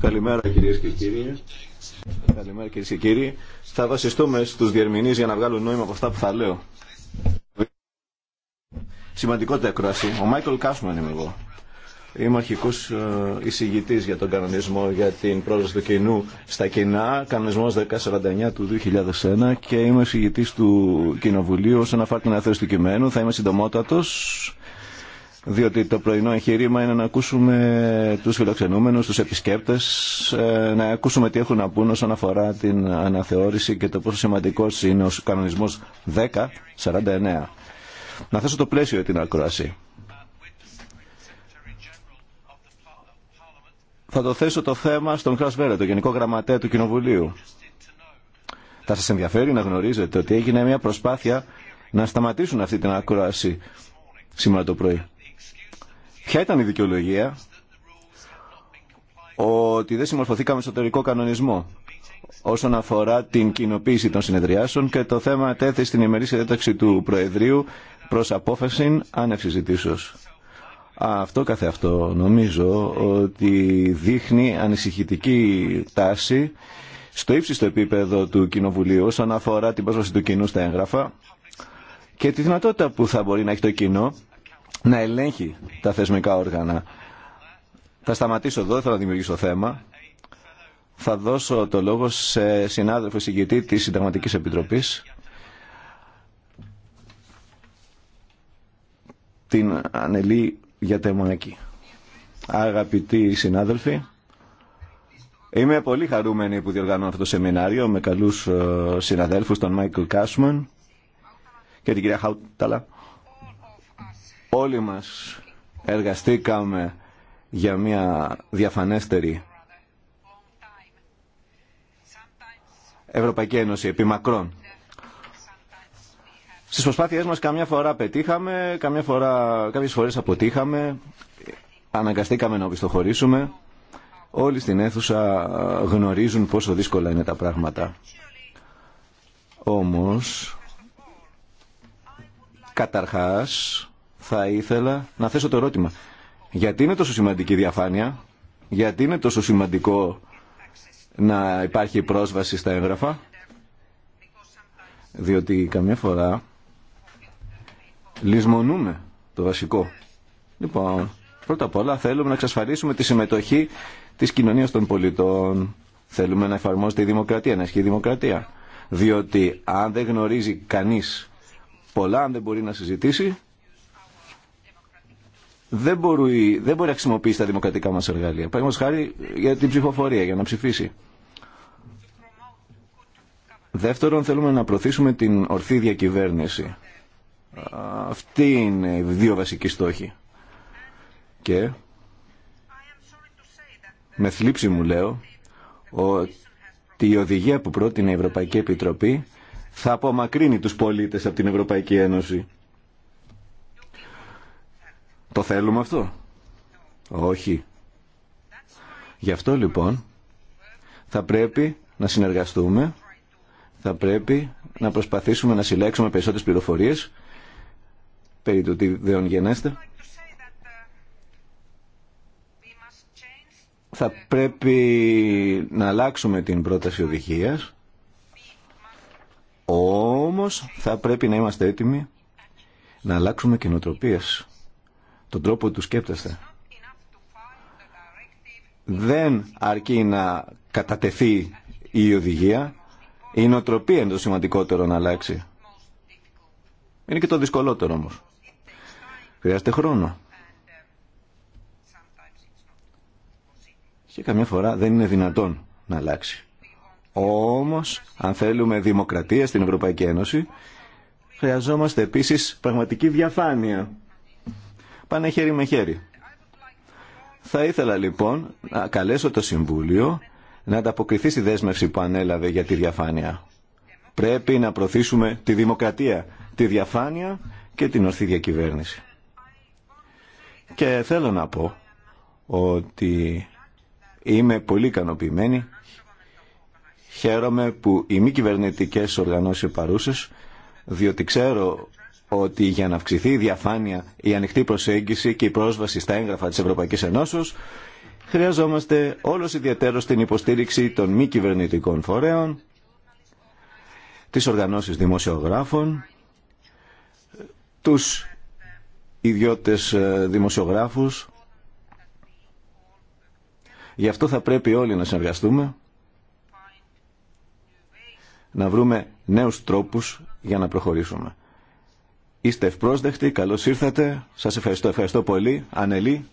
Καλημέρα κυρίες και κύριοι. Καλημέρα κυρίες και κύριοι. Θα βασιστούμε στους διερμηνείς για να βγάλουν νόημα από αυτά που θα λέω. Σημαντικότητα εκκράση. Ο Μάικλ Κάσμαν είμαι εγώ. Είμαι αρχικό ε, εισηγητή για τον κανονισμό για την πρόσβαση του κοινού στα κοινά, κανονισμό 1049 του 2001 και είμαι εισηγητή του Κοινοβουλίου όσον αφορά την αθέωση του κειμένου. Θα είμαι συντομότατο διότι το πρωινό εγχείρημα είναι να ακούσουμε τους φιλοξενούμενους, τους επισκέπτες, ε, να ακούσουμε τι έχουν να πούν όσον αφορά την αναθεώρηση και το πόσο σημαντικός είναι ο κανονισμός 1049. Να θέσω το πλαίσιο την ακρόαση. Θα το θέσω το θέμα στον Κρας τον το Γενικό Γραμματέα του Κοινοβουλίου. Θα σας ενδιαφέρει να γνωρίζετε ότι έγινε μια προσπάθεια να σταματήσουν αυτή την ακρόαση σήμερα το πρωί. Ποια ήταν η δικαιολογία ότι δεν συμμορφωθήκαμε στο τελικό κανονισμό όσον αφορά την κοινοποίηση των συνεδριάσεων και το θέμα τέθη στην ημερήσια διάταξη του Προεδρείου προς απόφαση ανευσυζητήσεως. Αυτό καθεαυτό νομίζω ότι δείχνει ανησυχητική τάση στο ύψιστο επίπεδο του Κοινοβουλίου όσον αφορά την πρόσβαση του κοινού στα έγγραφα και τη δυνατότητα που θα μπορεί να έχει το κοινό να ελέγχει τα θεσμικά όργανα. Θα σταματήσω εδώ, δεν θα δημιουργήσω θέμα. Θα δώσω το λόγο σε συνάδελφο συγκητή της Συνταγματικής Επιτροπής. την Ανελή Γιατεμονακή. Αγαπητοί συνάδελφοι, είμαι πολύ χαρούμενη που διοργανώνω αυτό το σεμινάριο με καλούς ε, συναδέλφους, τον Μάικλ Κάσμαν και την κυρία Χαουτάλα Όλοι μας εργαστήκαμε για μια διαφανέστερη Ευρωπαϊκή Ένωση επί μακρόν. Στις προσπάθειές μας καμιά φορά πετύχαμε, καμιά φορά, κάποιες φορές αποτύχαμε, αναγκαστήκαμε να οπισθοχωρήσουμε. Όλοι στην αίθουσα γνωρίζουν πόσο δύσκολα είναι τα πράγματα. Όμως, καταρχάς, θα ήθελα να θέσω το ερώτημα. Γιατί είναι τόσο σημαντική η διαφάνεια, γιατί είναι τόσο σημαντικό να υπάρχει πρόσβαση στα έγγραφα, διότι καμιά φορά λησμονούμε το βασικό. Λοιπόν, πρώτα απ' όλα θέλουμε να εξασφαλίσουμε τη συμμετοχή της κοινωνίας των πολιτών. Θέλουμε να εφαρμόζεται η δημοκρατία, να ισχύει η δημοκρατία. Διότι αν δεν γνωρίζει κανείς πολλά, αν δεν μπορεί να συζητήσει, δεν μπορεί, δεν να χρησιμοποιήσει τα δημοκρατικά μας εργαλεία. Παραδείγματος χάρη για την ψηφοφορία, για να ψηφίσει. Δεύτερον, θέλουμε να προωθήσουμε την ορθή διακυβέρνηση. αυτή είναι οι δύο βασικοί στόχοι. Και με θλίψη μου λέω ότι η οδηγία που πρότεινε η Ευρωπαϊκή Επιτροπή θα απομακρύνει τους πολίτες από την Ευρωπαϊκή Ένωση. Το θέλουμε αυτό. Όχι. Γι' αυτό λοιπόν θα πρέπει να συνεργαστούμε, θα πρέπει να προσπαθήσουμε να συλλέξουμε περισσότερες πληροφορίες περί του τι δεν γενέστε. Θα πρέπει να αλλάξουμε την πρόταση οδηγίας, όμως θα πρέπει να είμαστε έτοιμοι να αλλάξουμε κοινοτροπίες τον τρόπο του σκέπτεστε. Δεν αρκεί να κατατεθεί η οδηγία, η νοοτροπία είναι το σημαντικότερο να αλλάξει. Είναι και το δυσκολότερο όμως. Χρειάζεται χρόνο. Και καμιά φορά δεν είναι δυνατόν να αλλάξει. Όμως, αν θέλουμε δημοκρατία στην Ευρωπαϊκή Ένωση, χρειαζόμαστε επίσης πραγματική διαφάνεια πάνε χέρι με χέρι. Θα ήθελα λοιπόν να καλέσω το Συμβούλιο να ανταποκριθεί στη δέσμευση που ανέλαβε για τη διαφάνεια. Πρέπει να προωθήσουμε τη δημοκρατία, τη διαφάνεια και την ορθή διακυβέρνηση. Και θέλω να πω ότι είμαι πολύ ικανοποιημένη. Χαίρομαι που οι μη κυβερνητικέ οργανώσεις παρούσες, διότι ξέρω ότι για να αυξηθεί η διαφάνεια, η ανοιχτή προσέγγιση και η πρόσβαση στα έγγραφα της Ευρωπαϊκής Ενώσεως, χρειαζόμαστε όλος ιδιαίτερο την υποστήριξη των μη κυβερνητικών φορέων, της οργανώσεις δημοσιογράφων, τους ιδιώτες ε, δημοσιογράφους. Γι' αυτό θα πρέπει όλοι να συνεργαστούμε, να βρούμε νέους τρόπους για να προχωρήσουμε. Είστε ευπρόσδεκτοι, καλώς ήρθατε. Σας ευχαριστώ, ευχαριστώ πολύ. Ανελή.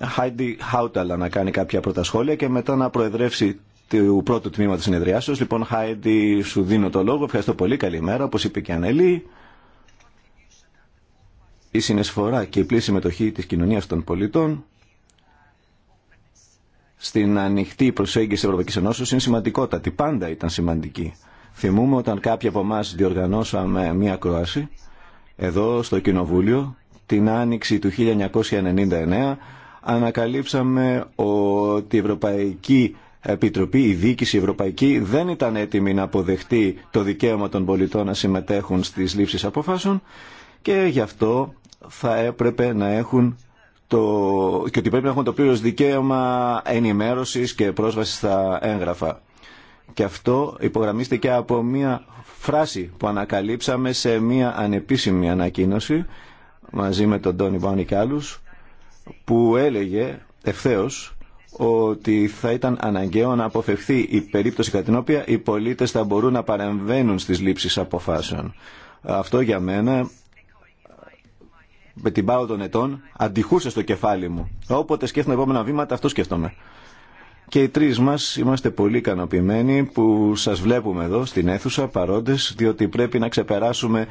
Χάιντι Χάουταλα να κάνει κάποια πρώτα σχόλια και μετά να προεδρεύσει του πρώτου τμήματος συνεδριάσεως. Λοιπόν, Χάιντι, σου δίνω το λόγο. Ευχαριστώ πολύ. Καλημέρα, όπως είπε και η Ανελή. Η συνεισφορά και η πλήρη συμμετοχή της κοινωνίας των πολιτών στην ανοιχτή προσέγγιση της Ευρωπαϊκής Ενώσεως είναι σημαντικότατη. Πάντα ήταν σημαντική. Θυμούμε όταν κάποιοι από εμά διοργανώσαμε μία κρόαση εδώ στο Κοινοβούλιο την άνοιξη του 1999 ανακαλύψαμε ότι η Ευρωπαϊκή Επιτροπή, η διοίκηση ευρωπαϊκή δεν ήταν έτοιμη να αποδεχτεί το δικαίωμα των πολιτών να συμμετέχουν στις λήψεις αποφάσεων και γι' αυτό θα έπρεπε να έχουν το, και ότι πρέπει να έχουν το πλήρως δικαίωμα ενημέρωσης και πρόσβαση στα έγγραφα. Και αυτό υπογραμμίστηκε από μία φράση που ανακαλύψαμε σε μία ανεπίσημη ανακοίνωση μαζί με τον Τόνι Μπάνι και άλλους που έλεγε ευθέως ότι θα ήταν αναγκαίο να αποφευθεί η περίπτωση κατά την οποία οι πολίτες θα μπορούν να παρεμβαίνουν στις λήψεις αποφάσεων. Αυτό για μένα με την πάω των ετών αντιχούσε στο κεφάλι μου. Όποτε σκέφτομαι επόμενα βήματα αυτό σκέφτομαι και οι τρεις μας είμαστε πολύ ικανοποιημένοι που σας βλέπουμε εδώ στην αίθουσα παρόντες διότι πρέπει να ξεπεράσουμε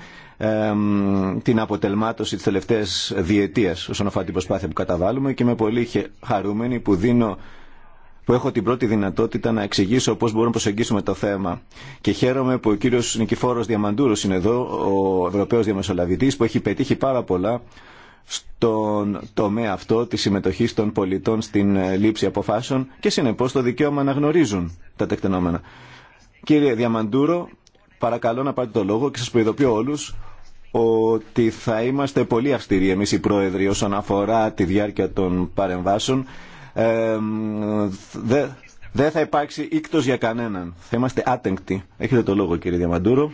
την αποτελμάτωση της τελευταίας διετίας όσον αφορά την προσπάθεια που καταβάλουμε και είμαι πολύ χαρούμενοι που δίνω που έχω την πρώτη δυνατότητα να εξηγήσω πώς μπορούμε να προσεγγίσουμε το θέμα. Και χαίρομαι που ο κύριος Νικηφόρος Διαμαντούρος είναι εδώ, ο Ευρωπαίος Διαμεσολαβητής, που έχει πετύχει πάρα πολλά στον τομέα αυτό της συμμετοχής των πολιτών στην ε, λήψη αποφάσεων και συνεπώς το δικαίωμα να γνωρίζουν τα τεκτενόμενα. Κύριε Διαμαντούρο, παρακαλώ να πάρετε το λόγο και σας προειδοποιώ όλους ότι θα είμαστε πολύ αυστηροί εμείς οι πρόεδροι όσον αφορά τη διάρκεια των παρεμβάσεων. Ε, δεν θα υπάρξει ίκτος για κανέναν. Θα είμαστε άτεγκτοι. Έχετε το λόγο κύριε Διαμαντούρο.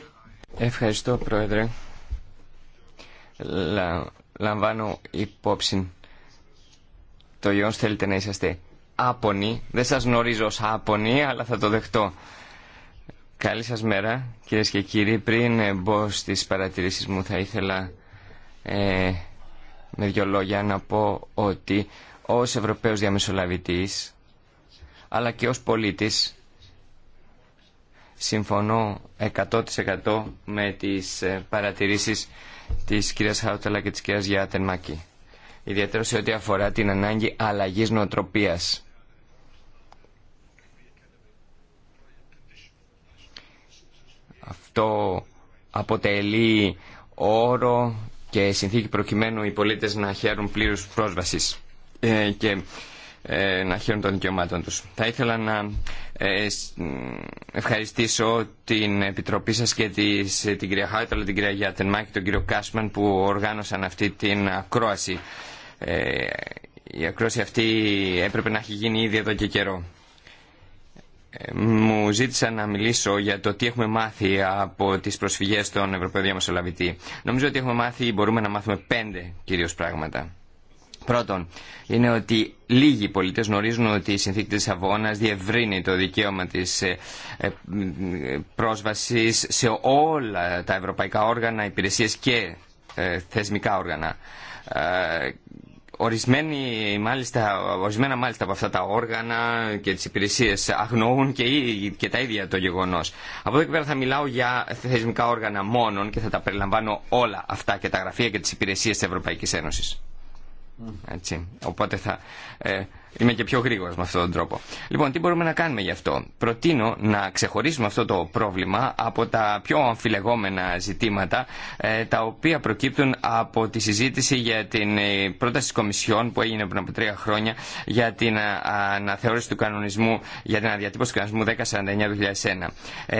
Ευχαριστώ πρόεδρε λαμβάνω υπόψη το γεγονό θέλετε να είσαστε άπονοι. Δεν σας γνωρίζω ως άπονοι, αλλά θα το δεχτώ. Καλή σας μέρα, κυρίες και κύριοι. Πριν μπω στις παρατηρήσεις μου, θα ήθελα ε, με δυο λόγια να πω ότι ως Ευρωπαίος Διαμεσολαβητής, αλλά και ως πολίτης, συμφωνώ 100% με τις ε, παρατηρήσεις Τη κυρίας Χάουταλα και της κυρίας Μάκη. Ιδιαίτερα σε ό,τι αφορά την ανάγκη αλλαγή νοοτροπία. Αυτό αποτελεί όρο και συνθήκη προκειμένου οι πολίτες να χαίρουν πλήρους πρόσβασης. Ε, και ε, να χαίρουν των δικαιωμάτων τους. Θα ήθελα να ε, ευχαριστήσω την Επιτροπή σας και της, ε, την κυρία αλλά την κυρία Γιάτενμά και τον κύριο Κάσμαν που οργάνωσαν αυτή την ακρόαση. Η ακρόαση αυτή έπρεπε να έχει γίνει ήδη εδώ και καιρό. Μου ζήτησαν να μιλήσω για το τι έχουμε μάθει από τις προσφυγές των Ευρωπαίων Διαμεσολαβητή. Νομίζω ότι έχουμε μάθει, μπορούμε να μάθουμε πέντε κυρίως πράγματα. Πρώτον, είναι ότι λίγοι πολίτες γνωρίζουν ότι η συνθήκη της Αβώνας διευρύνει το δικαίωμα της ε, ε, πρόσβασης σε όλα τα ευρωπαϊκά όργανα, υπηρεσίες και ε, θεσμικά όργανα. Ορισμένοι, μάλιστα, ορισμένα μάλιστα από αυτά τα όργανα και τις υπηρεσίες αγνοούν και, και τα ίδια το γεγονός. Από εδώ και πέρα θα μιλάω για θεσμικά όργανα μόνον και θα τα περιλαμβάνω όλα αυτά και τα γραφεία και τις υπηρεσίες της Ευρωπαϊκής Ένωσης. Έτσι. Οπότε θα... Ε, Είμαι και πιο γρήγορο με αυτόν τον τρόπο. Λοιπόν, τι μπορούμε να κάνουμε γι' αυτό. Προτείνω να ξεχωρίσουμε αυτό το πρόβλημα από τα πιο αμφιλεγόμενα ζητήματα, ε, τα οποία προκύπτουν από τη συζήτηση για την ε, πρόταση τη Κομισιόν που έγινε πριν από τρία χρόνια για την ε, αναθεώρηση του κανονισμού, για την αδιατύπωση του κανονισμού 1049-2001.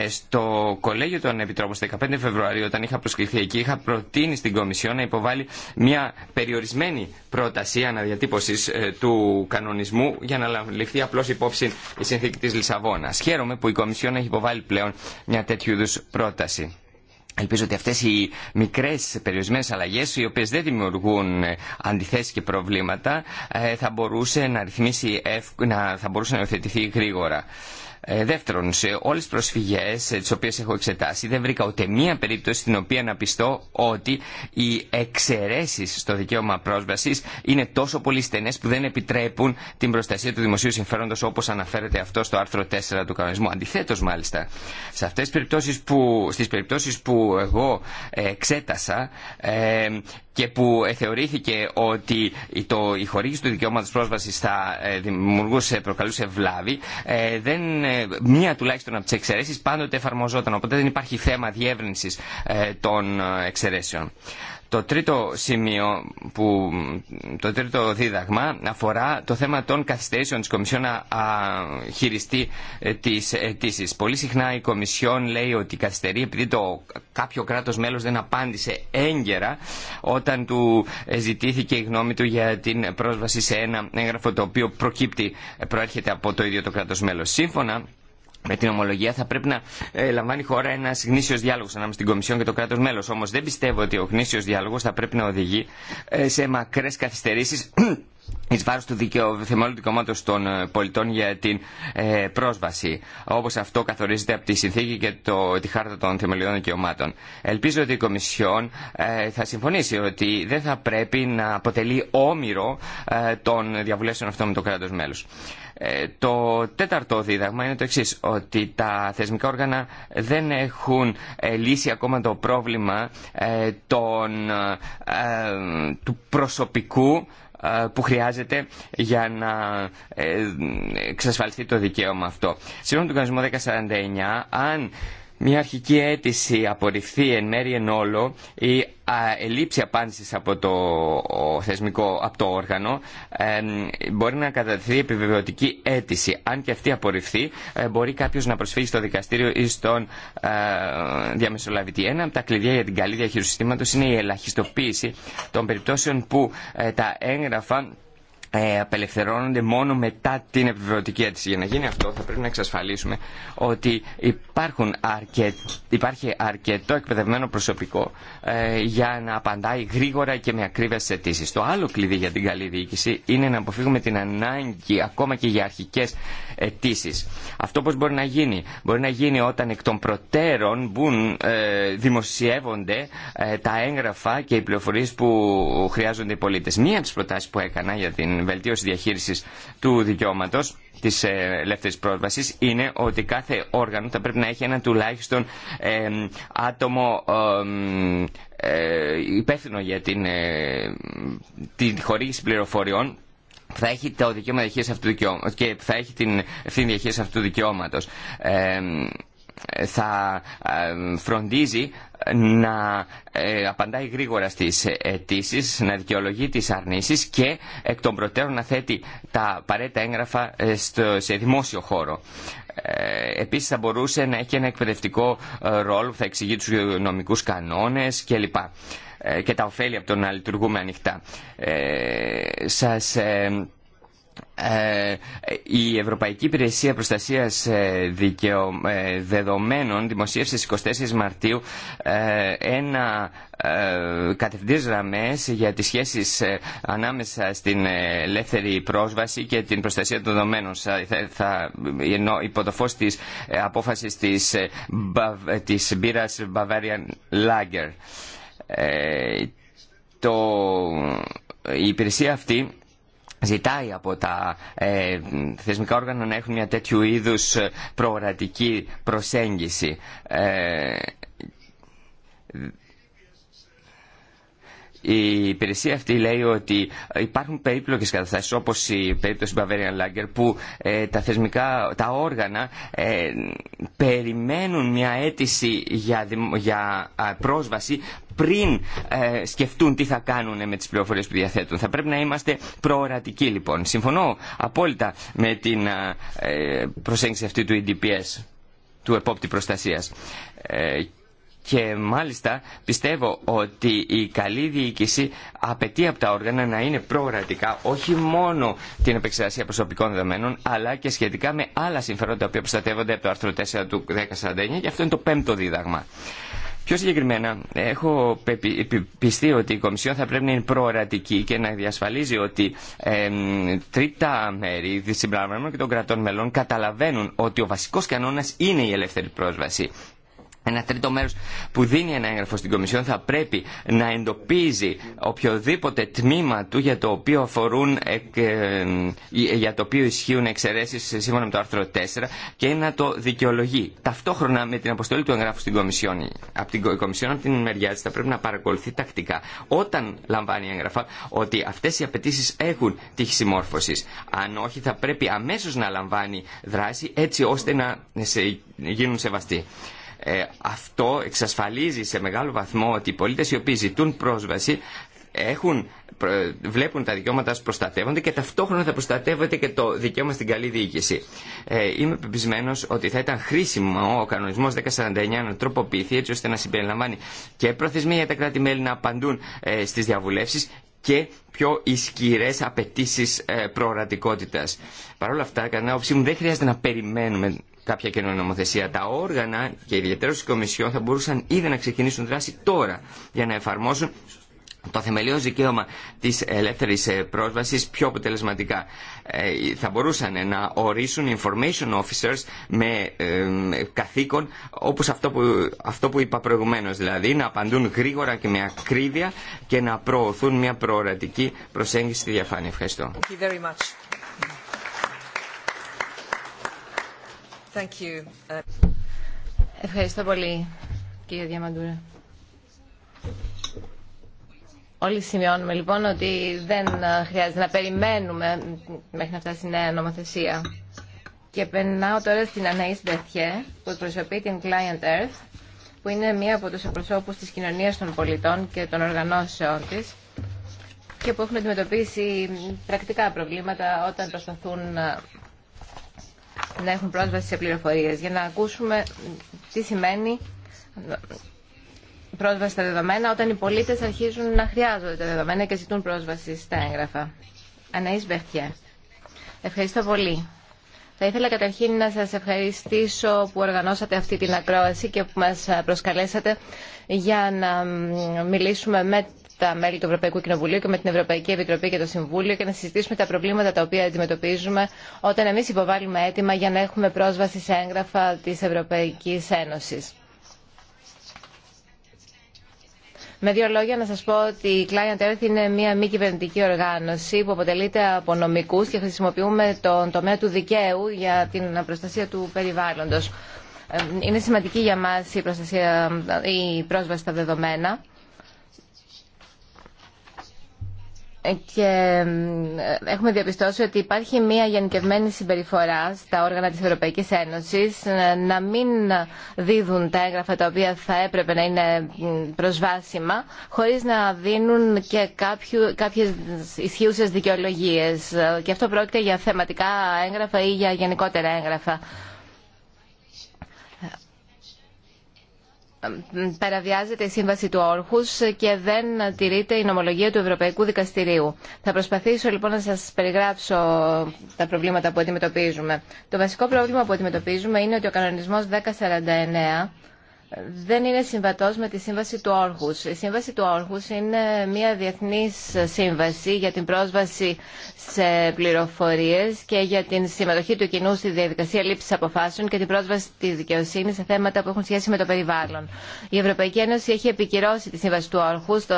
Στο Κολέγιο των Επιτρόπων, στι 15 Φεβρουαρίου, όταν είχα προσκληθεί εκεί, είχα προτείνει στην Κομισιόν να υποβάλει μια περιορισμένη πρόταση αναδιατύπωση του κανονισμού κανονισμού για να ληφθεί απλώ υπόψη η συνθήκη τη Λισαβόνα. Χαίρομαι που η Κομισιόν έχει υποβάλει πλέον μια τέτοιου είδου πρόταση. Ελπίζω ότι αυτέ οι μικρέ περιορισμένε αλλαγέ, οι οποίε δεν δημιουργούν ε, αντιθέσει και προβλήματα, ε, θα μπορούσε να, ρυθμίσει, να, θα μπορούσε να υιοθετηθεί γρήγορα. Ε, δεύτερον, σε όλες τις προσφυγές ε, τις οποίες έχω εξετάσει δεν βρήκα ούτε μία περίπτωση στην οποία να πιστώ ότι οι εξαιρέσει στο δικαίωμα πρόσβασης είναι τόσο πολύ στενές που δεν επιτρέπουν την προστασία του δημοσίου συμφέροντος όπως αναφέρεται αυτό στο άρθρο 4 του κανονισμού. Αντιθέτως μάλιστα, σε αυτές τις περιπτώσεις που, στις περιπτώσεις που εγώ ε, εξέτασα και που ε, θεωρήθηκε ότι το, η χορήγηση του δικαιώματο πρόσβαση θα ε, δημιουργούσε, προκαλούσε βλάβη, ε, δεν, μία τουλάχιστον από τι εξαιρέσει πάντοτε εφαρμοζόταν. Οπότε δεν υπάρχει θέμα διεύρυνση των εξαιρέσεων. Το τρίτο σημείο, που, το τρίτο δίδαγμα αφορά το θέμα των καθυστερήσεων της Κομισιόν να χειριστεί ε, τις αιτήσει. Πολύ συχνά η Κομισιόν λέει ότι καθυστερεί επειδή το κάποιο κράτος μέλος δεν απάντησε έγκαιρα όταν του ζητήθηκε η γνώμη του για την πρόσβαση σε ένα έγγραφο το οποίο προκύπτει, προέρχεται από το ίδιο το κράτος μέλος. Σύμφωνα με την ομολογία θα πρέπει να ε, λαμβάνει η χώρα ένα γνήσιο διάλογο ανάμεσα στην Κομισιόν και το κράτο μέλο. Όμω δεν πιστεύω ότι ο γνήσιο διάλογο θα πρέπει να οδηγεί ε, σε μακρέ καθυστερήσει εις βάρος του θεμελιών δικαιωμάτων των ε, πολιτών για την ε, πρόσβαση, όπως αυτό καθορίζεται από τη Συνθήκη και το, τη Χάρτα των θεμελιών Δικαιωμάτων. Ελπίζω ότι η Κομισιόν ε, θα συμφωνήσει ότι δεν θα πρέπει να αποτελεί όμοιρο των διαβουλεύσεων αυτών με το κράτο μέλος. Το τέταρτο δίδαγμα είναι το εξή, ότι τα θεσμικά όργανα δεν έχουν λύσει ακόμα το πρόβλημα του προσωπικού ε, που χρειάζεται για να ε, εξασφαλιστεί το δικαίωμα αυτό. Σύμφωνα με τον κανονισμό 1049, αν μια αρχική αίτηση απορριφθεί εν μέρει εν όλο ή ελήψη απάντησης από το θεσμικό από το όργανο μπορεί να κατατεθεί επιβεβαιωτική αίτηση. Αν και αυτή απορριφθεί ε, μπορεί κάποιος να προσφύγει στο δικαστήριο ή στον ε, διαμεσολαβητή. Ένα από τα κλειδιά για την καλή διαχείριση συστήματος είναι η ελαχιστοποίηση των περιπτώσεων που ε, τα έγγραφα ε, απελευθερώνονται μόνο μετά την επιβεβαιωτική αίτηση. Για να γίνει αυτό θα πρέπει να εξασφαλίσουμε ότι υπάρχουν αρκε... υπάρχει αρκετό εκπαιδευμένο προσωπικό ε, για να απαντάει γρήγορα και με ακρίβεια στι αιτήσει. Το άλλο κλειδί για την καλή διοίκηση είναι να αποφύγουμε την ανάγκη ακόμα και για αρχικέ αιτήσει. Αυτό πώ μπορεί να γίνει. Μπορεί να γίνει όταν εκ των προτέρων μπουν, ε, δημοσιεύονται ε, τα έγγραφα και οι πληροφορίε που χρειάζονται οι πολίτε. Μία από τι προτάσει που έκανα για την η βελτίωση διαχείρισης του δικαιώματος της ε, ελεύθερης πρόσβασης είναι ότι κάθε όργανο θα πρέπει να έχει ένα τουλάχιστον άτομο ε, υπεύθυνο για την, ε, την χορήγηση πληροφοριών θα έχει το δικαίωμα διαχείριση αυτού του και θα έχει την ευθύνη διαχείριση αυτού του δικαιώματο θα φροντίζει να ε, απαντάει γρήγορα στις αιτήσει, να δικαιολογεί τις αρνήσεις και εκ των προτέρων να θέτει τα παρέτα έγγραφα ε, σε δημόσιο χώρο. Ε, επίσης θα μπορούσε να έχει ένα εκπαιδευτικό ρόλο που θα εξηγεί τους νομικούς κανόνες κλπ και τα ωφέλη από το να λειτουργούμε ανοιχτά. σας ε, η Ευρωπαϊκή Υπηρεσία Προστασίας ε, ε, Δεδομένων δημοσίευσε στις 24 Μαρτίου ένα κατευθυντής γραμμές για τις σχέσεις ανάμεσα στην ελεύθερη πρόσβαση και την προστασία των δεδομένων θα, ενώ υπό το της απόφασης της, της Bavarian Lager το, η υπηρεσία αυτή ζητάει από τα ε, θεσμικά όργανα να έχουν μια τέτοιου είδους ε, προορατική προσέγγιση. Ε, η υπηρεσία αυτή λέει ότι υπάρχουν περίπλοκες καταστάσεις όπως η περίπτωση Bavarian Lager που ε, τα θεσμικά, τα όργανα ε, περιμένουν μια αίτηση για, πρόσβαση πριν ε, σκεφτούν τι θα κάνουν με τις πληροφορίες που διαθέτουν. Θα πρέπει να είμαστε προορατικοί λοιπόν. Συμφωνώ απόλυτα με την προσέγγιση αυτή του EDPS, του Επόπτη Προστασίας και μάλιστα πιστεύω ότι η καλή διοίκηση απαιτεί από τα όργανα να είναι προορατικά όχι μόνο την επεξεργασία προσωπικών δεδομένων αλλά και σχετικά με άλλα συμφερόντα που προστατεύονται από το άρθρο 4 του 1049 και αυτό είναι το πέμπτο δίδαγμα. Πιο συγκεκριμένα, έχω πιστεί ότι η Κομισιόν θα πρέπει να είναι προορατική και να διασφαλίζει ότι ε, τρίτα μέρη, συμπληρωμένων και των κρατών μελών, καταλαβαίνουν ότι ο βασικός κανόνας είναι η ελεύθερη πρόσβαση. Ένα τρίτο μέρος που δίνει ένα έγγραφο στην Κομισιόν θα πρέπει να εντοπίζει οποιοδήποτε τμήμα του για το οποίο, αφορούν, ε, ε, για το οποίο ισχύουν εξαιρέσεις σύμφωνα με το άρθρο 4 και να το δικαιολογεί. Ταυτόχρονα με την αποστολή του εγγράφου στην Κομισιόν, από την Κομισιόν από την μεριά της θα πρέπει να παρακολουθεί τακτικά όταν λαμβάνει έγγραφα ότι αυτές οι απαιτήσει έχουν τύχη συμμόρφωσης. Αν όχι θα πρέπει αμέσως να λαμβάνει δράση έτσι ώστε να γίνουν σεβαστοί. Ε, αυτό εξασφαλίζει σε μεγάλο βαθμό ότι οι πολίτες οι οποίοι ζητούν πρόσβαση έχουν, βλέπουν τα δικαιώματα προστατεύονται και ταυτόχρονα θα προστατεύεται και το δικαίωμα στην καλή διοίκηση. Ε, είμαι πεπισμένο ότι θα ήταν χρήσιμο ο κανονισμό 1049 να τροποποιηθεί έτσι ώστε να συμπεριλαμβάνει και προθεσμία για τα κράτη-μέλη να απαντούν ε, στι διαβουλεύσει και πιο ισχυρέ απαιτήσει ε, προορατικότητα. Παρ' όλα αυτά, κατά την άποψή μου, δεν χρειάζεται να περιμένουμε κάποια καινούργια νομοθεσία. Τα όργανα και ιδιαίτερα οι Κομισιόν θα μπορούσαν ήδη να ξεκινήσουν δράση τώρα για να εφαρμόσουν το θεμελιώδη δικαίωμα της ελεύθερης ε, πρόσβαση πιο αποτελεσματικά. Ε, θα μπορούσαν ε, να ορίσουν information officers με καθήκον όπως αυτό που, αυτό που είπα προηγουμένω δηλαδή να απαντούν γρήγορα και με ακρίβεια και να προωθούν μια προορατική προσέγγιση στη διαφάνεια. Ευχαριστώ. Ευχαριστώ πολύ, κύριε Διαμαντούρα. Όλοι σημειώνουμε λοιπόν ότι δεν ε, χρειάζεται να περιμένουμε μέχρι να φτάσει η νέα νομοθεσία. Και περνάω τώρα στην Αναή που εκπροσωπεί την Client Earth, που είναι μία από τους εκπροσώπους της κοινωνίας των πολιτών και των οργανώσεών της και που έχουν αντιμετωπίσει πρακτικά προβλήματα όταν προσπαθούν ε, να έχουν πρόσβαση σε πληροφορίες για να ακούσουμε τι σημαίνει πρόσβαση στα δεδομένα όταν οι πολίτες αρχίζουν να χρειάζονται τα δεδομένα και ζητούν πρόσβαση στα έγγραφα. Αναής Μπερτιέ. Ευχαριστώ πολύ. Θα ήθελα καταρχήν να σας ευχαριστήσω που οργανώσατε αυτή την ακρόαση και που μας προσκαλέσατε για να μιλήσουμε με τα μέλη του Ευρωπαϊκού Κοινοβουλίου και με την Ευρωπαϊκή Επιτροπή και το Συμβούλιο και να συζητήσουμε τα προβλήματα τα οποία αντιμετωπίζουμε όταν εμεί υποβάλλουμε αίτημα για να έχουμε πρόσβαση σε έγγραφα τη Ευρωπαϊκή Ένωση. Με δύο λόγια να σα πω ότι η Client Earth είναι μια μη κυβερνητική οργάνωση που αποτελείται από νομικού και χρησιμοποιούμε τον τομέα του δικαίου για την προστασία του περιβάλλοντος. Ε, είναι σημαντική για μας η, προστασία, η πρόσβαση στα δεδομένα και έχουμε διαπιστώσει ότι υπάρχει μια γενικευμένη συμπεριφορά στα όργανα της Ευρωπαϊκής Ένωσης ε, να μην δίδουν τα έγγραφα τα οποία θα έπρεπε να είναι προσβάσιμα χωρίς να δίνουν και κάποιου, κάποιες ισχύουσες δικαιολογίες ε, και αυτό πρόκειται για θεματικά έγγραφα ή για γενικότερα έγγραφα. παραβιάζεται η σύμβαση του Όρχους και δεν τηρείται η νομολογία του Ευρωπαϊκού Δικαστηρίου. Θα προσπαθήσω λοιπόν να σας περιγράψω τα προβλήματα που αντιμετωπίζουμε. Το βασικό πρόβλημα που αντιμετωπίζουμε είναι ότι ο κανονισμός 1049 δεν είναι συμβατός με τη Σύμβαση του όρχου. Η Σύμβαση του όρχου είναι μια διεθνής σύμβαση για την πρόσβαση σε πληροφορίες και για την συμμετοχή του κοινού στη διαδικασία λήψης αποφάσεων και την πρόσβαση τη δικαιοσύνη σε θέματα που έχουν σχέση με το περιβάλλον. Η Ευρωπαϊκή Ένωση έχει επικυρώσει τη Σύμβαση του όρχου το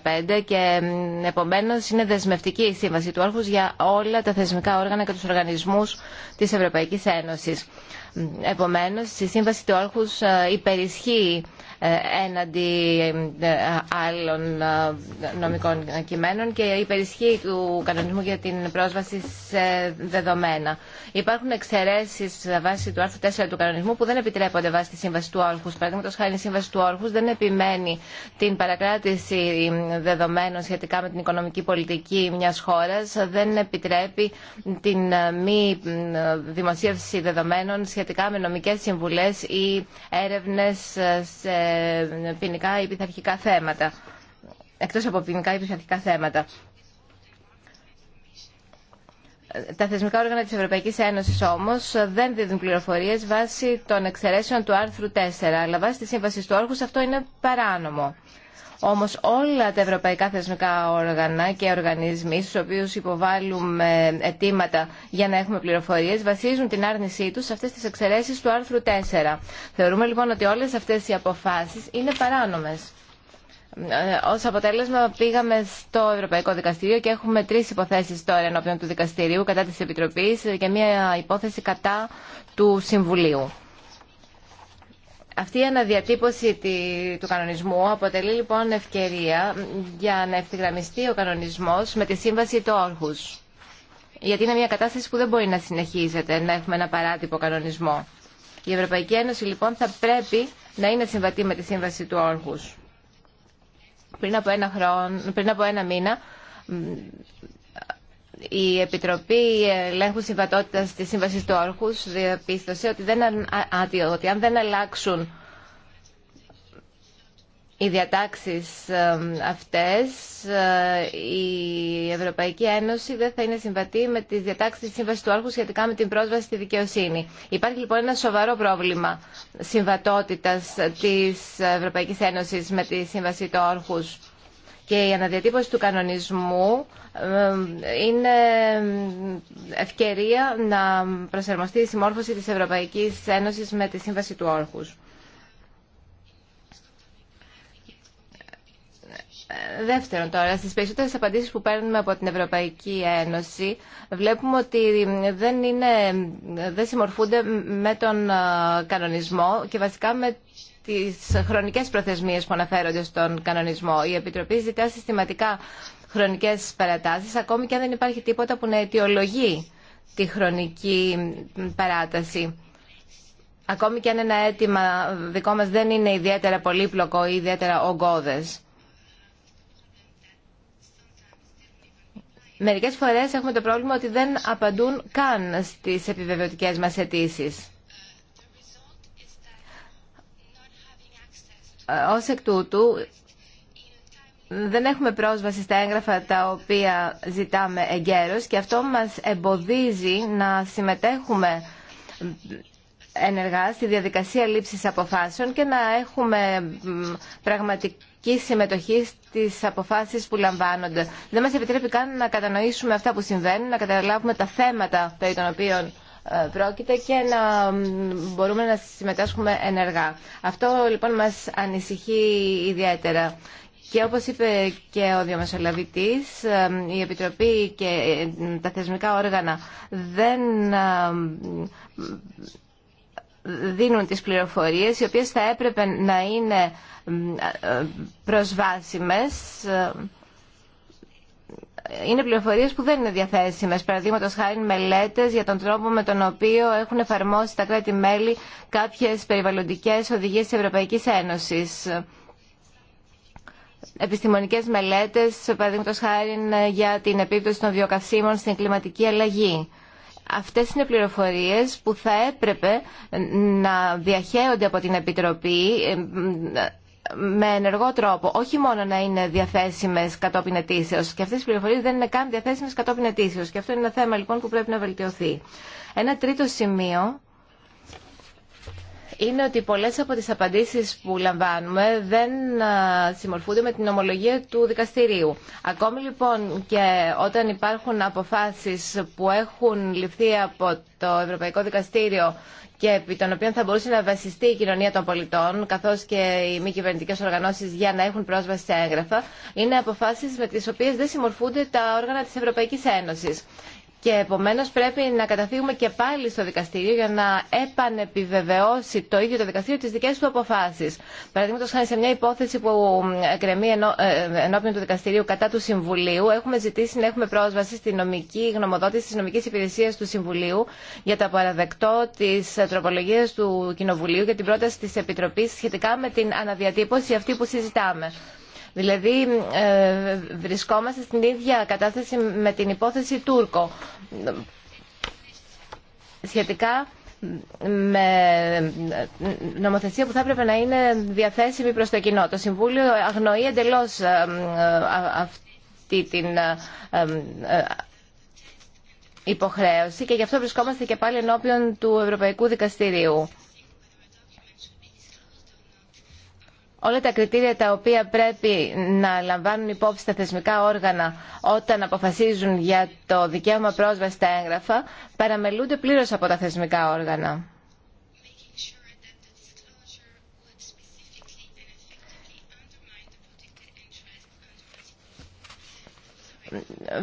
1985 και επομένως είναι δεσμευτική η Σύμβαση του Όρχου για όλα τα θεσμικά όργανα και τους οργανισμούς της Ευρωπαϊκής Ένωση Επομένως, η σύμβαση του Όλχους ε, υπερισχύει ε, έναντι ε, άλλων ε, νομικών κειμένων και υπερισχύει του κανονισμού για την πρόσβαση σε δεδομένα. Υπάρχουν εξαιρέσει βάσει του άρθρου 4 του κανονισμού που δεν επιτρέπονται βάσει τη Σύμβαση του Όρχου. Παραδείγματο χάρη, η Σύμβαση του Όρχου δεν επιμένει την παρακράτηση δεδομένων σχετικά με την οικονομική πολιτική μια χώρα, δεν επιτρέπει την μη δημοσίευση δεδομένων σχετικά με νομικέ συμβουλέ ή έρευνε σε ποινικά ή πειθαρχικά θέματα. Εκτός από ποινικά ή πειθαρχικά θέματα. Τα θεσμικά όργανα της Ευρωπαϊκής Ένωσης όμως δεν δίδουν πληροφορίες βάσει των εξαιρέσεων του άρθρου 4, αλλά βάσει της σύμβασης του όρχους αυτό είναι παράνομο. Όμω όλα τα ευρωπαϊκά θεσμικά όργανα και οργανισμοί στου οποίους υποβάλλουμε αιτήματα για να έχουμε πληροφορίες βασίζουν την άρνησή τους σε αυτές τις εξαιρέσει του άρθρου 4. Θεωρούμε λοιπόν ότι όλες αυτές οι αποφάσεις είναι παράνομες. Ε, Ω αποτέλεσμα πήγαμε στο Ευρωπαϊκό Δικαστήριο και έχουμε τρει υποθέσει τώρα ενώπιον του Δικαστηρίου κατά τη επιτροπή και μία υπόθεση κατά του Συμβουλίου. Αυτή η αναδιατύπωση του κανονισμού αποτελεί λοιπόν ευκαιρία για να ευθυγραμμιστεί ο κανονισμός με τη σύμβαση του Όρχους. Γιατί είναι μια κατάσταση που δεν μπορεί να συνεχίζεται, να έχουμε ένα παράτυπο κανονισμό. Η Ευρωπαϊκή Ένωση λοιπόν θα πρέπει να είναι συμβατή με τη σύμβαση του Όρχους. Πριν πριν από ένα μήνα η Επιτροπή Ελέγχου Συμβατότητας τη Σύμβασης του όρχου, διαπίστωσε ότι, δεν, ότι αν δεν αλλάξουν οι διατάξεις αυτές, ε, η Ευρωπαϊκή Ένωση δεν θα είναι συμβατή με τις διατάξεις της Σύμβασης του όρχου σχετικά με την πρόσβαση στη δικαιοσύνη. Υπάρχει λοιπόν ένα σοβαρό πρόβλημα συμβατότητας της Ευρωπαϊκής Ένωσης με τη Σύμβαση του όρχου και η αναδιατύπωση του κανονισμού είναι ευκαιρία να προσαρμοστεί η συμμόρφωση της Ευρωπαϊκής Ένωσης με τη Σύμβαση του Όρχους. Δεύτερον τώρα, στις περισσότερες απαντήσεις που παίρνουμε από την Ευρωπαϊκή Ένωση βλέπουμε ότι δεν, είναι, δεν συμμορφούνται με τον ε, κανονισμό και βασικά με τι χρονικές προθεσμίε που αναφέρονται στον κανονισμό. Η Επιτροπή ζητά συστηματικά χρονικές παρατάσει, ακόμη και αν δεν υπάρχει τίποτα που να αιτιολογεί τη χρονική παράταση. Ακόμη και αν ένα αίτημα δικό μας δεν είναι ιδιαίτερα πολύπλοκο ή ιδιαίτερα ογκώδες. Μερικές φορές έχουμε το πρόβλημα ότι δεν απαντούν καν στις επιβεβαιωτικές μας αιτήσει. Ε, ως εκ τούτου, δεν έχουμε πρόσβαση στα έγγραφα τα οποία ζητάμε εγκαίρως και αυτό μας εμποδίζει να συμμετέχουμε ενεργά στη διαδικασία λήψης αποφάσεων και να έχουμε πραγματική συμμετοχή στις αποφάσεις που λαμβάνονται. Δεν μας επιτρέπει καν να κατανοήσουμε αυτά που συμβαίνουν, να καταλάβουμε τα θέματα περί των οποίων ε, πρόκειται και να μπορούμε να συμμετάσχουμε ενεργά. Αυτό λοιπόν μας ανησυχεί ιδιαίτερα. Και όπως είπε και ο Διαμεσολαβητής, ε, η Επιτροπή και ε, τα θεσμικά όργανα δεν δίνουν τις πληροφορίες οι οποίες θα έπρεπε να είναι προσβάσιμες είναι πληροφορίες που δεν είναι διαθέσιμες. Παραδείγματος χάρη μελέτες για τον τρόπο με τον οποίο έχουν εφαρμόσει τα κράτη-μέλη κάποιες περιβαλλοντικές οδηγίες της Ευρωπαϊκής Ένωσης. Επιστημονικές μελέτες, παραδείγματος χάρη για την επίπτωση των βιοκαυσίμων στην κλιματική αλλαγή. Αυτές είναι πληροφορίες που θα έπρεπε να διαχέονται από την Επιτροπή με ενεργό τρόπο όχι μόνο να είναι διαθέσιμες κατόπιν ετήσεω. και αυτές οι πληροφορίε δεν είναι καν διαθέσιμες κατόπιν ετήσεω. και αυτό είναι ένα θέμα λοιπόν που πρέπει να βελτιωθεί. Ένα τρίτο σημείο είναι ότι πολλές από τις απαντήσεις που λαμβάνουμε δεν συμμορφούνται με την ομολογία του δικαστηρίου. Ακόμη λοιπόν και όταν υπάρχουν αποφάσει που έχουν ληφθεί από το Ευρωπαϊκό Δικαστήριο και επί των οποίων θα μπορούσε να βασιστεί η κοινωνία των πολιτών καθώς και οι μη κυβερνητικέ οργανώσεις για να έχουν πρόσβαση σε έγγραφα είναι αποφάσεις με τι οποίες δεν συμμορφούνται τα όργανα της Ευρωπαϊκής Ένωσης και επομένω πρέπει να καταφύγουμε και πάλι στο δικαστήριο για να επανεπιβεβαιώσει το ίδιο το δικαστήριο τι δικέ του αποφάσει. Παραδείγματο χάρη σε μια υπόθεση που κρεμεί ενώ, ε, ενώπιον του δικαστηρίου κατά του Συμβουλίου έχουμε ζητήσει να έχουμε πρόσβαση στη νομική γνωμοδότηση τη νομική Υπηρεσία του Συμβουλίου για το παραδεκτό της τροπολογίας του Κοινοβουλίου για την πρόταση τη Επιτροπής σχετικά με την αναδιατύπωση αυτή που συζητάμε. Δηλαδή ε, βρισκόμαστε στην ίδια κατάσταση με την υπόθεση Τούρκο. Σχετικά με νομοθεσία που θα έπρεπε να είναι διαθέσιμη προς το κοινό. Το Συμβούλιο αγνοεί εντελώς ε, ε, αυτή την υποχρέωση και γι' αυτό βρισκόμαστε και πάλι ενώπιον του Ευρωπαϊκού Δικαστηρίου. όλα τα κριτήρια τα οποία πρέπει να λαμβάνουν υπόψη τα θεσμικά όργανα όταν αποφασίζουν για το δικαίωμα πρόσβαση στα έγγραφα παραμελούνται πλήρως από τα θεσμικά όργανα.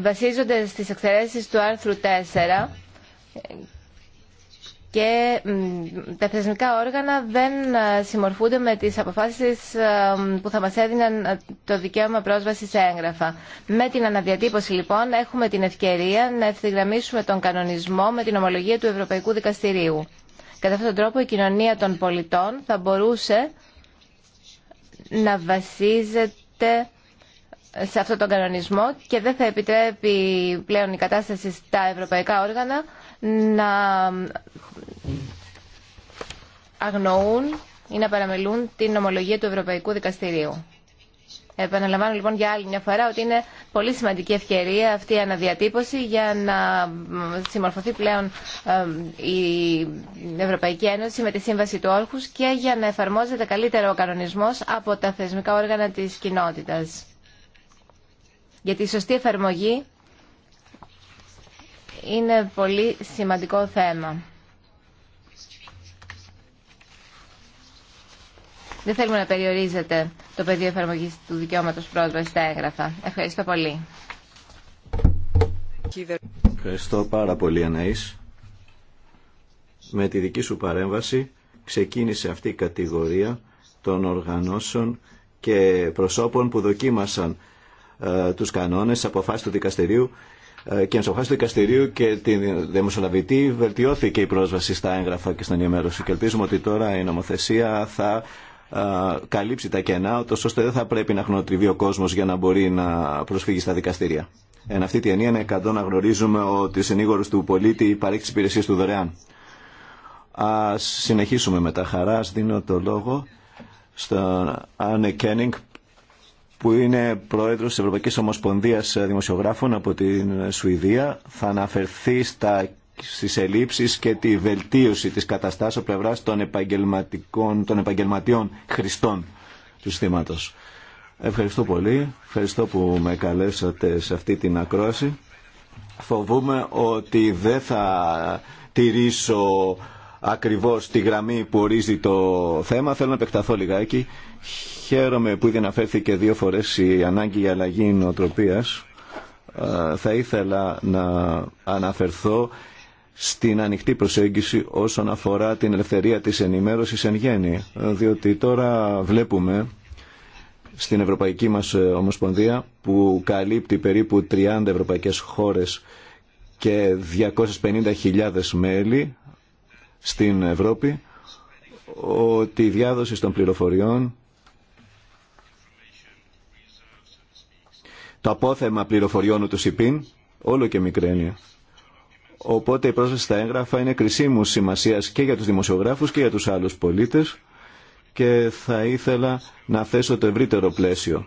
Βασίζονται στις εξαιρέσεις του άρθρου 4 και τα θεσμικά όργανα δεν ε, συμμορφούνται με τις αποφάσεις ε, που θα μας έδιναν ε, το δικαίωμα πρόσβαση σε έγγραφα. Με την αναδιατύπωση λοιπόν έχουμε την ευκαιρία να ευθυγραμμίσουμε τον κανονισμό με την ομολογία του Ευρωπαϊκού Δικαστηρίου. Κατά αυτόν τον τρόπο η κοινωνία των πολιτών θα μπορούσε να βασίζεται σε αυτόν τον κανονισμό και δεν θα επιτρέπει πλέον η κατάσταση στα ευρωπαϊκά όργανα να αγνοούν ή να παραμελούν την ομολογία του Ευρωπαϊκού Δικαστηρίου. Επαναλαμβάνω λοιπόν για άλλη μια φορά ότι είναι πολύ σημαντική ευκαιρία αυτή η αναδιατύπωση για να συμμορφωθεί πλέον η Ευρωπαϊκή Ένωση με τη Σύμβαση του Όρχους και για να εφαρμόζεται καλύτερο ο κανονισμός από τα θεσμικά όργανα της κοινότητας. Για τη σωστή εφαρμογή είναι πολύ σημαντικό θέμα. Δεν θέλουμε να περιορίζεται το πεδίο εφαρμογή του δικαιώματο πρόσβαση στα έγγραφα. Ευχαριστώ πολύ. Ευχαριστώ πάρα πολύ, Αναής. Με τη δική σου παρέμβαση ξεκίνησε αυτή η κατηγορία των οργανώσεων και προσώπων που δοκίμασαν ε, τους κανόνες αποφάσεις του δικαστηρίου ε, και ενσωχάσει του δικαστηρίου και τη δημοσιολαβητή βελτιώθηκε η πρόσβαση στα έγγραφα και στην ενημέρωση. Και ελπίζουμε ότι τώρα η νομοθεσία θα ε, καλύψει τα κενά, ώστε δεν θα πρέπει να χρονοτριβεί ο κόσμο για να μπορεί να προσφύγει στα δικαστήρια. Εν αυτή τη ενία είναι εκατό να γνωρίζουμε ότι συνήγορο του πολίτη παρέχει τι υπηρεσίε του δωρεάν. Α συνεχίσουμε με τα χαρά. δίνω το λόγο στον Άνε Κένιγκ που είναι πρόεδρος της Ευρωπαϊκής Ομοσπονδίας Δημοσιογράφων από την Σουηδία, θα αναφερθεί στα στις και τη βελτίωση της καταστάσεω πλευράς των, επαγγελματικών, των επαγγελματιών χρηστών του συστήματος. Ευχαριστώ πολύ. Ευχαριστώ που με καλέσατε σε αυτή την ακρόαση. Φοβούμαι ότι δεν θα τηρήσω ακριβώς τη γραμμή που ορίζει το θέμα. Θέλω να επεκταθώ λιγάκι. Χαίρομαι που ήδη αναφέρθηκε δύο φορές η ανάγκη για αλλαγή νοοτροπίας. Ε, θα ήθελα να αναφερθώ στην ανοιχτή προσέγγιση όσον αφορά την ελευθερία της ενημέρωσης εν γέννη. Διότι τώρα βλέπουμε στην Ευρωπαϊκή μας Ομοσπονδία που καλύπτει περίπου 30 ευρωπαϊκές χώρες και 250.000 μέλη στην Ευρώπη ότι η διάδοση των πληροφοριών το απόθεμα πληροφοριών του ΣΥΠΗΝ όλο και μικραίνει. Οπότε η πρόσβαση στα έγγραφα είναι κρισίμου σημασία και για τους δημοσιογράφους και για τους άλλους πολίτες και θα ήθελα να θέσω το ευρύτερο πλαίσιο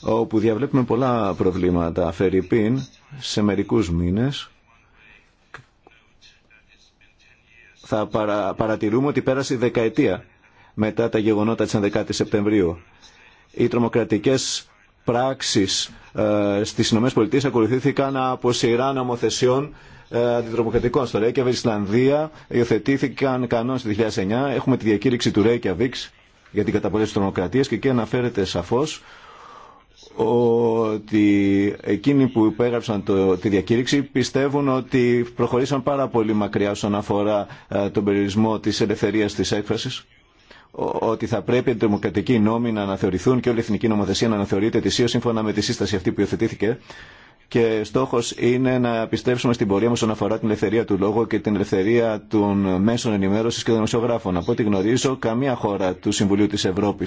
όπου διαβλέπουμε πολλά προβλήματα. Φερρυπίν σε μερικούς μήνες θα παρα, παρατηρούμε ότι πέρασε η δεκαετία μετά τα γεγονότα της 11 η Σεπτεμβρίου. Οι τρομοκρατικές πράξεις ε, στις ΗΠΑ ακολουθήθηκαν από σειρά νομοθεσιών ε, αντιτρομοκρατικών στο Ρέικιαβικ, Ισλανδία, υιοθετήθηκαν κανόνες το 2009, έχουμε τη διακήρυξη του Ρέικιαβικ για την καταπολέμηση της τρομοκρατίας και εκεί αναφέρεται σαφώς ότι εκείνοι που υπέγραψαν το, τη διακήρυξη πιστεύουν ότι προχωρήσαν πάρα πολύ μακριά όσον αφορά ε, τον περιορισμό της ελευθερίας της έκφρασης ότι θα πρέπει οι τρομοκρατικοί νόμοι να αναθεωρηθούν και όλη η εθνική νομοθεσία να αναθεωρείται ετησίω σύμφωνα με τη σύσταση αυτή που υιοθετήθηκε. Και στόχο είναι να επιστρέψουμε στην πορεία μα όσον αφορά την ελευθερία του λόγου και την ελευθερία των μέσων ενημέρωση και των δημοσιογράφων. Από ό,τι γνωρίζω, καμία χώρα του Συμβουλίου τη Ευρώπη,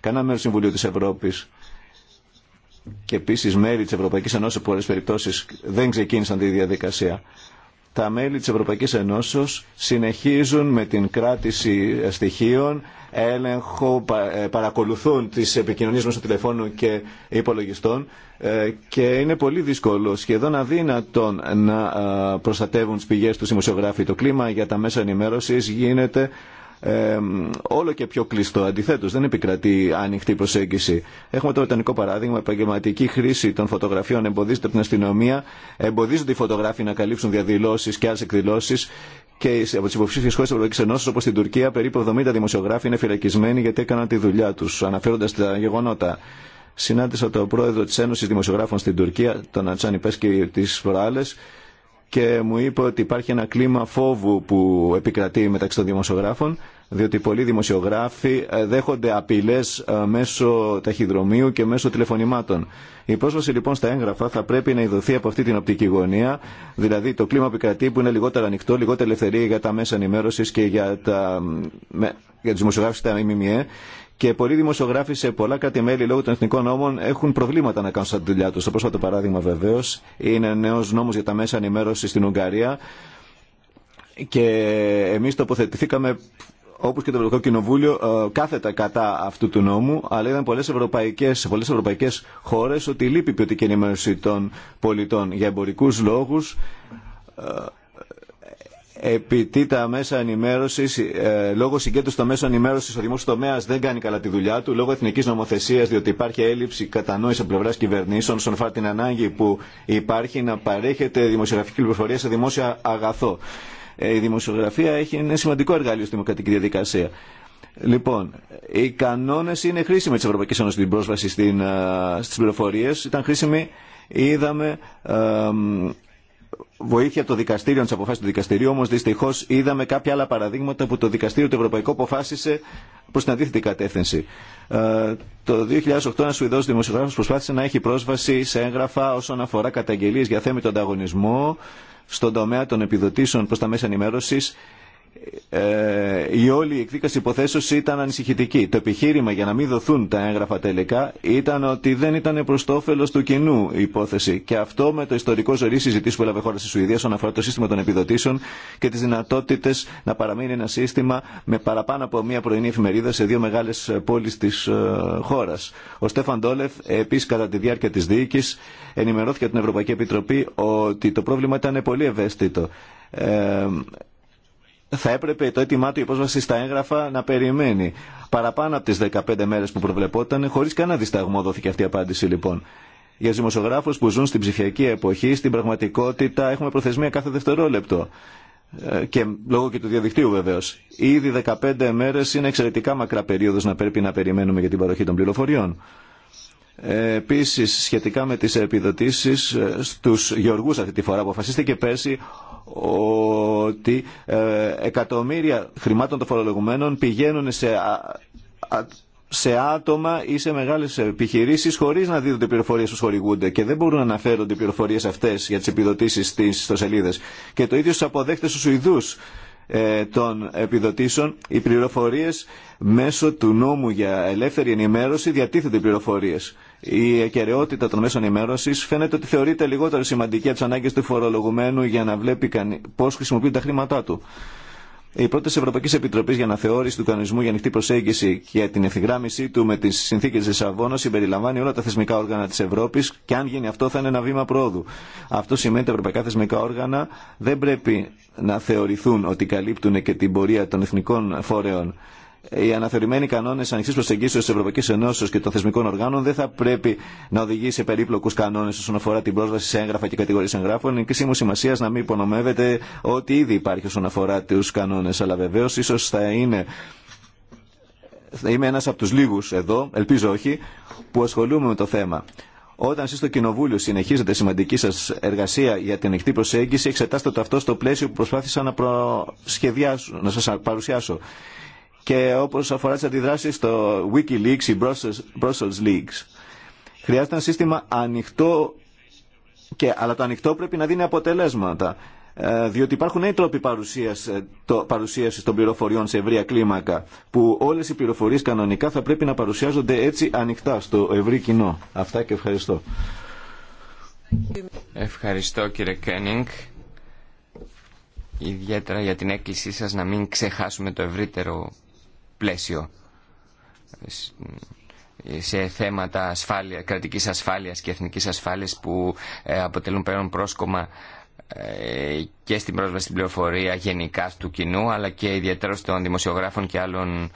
κανένα μέρο του Συμβουλίου τη Ευρώπη και επίση μέλη τη Ευρωπαϊκή Ενώση που πολλέ περιπτώσει δεν ξεκίνησαν τη διαδικασία. Τα μέλη τη Ευρωπαϊκή Ενώσεω συνεχίζουν με την κράτηση στοιχείων έλεγχο, ε, παρακολουθούν τις επικοινωνίες μέσω τηλεφώνου και υπολογιστών ε, και είναι πολύ δύσκολο, σχεδόν αδύνατον να ε, προστατεύουν τις πηγές τους δημοσιογράφοι. Το κλίμα για τα μέσα ενημέρωσης γίνεται όλο και πιο κλειστό. Αντιθέτως, δεν επικρατεί άνοιχτη προσέγγιση. Έχουμε το βρετανικό παράδειγμα. Επαγγελματική χρήση των φωτογραφιών εμποδίζεται από την αστυνομία. Εμποδίζονται οι φωτογράφοι να καλύψουν διαδηλώσει και άλλε εκδηλώσει και από τι υποψήφιε χώρε τη Ευρωπαϊκή Ενώση, όπω στην Τουρκία, περίπου 70 δημοσιογράφοι είναι φυλακισμένοι γιατί έκαναν τη δουλειά του, αναφέροντα τα γεγονότα. Συνάντησα τον πρόεδρο τη Ένωση Δημοσιογράφων στην Τουρκία, τον Ατσάνι Πέσκη, τι προάλλε και μου είπε ότι υπάρχει ένα κλίμα φόβου που επικρατεί μεταξύ των δημοσιογράφων διότι πολλοί δημοσιογράφοι ε, δέχονται απειλές ε, μέσω ταχυδρομείου και μέσω τηλεφωνημάτων. Η πρόσβαση λοιπόν στα έγγραφα θα πρέπει να ειδωθεί από αυτή την οπτική γωνία, δηλαδή το κλίμα επικρατεί που είναι λιγότερο ανοιχτό, λιγότερη ελευθερία για τα μέσα ενημέρωσης και για, τα... για τους δημοσιογράφους τα ΜΜΕ και πολλοί δημοσιογράφοι σε πολλά κράτη-μέλη λόγω των εθνικών νόμων έχουν προβλήματα να κάνουν τη δουλειά του. Το πρόσφατο παράδειγμα βεβαίω είναι νέο νόμο για τα μέσα ενημέρωση στην Ουγγαρία και εμεί τοποθετηθήκαμε όπως και το Ευρωπαϊκό Κοινοβούλιο, ε, κάθετα κατά αυτού του νόμου, αλλά είδαν πολλές ευρωπαϊκές, σε πολλές ευρωπαϊκές χώρες ότι λείπει ποιοτική ενημέρωση των πολιτών για εμπορικούς λόγους, ε, επειδή τα μέσα ενημέρωση, ε, λόγω συγκέντρωση των μέσων ενημέρωση, ο δημόσιο τομέα δεν κάνει καλά τη δουλειά του, λόγω εθνική νομοθεσία, διότι υπάρχει έλλειψη κατανόηση από πλευρά κυβερνήσεων, στον φάρ την ανάγκη που υπάρχει να παρέχεται δημοσιογραφική πληροφορία σε δημόσια αγαθό. Ε, η δημοσιογραφία έχει ένα σημαντικό εργαλείο στη δημοκρατική διαδικασία. Λοιπόν, οι κανόνε είναι χρήσιμοι τη Ευρωπαϊκή Ένωση στην πρόσβαση ε, στι πληροφορίε. Ήταν χρήσιμοι, είδαμε ε, βοήθεια το δικαστήριο, τι αποφάσει του δικαστηρίου, όμω δυστυχώ είδαμε κάποια άλλα παραδείγματα που το δικαστήριο του Ευρωπαϊκού αποφάσισε προ την αντίθετη κατεύθυνση. Ε, το 2008 ένα Σουηδό δημοσιογράφο προσπάθησε να έχει πρόσβαση σε έγγραφα όσον αφορά καταγγελίε για τον ανταγωνισμού στον τομέα των επιδοτήσεων προ τα μέσα ενημέρωση ε, η όλη εκδίκαση υποθέσεω ήταν ανησυχητική. Το επιχείρημα για να μην δοθούν τα έγγραφα τελικά ήταν ότι δεν ήταν προ το όφελο του κοινού η υπόθεση. Και αυτό με το ιστορικό ζωή συζητήσει που έλαβε χώρα στη Σουηδία όσον αφορά το σύστημα των επιδοτήσεων και τι δυνατότητε να παραμείνει ένα σύστημα με παραπάνω από μία πρωινή εφημερίδα σε δύο μεγάλε πόλει τη ε, χώρα. Ο Στέφαν Ντόλεφ, επίση κατά τη διάρκεια τη διοίκη, ενημερώθηκε από την Ευρωπαϊκή Επιτροπή ότι το πρόβλημα ήταν πολύ ευαίσθητο ε, θα έπρεπε το αίτημά του η πρόσβαση στα έγγραφα να περιμένει. Παραπάνω από τι 15 μέρε που προβλεπόταν, χωρί κανένα δισταγμό δόθηκε αυτή η απάντηση λοιπόν. Για του δημοσιογράφου που ζουν στην ψηφιακή εποχή, στην πραγματικότητα έχουμε προθεσμία κάθε δευτερόλεπτο. Ε, και λόγω και του διαδικτύου βεβαίω. Ήδη 15 μέρε είναι εξαιρετικά μακρά περίοδο να πρέπει να περιμένουμε για την παροχή των πληροφοριών. Ε, Επίση, σχετικά με τι επιδοτήσει ε, στου γεωργού αυτή τη φορά, αποφασίστηκε πέρσι ότι ε, εκατομμύρια χρημάτων των φορολογουμένων πηγαίνουν σε, σε άτομα ή σε μεγάλες επιχειρήσεις χωρίς να δίδονται πληροφορίες που χορηγούνται και δεν μπορούν να αναφέρονται οι πληροφορίες αυτές για τις επιδοτήσεις στις ιστοσελίδες. Και το ίδιο στους αποδέχτες στους Ιδούς ε, των επιδοτήσεων οι πληροφορίες μέσω του νόμου για ελεύθερη ενημέρωση διατίθεται πληροφορίες η ακαιρεότητα των μέσων ενημέρωση φαίνεται ότι θεωρείται λιγότερο σημαντική από τι ανάγκε του φορολογουμένου για να βλέπει πώ χρησιμοποιούν τα χρήματά του. Η πρώτη Ευρωπαϊκή Επιτροπή για να αναθεώρηση του κανονισμού για ανοιχτή προσέγγιση και την ευθυγράμμιση του με τι συνθήκε τη Λισαβόνα συμπεριλαμβάνει όλα τα θεσμικά όργανα τη Ευρώπη και αν γίνει αυτό θα είναι ένα βήμα πρόοδου. Αυτό σημαίνει ότι τα ευρωπαϊκά θεσμικά όργανα δεν πρέπει να θεωρηθούν ότι καλύπτουν και την πορεία των εθνικών φορέων οι αναθεωρημένοι κανόνε ανοιχτή προσεγγίσεω τη Ευρωπαϊκή Ενώσεω και των θεσμικών οργάνων δεν θα πρέπει να οδηγεί σε περίπλοκου κανόνε όσον αφορά την πρόσβαση σε έγγραφα και κατηγορίε εγγράφων. Είναι κρίσιμο σημασία να μην υπονομεύεται ό,τι ήδη υπάρχει όσον αφορά του κανόνε. Αλλά βεβαίω ίσω θα είναι. Είμαι ένα από του λίγου εδώ, ελπίζω όχι, που ασχολούμαι με το θέμα. Όταν εσεί στο Κοινοβούλιο συνεχίζετε σημαντική σα εργασία για την ανοιχτή προσέγγιση, εξετάστε το αυτό στο πλαίσιο που προσπάθησα να, να σα παρουσιάσω και όπως αφορά τις αντιδράσεις στο Wikileaks ή Brussels, Leaks. Χρειάζεται ένα σύστημα ανοιχτό, και, αλλά το ανοιχτό πρέπει να δίνει αποτελέσματα. Ε, διότι υπάρχουν νέοι τρόποι ε, παρουσίαση των πληροφοριών σε ευρία κλίμακα, που όλες οι πληροφορίες κανονικά θα πρέπει να παρουσιάζονται έτσι ανοιχτά στο ευρύ κοινό. Αυτά και ευχαριστώ. Ευχαριστώ κύριε Κένινγκ, ιδιαίτερα για την έκκλησή σας να μην ξεχάσουμε το ευρύτερο πλαίσιο σε θέματα ασφάλεια, κρατικής ασφάλειας και εθνικής ασφάλειας που ε, αποτελούν πλέον πρόσκομα ε, και στην πρόσβαση στην πληροφορία γενικά του κοινού αλλά και ιδιαίτερα των δημοσιογράφων και άλλων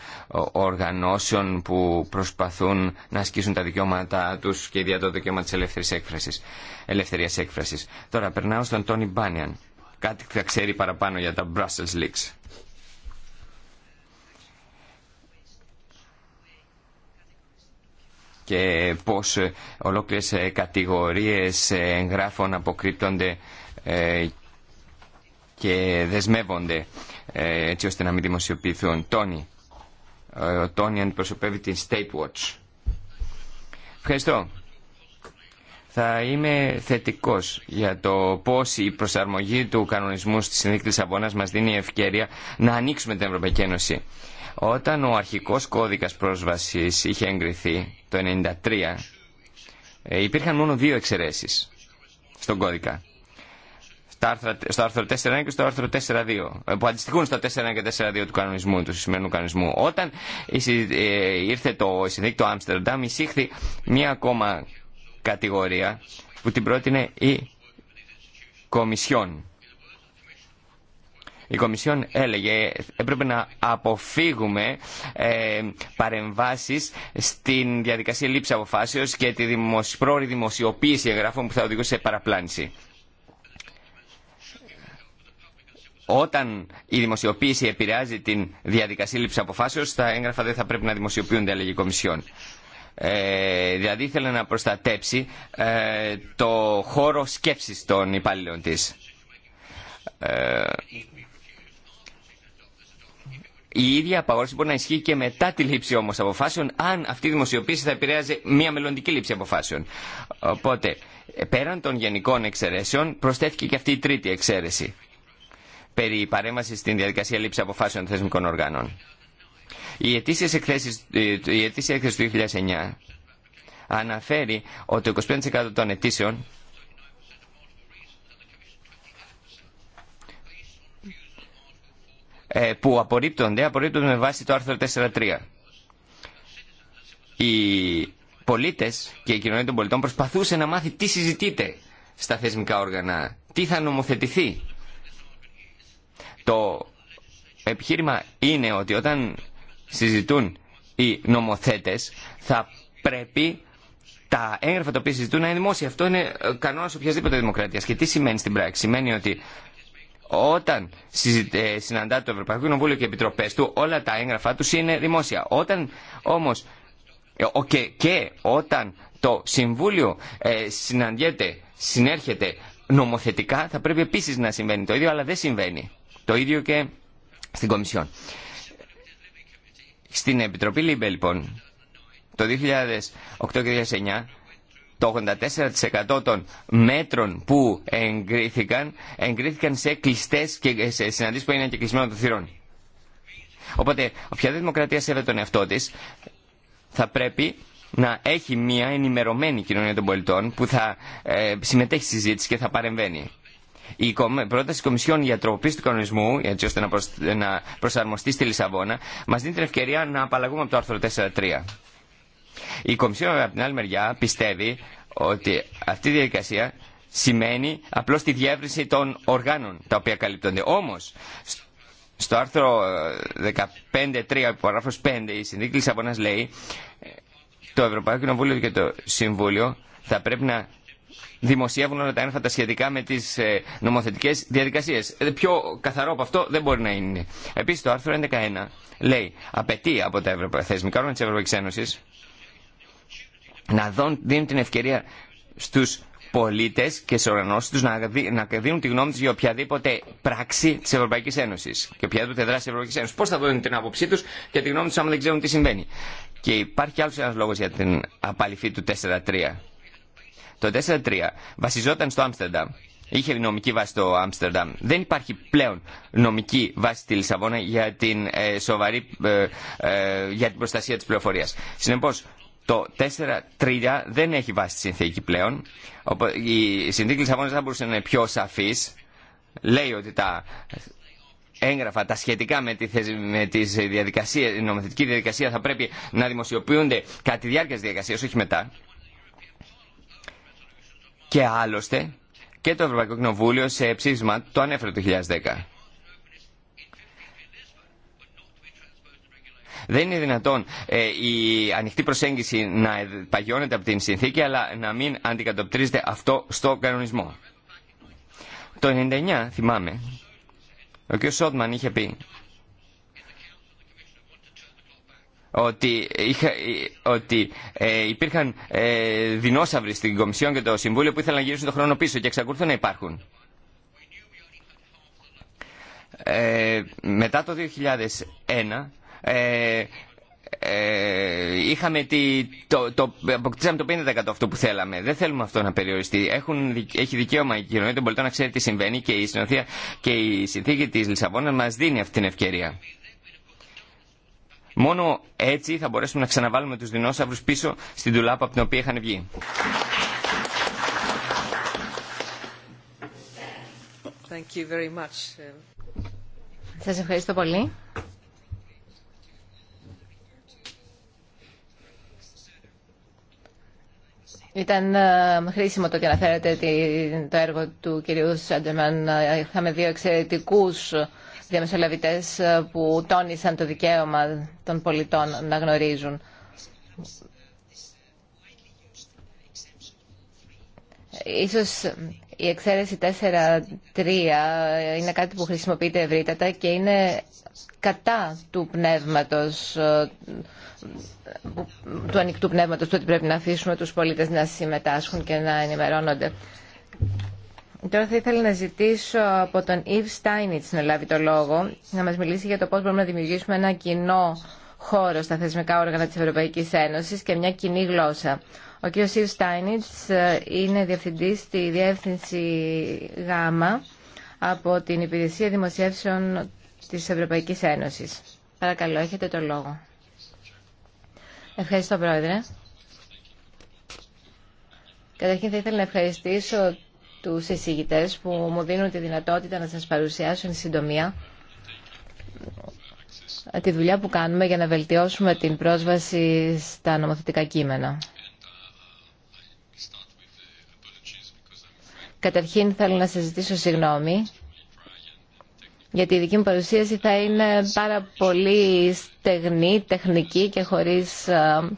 οργανώσεων που προσπαθούν να ασκήσουν τα δικαιώματά τους και ιδιαίτερα το δικαίωμα της ελεύθερης έκφρασης, ελευθερίας έκφρασης. Τώρα περνάω στον Τόνι Μπάνιαν. Κάτι θα ξέρει παραπάνω για τα Brussels Leaks. και πώς ολόκληρες ε, κατηγορίες ε, εγγράφων αποκρύπτονται ε, και δεσμεύονται έτσι ώστε να μην δημοσιοποιηθούν. Τόνι. Ο Τόνι αντιπροσωπεύει την State Watch. Ευχαριστώ. Θα είμαι θετικός για το πώς η προσαρμογή του κανονισμού στη Συνδίκη της Αβώνας μας δίνει ευκαιρία να ανοίξουμε την Ευρωπαϊκή Ένωση. Όταν ο αρχικός κώδικας πρόσβασης είχε εγκριθεί το 1993, ε, υπήρχαν μόνο δύο εξαιρέσεις στον κώδικα. Στο άρθρο 4.1 και στο άρθρο 4.2, ε, που αντιστοιχούν στο 4.1 και 4.2 του κανονισμού, του σημερινού κανονισμού. Όταν ε, ήρθε το συνδίκτο Άμστερνταμ, εισήχθη μία ακόμα κατηγορία που την πρότεινε η Κομισιόν η Κομισιόν έλεγε έπρεπε να αποφύγουμε ε, παρεμβάσεις στην διαδικασία λήψη αποφάσεως και τη πρόορη δημοσιοποίηση εγγράφων που θα οδηγούσε σε παραπλάνηση. Όταν η δημοσιοποίηση επηρεάζει την διαδικασία λήψη αποφάσεως, τα έγγραφα δεν θα πρέπει να δημοσιοποιούνται, έλεγε η Κομισιόν. Ε, δηλαδή ήθελε να προστατέψει ε, το χώρο σκέψης των υπαλλήλων της. Ε, η ίδια απαγόρευση μπορεί να ισχύει και μετά τη λήψη όμω αποφάσεων, αν αυτή η δημοσιοποίηση θα επηρέαζε μια μελλοντική λήψη αποφάσεων. Οπότε, πέραν των γενικών εξαιρέσεων, προσθέθηκε και αυτή η τρίτη εξαίρεση περί παρέμβαση στην διαδικασία λήψη αποφάσεων θεσμικών οργάνων. Η ε, ετήσια εκθέση του 2009 αναφέρει ότι το 25% των αιτήσεων Ε, που απορρίπτονται, απορρίπτονται με βάση το άρθρο 4.3. Οι πολίτες και η κοινωνία των πολιτών προσπαθούσε να μάθει τι συζητείται στα θεσμικά όργανα, τι θα νομοθετηθεί. Το επιχείρημα είναι ότι όταν συζητούν οι νομοθέτες θα πρέπει τα έγγραφα τα οποία συζητούν να είναι δημόσια. Αυτό είναι κανόνα οποιασδήποτε δημοκρατία. Και τι σημαίνει στην πράξη. Σημαίνει ότι όταν ε, συναντά το Ευρωπαϊκό Κοινοβούλιο και οι επιτροπέ του, όλα τα έγγραφά του είναι δημόσια. Όταν όμως, ε, και όταν το Συμβούλιο ε, συναντιέται, συνέρχεται νομοθετικά, θα πρέπει επίσης να συμβαίνει το ίδιο, αλλά δεν συμβαίνει. Το ίδιο και στην Κομισιόν. Στην Επιτροπή Λίμπε, λοιπόν, το 2008 και 2009 το 84% των μέτρων που εγκρίθηκαν, εγκρίθηκαν σε κλειστέ και σε συναντήσει που έγιναν και κλεισμένων των θυρών. Οπότε, οποιαδήποτε δημοκρατία σέβεται τον εαυτό τη, θα πρέπει να έχει μια ενημερωμένη κοινωνία των πολιτών που θα ε, συμμετέχει στη συζήτηση και θα παρεμβαίνει. Η πρόταση Κομισιόν για τροποποίηση του κανονισμού, έτσι ώστε να, προσαρμοστεί στη Λισαβόνα, μα δίνει την ευκαιρία να απαλλαγούμε από το άρθρο 4.3. Η Κομισιόν από την άλλη μεριά πιστεύει ότι αυτή η διαδικασία σημαίνει απλώς τη διεύρυνση των οργάνων τα οποία καλύπτονται. Όμως, στο άρθρο 15.3, ε, παράγραφος 5, η συνδίκη Λισαβόνας λέει ε, το Ευρωπαϊκό Κοινοβούλιο και το Συμβούλιο θα πρέπει να δημοσιεύουν όλα τα έγγραφα σχετικά με τις ε, νομοθετικές διαδικασίες. Πιο καθαρό από αυτό δεν μπορεί να είναι. Επίσης το άρθρο 11.1 λέει απαιτεί από τα θεσμικά όργανα της Ευρωπαϊκής Ένωση, να δίνουν την ευκαιρία στους πολίτες και σε οργανώσεις τους να, δίνουν τη γνώμη τους για οποιαδήποτε πράξη της Ευρωπαϊκής Ένωσης και οποιαδήποτε δράση της Ευρωπαϊκής Ένωσης. Πώς θα δουν την άποψή τους και τη γνώμη τους άμα δεν ξέρουν τι συμβαίνει. Και υπάρχει άλλος ένας λόγος για την απαλυφή του 4-3. Το 4-3 βασιζόταν στο Άμστερνταμ. Είχε νομική βάση το Άμστερνταμ. Δεν υπάρχει πλέον νομική βάση στη Λισαβόνα για την, ε, σοβαρή, ε, ε προστασία της πληροφορίας. Συνεπώς, το 4-3 δεν έχει βάση τη συνθήκη πλέον. Η συνθήκη Λισαβόνα θα μπορούσε να είναι πιο σαφή. Λέει ότι τα έγγραφα, τα σχετικά με τη, με τις διαδικασίες, η νομοθετική διαδικασία θα πρέπει να δημοσιοποιούνται κατά τη διάρκεια τη διαδικασίας, όχι μετά. Και άλλωστε, και το Ευρωπαϊκό Κοινοβούλιο σε ψήφισμα το ανέφερε το 2010. Δεν είναι δυνατόν ε, η ανοιχτή προσέγγιση να παγιώνεται από την συνθήκη αλλά να μην αντικατοπτρίζεται αυτό στο κανονισμό. Το 1999, θυμάμαι, ο κ. Σότμαν είχε πει ότι, ότι ε, υπήρχαν ε, δεινόσαυροι στην Κομισιόν και το Συμβούλιο που ήθελαν να γυρίσουν τον χρόνο πίσω και εξακολουθούν να υπάρχουν. Ε, μετά το 2001 ε, ε, είχαμε τη, αποκτήσαμε το 50% αυτό που θέλαμε. Δεν θέλουμε αυτό να περιοριστεί. Έχουν, έχει δικαίωμα η κοινωνία των πολιτών να ξέρει τι συμβαίνει και η, συνοθεία, και η συνθήκη της Λισαβόνα μας δίνει αυτή την ευκαιρία. Μόνο έτσι θα μπορέσουμε να ξαναβάλουμε τους δεινόσαυρους πίσω στην τουλάπα από την οποία είχαν βγει. Ε. Σας ευχαριστώ πολύ. Ήταν ε, χρήσιμο το ότι αναφέρατε το έργο του κυρίου Σάντεμαν. Ε, είχαμε δύο εξαιρετικού διαμεσολαβητέ ε, που τόνισαν το δικαίωμα των πολιτών να γνωρίζουν. Ίσως η εξαίρεση 4.3 είναι κάτι που χρησιμοποιείται ευρύτατα και είναι κατά του πνεύματος, ε, του ανοιχτού πνεύματος, του ότι πρέπει να αφήσουμε τους πολίτες να συμμετάσχουν και να ενημερώνονται. Τώρα θα ήθελα να ζητήσω από τον Ιβ Στάινιτς να λάβει το λόγο, να μας μιλήσει για το πώς μπορούμε να δημιουργήσουμε ένα κοινό χώρο στα θεσμικά όργανα της Ευρωπαϊκής Ένωσης και μια κοινή γλώσσα. Ο κ. Στάινιτς ε, είναι διευθυντής στη Διεύθυνση ΓΑΜΑ από την Υπηρεσία Δημοσιεύσεων της Ευρωπαϊκής Ένωσης. Παρακαλώ, έχετε το λόγο. Ευχαριστώ, Πρόεδρε. Καταρχήν θα ήθελα να ευχαριστήσω τους εισηγητές που μου δίνουν τη δυνατότητα να σας παρουσιάσουν συντομία τη δουλειά που κάνουμε για να βελτιώσουμε την πρόσβαση στα νομοθετικά κείμενα. Καταρχήν θέλω να σας ζητήσω συγγνώμη γιατί η δική μου παρουσίαση θα είναι πάρα πολύ στεγνή, τεχνική και χωρίς ε,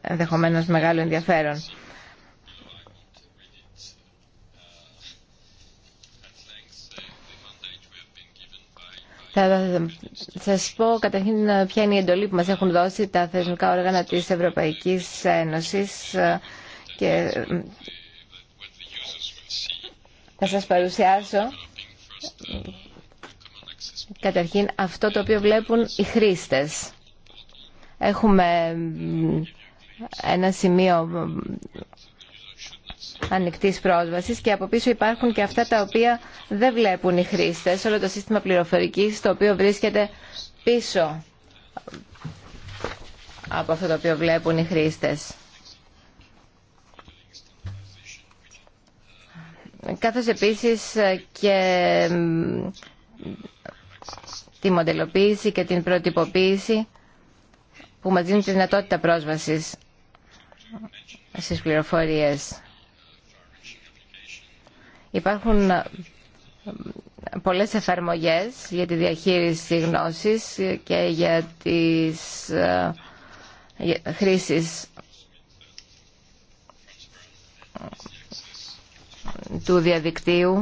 ενδεχομένως μεγάλο ενδιαφέρον. Θα σας πω καταρχήν ποια είναι η εντολή που μας έχουν δώσει τα θεσμικά όργανα της Ευρωπαϊκής Ένωσης ε, και θα σας παρουσιάσω καταρχήν αυτό το οποίο βλέπουν οι χρήστες. Έχουμε ένα σημείο ανοιχτής πρόσβασης και από πίσω υπάρχουν και αυτά τα οποία δεν βλέπουν οι χρήστες, όλο το σύστημα πληροφορικής το οποίο βρίσκεται πίσω από αυτό το οποίο βλέπουν οι χρήστες. καθώς επίσης και τη μοντελοποίηση και την προτυποποίηση που μας δίνουν τη δυνατότητα πρόσβασης στις πληροφορίες. Υπάρχουν πολλές εφαρμογές για τη διαχείριση γνώσης και για τις ε, χρήσεις του διαδικτύου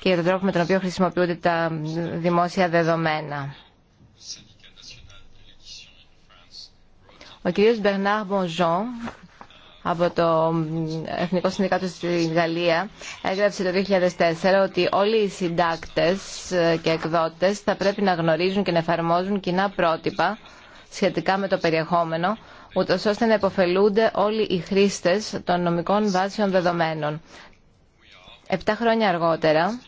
και για τον τρόπο με τον οποίο χρησιμοποιούνται τα δημόσια δεδομένα. Ο κύριος Μπερνάρ Μπονζόν από το Εθνικό Συνδικάτο στη Γαλλία έγραψε το 2004 ότι όλοι οι συντάκτες και εκδότες θα πρέπει να γνωρίζουν και να εφαρμόζουν κοινά πρότυπα σχετικά με το περιεχόμενο ούτω ώστε να υποφελούνται όλοι οι χρήστες των νομικών βάσεων δεδομένων. Επτά χρόνια αργότερα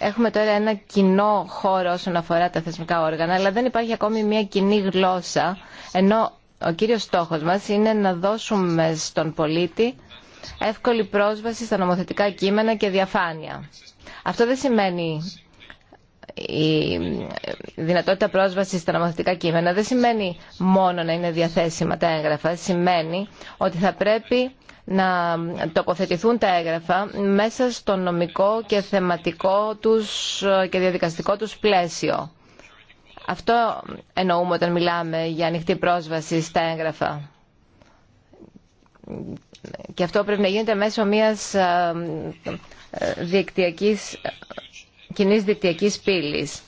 έχουμε τώρα ένα κοινό χώρο όσον αφορά τα θεσμικά όργανα, αλλά δεν υπάρχει ακόμη μια κοινή γλώσσα, ενώ ο κύριος στόχος μας είναι να δώσουμε στον πολίτη εύκολη πρόσβαση στα νομοθετικά κείμενα και διαφάνεια. Αυτό δεν σημαίνει η δυνατότητα πρόσβασης στα νομοθετικά κείμενα δεν σημαίνει μόνο να είναι διαθέσιμα τα έγγραφα, σημαίνει ότι θα πρέπει να τοποθετηθούν τα έγγραφα μέσα στο νομικό και θεματικό τους και διαδικαστικό τους πλαίσιο. Αυτό εννοούμε όταν μιλάμε για ανοιχτή πρόσβαση στα έγγραφα. Και αυτό πρέπει να γίνεται μέσω μιας ε, ε, δικτυακής, ε, κοινής δικτυακής πύλης.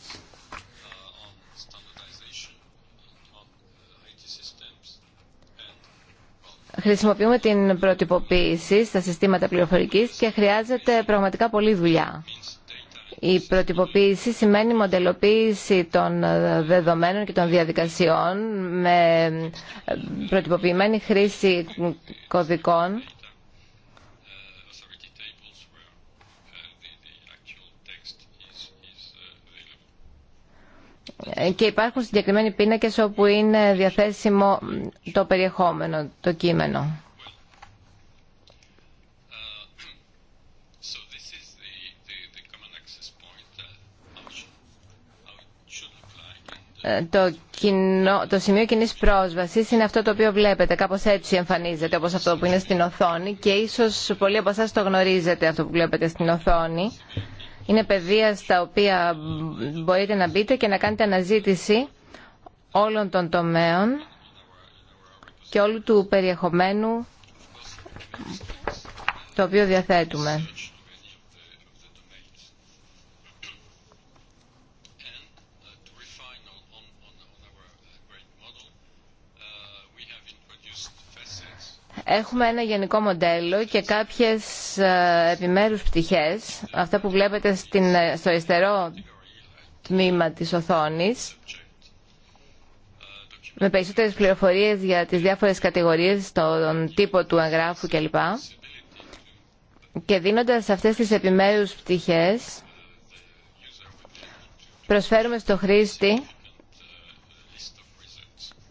χρησιμοποιούμε την προτυποποίηση στα συστήματα πληροφορικής και χρειάζεται πραγματικά πολλή δουλειά. Η προτυποποίηση σημαίνει μοντελοποίηση των δεδομένων και των διαδικασιών με προτυποποιημένη χρήση κωδικών Ε, και υπάρχουν συγκεκριμένοι πίνακες όπου είναι διαθέσιμο το περιεχόμενο, το κείμενο. Uh, το, το σημείο κοινή πρόσβαση είναι αυτό το οποίο βλέπετε. Κάπω έτσι εμφανίζεται, όπω αυτό που είναι στην οθόνη και ίσω πολλοί από εσά το γνωρίζετε αυτό που βλέπετε στην οθόνη. Είναι παιδεία στα οποία μπορείτε να μπείτε και να κάνετε αναζήτηση όλων των τομέων και όλου του περιεχομένου το οποίο διαθέτουμε. Έχουμε ένα γενικό μοντέλο και κάποιες ε, επιμέρους πτυχές, αυτά που βλέπετε ε, στο αριστερό τμήμα της οθόνης, με περισσότερες πληροφορίες για τις διάφορες κατηγορίες, τον τύπο του εγγράφου κλπ. Και δίνοντας αυτές τις επιμέρους πτυχές, προσφέρουμε στο χρήστη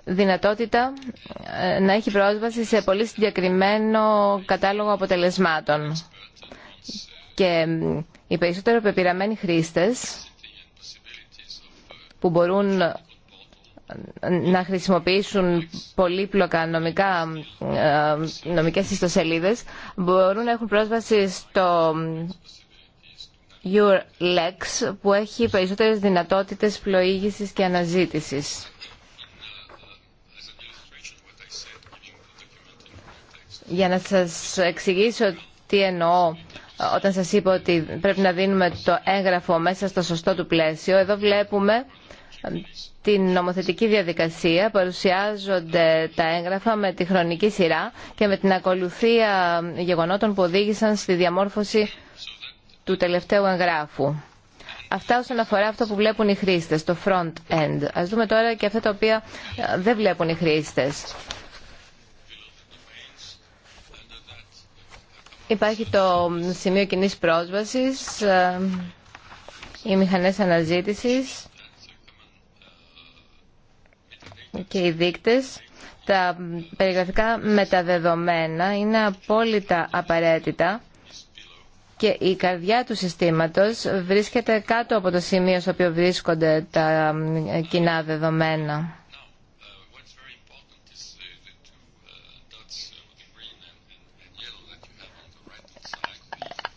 δυνατότητα ε, να έχει πρόσβαση σε πολύ συγκεκριμένο κατάλογο αποτελεσμάτων. Και οι περισσότερο πεπειραμένοι χρήστες που μπορούν ε, να χρησιμοποιήσουν πολύπλοκα νομικά, ε, νομικές ιστοσελίδες μπορούν να έχουν πρόσβαση στο EUR-LEX που έχει περισσότερες δυνατότητες πλοήγησης και αναζήτησης. για να σας εξηγήσω τι εννοώ όταν σας είπα ότι πρέπει να δίνουμε το έγγραφο μέσα στο σωστό του πλαίσιο. Εδώ βλέπουμε την νομοθετική διαδικασία, παρουσιάζονται τα έγγραφα με τη χρονική σειρά και με την ακολουθία γεγονότων που οδήγησαν στη διαμόρφωση του τελευταίου εγγράφου. Αυτά όσον αφορά αυτό που βλέπουν οι χρήστες, το front end. Ας δούμε τώρα και αυτά τα οποία ε, δεν βλέπουν οι χρήστες. Υπάρχει το σημείο κοινή πρόσβασης, ε, οι μηχανές αναζήτησης και οι δείκτες. Τα περιγραφικά μεταδεδομένα είναι απόλυτα απαραίτητα και η καρδιά του συστήματος βρίσκεται κάτω από το σημείο στο οποίο βρίσκονται τα κοινά δεδομένα.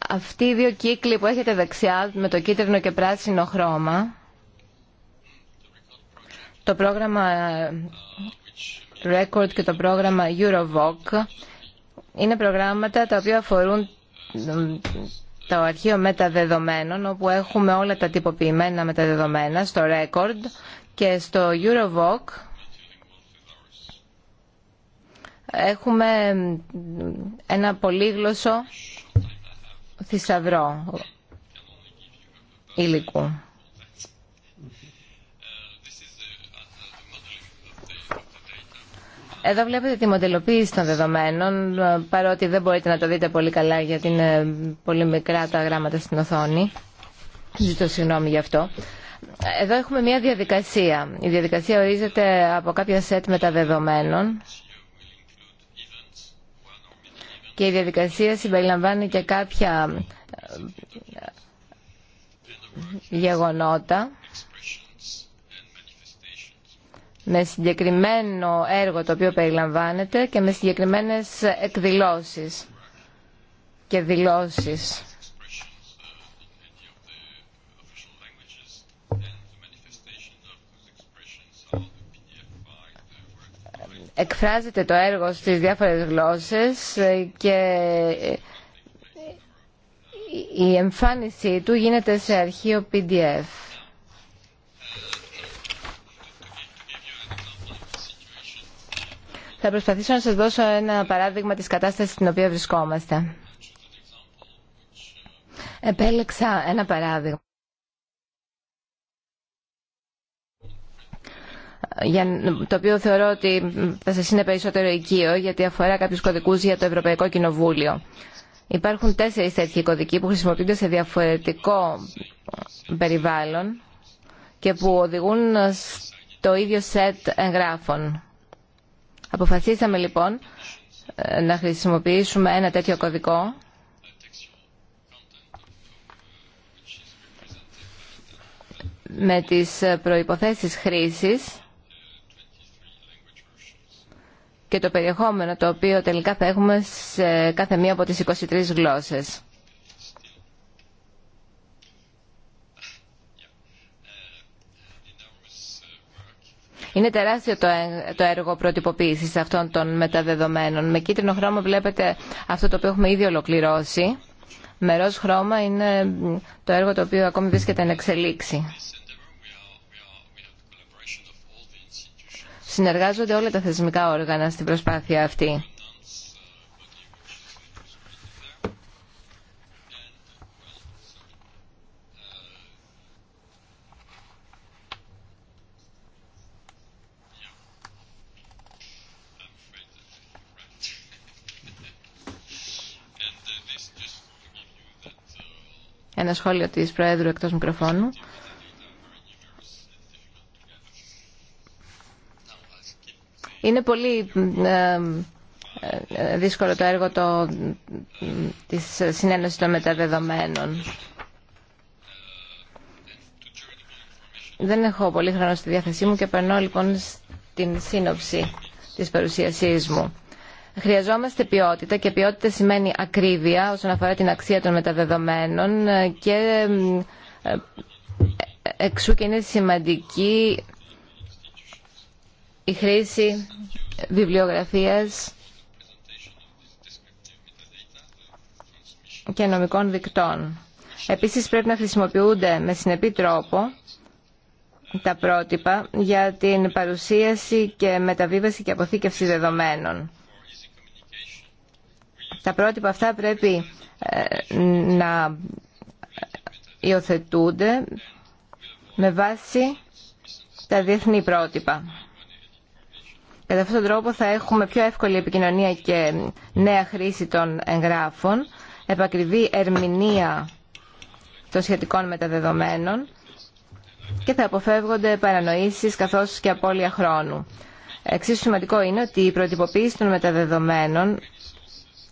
Αυτοί οι δύο κύκλοι που έχετε δεξιά με το κίτρινο και πράσινο χρώμα, το πρόγραμμα ε, Record και το πρόγραμμα Eurovoc είναι προγράμματα τα οποία αφορούν το αρχείο μεταδεδομένων όπου έχουμε όλα τα τυποποιημένα μεταδεδομένα στο Record και στο Eurovoc έχουμε ένα πολύγλωσσο θησαυρό υλικού. Εδώ βλέπετε τη μοντελοποίηση των δεδομένων, παρότι δεν μπορείτε να το δείτε πολύ καλά γιατί είναι πολύ μικρά τα γράμματα στην οθόνη. Ζητώ συγγνώμη γι' αυτό. Εδώ έχουμε μια διαδικασία. Η διαδικασία ορίζεται από κάποια σετ μεταδεδομένων και η διαδικασία συμπεριλαμβάνει και κάποια ε, γεγονότα με συγκεκριμένο έργο το οποίο περιλαμβάνεται και με συγκεκριμένες εκδηλώσεις και δηλώσεις. εκφράζεται το έργο στις διάφορες γλώσσες και η εμφάνισή του γίνεται σε αρχείο PDF. Θα προσπαθήσω να σας δώσω ένα παράδειγμα της κατάστασης στην οποία βρισκόμαστε. Επέλεξα ένα παράδειγμα. το οποίο θεωρώ ότι θα σας είναι περισσότερο οικείο γιατί αφορά κάποιους κωδικούς για το Ευρωπαϊκό Κοινοβούλιο. Υπάρχουν τέσσερις τέτοιοι κωδικοί που χρησιμοποιούνται σε διαφορετικό περιβάλλον και που οδηγούν στο ίδιο σετ εγγράφων. Αποφασίσαμε λοιπόν ε, να χρησιμοποιήσουμε ένα τέτοιο κωδικό με τις προϋποθέσεις χρήσης και το περιεχόμενο το οποίο τελικά θα έχουμε σε κάθε μία από τις 23 γλώσσες. Είναι τεράστιο το έργο προτυποποίησης αυτών των μεταδεδομένων. Με κίτρινο χρώμα βλέπετε αυτό το οποίο έχουμε ήδη ολοκληρώσει. Με ροζ χρώμα είναι το έργο το οποίο ακόμη βρίσκεται να εξελίξει. Συνεργάζονται όλα τα θεσμικά όργανα στην προσπάθεια αυτή. Ένα σχόλιο της Προέδρου εκτός μικροφώνου. Είναι πολύ ε, ε, δύσκολο το έργο το, της συνένωσης των μεταδεδομένων. Δεν έχω πολύ χρόνο στη διάθεσή μου και περνώ λοιπόν στην σύνοψη της παρουσίασής μου. Χρειαζόμαστε ποιότητα και ποιότητα σημαίνει ακρίβεια όσον αφορά την αξία των μεταδεδομένων και ε, εξού και είναι σημαντική η χρήση βιβλιογραφίας και νομικών δικτών. Επίσης πρέπει να χρησιμοποιούνται με συνεπή τρόπο τα πρότυπα για την παρουσίαση και μεταβίβαση και αποθήκευση δεδομένων. Τα πρότυπα αυτά πρέπει ε, να υιοθετούνται με βάση τα διεθνή πρότυπα. Κατά αυτόν τον τρόπο θα έχουμε πιο εύκολη επικοινωνία και νέα χρήση των εγγράφων, επακριβή ερμηνεία των σχετικών μεταδεδομένων και θα αποφεύγονται παρανοήσεις καθώς και απώλεια χρόνου. Εξίσου σημαντικό είναι ότι η προτυποποίηση των μεταδεδομένων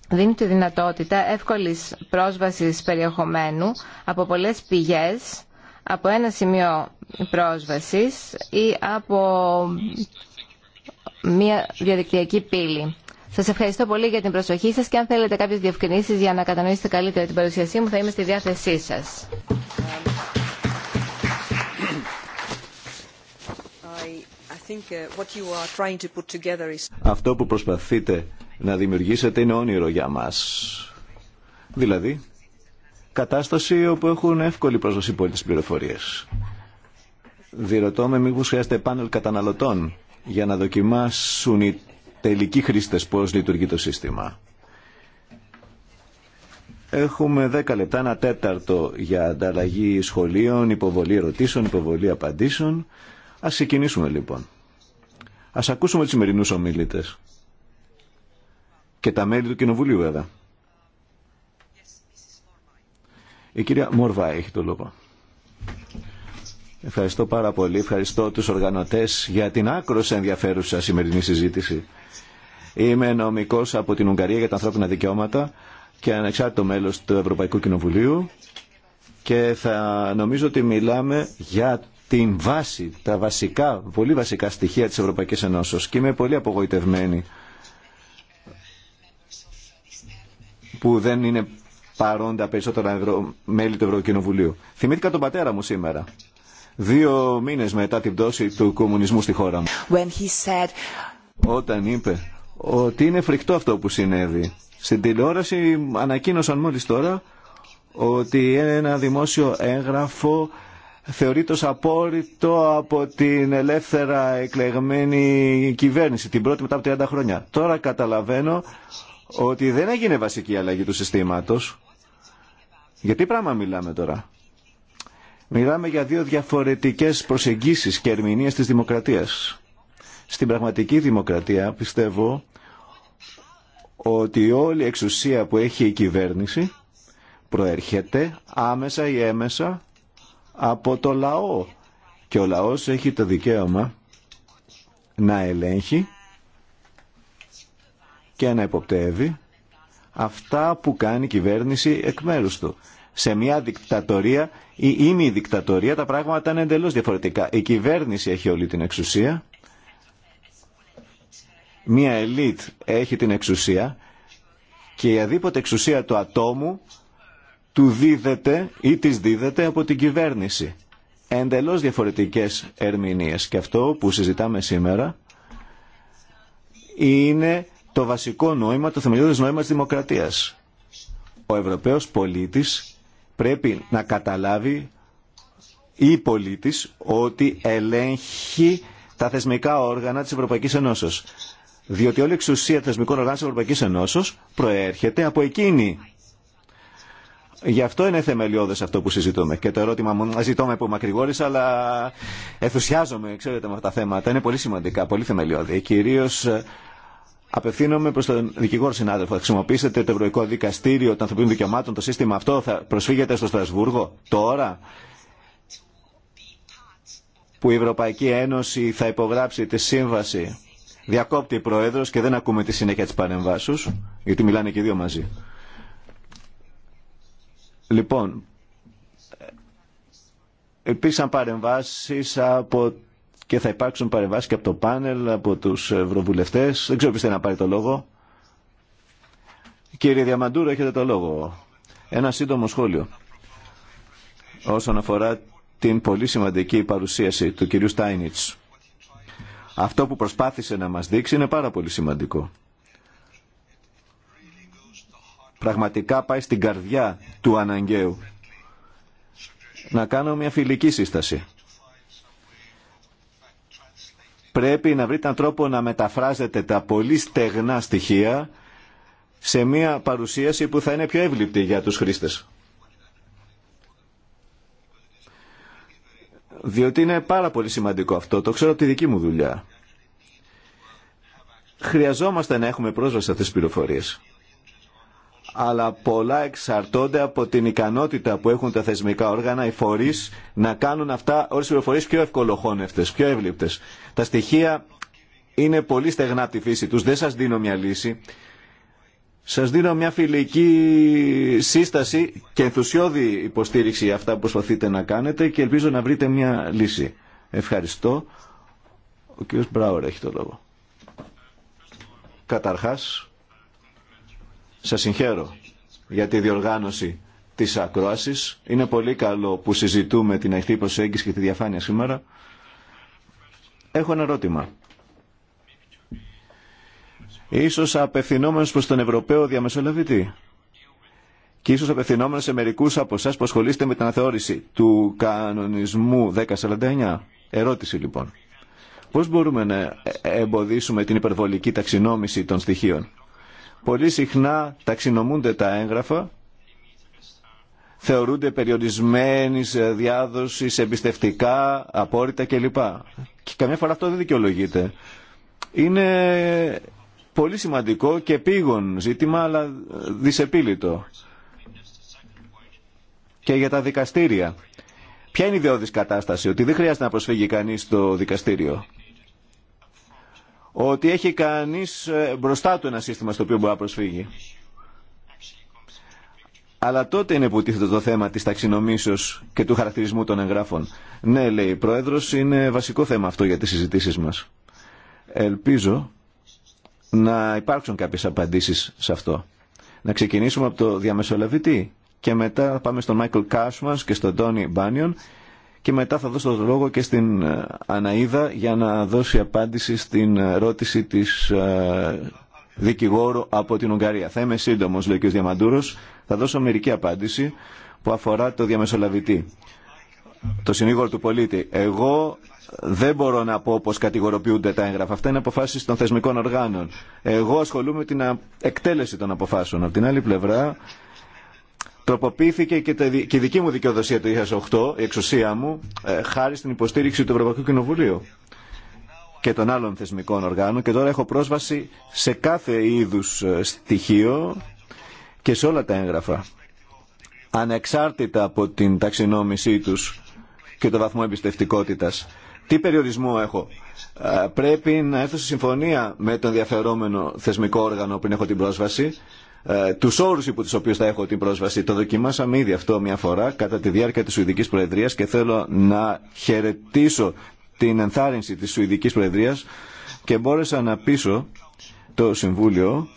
δίνει τη δυνατότητα εύκολης πρόσβασης περιεχομένου από πολλές πηγές, από ένα σημείο πρόσβασης ή από μια διαδικτυακή πύλη. Σα ευχαριστώ πολύ για την προσοχή σα και αν θέλετε κάποιε διευκρινήσει για να κατανοήσετε καλύτερα την παρουσίασή μου, θα είμαι στη διάθεσή σα. Αυτό που προσπαθείτε να δημιουργήσετε είναι όνειρο για μας. Δηλαδή, κατάσταση όπου έχουν εύκολη πρόσβαση πολίτες πληροφορίες. Διερωτώ με μήπως χρειάζεται πάνελ καταναλωτών για να δοκιμάσουν οι τελικοί χρήστες πώς λειτουργεί το σύστημα. Έχουμε 10 λεπτά, ένα τέταρτο για ανταλλαγή σχολείων, υποβολή ερωτήσεων, υποβολή απαντήσεων. Ας ξεκινήσουμε λοιπόν. Ας ακούσουμε τους σημερινούς ομίλητες. Και τα μέλη του Κοινοβουλίου βέβαια. Η κυρία Μόρβα έχει το λόγο. Ευχαριστώ πάρα πολύ. Ευχαριστώ τους οργανωτές για την άκρο ενδιαφέρουσα σημερινή συζήτηση. Είμαι νομικός από την Ουγγαρία για τα ανθρώπινα δικαιώματα και ανεξάρτητο μέλος του Ευρωπαϊκού Κοινοβουλίου και θα νομίζω ότι μιλάμε για την βάση, τα βασικά, πολύ βασικά στοιχεία της Ευρωπαϊκής Ενώσεως και είμαι πολύ απογοητευμένη που δεν είναι παρόντα περισσότερα μέλη του Ευρωκοινοβουλίου. Θυμήθηκα τον πατέρα μου σήμερα δύο μήνες μετά την πτώση του κομμουνισμού στη χώρα μου. Όταν είπε ότι είναι φρικτό αυτό που συνέβη. Στην τηλεόραση ανακοίνωσαν μόλις τώρα ότι ένα δημόσιο έγγραφο θεωρείται ως απόρριτο από την ελεύθερα εκλεγμένη κυβέρνηση, την πρώτη μετά από 30 χρόνια. Τώρα καταλαβαίνω ότι δεν έγινε βασική αλλαγή του συστήματος. Γιατί πράγμα μιλάμε τώρα. Μιλάμε για δύο διαφορετικές προσεγγίσεις και ερμηνείες της δημοκρατίας. Στην πραγματική δημοκρατία πιστεύω ότι όλη η εξουσία που έχει η κυβέρνηση προέρχεται άμεσα ή έμεσα από το λαό και ο λαός έχει το δικαίωμα να ελέγχει και να υποπτεύει αυτά που κάνει η κυβέρνηση εκ μέρους του. Σε μια δικτατορία ή ήμι δικτατορία τα πράγματα είναι εντελώς διαφορετικά. Η κυβέρνηση έχει όλη την εξουσία. Μια ελίτ έχει την εξουσία και η αδίποτε εξουσία του ατόμου του δίδεται ή της δίδεται από την κυβέρνηση. Εντελώς διαφορετικές ερμηνείες. Και αυτό που συζητάμε σήμερα είναι το βασικό νόημα, το θεμελιώδες νόημα της δημοκρατίας. Ο Ευρωπαίος πολίτης πρέπει να καταλάβει ή πολίτης ότι ελέγχει τα θεσμικά όργανα της Ευρωπαϊκής Ενώσεως. Διότι όλη η εξουσία θεσμικών οργάνων της Ευρωπαϊκής Ενώσεως προέρχεται από εκείνη. Γι' αυτό είναι θεμελιώδες αυτό που συζητούμε. Και το ερώτημα μου, ζητώ που μακρηγόρησα, αλλά ενθουσιάζομαι, ξέρετε, με αυτά τα θέματα. Είναι πολύ σημαντικά, πολύ θεμελιώδη. Κυρίως Απευθύνομαι προ τον δικηγόρο συνάδελφο. Θα χρησιμοποιήσετε το Ευρωπαϊκό Δικαστήριο των Ανθρωπίνων Δικαιωμάτων, το σύστημα αυτό, θα προσφύγετε στο Στρασβούργο τώρα που η Ευρωπαϊκή Ένωση θα υπογράψει τη σύμβαση. Διακόπτει η Πρόεδρος και δεν ακούμε τη συνέχεια της παρεμβάσεως, γιατί μιλάνε και οι δύο μαζί. Λοιπόν, υπήρξαν παρεμβάσεις από και θα υπάρξουν παρεμβάσει και από το πάνελ, από τους ευρωβουλευτέ. Δεν ξέρω ποιος θέλει να πάρει το λόγο. Κύριε Διαμαντούρο, έχετε το λόγο. Ένα σύντομο σχόλιο όσον αφορά την πολύ σημαντική παρουσίαση του κυρίου Στάινιτ. Αυτό που προσπάθησε να μας δείξει είναι πάρα πολύ σημαντικό. Πραγματικά πάει στην καρδιά του αναγκαίου. Να κάνω μια φιλική σύσταση πρέπει να βρείτε έναν τρόπο να μεταφράζετε τα πολύ στεγνά στοιχεία σε μια παρουσίαση που θα είναι πιο εύληπτη για τους χρήστες. Διότι είναι πάρα πολύ σημαντικό αυτό, το ξέρω από τη δική μου δουλειά. Χρειαζόμαστε να έχουμε πρόσβαση σε αυτές τις πληροφορίες αλλά πολλά εξαρτώνται από την ικανότητα που έχουν τα θεσμικά όργανα, οι φορεί να κάνουν αυτά όλε τι πληροφορίε πιο ευκολοχώνευτε, πιο εύληπτε. Τα στοιχεία είναι πολύ στεγνά από τη φύση του. Δεν σα δίνω μια λύση. Σα δίνω μια φιλική σύσταση και ενθουσιώδη υποστήριξη για αυτά που προσπαθείτε να κάνετε και ελπίζω να βρείτε μια λύση. Ευχαριστώ. Ο κ. Μπράουερ έχει το λόγο. Καταρχάς, σας συγχαίρω για τη διοργάνωση της ακρόασης. Είναι πολύ καλό που συζητούμε την αιχτή προσέγγιση και τη διαφάνεια σήμερα. Έχω ένα ερώτημα. Ίσως απευθυνόμενος προς τον Ευρωπαίο διαμεσολαβητή και ίσως απευθυνόμενο σε μερικούς από εσά που ασχολείστε με την αναθεώρηση του κανονισμού 1049. Ερώτηση λοιπόν. Πώς μπορούμε να εμποδίσουμε την υπερβολική ταξινόμηση των στοιχείων Πολύ συχνά ταξινομούνται τα έγγραφα, θεωρούνται περιορισμένης ε, διάδοσης, εμπιστευτικά, απόρριτα κλπ. Και καμιά φορά αυτό δεν δικαιολογείται. Είναι πολύ σημαντικό και πήγον ζήτημα, αλλά ε, δυσεπίλητο. Και για τα δικαστήρια. Ποια είναι η ιδεώδης κατάσταση, ότι δεν χρειάζεται να προσφύγει κανείς στο δικαστήριο ότι έχει κανείς ε, μπροστά του ένα σύστημα στο οποίο μπορεί να προσφύγει. Αλλά τότε είναι που τίθεται το θέμα της ταξινομήσεως και του χαρακτηρισμού των εγγράφων. Ναι, λέει η Πρόεδρος, είναι βασικό θέμα αυτό για τις συζητήσεις μας. Ελπίζω να υπάρξουν κάποιες απαντήσεις σε αυτό. Να ξεκινήσουμε από το διαμεσολαβητή και μετά πάμε στον Μάικλ Κάσμας και στον Τόνι Μπάνιον και μετά θα δώσω το λόγο και στην ε, Αναίδα για να δώσει απάντηση στην ερώτηση της ε, δικηγόρου από την Ουγγαρία. Θα είμαι σύντομο, λέει ο κ. Θα δώσω μερική απάντηση που αφορά το διαμεσολαβητή. Το συνήγορο του πολίτη. Εγώ δεν μπορώ να πω πώ κατηγοροποιούνται τα έγγραφα. Αυτά είναι αποφάσει των θεσμικών οργάνων. Εγώ ασχολούμαι με την εκτέλεση των αποφάσεων. Από την άλλη πλευρά, Τροποποιήθηκε και, τα, η δική μου δικαιοδοσία το 2008, η εξουσία μου, ε, χάρη στην υποστήριξη του Ευρωπαϊκού Κοινοβουλίου και των άλλων θεσμικών οργάνων και τώρα έχω πρόσβαση σε κάθε είδους ε, στοιχείο και σε όλα τα έγγραφα ανεξάρτητα από την ταξινόμησή τους και το βαθμό εμπιστευτικότητας. Τι περιορισμό έχω. Ε, πρέπει να έρθω σε συμφωνία με τον ενδιαφερόμενο θεσμικό όργανο πριν έχω την πρόσβαση ε, του όρου υπό του οποίου θα έχω την πρόσβαση. Το δοκιμάσαμε ήδη αυτό μια φορά κατά τη διάρκεια τη Σουηδική Προεδρία και θέλω να χαιρετήσω την ενθάρρυνση τη Σουηδική Προεδρία και μπόρεσα να πείσω το Συμβούλιο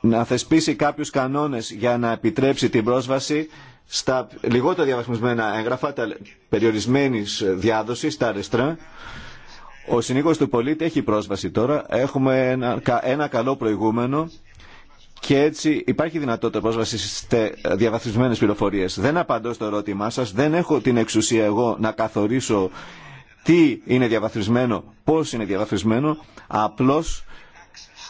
να θεσπίσει κάποιους κανόνες για να επιτρέψει την πρόσβαση στα λιγότερα διαβασμισμένα έγγραφα, τα περιορισμένης διάδοσης, τα αριστρά ο συνήγορος του πολίτη έχει πρόσβαση τώρα. Έχουμε ένα, ένα καλό προηγούμενο και έτσι υπάρχει δυνατότητα πρόσβαση σε διαβαθμισμένες πληροφορίες. Δεν απαντώ στο ερώτημά σας, δεν έχω την εξουσία εγώ να καθορίσω τι είναι διαβαθμισμένο, πώς είναι διαβαθμισμένο. Απλώς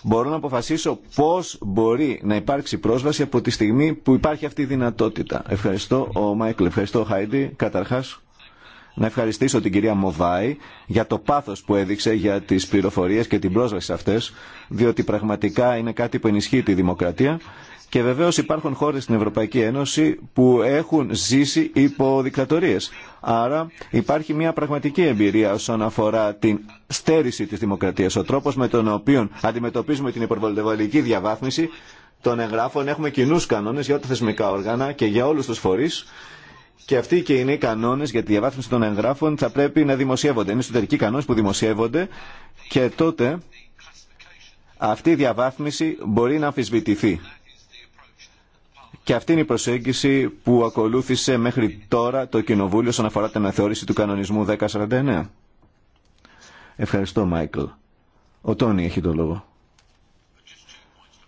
μπορώ να αποφασίσω πώς μπορεί να υπάρξει πρόσβαση από τη στιγμή που υπάρχει αυτή η δυνατότητα. Ευχαριστώ, ο Μάικλ. Ευχαριστώ, Χάιντι. καταρχάς να ευχαριστήσω την κυρία Μοβάη για το πάθος που έδειξε για τις πληροφορίες και την πρόσβαση σε αυτές, διότι πραγματικά είναι κάτι που ενισχύει τη δημοκρατία. Και βεβαίω υπάρχουν χώρε στην Ευρωπαϊκή Ένωση που έχουν ζήσει υπό δικτατορίε. Άρα υπάρχει μια πραγματική εμπειρία όσον αφορά την στέρηση τη δημοκρατία. Ο τρόπο με τον οποίο αντιμετωπίζουμε την υπερβολική διαβάθμιση των εγγράφων έχουμε κοινού κανόνε για τα θεσμικά όργανα και για όλου του φορεί και αυτοί και είναι οι κανόνε για τη διαβάθμιση των εγγράφων θα πρέπει να δημοσιεύονται. Είναι εσωτερικοί κανόνε που δημοσιεύονται και τότε αυτή η διαβάθμιση μπορεί να αμφισβητηθεί. Και αυτή είναι η προσέγγιση που ακολούθησε μέχρι τώρα το Κοινοβούλιο όσον αφορά την αναθεώρηση του κανονισμού 1049. Ευχαριστώ, Μάικλ. Ο Τόνι έχει το λόγο.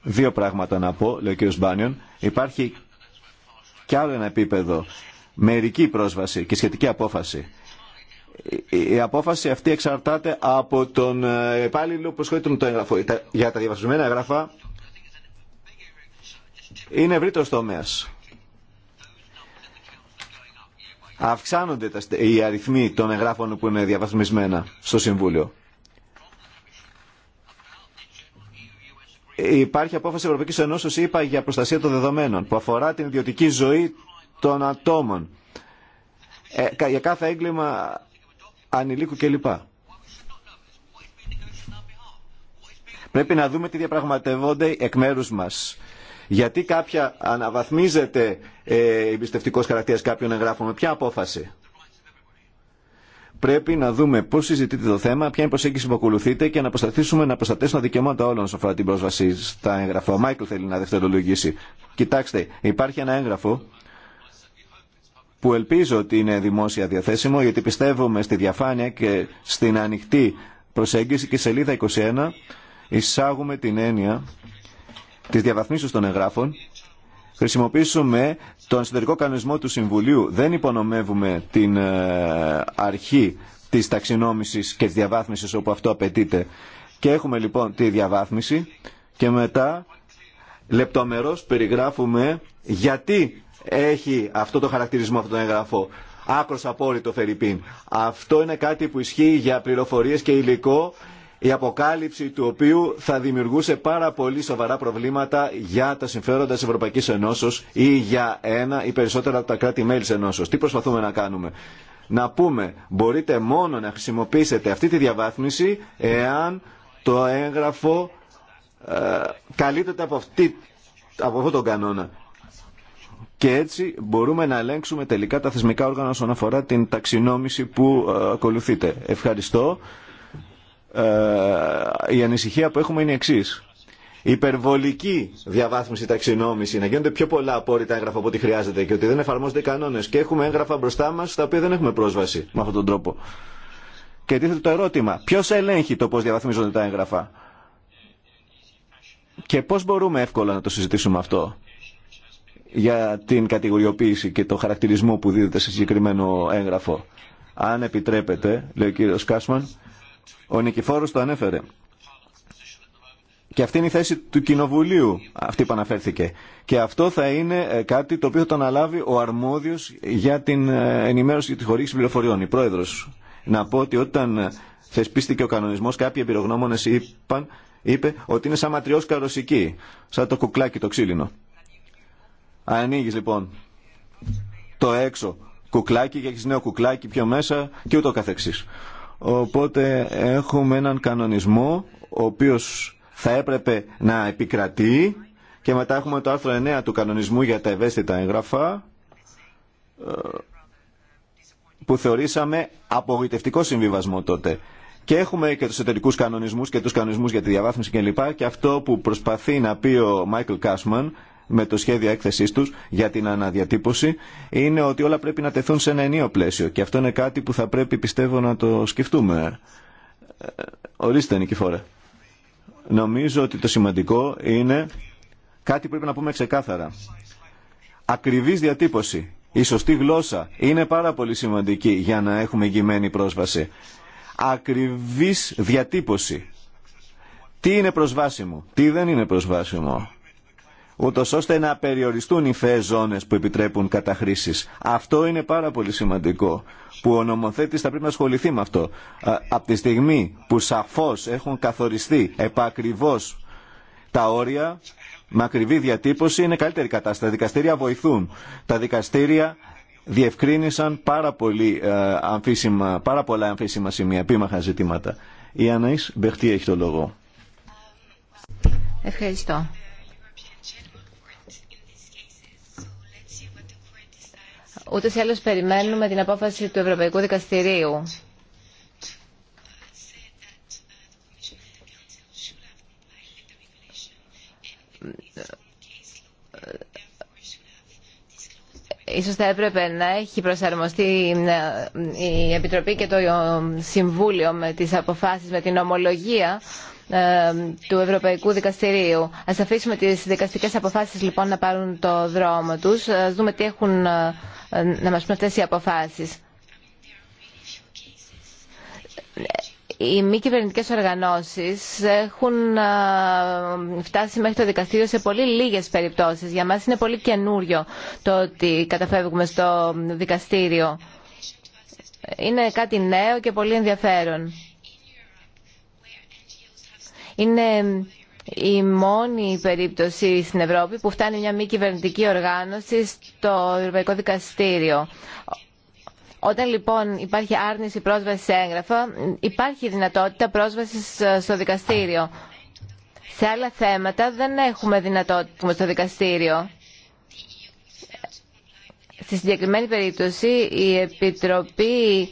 Δύο πράγματα να πω, λέει ο κ. Μπάνιον. Υπάρχει και άλλο ένα επίπεδο μερική πρόσβαση και σχετική απόφαση. Η απόφαση αυτή εξαρτάται από τον ε, υπάλληλο που ασχολείται με το έγγραφο. Για τα διαβασμένα έγγραφα είναι ευρύτερο τομέα. Αυξάνονται οι αριθμοί των εγγράφων που είναι διαβαθμισμένα στο Συμβούλιο. Υπάρχει απόφαση Ευρωπαϊκή Ένωση, είπα, για προστασία των δεδομένων που αφορά την ιδιωτική ζωή των ατόμων ε, για κάθε έγκλημα ανηλίκου κλπ. Πρέπει να δούμε τι διαπραγματεύονται εκ μέρου μα. Γιατί κάποια αναβαθμίζεται ε, η πιστευτικός χαρακτήρας κάποιων εγγράφων με ποια απόφαση. Πρέπει να δούμε πώ συζητείτε το θέμα, ποια είναι η προσέγγιση που ακολουθείτε και να προσπαθήσουμε να προστατεύσουμε τα δικαιώματα όλων όσον αφορά την πρόσβαση στα έγγραφα. Ο Μάικλ θέλει να δευτερολογήσει. Κοιτάξτε, υπάρχει ένα έγγραφο που ελπίζω ότι είναι δημόσια διαθέσιμο γιατί πιστεύουμε στη διαφάνεια και στην ανοιχτή προσέγγιση και σελίδα 21 εισάγουμε την έννοια της διαβαθμίσεως των εγγράφων χρησιμοποιήσουμε τον εσωτερικό κανονισμό του Συμβουλίου δεν υπονομεύουμε την ε, αρχή της ταξινόμησης και της διαβάθμισης όπου αυτό απαιτείται και έχουμε λοιπόν τη διαβάθμιση και μετά λεπτομερώς περιγράφουμε γιατί έχει αυτό το χαρακτηρισμό αυτό το έγγραφο. Άκρος απόρριτο Φερρυπίν. Αυτό είναι κάτι που ισχύει για πληροφορίες και υλικό η αποκάλυψη του οποίου θα δημιουργούσε πάρα πολύ σοβαρά προβλήματα για τα συμφέροντα της Ευρωπαϊκής Ενώσεω ή για ένα ή περισσότερα από τα κράτη-μέλη της Ενώσεω. Τι προσπαθούμε να κάνουμε. Να πούμε, μπορείτε μόνο να χρησιμοποιήσετε αυτή τη διαβάθμιση εάν το έγγραφο ε, καλύπτεται από, από αυτόν τον κανόνα και έτσι μπορούμε να ελέγξουμε τελικά τα θεσμικά όργανα όσον αφορά την ταξινόμηση που ε, ακολουθείτε. Ευχαριστώ. Ε, η ανησυχία που έχουμε είναι η εξή. Υπερβολική διαβάθμιση ταξινόμηση, να γίνονται πιο πολλά απόρριτα έγγραφα από ό,τι χρειάζεται και ότι δεν εφαρμόζονται κανόνε και έχουμε έγγραφα μπροστά μα στα οποία δεν έχουμε πρόσβαση με αυτόν τον τρόπο. Και τίθεται το ερώτημα, ποιο ελέγχει το πώ διαβαθμίζονται τα έγγραφα και πώ μπορούμε εύκολα να το συζητήσουμε αυτό για την κατηγοριοποίηση και το χαρακτηρισμό που δίδεται σε συγκεκριμένο έγγραφο. Αν επιτρέπετε, λέει ο κύριος Κάσμαν, ο Νικηφόρος το ανέφερε. Και αυτή είναι η θέση του Κοινοβουλίου, αυτή που αναφέρθηκε. Και αυτό θα είναι ε, κάτι το οποίο θα το αναλάβει ο αρμόδιος για την ε, ενημέρωση και τη χορήγηση πληροφοριών, η πρόεδρος. Να πω ότι όταν ε, θεσπίστηκε ο κανονισμός, κάποιοι εμπειρογνώμονες είπαν, είπε ότι είναι σαν ματριός καροσική, σαν το κουκλάκι το ξύλινο. Ανοίγει λοιπόν το έξω κουκλάκι και έχει νέο κουκλάκι πιο μέσα και ούτω καθεξής. Οπότε έχουμε έναν κανονισμό ο οποίος θα έπρεπε να επικρατεί και μετά έχουμε το άρθρο 9 του κανονισμού για τα ευαίσθητα έγγραφα ε, που θεωρήσαμε απογοητευτικό συμβιβασμό τότε. Και έχουμε και του εταιρικού κανονισμού και του κανονισμού για τη διαβάθμιση κλπ. Και, και αυτό που προσπαθεί να πει ο Μάικλ Κάσμαν με το σχέδιο έκθεσή του για την αναδιατύπωση είναι ότι όλα πρέπει να τεθούν σε ένα ενίο πλαίσιο. Και αυτό είναι κάτι που θα πρέπει πιστεύω να το σκεφτούμε. Ε, ορίστε, Νικηφόρα. Νομίζω ότι το σημαντικό είναι κάτι που πρέπει να πούμε ξεκάθαρα. Ακριβή διατύπωση. Η σωστή γλώσσα είναι πάρα πολύ σημαντική για να έχουμε εγγυημένη πρόσβαση. Ακριβής διατύπωση. Τι είναι προσβάσιμο, τι δεν είναι προσβάσιμο ούτως ώστε να περιοριστούν οι φαίες που επιτρέπουν καταχρήσεις. Αυτό είναι πάρα πολύ σημαντικό, που ο νομοθέτης θα πρέπει να ασχοληθεί με αυτό. Από τη στιγμή που σαφώς έχουν καθοριστεί επακριβώς τα όρια, με ακριβή διατύπωση, είναι καλύτερη κατάσταση. Τα δικαστήρια βοηθούν. Τα δικαστήρια διευκρίνησαν πάρα, πολύ, ε, πάρα πολλά αμφίσιμα σημεία, επίμαχα ζητήματα. Η Αναής Μπεχτή έχει το λόγο. Ευχαριστώ. Ούτε η αλλω περιμενουμε την αποφαση του ευρωπαικου δικαστηριου ισως θα επρεπε να εχει προσαρμοστει η επιτροπη και το Συμβούλιο με τις αποφάσεις, με την ομολογία ε, του Ευρωπαϊκού Δικαστηρίου. Ας αφήσουμε τις δικαστικές αποφάσεις λοιπόν να πάρουν το δρόμο τους. Ας δούμε τι έχουν ε, να μας πούν αυτές οι αποφάσεις. Οι μη κυβερνητικέ οργανώσει έχουν φτάσει μέχρι το δικαστήριο σε πολύ λίγε περιπτώσει. Για μα είναι πολύ καινούριο το ότι καταφεύγουμε στο δικαστήριο. Είναι κάτι νέο και πολύ ενδιαφέρον. Είναι η μόνη περίπτωση στην Ευρώπη που φτάνει μια μη κυβερνητική οργάνωση στο Ευρωπαϊκό Δικαστήριο. Όταν λοιπόν υπάρχει άρνηση πρόσβαση σε έγγραφα, υπάρχει δυνατότητα πρόσβασης στο δικαστήριο. Σε άλλα θέματα δεν έχουμε δυνατότητα στο δικαστήριο. Στη συγκεκριμένη περίπτωση η Επιτροπή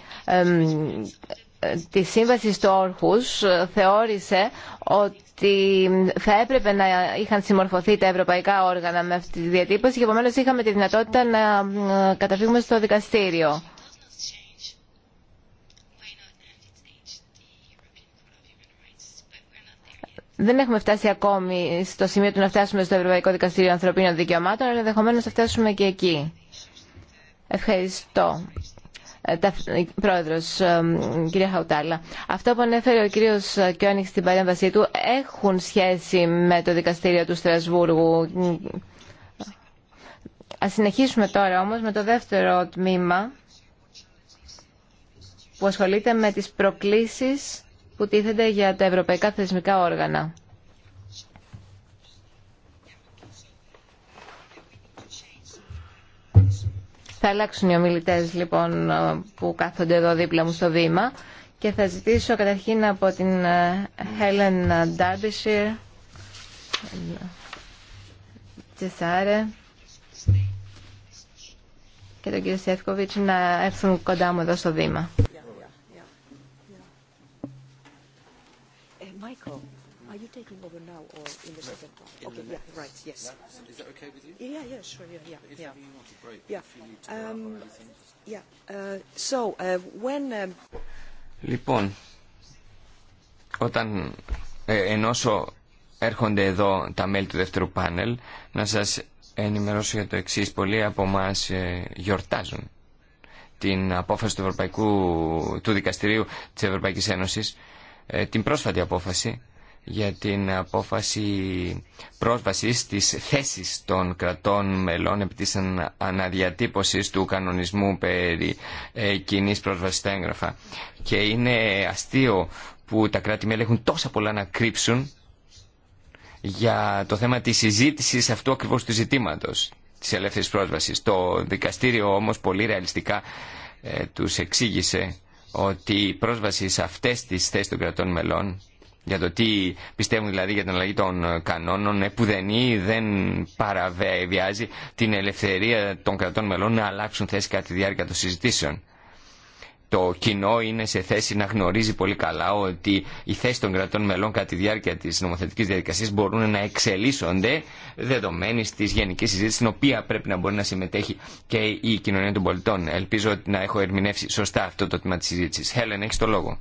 της Σύμβασης του Όρχους θεώρησε ότι ότι θα έπρεπε να είχαν συμμορφωθεί τα ευρωπαϊκά όργανα με αυτή τη διατύπωση και επομένως, είχαμε τη δυνατότητα να ε, καταφύγουμε στο δικαστήριο. Δεν έχουμε φτάσει ακόμη στο σημείο του να φτάσουμε στο Ευρωπαϊκό Δικαστήριο Ανθρωπίνων Δικαιωμάτων, αλλά ενδεχομένω θα φτάσουμε και εκεί. Ευχαριστώ. Ε, ε, πρόεδρο, ε, κυρία Χαουτάλα, αυτό που ανέφερε ο κύριος Κιόνιξ στην παρέμβασή του έχουν σχέση με το δικαστήριο του Στρασβούργου. Α συνεχίσουμε τώρα όμως με το δεύτερο τμήμα που ασχολείται με τις προκλήσεις που τίθενται για τα ευρωπαϊκά θεσμικά όργανα. Θα αλλάξουν οι ομιλητές λοιπόν που κάθονται εδώ δίπλα μου στο βήμα και θα ζητήσω καταρχήν από την ε, Helen Derbyshire Τσεσάρε και τον κύριο Σεύκοβιτς να έρθουν κοντά μου εδώ στο βήμα. Okay, yeah, right, yes. Is that okay with you? Yeah, yeah, sure, yeah, yeah. If yeah. you want to break, yeah. if you need to go uh, um, or anything. Uh, uh, um, λοιπόν, όταν ε, ενώ έρχονται εδώ τα μέλη του δεύτερου πάνελ, να σας ενημερώσω για το εξής. Πολλοί από εμά ε, γιορτάζουν την απόφαση του, Ευρωπαϊκού, του Δικαστηρίου της Ευρωπαϊκής Ένωσης, ε, την πρόσφατη απόφαση, για την απόφαση πρόσβασης της θέσης των κρατών μελών επί της αναδιατύπωσης του κανονισμού περί ε, κοινής πρόσβασης στα έγγραφα. Και είναι αστείο που τα κράτη-μέλη έχουν τόσα πολλά να κρύψουν για το θέμα της συζήτησης αυτού ακριβώς του ζητήματος της ελεύθερης πρόσβασης. Το δικαστήριο όμως πολύ ρεαλιστικά ε, τους εξήγησε ότι η πρόσβαση σε αυτές τις θέσεις των κρατών μελών για το τι πιστεύουν δηλαδή για την αλλαγή των κανόνων, επουδενή ναι, δεν παραβιάζει την ελευθερία των κρατών μελών να αλλάξουν θέση κατά τη διάρκεια των συζητήσεων. Το κοινό είναι σε θέση να γνωρίζει πολύ καλά ότι οι θέσει των κρατών μελών κατά τη διάρκεια τη νομοθετική διαδικασία μπορούν να εξελίσσονται δεδομένη τη γενική συζήτηση, στην οποία πρέπει να μπορεί να συμμετέχει και η κοινωνία των πολιτών. Ελπίζω να έχω ερμηνεύσει σωστά αυτό το τμήμα τη συζήτηση. Χέλεν, έχει το λόγο.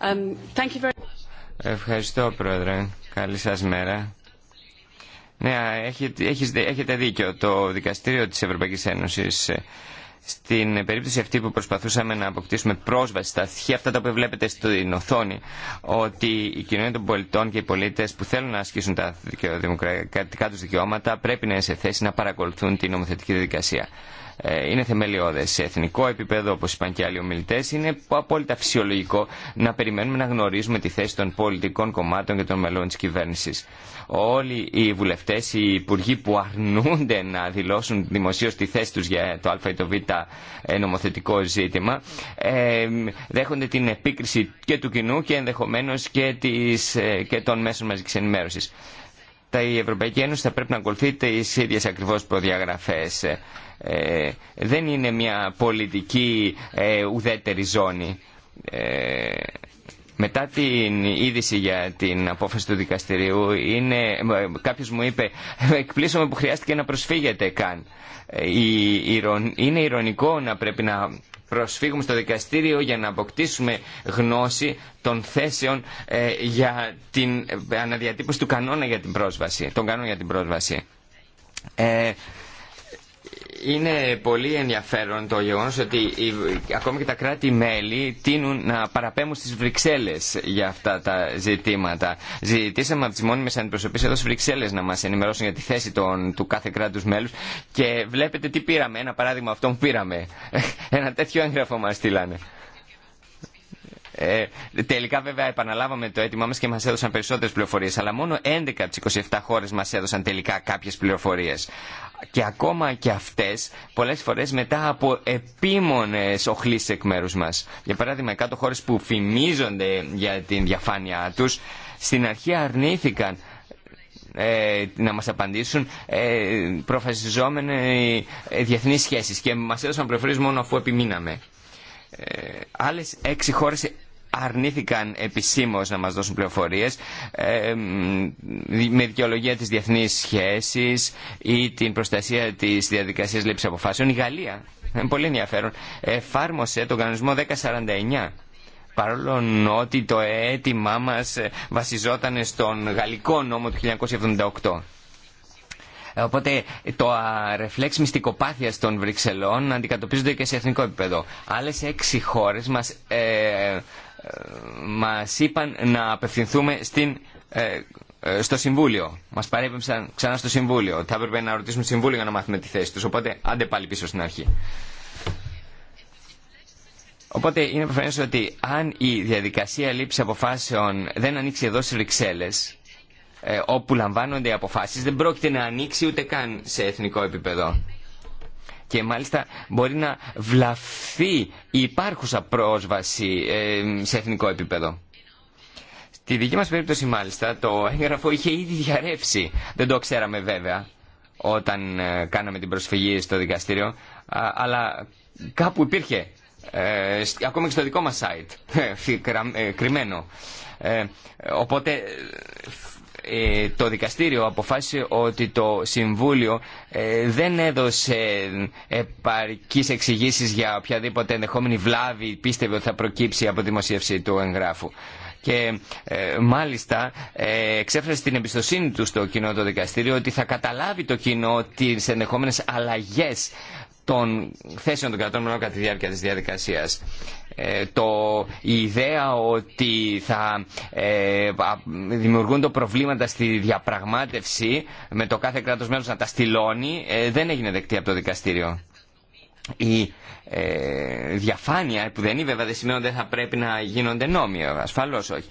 Um, Ευχαριστώ, Πρόεδρε. Καλή σας μέρα. Ναι, έχετε, έχετε δίκιο. Το Δικαστήριο της Ευρωπαϊκής Ένωσης ε, στην περίπτωση αυτή που προσπαθούσαμε να αποκτήσουμε πρόσβαση στα στοιχεία αυτά τα οποία βλέπετε στην οθόνη, ότι η κοινωνία των πολιτών και οι πολίτες που θέλουν να ασκήσουν τα δημοκρατικά τους δικαιώματα πρέπει να είναι σε θέση να παρακολουθούν την νομοθετική διαδικασία. Ε, είναι θεμελιώδες. Σε εθνικό επίπεδο, όπως είπαν και άλλοι ομιλητέ, είναι απόλυτα φυσιολογικό να περιμένουμε να γνωρίζουμε τη θέση των πολιτικών κομμάτων και των μελών τη κυβέρνηση. Όλοι οι βουλευτέ, οι υπουργοί που αρνούνται να δηλώσουν δημοσίω τη θέση του για το α ή το β ε, νομοθετικό ζήτημα, ε, δέχονται την επίκριση και του κοινού και ενδεχομένω και, και των μέσων μαζική ενημέρωση. Η Ευρωπαϊκή Ένωση θα πρέπει να ακολουθεί τι ίδιε ακριβώ προδιαγραφέ ε, δεν είναι μια πολιτική ε, ουδέτερη ζώνη. Ε, μετά την είδηση για την απόφαση του δικαστηρίου, είναι, κάποιος μου είπε εκπλήσωμε που χρειάστηκε να προσφύγετε καν». Είναι ηρωνικό να πρέπει να προσφύγουμε στο δικαστήριο για να αποκτήσουμε γνώση των θέσεων για την αναδιατύπωση του κανόνα για την πρόσβαση, Τον κανόνα για την πρόσβαση είναι πολύ ενδιαφέρον το γεγονό ότι ακόμη και τα κράτη-μέλη τείνουν να παραπέμουν στι Βρυξέλλε για αυτά τα ζητήματα. Ζητήσαμε από τι μόνιμε αντιπροσωπείε εδώ στι Βρυξέλλε να μα ενημερώσουν για τη θέση των, του κάθε κράτου μέλου και βλέπετε τι πήραμε. Ένα παράδειγμα αυτό που πήραμε. Ένα τέτοιο έγγραφο μα στείλανε. Ε, τελικά βέβαια επαναλάβαμε το αίτημά μας και μας έδωσαν περισσότερες πληροφορίες, αλλά μόνο 11 από τις 27 χώρες μας έδωσαν τελικά κάποιες πληροφορίες. Και ακόμα και αυτές πολλές φορές μετά από επίμονες οχλήσεις εκ μέρους μας. Για παράδειγμα, κάτω χώρες που φημίζονται για την διαφάνειά τους, στην αρχή αρνήθηκαν ε, να μας απαντήσουν ε, προφασιζόμενοι ε, διεθνείς σχέσεις και μας έδωσαν πληροφορίες μόνο αφού επιμείναμε. Ε, άλλες έξι χώρες αρνήθηκαν επισήμως να μας δώσουν πληροφορίες ε, με δικαιολογία της διεθνής σχέσης ή την προστασία της διαδικασίας λήψης αποφάσεων. Η Γαλλία, είναι πολύ ενδιαφέρον, εφάρμοσε τον κανονισμό 1049 παρόλο ότι το αίτημά μας βασιζόταν στον γαλλικό νόμο του 1978. Οπότε το ρεφλέξ μυστικοπάθεια των Βρυξελών αντικατοπίζονται και σε εθνικό επίπεδο. Άλλε έξι χώρε μα ε, μα είπαν να απευθυνθούμε στην, ε, ε, στο Συμβούλιο. Μας παρέπεμψαν ξανά στο Συμβούλιο. Θα έπρεπε να ρωτήσουμε Συμβούλιο για να μάθουμε τη θέση τους. Οπότε άντε πάλι πίσω στην αρχή. Οπότε είναι προφανές ότι αν η διαδικασία λήψη αποφάσεων δεν ανοίξει εδώ σε Βρυξέλλες, ε, όπου λαμβάνονται οι αποφάσεις, δεν πρόκειται να ανοίξει ούτε καν σε εθνικό επίπεδο και μάλιστα μπορεί να βλαφθεί η υπάρχουσα πρόσβαση ε, σε εθνικό επίπεδο. Στη δική μας περίπτωση μάλιστα το έγγραφο είχε ήδη διαρρεύσει. Δεν το ξέραμε βέβαια όταν ε, κάναμε την προσφυγή στο δικαστήριο, αλλά κάπου υπήρχε, ε, ακόμη και στο δικό μας site, ε, κρυμμένο. οπότε ε, το δικαστήριο αποφάσισε ότι το Συμβούλιο ε, δεν έδωσε επαρκείς εξηγήσεις για οποιαδήποτε ενδεχόμενη βλάβη πίστευε ότι θα προκύψει από δημοσίευση του εγγράφου. Και ε, μάλιστα εξέφρασε την εμπιστοσύνη του στο κοινό το δικαστήριο ότι θα καταλάβει το κοινό τις ενδεχόμενες αλλαγές των θέσεων των κρατών μελών κατά τη διάρκεια της διαδικασίας. Ε, το, η ιδέα ότι θα ε, δημιουργούνται προβλήματα στη διαπραγμάτευση με το κάθε κράτος μέλος να τα στυλώνει ε, δεν έγινε δεκτή από το δικαστήριο. Η ε, διαφάνεια που δεν είναι βέβαια δεν σημαίνει ότι θα πρέπει να γίνονται νόμοι. Ασφαλώς όχι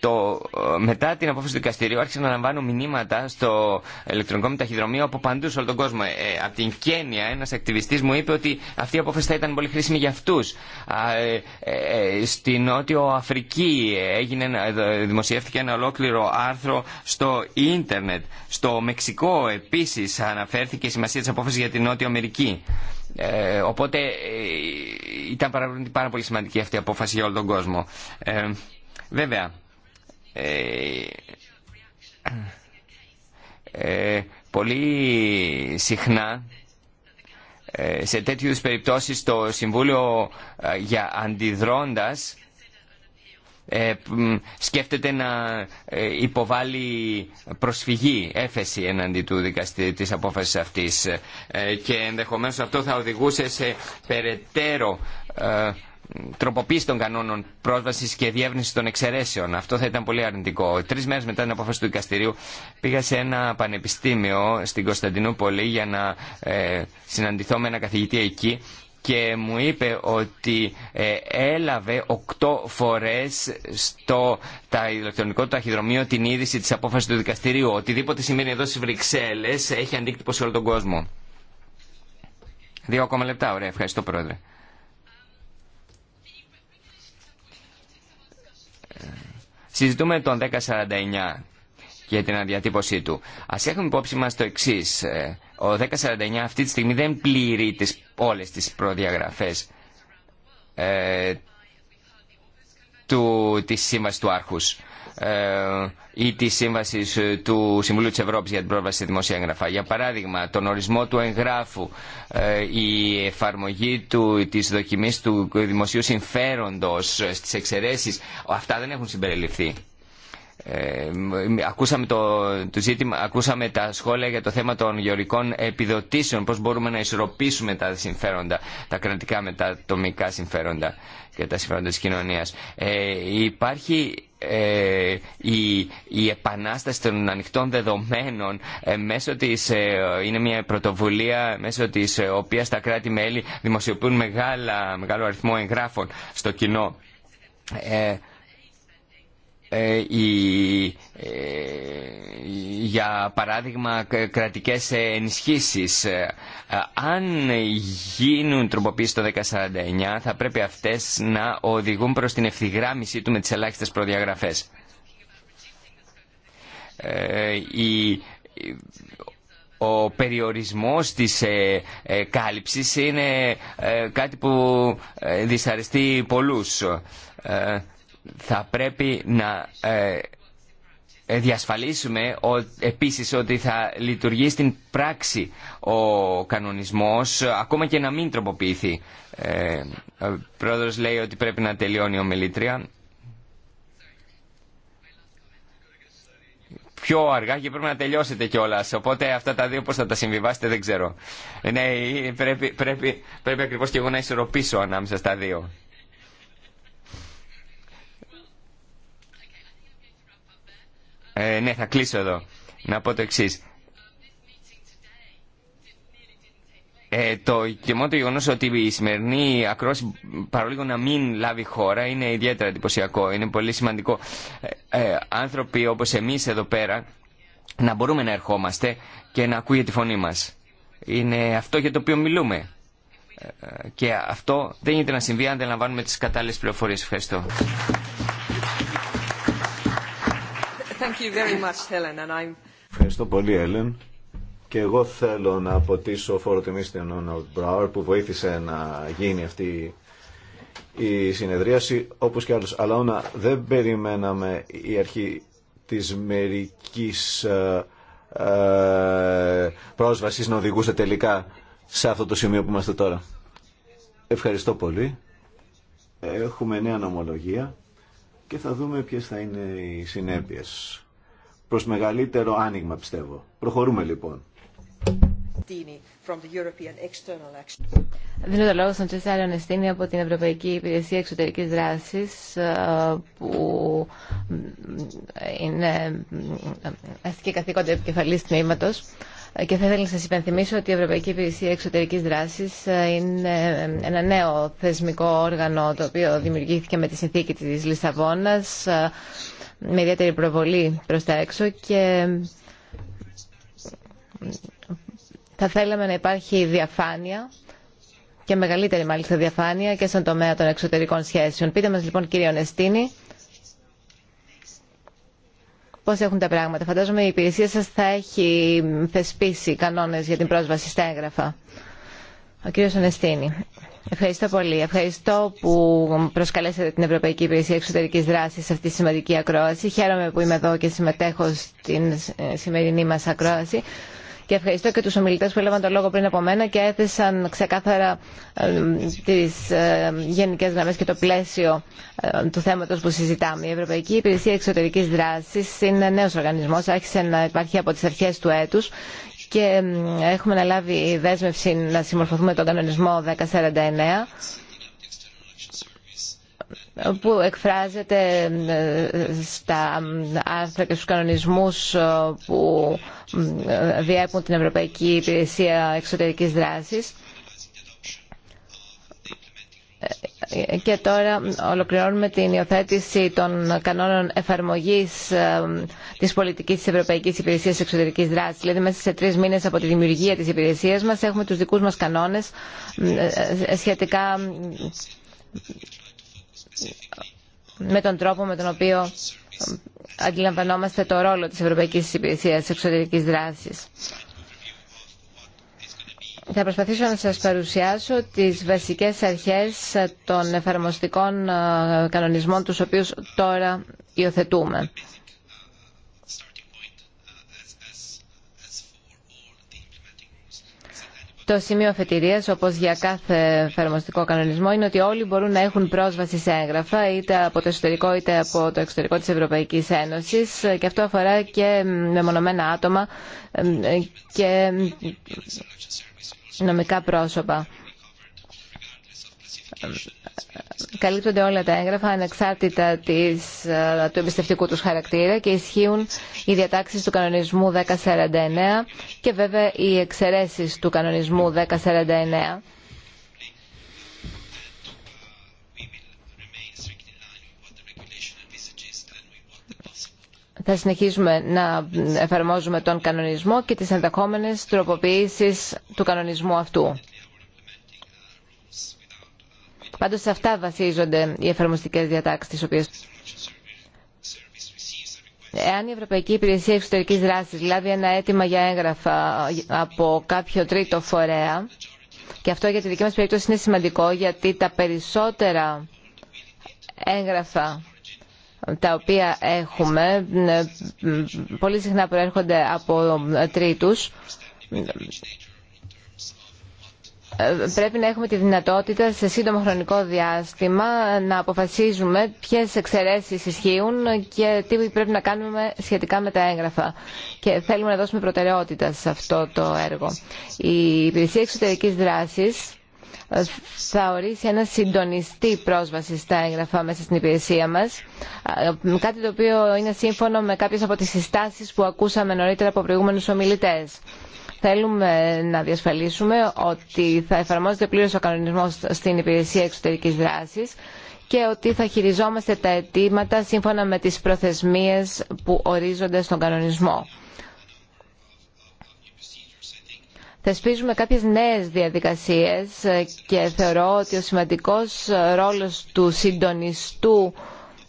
το, ε, μετά την απόφαση του δικαστηρίου άρχισα να λαμβάνω μηνύματα στο ηλεκτρονικό μου ταχυδρομείο από παντού σε όλο τον κόσμο. Ε, από την Κένια ένα ακτιβιστή μου είπε ότι αυτή η απόφαση θα ήταν πολύ χρήσιμη για αυτού. Ε, ε, στην Νότιο Αφρική έγινε, δημοσιεύτηκε ένα ολόκληρο άρθρο στο ίντερνετ. Στο Μεξικό επίση αναφέρθηκε η σημασία τη απόφαση για την Νότιο Αμερική. οπότε ήταν πάρα, πάρα πολύ σημαντική αυτή η απόφαση για όλο τον κόσμο. βέβαια, ε, ε, πολύ συχνά ε, σε τέτοιου περιπτώσεις το Συμβούλιο ε, για αντιδρώντας σκέφτεται να υποβάλει προσφυγή, έφεση εναντί του δικαστή της απόφασης αυτής και ενδεχομένως αυτό θα οδηγούσε σε περαιτέρω τροποποίηση των κανόνων πρόσβαση και διεύρυνση των εξαιρέσεων. Αυτό θα ήταν πολύ αρνητικό. Τρει μέρε μετά την απόφαση του δικαστηρίου πήγα σε ένα πανεπιστήμιο στην Κωνσταντινούπολη για να ε, συναντηθώ με ένα καθηγητή εκεί και μου είπε ότι ε, έλαβε οκτώ φορές στο τα ηλεκτρονικό του ταχυδρομείο την είδηση της απόφασης του δικαστηρίου. Οτιδήποτε σημαίνει εδώ στις Βρυξέλλες έχει αντίκτυπο σε όλο τον κόσμο. Δύο ακόμα λεπτά, ωραία. Ευχαριστώ, Πρόεδρε. συζητούμε τον 1049 και την αδιατύπωσή του. Ας έχουμε υπόψη μας το εξή. Ε, ο 1049 αυτή τη στιγμή δεν πληρεί τις, όλες τις προδιαγραφές ε, του, της σύμβασης του άρχους. Ε, ή τη σύμβαση ε, του Συμβουλίου τη Ευρώπη για την πρόβαση σε δημοσία έγγραφα. Για παράδειγμα, τον ορισμό του εγγράφου, ε, η εφαρμογή τη δοκιμή του δημοσίου συμφέροντο στι εξαιρέσει, αυτά δεν έχουν συμπεριληφθεί. Ε, ακούσαμε, το, το ζήτημα, ακούσαμε τα σχόλια για το θέμα των γεωρικών επιδοτήσεων, πώς μπορούμε να ισορροπήσουμε τα συμφέροντα, τα κρατικά με τα ατομικά συμφέροντα και τα συμφέροντα της κοινωνίας. Ε, υπάρχει ε, η, η επανάσταση των ανοιχτών δεδομένων ε, μέσω της, ε, είναι μια πρωτοβουλία μέσω της ε, οποίας τα κράτη-μέλη δημοσιοποιούν μεγάλα, μεγάλο αριθμό εγγράφων στο κοινό. Ε, ε, ε, για παράδειγμα κρατικές ενισχύσεις ε, αν γίνουν τροποποίησεις το 1049 θα πρέπει αυτές να οδηγούν προς την ευθυγράμμιση του με τις ελάχιστες προδιαγραφές ο περιορισμός της ε, κάλυψης είναι κάτι που δυσαρεστεί πολλούς. Θα πρέπει να ε, ε, διασφαλίσουμε επίσης ότι θα λειτουργεί στην πράξη ο κανονισμός ακόμα και να μην τροποποιηθεί. Ε, ο πρόεδρος λέει ότι πρέπει να τελειώνει ο ομιλήτρια. Πιο αργά και πρέπει να τελειώσετε κιόλα. Οπότε αυτά τα δύο πώ θα τα συμβιβάσετε δεν ξέρω. Ναι, πρέπει, πρέπει, πρέπει ακριβώ και εγώ να ισορροπήσω ανάμεσα στα δύο. Ε, ναι, θα κλείσω εδώ. Να πω το εξή. Ε, το και μόνο γεγονό ότι η σημερινή ακρόαση παρόλο να μην λάβει χώρα είναι ιδιαίτερα εντυπωσιακό. Είναι πολύ σημαντικό ε, ε, άνθρωποι όπως εμείς εδώ πέρα να μπορούμε να ερχόμαστε και να ακούγεται τη φωνή μας. Είναι αυτό για το οποίο μιλούμε. Ε, και αυτό δεν γίνεται να συμβεί αν δεν λαμβάνουμε τις κατάλληλες πληροφορίες. Ευχαριστώ. Ευχαριστώ πολύ, Έλεν. Και εγώ θέλω να αποτίσω φόρο τιμή στην Όναλτ Μπράουερ που βοήθησε να γίνει αυτή η συνεδρίαση, όπως και άλλους. Αλλά όνα, δεν περιμέναμε η αρχή της μερικής ε, ε, πρόσβασης να οδηγούσε τελικά σε αυτό το σημείο που είμαστε τώρα. Ευχαριστώ πολύ. Έχουμε νέα νομολογία και θα δούμε ποιες θα είναι οι συνέπειες. Προς μεγαλύτερο άνοιγμα πιστεύω. Προχωρούμε λοιπόν. Δίνω το λόγο στον Τσέσσαρη Ανεστίνη από την Ευρωπαϊκή Υπηρεσία Εξωτερικής Δράσης ε, που ε, είναι ε, αστική καθήκοντα επικεφαλής τμήματος. Και θα ήθελα να σας υπενθυμίσω ότι η Ευρωπαϊκή Υπηρεσία Εξωτερικής Δράσης ε, είναι ε, ένα νέο θεσμικό όργανο το οποίο δημιουργήθηκε με τη συνθήκη της Λισαβόνας ε, με ιδιαίτερη προβολή προς τα έξω και θα θέλαμε να υπάρχει διαφάνεια και μεγαλύτερη μάλιστα διαφάνεια και στον τομέα των εξωτερικών σχέσεων. Πείτε μας λοιπόν κύριε Ονεστίνη πώ έχουν τα πράγματα. Φαντάζομαι η υπηρεσία σα θα έχει θεσπίσει κανόνε για την πρόσβαση στα έγγραφα. Ο κύριο Ανεστίνη. Ευχαριστώ πολύ. Ευχαριστώ που προσκαλέσατε την Ευρωπαϊκή Υπηρεσία Εξωτερικής Δράσης σε αυτή τη σημαντική ακρόαση. Χαίρομαι που είμαι εδώ και συμμετέχω στην ε, σημερινή μας ακρόαση. Και ευχαριστώ και τους ομιλητές που έλαβαν το λόγο πριν από μένα και έθεσαν ξεκάθαρα ε, τις ε, γενικές γραμμές και το πλαίσιο ε, του θέματος που συζητάμε. Η Ευρωπαϊκή Υπηρεσία Εξωτερικής Δράσης είναι νέος οργανισμός, άρχισε να υπάρχει από τις αρχές του έτους και έχουμε αναλάβει δέσμευση να συμμορφωθούμε τον κανονισμό 1049 που εκφράζεται ε, στα άρθρα και στους κανονισμούς ε, που ε, διέπουν την Ευρωπαϊκή Υπηρεσία Εξωτερικής Δράσης. Και τώρα ολοκληρώνουμε την υιοθέτηση των κανόνων εφαρμογής της πολιτικής της Ευρωπαϊκής Υπηρεσίας Εξωτερικής Δράσης. Δηλαδή μέσα σε τρεις μήνες από τη δημιουργία της υπηρεσίας μας έχουμε τους δικούς μας κανόνες σχετικά με τον τρόπο με τον οποίο ε, αντιλαμβανόμαστε το ρόλο της Ευρωπαϊκής Υπηρεσίας Εξωτερικής Δράσης. Θα προσπαθήσω να σας παρουσιάσω τις βασικές αρχές των εφαρμοστικών ε, κανονισμών τους οποίους τώρα υιοθετούμε. Το σημείο αφετηρία, όπως για κάθε εφαρμοστικό κανονισμό, είναι ότι όλοι μπορούν να έχουν πρόσβαση σε έγγραφα, είτε από το εσωτερικό είτε από το εξωτερικό της Ευρωπαϊκής Ένωσης και αυτό αφορά και μεμονωμένα άτομα και νομικά πρόσωπα καλύπτονται όλα τα έγγραφα ανεξάρτητα της, ε, του εμπιστευτικού τους χαρακτήρα και ισχύουν οι διατάξεις του κανονισμού 1049 και βέβαια οι εξαιρέσεις του κανονισμού 1049. θα συνεχίσουμε να εφαρμόζουμε τον κανονισμό και τις ενδεχόμενες τροποποιήσεις του κανονισμού αυτού. Πάντω σε αυτά βασίζονται οι εφαρμοστικές διατάξεις Εάν η Ευρωπαϊκή Υπηρεσία Εξωτερική Δράση λάβει ένα αίτημα για έγγραφα από κάποιο τρίτο φορέα, και αυτό για τη δική μα περίπτωση είναι σημαντικό, γιατί τα περισσότερα έγγραφα τα οποία έχουμε ε, πολύ συχνά προέρχονται από τρίτους ε, πρέπει να έχουμε τη δυνατότητα σε σύντομο χρονικό διάστημα να αποφασίζουμε ποιες εξαιρέσεις ισχύουν και τι πρέπει να κάνουμε σχετικά με τα έγγραφα. Και θέλουμε να δώσουμε προτεραιότητα σε αυτό το έργο. Η Υπηρεσία Εξωτερικής Δράσης ε, θα ορίσει ένα συντονιστή πρόσβαση στα έγγραφα μέσα στην υπηρεσία μας. Ε, κάτι το οποίο είναι σύμφωνο με κάποιες από τις συστάσεις που ακούσαμε νωρίτερα από προηγούμενους ομιλητές. Θέλουμε να διασφαλίσουμε ότι θα εφαρμόζεται πλήρως ο κανονισμό στην υπηρεσία εξωτερικής δράσης και ότι θα χειριζόμαστε τα αιτήματα σύμφωνα με τις προθεσμίες που ορίζονται στον κανονισμό. Θεσπίζουμε κάποιες νέες διαδικασίες και θεωρώ ότι ο σημαντικός ρόλος του συντονιστού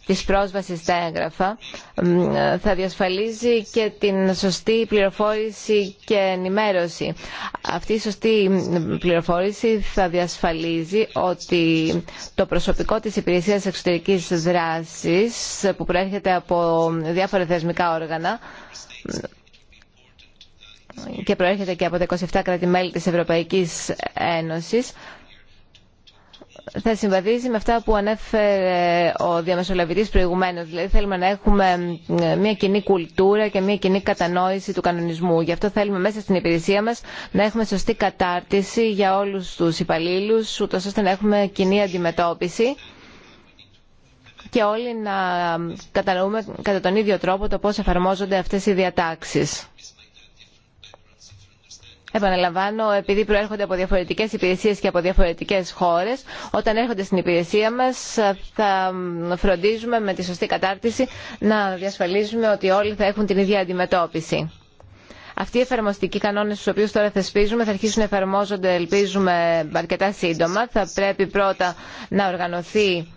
της πρόσβασης στα έγγραφα θα διασφαλίζει και την σωστή πληροφόρηση και ενημέρωση. Αυτή η σωστή πληροφόρηση θα διασφαλίζει ότι το προσωπικό της υπηρεσίας εξωτερικής δράσης που προέρχεται από διάφορα θεσμικά όργανα και προέρχεται και από τα 27 κράτη-μέλη της Ευρωπαϊκής Ένωσης θα συμβαδίζει με αυτά που ανέφερε ο διαμεσολαβητής προηγουμένως. Δηλαδή θέλουμε να έχουμε ε, μια κοινή κουλτούρα και μια κοινή κατανόηση του κανονισμού. Γι' αυτό θέλουμε μέσα στην υπηρεσία μας να έχουμε σωστή κατάρτιση για όλους τους υπαλλήλους, ούτως ώστε να έχουμε κοινή αντιμετώπιση και όλοι να κατανοούμε κατά τον ίδιο τρόπο το πώς εφαρμόζονται αυτές οι διατάξεις. Επαναλαμβάνω, επειδή προέρχονται από διαφορετικέ υπηρεσίε και από διαφορετικέ χώρε, όταν έρχονται στην υπηρεσία μα θα φροντίζουμε με τη σωστή κατάρτιση να διασφαλίζουμε ότι όλοι θα έχουν την ίδια αντιμετώπιση. Αυτοί οι εφαρμοστικοί κανόνε, του οποίου τώρα θεσπίζουμε, θα αρχίσουν να εφαρμόζονται, ελπίζουμε, αρκετά σύντομα. Θα πρέπει πρώτα να οργανωθεί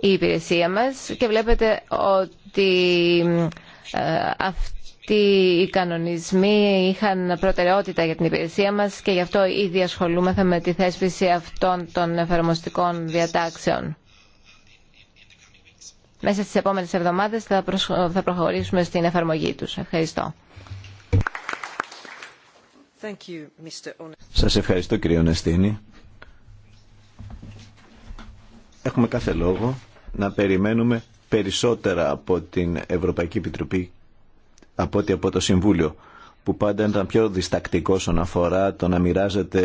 η υπηρεσία μα, και βλέπετε ότι ε, αυτή ότι οι κανονισμοί είχαν προτεραιότητα για την υπηρεσία μας και γι' αυτό ήδη ασχολούμεθα με τη θέσπιση αυτών των εφαρμοστικών διατάξεων. Μέσα στις επόμενες εβδομάδες θα, θα προχωρήσουμε στην εφαρμογή τους. Ευχαριστώ. Thank Σας ευχαριστώ κύριε Ονεστίνη. Έχουμε κάθε λόγο να περιμένουμε περισσότερα από την Ευρωπαϊκή Επιτροπή από ό,τι από το Συμβούλιο που πάντα ήταν πιο διστακτικό όσον αφορά το να μοιράζεται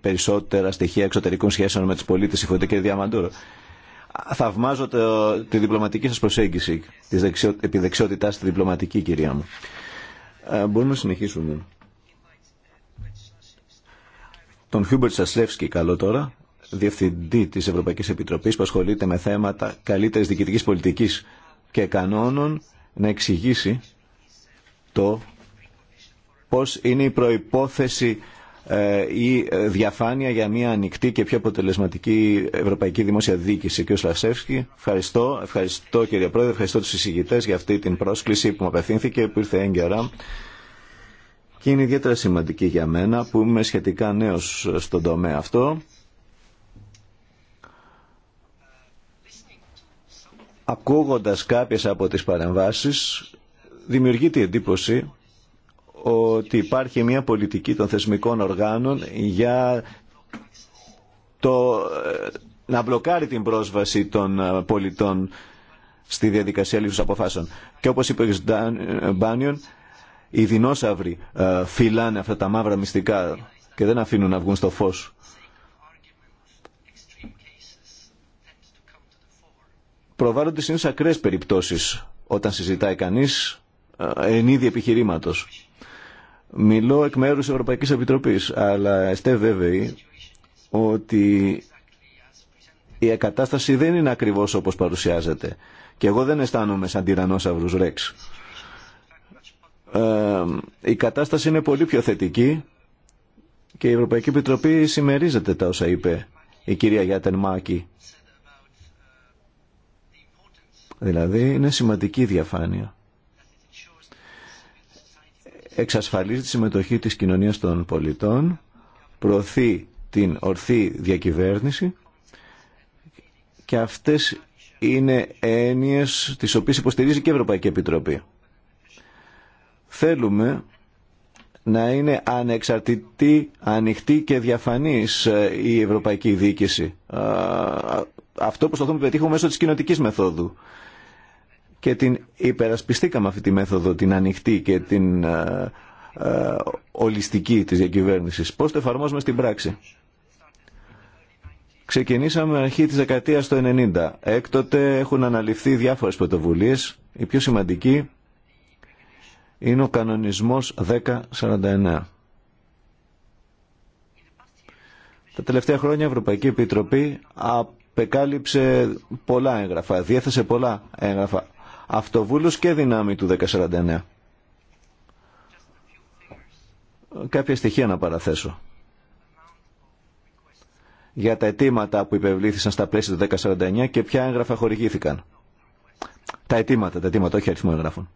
περισσότερα στοιχεία εξωτερικών σχέσεων με τις πολίτες η Φωτή και Διαμαντούρο. Θαυμάζω τη διπλωματική σας προσέγγιση, της δεξιο, επιδεξιότητάς στη διπλωματική κυρία μου. Ε, μπορούμε να συνεχίσουμε. Τον Χιούμπερτ Σασλεύσκη καλό τώρα, Διευθυντή της Ευρωπαϊκής Επιτροπής που ασχολείται με θέματα καλύτερης διοικητικής πολιτικής και κανόνων να εξηγήσει αυτό πώς είναι η προϋπόθεση ε, η διαφάνεια για μια ανοιχτή και πιο αποτελεσματική ευρωπαϊκή δημόσια διοίκηση. Κύριο Σλασεύσκη, ευχαριστώ. Ευχαριστώ κύριε Πρόεδρε, ευχαριστώ τους εισηγητές για αυτή την πρόσκληση που μου απευθύνθηκε, που ήρθε έγκαιρα. Και είναι ιδιαίτερα σημαντική για μένα που είμαι σχετικά νέος στον τομέα αυτό. Ακούγοντας κάποιες από τις παρεμβάσεις, δημιουργείται η εντύπωση ότι υπάρχει μια πολιτική των θεσμικών οργάνων για το, ε, να μπλοκάρει την πρόσβαση των ε, πολιτών στη διαδικασία λήψης αποφάσεων. Και όπως είπε ο ε, Μπάνιον, οι δεινόσαυροι φυλάνε αυτά τα μαύρα μυστικά και δεν αφήνουν να βγουν στο φως. Προβάλλονται συνήθως ακραίες περιπτώσεις όταν συζητάει κανείς ε, εν είδη επιχειρήματος. Μιλώ εκ μέρου της Ευρωπαϊκής Επιτροπής, αλλά είστε βέβαιοι ότι η κατάσταση δεν είναι ακριβώς όπως παρουσιάζεται. Και εγώ δεν αισθάνομαι σαν τυρανόσαυρου Ρέξ. Ε, η κατάσταση είναι πολύ πιο θετική και η Ευρωπαϊκή Επιτροπή συμμερίζεται τα όσα είπε η κυρία Γιάτεν Μάκη. Δηλαδή είναι σημαντική διαφάνεια εξασφαλίζει τη συμμετοχή της κοινωνίας των πολιτών, προωθεί την ορθή διακυβέρνηση και αυτές είναι έννοιες τις οποίες υποστηρίζει και η Ευρωπαϊκή Επιτροπή. Θέλουμε να είναι ανεξαρτητή, ανοιχτή και διαφανής ε, η Ευρωπαϊκή Διοίκηση. Αυτό προσπαθούμε να πετύχουμε μέσω της κοινοτικής μεθόδου και την υπερασπιστήκαμε αυτή τη μέθοδο, την ανοιχτή και την ε, ε, ολιστική της διακυβέρνησης. Πώς το εφαρμόζουμε στην πράξη. Ξεκινήσαμε αρχή της δεκαετίας του 90. Έκτοτε έχουν αναλυφθεί διάφορες πρωτοβουλίες. Η πιο σημαντική είναι ο κανονισμός 1049. Τα τελευταία χρόνια η Ευρωπαϊκή Επιτροπή απεκάλυψε πολλά έγγραφα, διέθεσε πολλά έγγραφα αυτοβούλους και δυνάμει του 1049. Κάποια στοιχεία να παραθέσω. Για τα αιτήματα που υπευλήθησαν στα πλαίσια του 1049 και ποια έγγραφα χορηγήθηκαν. Τα αιτήματα, τα αιτήματα, όχι αριθμό εγγράφων.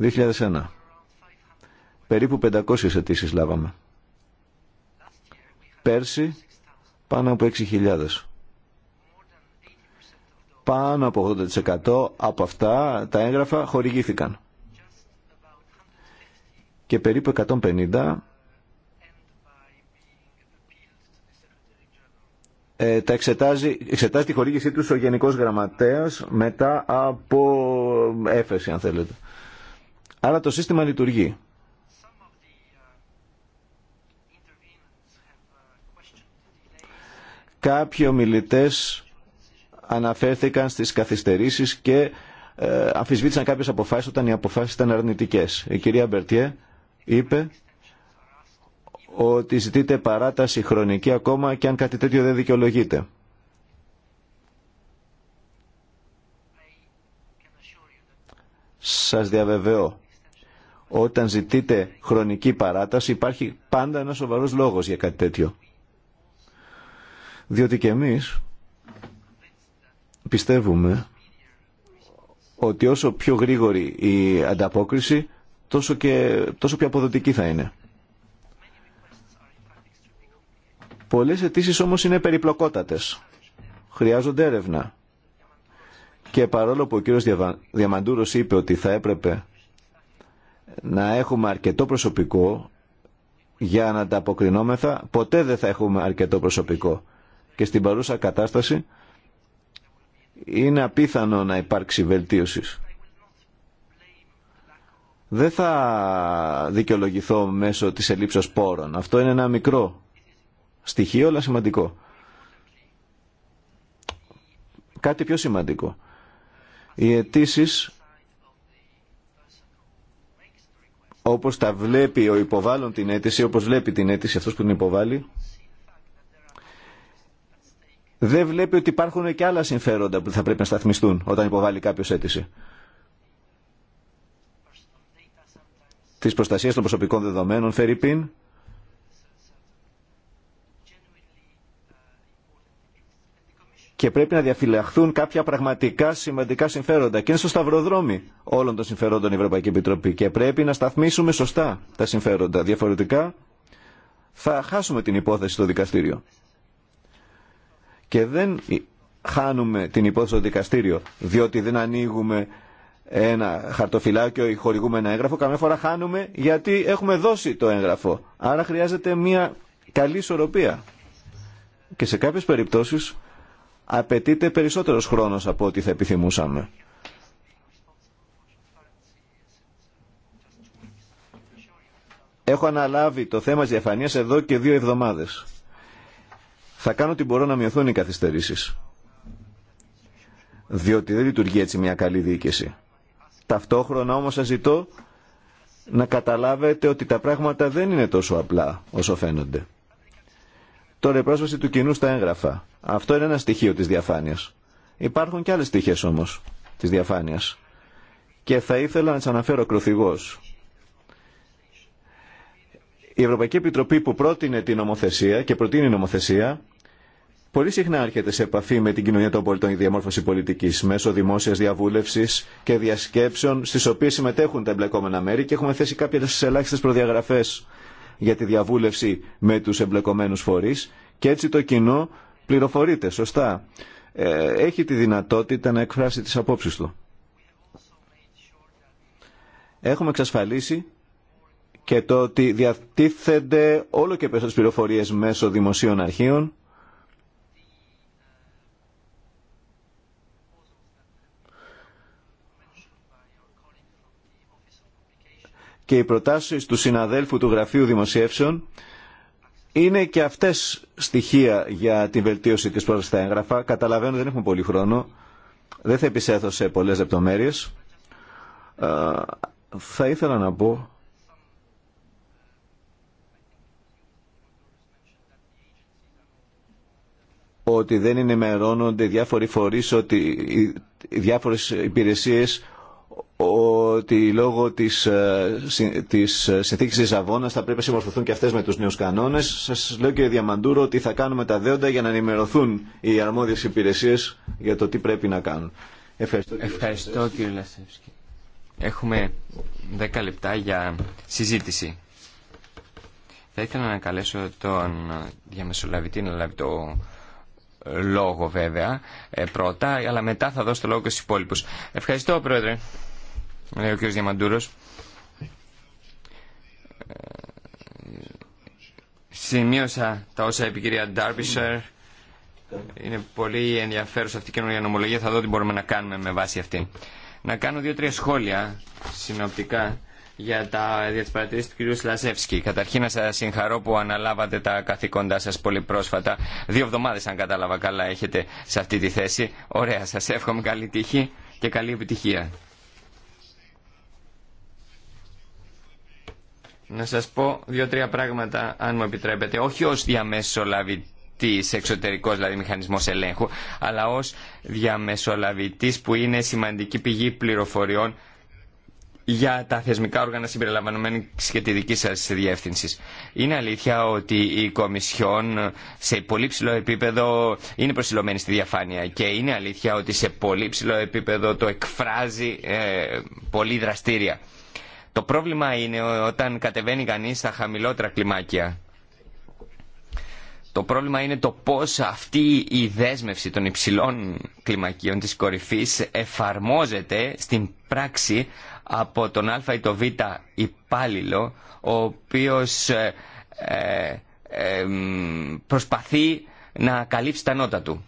2001. Περίπου 500 αιτήσει λάβαμε. Πέρσι πάνω από 6.000 πάνω από 80% από αυτά τα έγγραφα χορηγήθηκαν. Και περίπου 150 ε, τα εξετάζει, εξετάζει τη χορήγησή τους ο Γενικός Γραμματέας μετά από έφεση αν θέλετε. Άρα το σύστημα λειτουργεί. Κάποιοι ομιλητές αναφέρθηκαν στις καθυστερήσεις και ε, αμφισβήτησαν κάποιες αποφάσεις όταν οι αποφάσεις ήταν αρνητικές. Η κυρία Μπερτιέ είπε ότι ζητείται παράταση χρονική ακόμα και αν κάτι τέτοιο δεν δικαιολογείται. Σας διαβεβαιώ, όταν ζητείτε χρονική παράταση υπάρχει πάντα ένας σοβαρός λόγος για κάτι τέτοιο. Διότι και εμείς Πιστεύουμε ότι όσο πιο γρήγορη η ανταπόκριση, τόσο, και, τόσο πιο αποδοτική θα είναι. Πολλές αιτήσει όμως είναι περιπλοκότατες. Χρειάζονται έρευνα. Και παρόλο που ο κύριος Διαμαντούρος είπε ότι θα έπρεπε να έχουμε αρκετό προσωπικό για να ανταποκρινόμεθα, ποτέ δεν θα έχουμε αρκετό προσωπικό. Και στην παρούσα κατάσταση είναι απίθανο να υπάρξει βελτίωση. Δεν θα δικαιολογηθώ μέσω της ελλείψεως πόρων. Αυτό είναι ένα μικρό στοιχείο, αλλά σημαντικό. Κάτι πιο σημαντικό. Οι αιτήσει όπως τα βλέπει ο υποβάλλον την αίτηση, όπως βλέπει την αίτηση αυτός που την υποβάλλει, δεν βλέπει ότι υπάρχουν και άλλα συμφέροντα που θα πρέπει να σταθμιστούν όταν υποβάλει κάποιο αίτηση. Τη προστασία των προσωπικών δεδομένων, φέρει πίν και πρέπει να διαφυλαχθούν κάποια πραγματικά σημαντικά συμφέροντα. Και είναι στο σταυροδρόμι όλων των συμφερόντων η Ευρωπαϊκή Επιτροπή. Και πρέπει να σταθμίσουμε σωστά τα συμφέροντα. Διαφορετικά θα χάσουμε την υπόθεση στο δικαστήριο και δεν χάνουμε την υπόθεση στο δικαστήριο, διότι δεν ανοίγουμε ένα χαρτοφυλάκιο ή χορηγούμε ένα έγγραφο, καμιά φορά χάνουμε γιατί έχουμε δώσει το έγγραφο. Άρα χρειάζεται μια καλή ισορροπία. Και σε κάποιες περιπτώσεις απαιτείται περισσότερος χρόνος από ό,τι θα επιθυμούσαμε. Έχω αναλάβει το θέμα της διαφανείας εδώ και δύο εβδομάδες. Θα κάνω ότι μπορώ να μειωθούν οι καθυστερήσεις. Διότι δεν λειτουργεί έτσι μια καλή διοίκηση. Ταυτόχρονα όμως σας ζητώ να καταλάβετε ότι τα πράγματα δεν είναι τόσο απλά όσο φαίνονται. Τώρα η πρόσβαση του κοινού στα έγγραφα. Αυτό είναι ένα στοιχείο της διαφάνειας. Υπάρχουν και άλλες στοιχείες όμως της διαφάνειας. Και θα ήθελα να τις αναφέρω η Ευρωπαϊκή Επιτροπή που πρότεινε την νομοθεσία και προτείνει νομοθεσία πολύ συχνά έρχεται σε επαφή με την κοινωνία των πολιτών η διαμόρφωση πολιτική μέσω δημόσια διαβούλευση και διασκέψεων στι οποίε συμμετέχουν τα εμπλεκόμενα μέρη και έχουμε θέσει κάποιε ελάχιστε προδιαγραφέ για τη διαβούλευση με του εμπλεκομένου φορεί και έτσι το κοινό πληροφορείται σωστά. Ε, έχει τη δυνατότητα να εκφράσει τι απόψει του. Έχουμε εξασφαλίσει και το ότι διατίθενται όλο και περισσότερες πληροφορίες μέσω δημοσίων αρχείων και οι προτάσεις του συναδέλφου του Γραφείου Δημοσιεύσεων είναι και αυτές στοιχεία για την βελτίωση της πρόσβασης στα έγγραφα. Καταλαβαίνω δεν έχουμε πολύ χρόνο. Δεν θα επισέθω σε πολλές λεπτομέρειες. Ε, θα ήθελα να πω ότι δεν ενημερώνονται διάφοροι φορείς, ότι οι διάφορες υπηρεσίες ότι λόγω της, ε, της ε, συνθήκης της Ζαβώνας θα πρέπει να συμμορφωθούν και αυτές με τους νέους κανόνες. Σας λέω και Διαμαντούρο ότι θα κάνουμε τα δέοντα για να ενημερωθούν οι αρμόδιες υπηρεσίες για το τι πρέπει να κάνουν. Ευχαριστώ, Ευχαριστώ κύριε Λασεύσκη. Έχουμε 10 λεπτά για συζήτηση. Θα ήθελα να καλέσω τον διαμεσολαβητή να λάβει το λόγο βέβαια ε, πρώτα, αλλά μετά θα δώσω το λόγο και στους υπόλοιπους. Ευχαριστώ πρόεδρε, λέει ο κ. Διαμαντούρος. Ε, σημείωσα τα όσα είπε η κυρία Ντάρμπισερ. Είναι πολύ ενδιαφέρουσα αυτή η καινούργια νομολογία. Θα δω τι μπορούμε να κάνουμε με βάση αυτή. Να κάνω δύο-τρία σχόλια συνοπτικά για, τα, για του κ. Σλαζεύσκη. Καταρχήν να σας συγχαρώ που αναλάβατε τα καθήκοντά σας πολύ πρόσφατα. Δύο εβδομάδες αν κατάλαβα καλά έχετε σε αυτή τη θέση. Ωραία, σας εύχομαι καλή τύχη και καλή επιτυχία. Να σας πω δύο-τρία πράγματα, αν μου επιτρέπετε, όχι ως διαμεσολαβητής, εξωτερικός δηλαδή μηχανισμός ελέγχου, αλλά ως διαμεσολαβητής που είναι σημαντική πηγή πληροφοριών για τα θεσμικά όργανα συμπεριλαμβανομένη και τη δική σα διεύθυνση. Είναι αλήθεια ότι η Κομισιόν σε πολύ ψηλό επίπεδο είναι προσιλωμένη στη διαφάνεια και είναι αλήθεια ότι σε πολύ ψηλό επίπεδο το εκφράζει ε, πολύ δραστήρια. Το πρόβλημα είναι όταν κατεβαίνει κανεί στα χαμηλότερα κλιμάκια. Το πρόβλημα είναι το πώς αυτή η δέσμευση των υψηλών κλιμακίων της κορυφής εφαρμόζεται στην πράξη από τον Α ή το Β υπάλληλο, ο οποίος ε, ε προσπαθεί να καλύψει τα νότα του.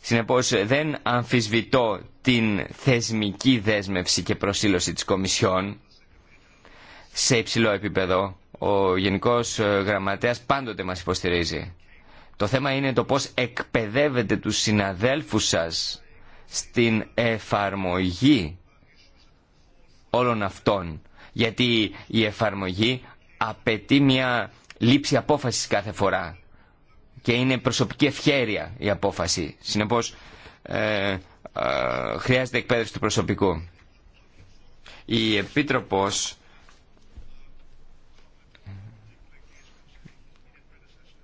Συνεπώς δεν αμφισβητώ την θεσμική δέσμευση και προσήλωση της Κομισιόν σε υψηλό επίπεδο. Ο Γενικός ε, Γραμματέας πάντοτε μας υποστηρίζει. Το θέμα είναι το πώς εκπαιδεύετε τους συναδέλφους σας στην εφαρμογή όλων αυτών. Γιατί η εφαρμογή απαιτεί μια λήψη απόφασης κάθε φορά και είναι προσωπική ευχέρεια η απόφαση. Συνεπώς ε, ε, χρειάζεται εκπαίδευση του προσωπικού. Η Επίτροπος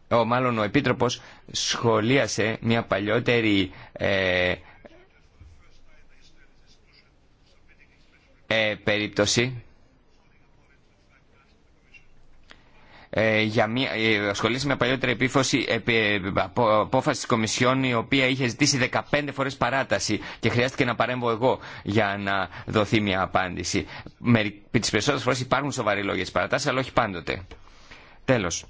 ο, μάλλον ο Επίτροπος σχολίασε μια παλιότερη ε, ε, περίπτωση ε, για μια, ε, ασχολήσει με παλιότερη επίφωση, ε, απο, απόφαση της Κομισιόν η οποία είχε ζητήσει 15 φορές παράταση και χρειάστηκε να παρέμβω εγώ για να δοθεί μια απάντηση. Με, τις περισσότερες φορές υπάρχουν σοβαροί λόγοι της παράτασης, αλλά όχι πάντοτε. Τέλος.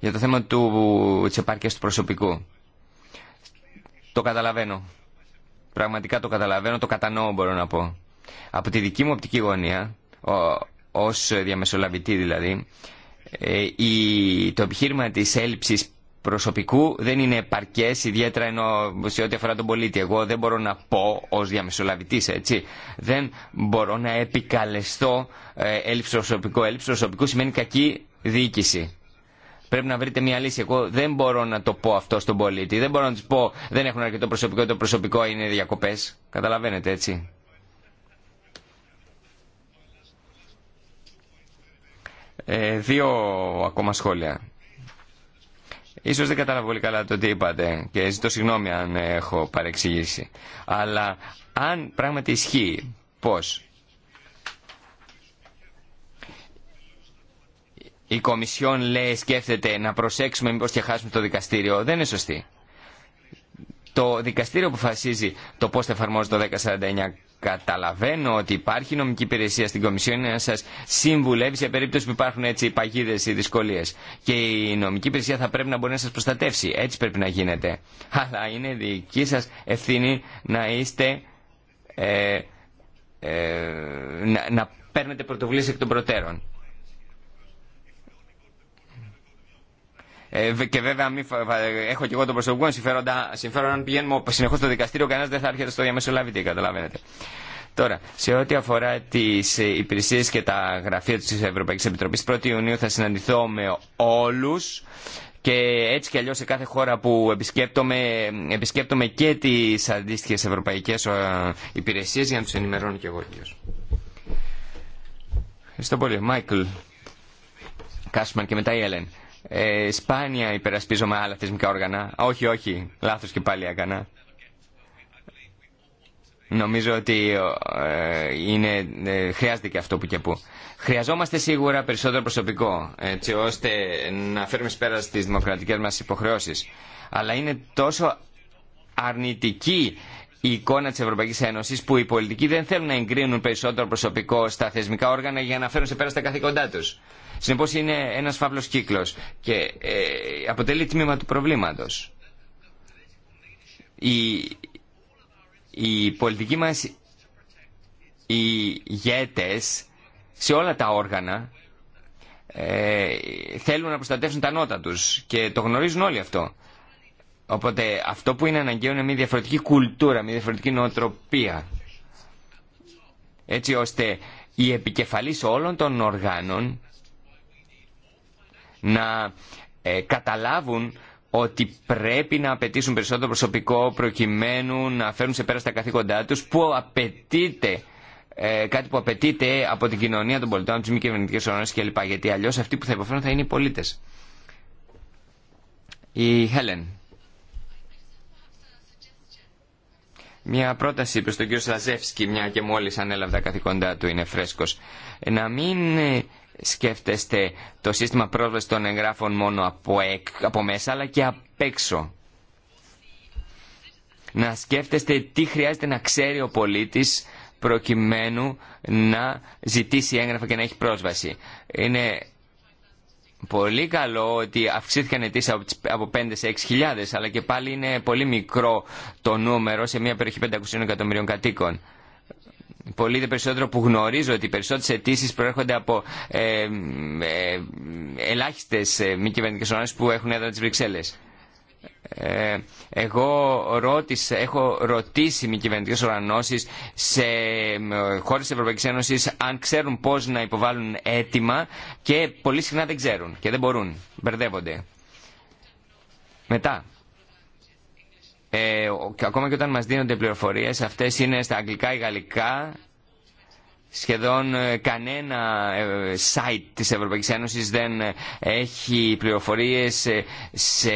Για το θέμα του, της του προσωπικού. Το καταλαβαίνω. Πραγματικά το καταλαβαίνω, το κατανοώ μπορώ να πω. Από τη δική μου οπτική γωνία, ως διαμεσολαβητή δηλαδή, ε, το επιχείρημα της έλλειψης προσωπικού δεν είναι επαρκέ, ιδιαίτερα ενώ σε ό,τι αφορά τον πολίτη. Εγώ δεν μπορώ να πω ω διαμεσολαβητή, έτσι. Δεν μπορώ να επικαλεστώ ε, έλλειψη προσωπικού. Έλλειψη προσωπικού σημαίνει κακή διοίκηση. Πρέπει να βρείτε μια λύση. Εγώ δεν μπορώ να το πω αυτό στον πολίτη. Δεν μπορώ να του πω δεν έχουν αρκετό προσωπικό, το προσωπικό είναι διακοπέ. Καταλαβαίνετε έτσι. Ε, δύο ακόμα σχόλια. Ίσως δεν κατάλαβα πολύ καλά το τι είπατε και ζητώ συγγνώμη αν έχω παρεξηγήσει. Αλλά αν πράγματι ισχύει πως η Κομισιόν λέει σκέφτεται να προσέξουμε μήπως και χάσουμε το δικαστήριο, δεν είναι σωστή. Το δικαστήριο αποφασίζει το πώς θα εφαρμόζει το 1049. Καταλαβαίνω ότι υπάρχει νομική υπηρεσία στην Κομισιόν να σας συμβουλεύει σε περίπτωση που υπάρχουν έτσι παγίδες ή δυσκολίες. Και η νομική υπηρεσία θα πρέπει να μπορεί να σας προστατεύσει. Έτσι πρέπει να γίνεται. Αλλά είναι δική σας ευθύνη να είστε... Ε, ε να, να παίρνετε πρωτοβουλίες εκ των προτέρων. Ε, και βέβαια μη, έχω και εγώ το προσωπικό συμφέροντα, συμφέρον αν πηγαίνουμε συνεχώ στο δικαστήριο, κανένα δεν θα έρχεται στο διαμεσολαβητή, καταλαβαίνετε. Τώρα, σε ό,τι αφορά τι ε, υπηρεσίε και τα γραφεία τη Ευρωπαϊκή Επιτροπή, 1η Ιουνίου θα συναντηθώ με όλου και έτσι κι αλλιώ σε κάθε χώρα που επισκέπτομαι, επισκέπτομαι και τι αντίστοιχε ευρωπαϊκέ ε, υπηρεσίε για να του ενημερώνω κι εγώ κι Ευχαριστώ πολύ. Μάικλ Κάσμαν και μετά η Ελένη. Ε, σπάνια υπερασπίζομαι άλλα θεσμικά όργανα. Όχι, όχι, λάθος και πάλι έκανα. Νομίζω ότι ε, είναι, ε, χρειάζεται και αυτό που και που. Χρειαζόμαστε σίγουρα περισσότερο προσωπικό, έτσι ώστε να φέρουμε πέρα στις δημοκρατικές μας υποχρεώσεις. Αλλά είναι τόσο αρνητική η εικόνα της Ευρωπαϊκής Ένωσης που οι πολιτικοί δεν θέλουν να εγκρίνουν περισσότερο προσωπικό στα θεσμικά όργανα για να φέρουν σε πέρα στα καθήκοντά τους. Συνεπώς είναι ένας φαύλος κύκλος και ε, αποτελεί τμήμα του προβλήματος. Η, η πολιτική μας, οι γέτες σε όλα τα όργανα ε, θέλουν να προστατεύσουν τα νότα τους και το γνωρίζουν όλοι αυτό. Οπότε αυτό που είναι αναγκαίο είναι μια διαφορετική κουλτούρα, μια διαφορετική νοοτροπία. Έτσι ώστε οι επικεφαλής όλων των οργάνων να ε, καταλάβουν ότι πρέπει να απαιτήσουν περισσότερο προσωπικό προκειμένου να φέρουν σε πέρα στα καθήκοντά τους που απαιτείται ε, κάτι που απαιτείται από την κοινωνία των πολιτών, από τις μη κυβερνητικές οργανώσεις κλπ. Γιατί αλλιώς αυτοί που θα υποφέρουν θα είναι οι πολίτες. Η Χέλεν. μια πρόταση προς τον κύριο Σαζεύσκη, μια και μόλις ανέλαβε τα καθήκοντά του, είναι φρέσκος. Ε, να μην ε, σκέφτεστε το σύστημα πρόσβαση των εγγράφων μόνο από, από μέσα, αλλά και απ' έξω. Να σκέφτεστε τι χρειάζεται να ξέρει ο πολίτης προκειμένου να ζητήσει έγγραφα και να έχει πρόσβαση. Είναι πολύ καλό ότι αυξήθηκαν αιτήσει από 5 σε 6.000, αλλά και πάλι είναι πολύ μικρό το νούμερο σε μια περιοχή 500 εκατομμυρίων κατοίκων. Πολύ δε περισσότερο που γνωρίζω ότι οι περισσότερε αιτήσει προέρχονται από ε, ε, ελάχιστε ε, μη κυβερνητικέ που έχουν έδρα τι Βρυξέλλες. Ε, εγώ ρώτησα, έχω ρωτήσει με κυβερνητικέ οργανώσει σε χώρε τη Ευρωπαϊκή Ένωση αν ξέρουν πώ να υποβάλουν αίτημα και πολύ συχνά δεν ξέρουν και δεν μπορούν. Μπερδεύονται. Μετά. Ε, και ακόμα και όταν μας δίνονται πληροφορίες αυτές είναι στα αγγλικά ή γαλλικά Σχεδόν ε, κανένα ε, site της Ευρωπαϊκής Ένωσης δεν ε, έχει πληροφορίες σε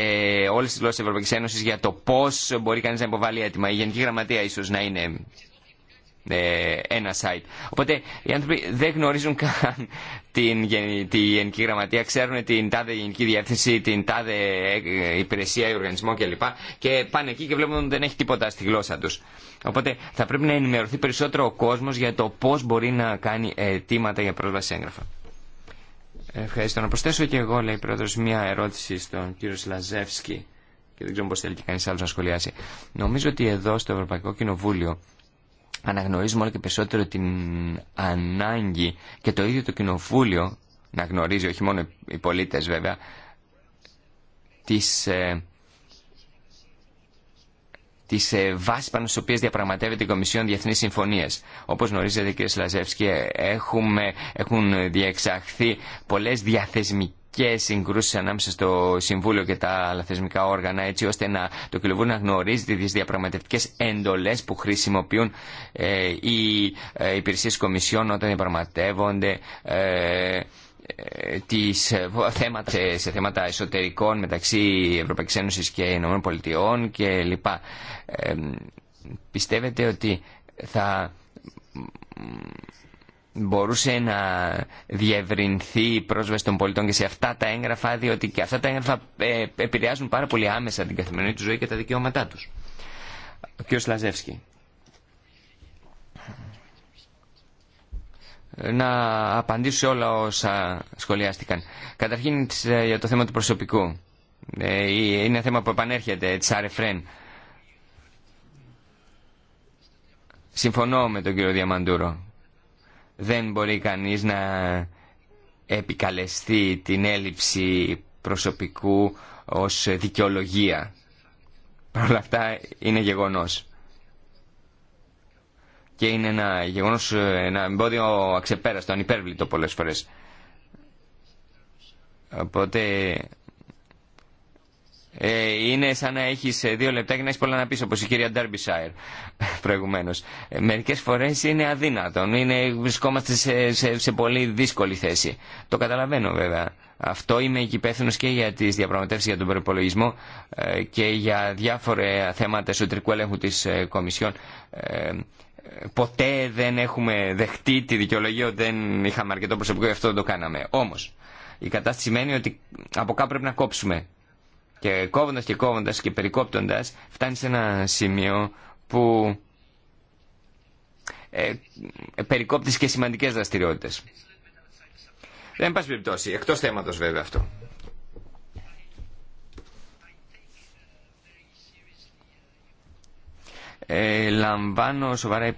όλες τις γλώσσες της Ευρωπαϊκής Ένωσης για το πώς μπορεί κανείς να υποβάλει έτοιμα. Η Γενική Γραμματεία ίσως να είναι ε, ένα site. Οπότε οι άνθρωποι δεν γνωρίζουν καν την, τη Γενική Γραμματεία, ξέρουν την τάδε Γενική Διεύθυνση, την τάδε ε, υπηρεσία ή οργανισμό κλπ. Και πάνε εκεί και βλέπουν ότι δεν έχει τίποτα στη γλώσσα του. Οπότε θα πρέπει να ενημερωθεί περισσότερο ο κόσμο για το πώ μπορεί να κάνει αιτήματα για πρόσβαση έγγραφα. Ευχαριστώ. Να προσθέσω και εγώ, λέει πρόεδρο, μία ερώτηση στον κύριο Σλαζεύσκη και δεν ξέρω πώ θέλει και κανεί άλλο να σχολιάσει. Νομίζω ότι εδώ στο Ευρωπαϊκό Κοινοβούλιο αναγνωρίζουμε όλο και περισσότερο την ανάγκη και το ίδιο το κοινοβούλιο να γνωρίζει, όχι μόνο οι πολίτες βέβαια, τις, ε, τις ε, βάσεις πάνω στις οποίες διαπραγματεύεται η Κομισιόν Διεθνής Συμφωνίες. Όπως γνωρίζετε κύριε Σλαζεύσκη, έχουμε, έχουν διεξαχθεί πολλές διαθεσμικές και συγκρούσει ανάμεσα στο Συμβούλιο και τα άλλα όργανα, έτσι ώστε να, το Κοινοβούλιο να γνωρίζει τι διαπραγματευτικέ εντολέ που χρησιμοποιούν ε, οι ε, υπηρεσίε Κομισιόν όταν διαπραγματεύονται ε, ε, τις ε, θέματα, σε, θέματα εσωτερικών μεταξύ Ευρωπαϊκής Ένωσης και Ηνωμένων Πολιτειών και λοιπά. πιστεύετε ότι θα μπορούσε να διευρυνθεί η πρόσβαση των πολιτών και σε αυτά τα έγγραφα, διότι και αυτά τα έγγραφα ε, επηρεάζουν πάρα πολύ άμεσα την καθημερινή του ζωή και τα δικαιώματά τους. Ο κ. Λαζεύσκη. Να απαντήσω σε όλα όσα σχολιάστηκαν. Καταρχήν ε, για το θέμα του προσωπικού. Ε, είναι ένα θέμα που επανέρχεται, της Αρεφρέν. Συμφωνώ με τον κύριο Διαμαντούρο δεν μπορεί κανείς να επικαλεστεί την έλλειψη προσωπικού ως δικαιολογία. Παρ' όλα αυτά είναι γεγονός. Και είναι ένα γεγονός, ένα εμπόδιο αξεπέραστο, ανυπέρβλητο πολλές φορές. Οπότε ε, είναι σαν να έχει ε, δύο λεπτά και να έχει πολλά να πει όπω η κυρία Ντέρμπισάιρ προηγουμένως. Ε, Μερικέ φορέ είναι αδύνατον, είναι, βρισκόμαστε σε, σε, πολύ δύσκολη θέση. Το καταλαβαίνω βέβαια. Αυτό είμαι υπεύθυνο και για τι διαπραγματεύσει για τον προπολογισμό και για διάφορα θέματα εσωτερικού έλεγχου της Κομισιόν. Ποτέ δεν έχουμε δεχτεί τη δικαιολογία ότι δεν είχαμε αρκετό προσωπικό γι' αυτό δεν το κάναμε. Όμω, η κατάσταση σημαίνει ότι από κάπου πρέπει να κόψουμε και κόβοντας και κόβοντας και περικόπτοντας φτάνει σε ένα σημείο που ε, περικόπτεις και σημαντικές δραστηριότητες. Δεν πάση περιπτώσει, εκτός θέματος βέβαια αυτό. Ε, λαμβάνω σοβαρά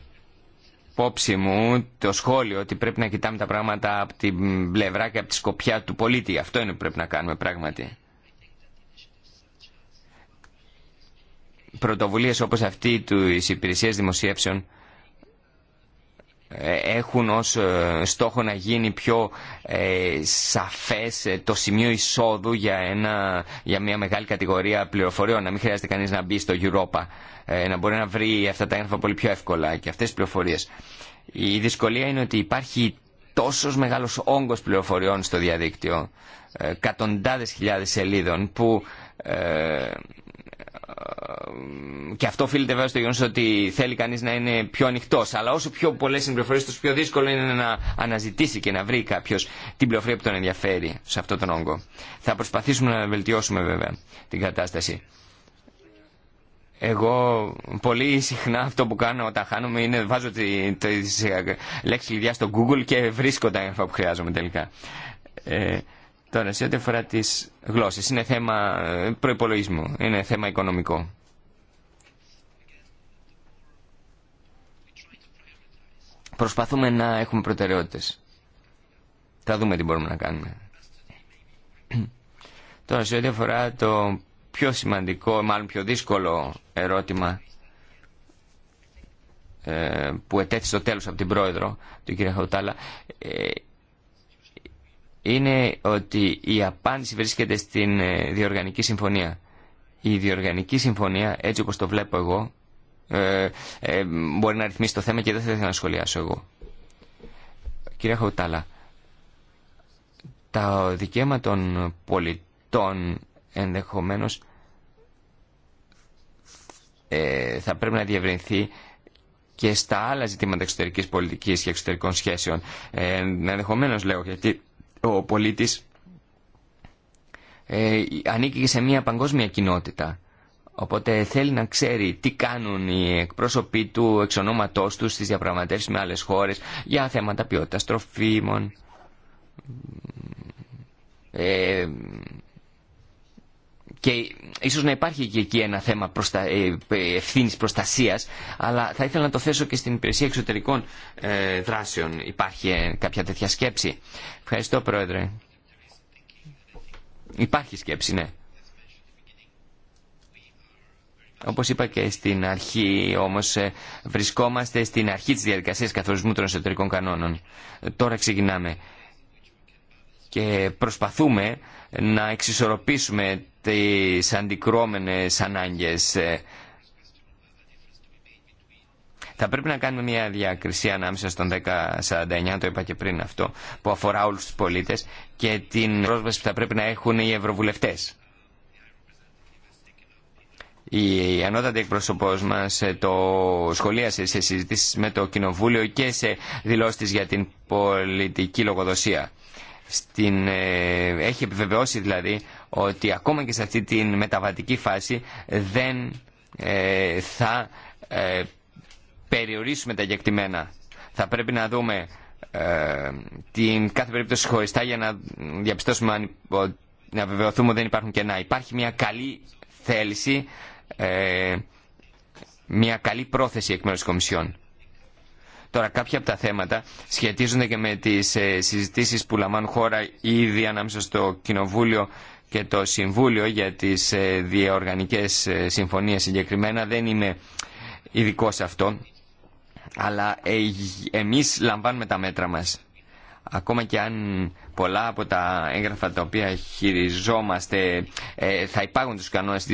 υπόψη μου το σχόλιο ότι πρέπει να κοιτάμε τα πράγματα από την πλευρά και από τη σκοπιά του πολίτη. Αυτό είναι που πρέπει να κάνουμε πράγματι. πρωτοβουλίες όπως αυτή του υπηρεσία δημοσίευσεων ε, έχουν ως ε, στόχο να γίνει πιο ε, σαφές ε, το σημείο εισόδου για, ένα, για μια μεγάλη κατηγορία πληροφοριών. Να μην χρειάζεται κανείς να μπει στο Europa, να μπορεί να βρει αυτά τα έγγραφα πολύ πιο εύκολα και αυτές τις πληροφορίες. Η δυσκολία είναι ότι υπάρχει τόσος μεγάλος όγκος πληροφοριών στο διαδίκτυο, κατοντάδες χιλιάδες σελίδων, που και αυτό οφείλεται βέβαια στο γεγονό ότι θέλει κανεί να είναι πιο ανοιχτό. Αλλά όσο πιο πολλέ είναι οι πληροφορίε, τόσο πιο δύσκολο είναι να αναζητήσει και να βρει κάποιο την πληροφορία που τον ενδιαφέρει σε αυτόν τον όγκο. Θα προσπαθήσουμε να βελτιώσουμε βέβαια την κατάσταση. Εγώ πολύ συχνά αυτό που κάνω όταν χάνομαι είναι βάζω τη, τη, ε, λέξη κλειδιά στο Google και βρίσκω τα έγγραφα που χρειάζομαι τελικά. Ε, τώρα, σε ό,τι αφορά τι γλώσσε, είναι θέμα ε, προπολογισμού, είναι θέμα οικονομικό. Προσπαθούμε να έχουμε προτεραιότητες. Θα δούμε τι μπορούμε να κάνουμε. Τώρα σε ό,τι αφορά το πιο σημαντικό, μάλλον πιο δύσκολο ερώτημα ε, που ετέθη στο τέλος από την πρόεδρο, του κ. Χαουτάλα, ε, είναι ότι η απάντηση βρίσκεται στην ε, διοργανική συμφωνία. Η διοργανική συμφωνία, έτσι όπως το βλέπω εγώ, ε, ε, μπορεί να ρυθμίσει το θέμα και δεν θα ήθελα να σχολιάσω εγώ. Κύριε Χαουτάλα, τα δικαίωμα των πολιτών ενδεχομένως ε, θα πρέπει να διευρυνθεί και στα άλλα ζητήματα εξωτερικής πολιτικής και εξωτερικών σχέσεων. Ε, ενδεχομένως λέω γιατί ο πολίτης ανήκει και σε μια παγκόσμια κοινότητα Οπότε θέλει να ξέρει τι κάνουν οι εκπρόσωποι του εξ ονόματός τους στις διαπραγματεύσεις με άλλες χώρες για θέματα ποιότητας τροφίμων, ε, και ίσως να υπάρχει και εκεί ένα θέμα προστα... Ε, ε, ευθύνης προστασίας, αλλά θα ήθελα να το θέσω και στην υπηρεσία εξωτερικών δράσεων. Υπάρχει κάποια τέτοια σκέψη. Ευχαριστώ, Πρόεδρε. Υπάρχει σκέψη, ναι. Όπως είπα και στην αρχή όμως ε, βρισκόμαστε στην αρχή της διαδικασίας καθορισμού των εσωτερικών κανόνων. Τώρα ξεκινάμε και προσπαθούμε να εξισορροπήσουμε τις αντικρώμενες ανάγκες. Ε, θα πρέπει να κάνουμε μια διακρισία ανάμεσα στον 1049, το είπα και πριν αυτό, που αφορά όλους τους πολίτες και την πρόσβαση που θα πρέπει να έχουν οι ευρωβουλευτές η ανώτατη εκπρόσωπό μα ε, το σχολίασε σε συζητήσει με το Κοινοβούλιο και σε δηλώσεις για την πολιτική λογοδοσία. Στην, ε, έχει επιβεβαιώσει δηλαδή ότι ακόμα και σε αυτή την μεταβατική φάση δεν ε, θα περιορίσουμε τα γεκτημένα. Θα πρέπει να δούμε την κάθε περίπτωση χωριστά για να διαπιστώσουμε να βεβαιωθούμε ότι δεν υπάρχουν κενά. Υπάρχει μια καλή θέληση ε, μια καλή πρόθεση εκ μέρους της Κομισιόν. Τώρα κάποια από τα θέματα σχετίζονται και με τις ε, συζητήσεις που λαμβάνουν χώρα ήδη ανάμεσα στο Κοινοβούλιο και το Συμβούλιο για τις ε, διαοργανικές ε, συμφωνίες συγκεκριμένα. Δεν είμαι ειδικό σε αυτό, αλλά ε, εμείς λαμβάνουμε τα μέτρα μας ακόμα και αν πολλά από τα έγγραφα τα οποία χειριζόμαστε ε, θα υπάρχουν τους κανόνες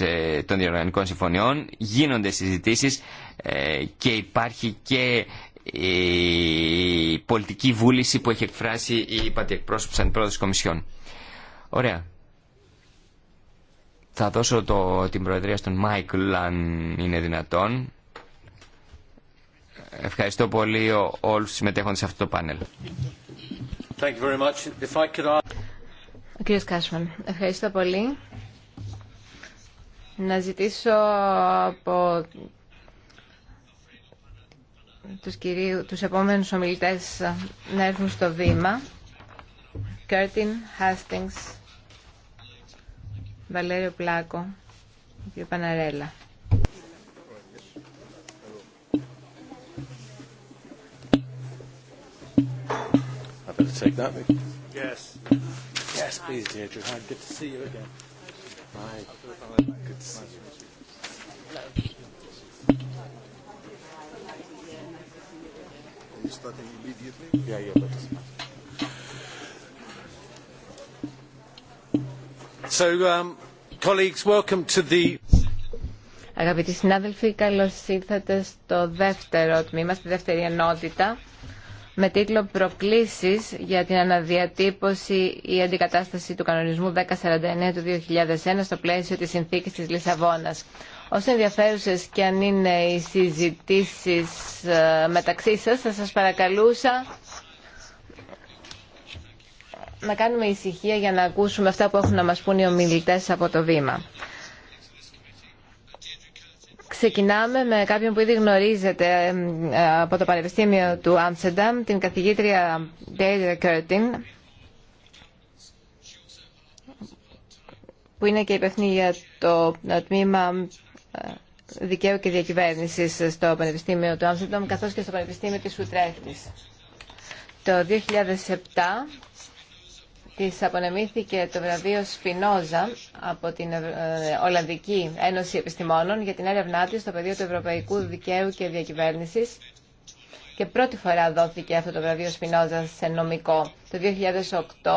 ε, των διοργανικών συμφωνιών, γίνονται συζητήσεις ε, και υπάρχει και η πολιτική βούληση που έχει εκφράσει η υπατή εκπρόσωπος αντιπρόεδρος Κομισιόν. Ωραία. Θα δώσω το, την προεδρία στον Μάικλ αν είναι δυνατόν. Ευχαριστώ πολύ όλους που συμμετέχοντες σε αυτό το πάνελ. Thank you Κάσμαν, ευχαριστώ πολύ. Να ζητήσω από τους, κυρίου, τους επόμενους ομιλητές να έρθουν στο βήμα. Κέρτιν, Χάστινγκς, Βαλέριο Πλάκο και Παναρέλα. take that. Yes. Yes, please, Deirdre. Hi, good to see you again. Hi. Good to see you. Are you starting immediately? Yeah, yeah, let's. So, um, colleagues, welcome to the... Αγαπητοί συνάδελφοι, καλώς ήρθατε στο δεύτερο τμήμα, στη δεύτερη ενότητα με τίτλο «Προκλήσεις για την αναδιατύπωση ή αντικατάσταση του κανονισμού 1049 του 2001 στο πλαίσιο της συνθήκης της Λισαβόνας». Όσο ενδιαφέρουσες και αν είναι οι συζητήσεις ε, μεταξύ σας, θα σας παρακαλούσα να κάνουμε ησυχία για να ακούσουμε αυτά που έχουν να μας πούν οι ομιλητές από το βήμα. Ξεκινάμε με κάποιον που ήδη γνωρίζετε από το Πανεπιστήμιο του Άμστερνταμ, την καθηγήτρια Ντέιδρα Κέρτιν, που είναι και υπεύθυνη για το ε, τμήμα ε, δικαίου και διακυβέρνηση στο Πανεπιστήμιο του Άμστερνταμ, καθώ και στο Πανεπιστήμιο τη Ουτρέχτη. Το 2007 της απονεμήθηκε το βραβείο Σπινόζα από την ε, Ολλανδική Ένωση Επιστημόνων για την έρευνά της στο πεδίο του Ευρωπαϊκού Δικαίου και Διακυβέρνησης και πρώτη φορά δόθηκε αυτό το βραβείο Σπινόζα σε νομικό. Το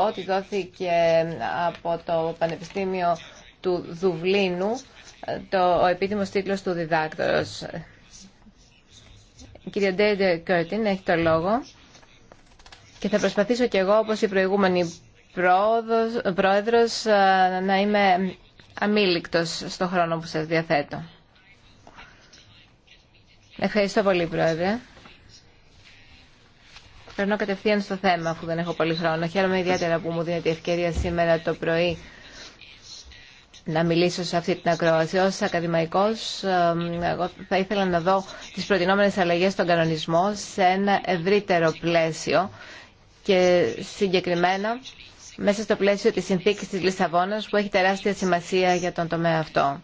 2008 τη δόθηκε από το Πανεπιστήμιο του Δουβλίνου ε, το, ο επίτιμος τίτλος του διδάκτορος. Κύριε κυρία Ντέιντε Κέρτιν έχει το λόγο και θα προσπαθήσω κι εγώ όπως οι προηγούμενοι πρόεδρος ε, να είμαι αμήλικτος στο χρόνο που σας διαθέτω. Ευχαριστώ πολύ, Πρόεδρε. Περνώ κατευθείαν στο θέμα, αφού δεν έχω πολύ χρόνο. Χαίρομαι ιδιαίτερα που μου δίνεται η ευκαιρία σήμερα το πρωί να μιλήσω σε αυτή την ακρόαση. Ως ακαδημαϊκός, εγώ θα ήθελα να δω τις προτινόμενες αλλαγές στον κανονισμό σε ένα ευρύτερο πλαίσιο και συγκεκριμένα μέσα στο πλαίσιο της συνθήκης της Λισαβόνας που έχει τεράστια σημασία για τον τομέα αυτό.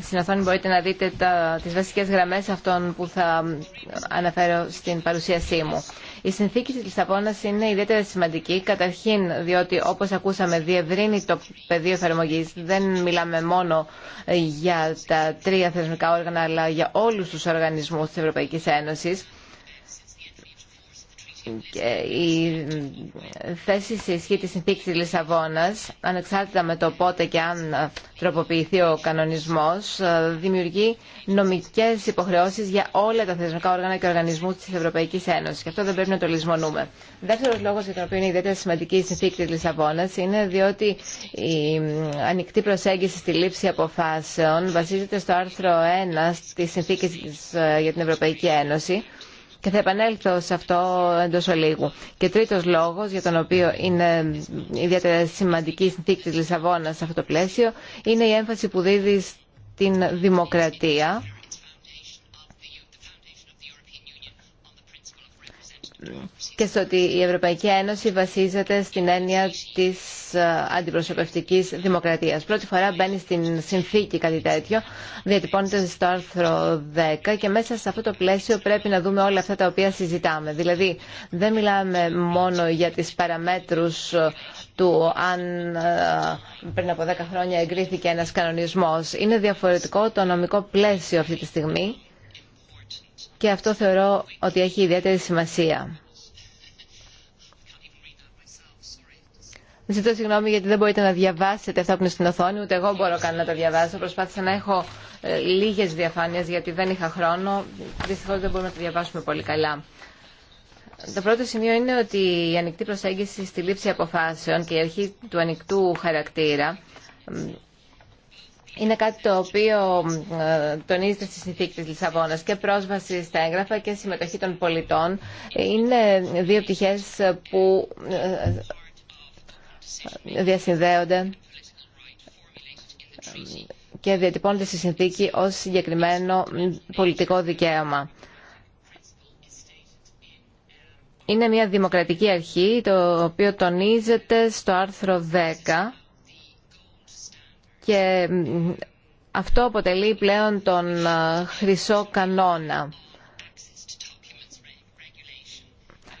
Στην οθόνη μπορείτε να δείτε τα, τις βασικές γραμμές αυτών που θα αναφέρω στην παρουσίασή μου. Η συνθήκη της Λισαβόνας είναι ιδιαίτερα σημαντική, καταρχήν διότι όπως ακούσαμε διευρύνει το πεδίο εφαρμογή. Δεν μιλάμε μόνο για τα τρία θεσμικά όργανα αλλά για όλους τους οργανισμούς της Ευρωπαϊκής Ένωσης η θέση σε ισχύ της συνθήκης της Λισαβόνας, ανεξάρτητα με το πότε και αν τροποποιηθεί ο κανονισμός, δημιουργεί νομικές υποχρεώσεις για όλα τα θεσμικά όργανα και οργανισμού της Ευρωπαϊκής Ένωσης. Και αυτό δεν πρέπει να το λησμονούμε. Δεύτερος λόγος για τον οποίο είναι ιδιαίτερα σημαντική η συνθήκη της Λισαβόνας είναι διότι η ανοιχτή προσέγγιση στη λήψη αποφάσεων βασίζεται στο άρθρο 1 της συνθήκης για την Ευρωπαϊκή Ένωση και θα επανέλθω σε αυτό εντό ολίγου. Και τρίτος λόγο, για τον οποίο είναι ιδιαίτερα σημαντική η συνθήκη τη Λισαβόνα σε αυτό το πλαίσιο είναι η έμφαση που δίδει στην δημοκρατία και στο ότι η Ευρωπαϊκή Ένωση βασίζεται στην έννοια της ε, αντιπροσωπευτικής δημοκρατίας. Πρώτη φορά μπαίνει στην συνθήκη κάτι τέτοιο, διατυπώνεται στο άρθρο 10 και μέσα σε αυτό το πλαίσιο πρέπει να δούμε όλα αυτά τα οποία συζητάμε. Δηλαδή δεν μιλάμε μόνο για τις παραμέτρους ε, του αν ε, πριν από 10 χρόνια εγκρίθηκε ένας κανονισμός. Είναι διαφορετικό το νομικό πλαίσιο αυτή τη στιγμή και αυτό θεωρώ ότι έχει ιδιαίτερη σημασία. Ζητώ συγγνώμη γιατί δεν μπορείτε να διαβάσετε αυτά που είναι στην οθόνη, ούτε εγώ μπορώ καν να τα διαβάσω. Προσπάθησα να έχω ε, λίγε διαφάνειε γιατί δεν είχα χρόνο. Δυστυχώ δεν μπορούμε να τα διαβάσουμε πολύ καλά. Το πρώτο σημείο είναι ότι η ανοιχτή προσέγγιση στη λήψη αποφάσεων και η αρχή του ανοιχτού χαρακτήρα είναι κάτι το οποίο ε, τονίζεται στη συνθήκη της Λισαβόνας και πρόσβαση στα έγγραφα και συμμετοχή των πολιτών. Είναι δύο πτυχές που ε, διασυνδέονται και διατυπώνεται στη συνθήκη ως συγκεκριμένο πολιτικό δικαίωμα. Είναι μια δημοκρατική αρχή το οποίο τονίζεται στο άρθρο 10 και αυτό αποτελεί πλέον τον ε, χρυσό κανόνα.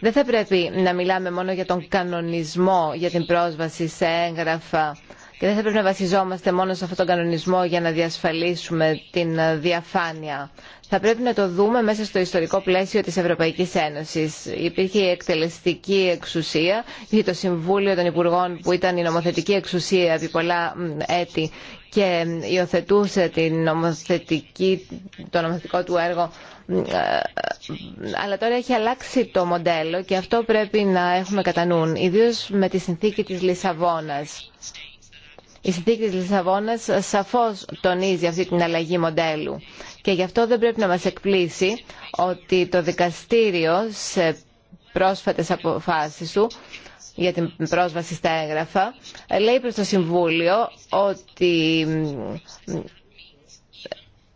Δεν θα πρέπει να μιλάμε μόνο για τον κανονισμό για την πρόσβαση σε έγγραφα και δεν θα πρέπει να βασιζόμαστε μόνο σε αυτόν τον κανονισμό για να διασφαλίσουμε την ε, διαφάνεια. Θα πρέπει να το δούμε μέσα στο ιστορικό πλαίσιο της Ευρωπαϊκής Ένωσης. Υπήρχε η εκτελεστική εξουσία, είχε το Συμβούλιο των Υπουργών που ήταν η νομοθετική εξουσία επί πολλά έτη και υιοθετούσε την νομοθετική, το νομοθετικό του έργο ε, ε, αλλά τώρα έχει αλλάξει το μοντέλο και αυτό πρέπει να έχουμε κατά νου, ιδίως με τη συνθήκη της Λισαβόνας. Η συνθήκη της Λισαβόνας σαφώς τονίζει αυτή την αλλαγή μοντέλου και γι' αυτό δεν πρέπει να μας εκπλήσει ότι το δικαστήριο σε πρόσφατες αποφάσεις του για την πρόσβαση στα έγγραφα λέει προς το Συμβούλιο ότι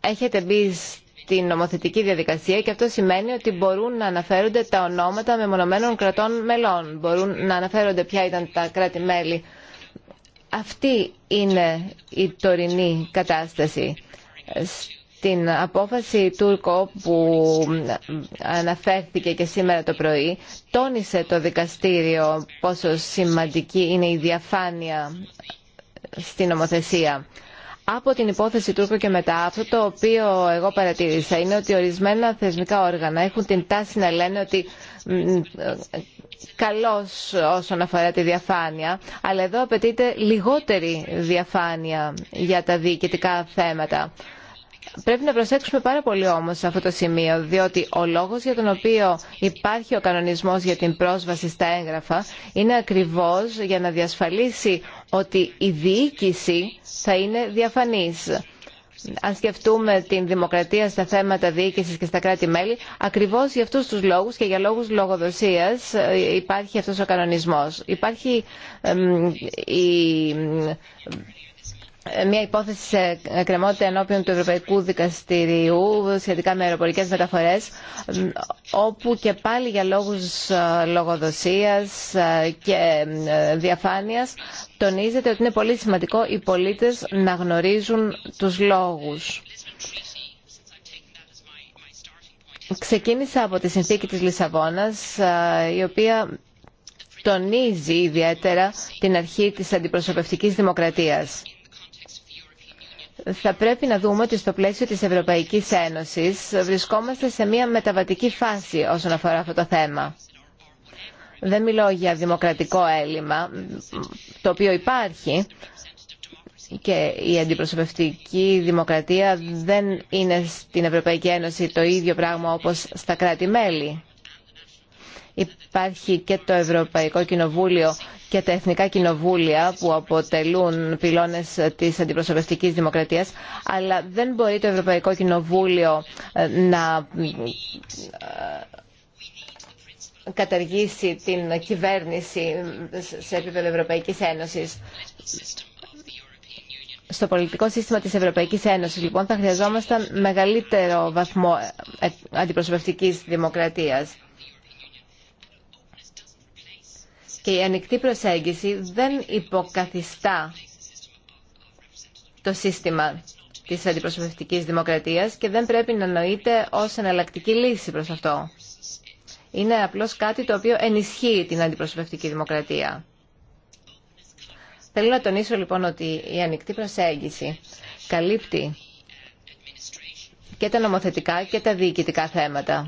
έχετε μπει στην νομοθετική διαδικασία και αυτό σημαίνει ότι μπορούν να αναφέρονται τα ονόματα μεμονωμένων κρατών μελών. Μπορούν να αναφέρονται ποια ήταν τα κράτη-μέλη αυτή είναι η τωρινή κατάσταση. Στην απόφαση Τούρκο που αναφέρθηκε και σήμερα το πρωί, τόνισε το δικαστήριο πόσο σημαντική είναι η διαφάνεια στην νομοθεσία. Από την υπόθεση Τούρκο και μετά, αυτό το οποίο εγώ παρατήρησα είναι ότι ορισμένα θεσμικά όργανα έχουν την τάση να λένε ότι καλός όσον αφορά τη διαφάνεια, αλλά εδώ απαιτείται λιγότερη διαφάνεια για τα διοικητικά θέματα. Πρέπει να προσέξουμε πάρα πολύ όμως σε αυτό το σημείο, διότι ο λόγος για τον οποίο υπάρχει ο κανονισμός για την πρόσβαση στα έγγραφα είναι ακριβώς για να διασφαλίσει ότι η διοίκηση θα είναι διαφανής αν σκεφτούμε την δημοκρατία στα θέματα διοίκηση και στα κράτη-μέλη, ακριβώ για αυτού του λόγου και για λόγου λογοδοσία ε, υπάρχει αυτό ο κανονισμό. Υπάρχει μια υπόθεση σε κρεμότητα ενώπιον του Ευρωπαϊκού Δικαστηρίου σχετικά με αεροπορικέ μεταφορές όπου και πάλι για λόγους ε, λογοδοσίας ε, και ε, διαφάνειας τονίζεται ότι είναι πολύ σημαντικό οι πολίτε να γνωρίζουν τους λόγους. Ξεκίνησα από τη συνθήκη της Λισαβόνας η οποία τονίζει ιδιαίτερα την αρχή της αντιπροσωπευτικής δημοκρατίας θα πρέπει να δούμε ότι στο πλαίσιο της Ευρωπαϊκής Ένωσης βρισκόμαστε σε μια μεταβατική φάση όσον αφορά αυτό το θέμα. Δεν μιλώ για δημοκρατικό έλλειμμα, το οποίο υπάρχει και η αντιπροσωπευτική δημοκρατία δεν είναι στην Ευρωπαϊκή Ένωση το ίδιο πράγμα όπως στα κράτη-μέλη. Υπάρχει και το Ευρωπαϊκό Κοινοβούλιο και τα εθνικά κοινοβούλια που αποτελούν πυλώνες της αντιπροσωπευτικής δημοκρατίας αλλά δεν μπορεί το Ευρωπαϊκό Κοινοβούλιο ε, να ε, καταργήσει την κυβέρνηση σε επίπεδο Ευρωπαϊκής Ένωσης. Στο πολιτικό σύστημα της Ευρωπαϊκής Ένωσης, λοιπόν, θα χρειαζόμασταν μεγαλύτερο βαθμό ε, αντιπροσωπευτικής δημοκρατίας. και η ανοιχτή προσέγγιση δεν υποκαθιστά το σύστημα της αντιπροσωπευτικής δημοκρατίας και δεν πρέπει να νοείται ως εναλλακτική λύση προς αυτό. Είναι απλώς κάτι το οποίο ενισχύει την αντιπροσωπευτική δημοκρατία. Θέλω να τονίσω λοιπόν ότι η ανοιχτή προσέγγιση καλύπτει και τα νομοθετικά και τα διοικητικά θέματα.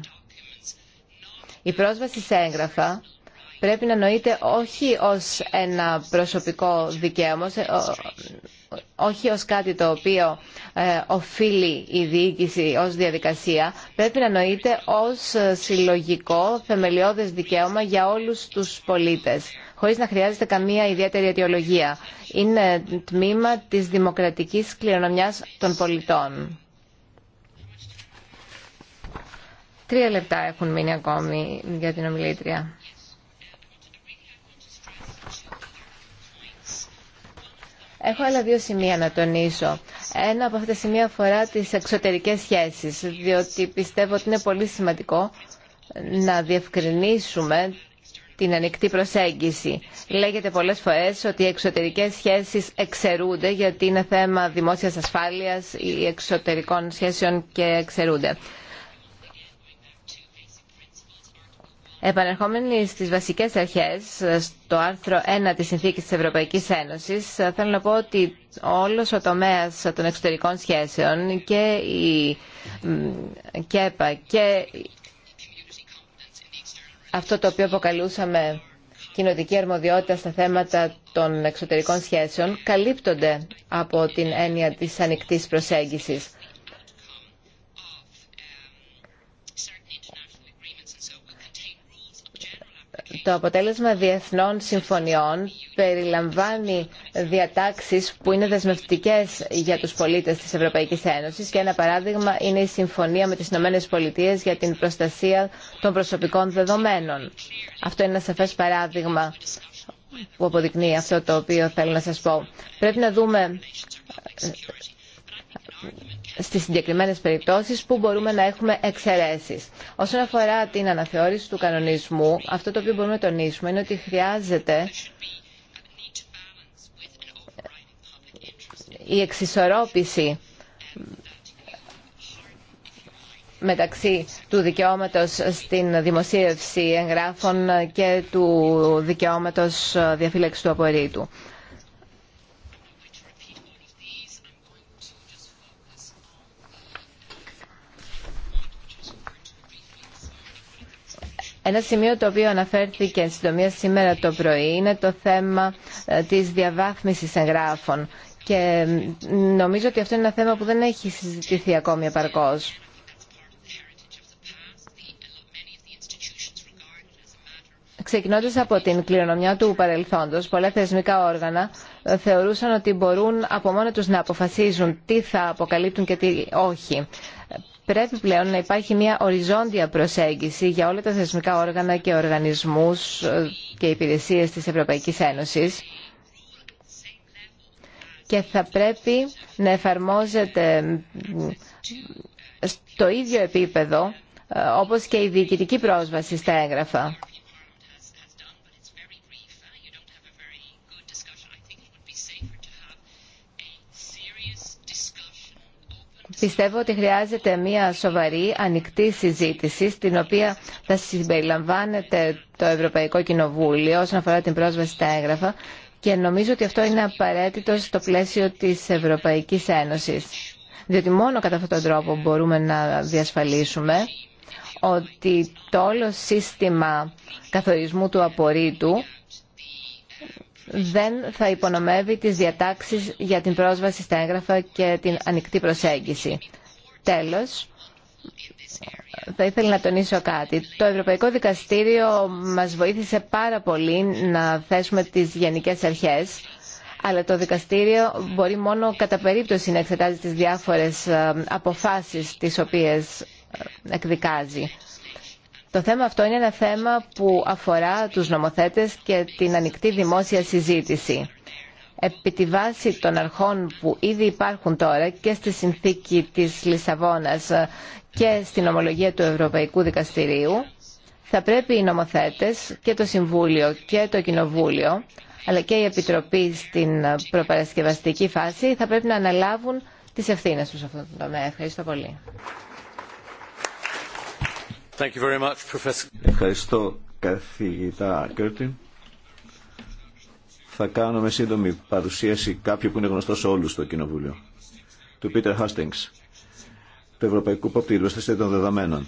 Η πρόσβαση σε έγγραφα πρέπει να νοείται όχι ως ένα προσωπικό δικαίωμα, όχι ως κάτι το οποίο ε, οφείλει η διοίκηση ως διαδικασία, πρέπει να νοείται ως συλλογικό θεμελιώδες δικαίωμα για όλους τους πολίτες, χωρίς να χρειάζεται καμία ιδιαίτερη αιτιολογία. Είναι τμήμα της δημοκρατικής κληρονομιάς των πολιτών. Τρία λεπτά έχουν μείνει ακόμη για την ομιλήτρια. Έχω άλλα δύο σημεία να τονίσω. Ένα από αυτά τα σημεία αφορά τις εξωτερικές σχέσεις, διότι πιστεύω ότι είναι πολύ σημαντικό να διευκρινίσουμε την ανοιχτή προσέγγιση. Λέγεται πολλές φορές ότι οι εξωτερικές σχέσεις εξαιρούνται γιατί είναι θέμα δημόσιας ασφάλειας ή εξωτερικών σχέσεων και εξαιρούνται. Επανερχόμενοι στις βασικές αρχές, στο άρθρο 1 της Συνθήκης της Ευρωπαϊκής Ένωσης, θέλω να πω ότι όλος ο τομέας των εξωτερικών σχέσεων και η ΚΕΠΑ και αυτό το οποίο αποκαλούσαμε κοινοτική αρμοδιότητα στα θέματα των εξωτερικών σχέσεων καλύπτονται από την έννοια της ανοιχτής προσέγγισης. Το αποτέλεσμα διεθνών συμφωνιών περιλαμβάνει διατάξεις που είναι δεσμευτικές για τους πολίτες της Ευρωπαϊκής Ένωσης και ένα παράδειγμα είναι η συμφωνία με τις Ηνωμένες Πολιτείες για την προστασία των προσωπικών δεδομένων. Αυτό είναι ένα σαφές παράδειγμα που αποδεικνύει αυτό το οποίο θέλω να σας πω. Πρέπει να δούμε στις συγκεκριμένες περιπτώσεις που μπορούμε να έχουμε εξαιρέσεις. Όσον αφορά την αναθεώρηση του κανονισμού, αυτό το οποίο μπορούμε να τονίσουμε είναι ότι χρειάζεται η εξισορρόπηση μεταξύ του δικαιώματος στην δημοσίευση εγγράφων και του δικαιώματος διαφύλαξης του απορρίτου. Ένα σημείο το οποίο αναφέρθηκε εν συντομία σήμερα το πρωί είναι το θέμα ε, της διαβάθμισης εγγράφων και νομίζω ότι αυτό είναι ένα θέμα που δεν έχει συζητηθεί ακόμη επαρκώς. Ξεκινώντας από την κληρονομιά του παρελθόντος, πολλά θεσμικά όργανα ε, θεωρούσαν ότι μπορούν από μόνο τους να αποφασίζουν τι θα αποκαλύπτουν και τι όχι. Πρέπει πλέον να υπάρχει μια οριζόντια προσέγγιση για όλα τα θεσμικά όργανα και οργανισμούς ε, και υπηρεσίες της Ευρωπαϊκής Ένωσης και θα πρέπει να εφαρμόζεται στο ίδιο επίπεδο ε, όπως και η διοικητική πρόσβαση στα έγγραφα. Πιστεύω ότι χρειάζεται μια σοβαρή, ανοιχτή συζήτηση στην οποία θα συμπεριλαμβάνεται το Ευρωπαϊκό Κοινοβούλιο όσον αφορά την πρόσβαση στα έγγραφα και νομίζω ότι αυτό είναι απαραίτητο στο πλαίσιο της Ευρωπαϊκής Ένωσης. Διότι μόνο κατά αυτόν τον τρόπο μπορούμε να διασφαλίσουμε ότι το όλο σύστημα καθορισμού του απορρίτου δεν θα υπονομεύει τις διατάξεις για την πρόσβαση στα έγγραφα και την ανοιχτή προσέγγιση. Τέλος, θα ήθελα να τονίσω κάτι. Το Ευρωπαϊκό Δικαστήριο μας βοήθησε πάρα πολύ να θέσουμε τις γενικές αρχές, αλλά το Δικαστήριο μπορεί μόνο κατά περίπτωση να εξετάζει τις διάφορες ε, αποφάσεις τις οποίες ε, εκδικάζει. Το θέμα αυτό είναι ένα θέμα που αφορά τους νομοθέτες και την ανοιχτή δημόσια συζήτηση. Επί τη βάση των αρχών που ήδη υπάρχουν τώρα και στη συνθήκη της Λισαβόνας και στην ομολογία του Ευρωπαϊκού Δικαστηρίου, θα πρέπει οι νομοθέτες και το Συμβούλιο και το Κοινοβούλιο, αλλά και η Επιτροπή στην προπαρασκευαστική φάση, θα πρέπει να αναλάβουν τις ευθύνες τους σε αυτόν τον τομέα. Ευχαριστώ πολύ. Thank you very much, Professor. Ευχαριστώ καθηγητά Κέρτιν. Θα κάνουμε σύντομη παρουσίαση κάποιου που είναι γνωστό σε όλους στο Κοινοβούλιο. Του Πίτερ Χάστινγκς, του Ευρωπαϊκού Ποπτήρου, προστασία των δεδομένων.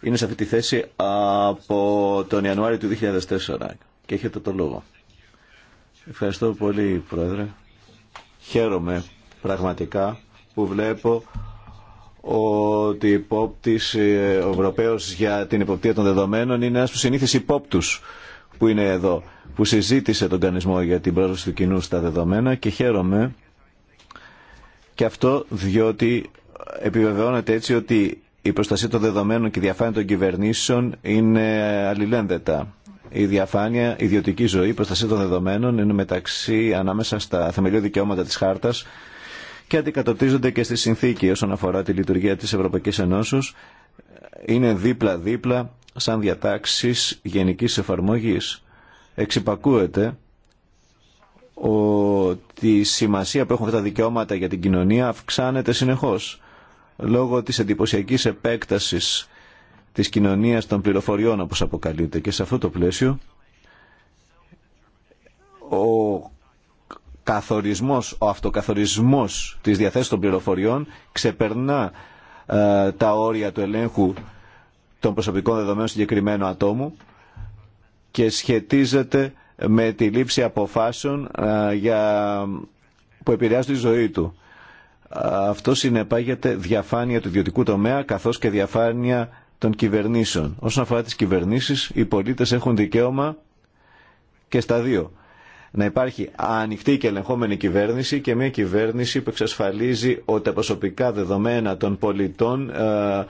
Είναι σε αυτή τη θέση από τον Ιανουάριο του 2004 και έχετε το λόγο. Ευχαριστώ πολύ, Πρόεδρε. Χαίρομαι πραγματικά που βλέπω ότι ε, ο Ευρωπαίος για την υποπτία των δεδομένων είναι ένας του συνήθις υπόπτους που είναι εδώ, που συζήτησε τον κανισμό για την πρόσβαση του κοινού στα δεδομένα και χαίρομαι και αυτό διότι επιβεβαιώνεται έτσι ότι η προστασία των δεδομένων και η διαφάνεια των κυβερνήσεων είναι αλληλένδετα. Η διαφάνεια, η ιδιωτική ζωή, η προστασία των δεδομένων είναι μεταξύ ανάμεσα στα θεμελιώδη δικαιώματα της χάρτας και αντικατοπτρίζονται και στη συνθήκη όσον αφορά τη λειτουργία της Ευρωπαϊκής Ενώσεως. Είναι δίπλα-δίπλα σαν διατάξεις γενικής εφαρμογής. Εξυπακούεται ότι η σημασία που έχουν αυτά τα δικαιώματα για την κοινωνία αυξάνεται συνεχώς λόγω της εντυπωσιακή επέκτασης της κοινωνίας των πληροφοριών όπως αποκαλείται και σε αυτό το πλαίσιο ο καθορισμός, ο αυτοκαθορισμός της διαθέσεως των πληροφοριών ξεπερνά ε, τα όρια του ελέγχου των προσωπικών δεδομένων συγκεκριμένου ατόμου και σχετίζεται με τη λήψη αποφάσεων ε, για, που επηρεάζουν τη ζωή του. Αυτό συνεπάγεται διαφάνεια του ιδιωτικού τομέα καθώς και διαφάνεια των κυβερνήσεων. Όσον αφορά τις κυβερνήσεις, οι πολίτες έχουν δικαίωμα και στα δύο να υπάρχει ανοιχτή και ελεγχόμενη κυβέρνηση και μια κυβέρνηση που εξασφαλίζει ότι τα προσωπικά δεδομένα των πολιτών ε,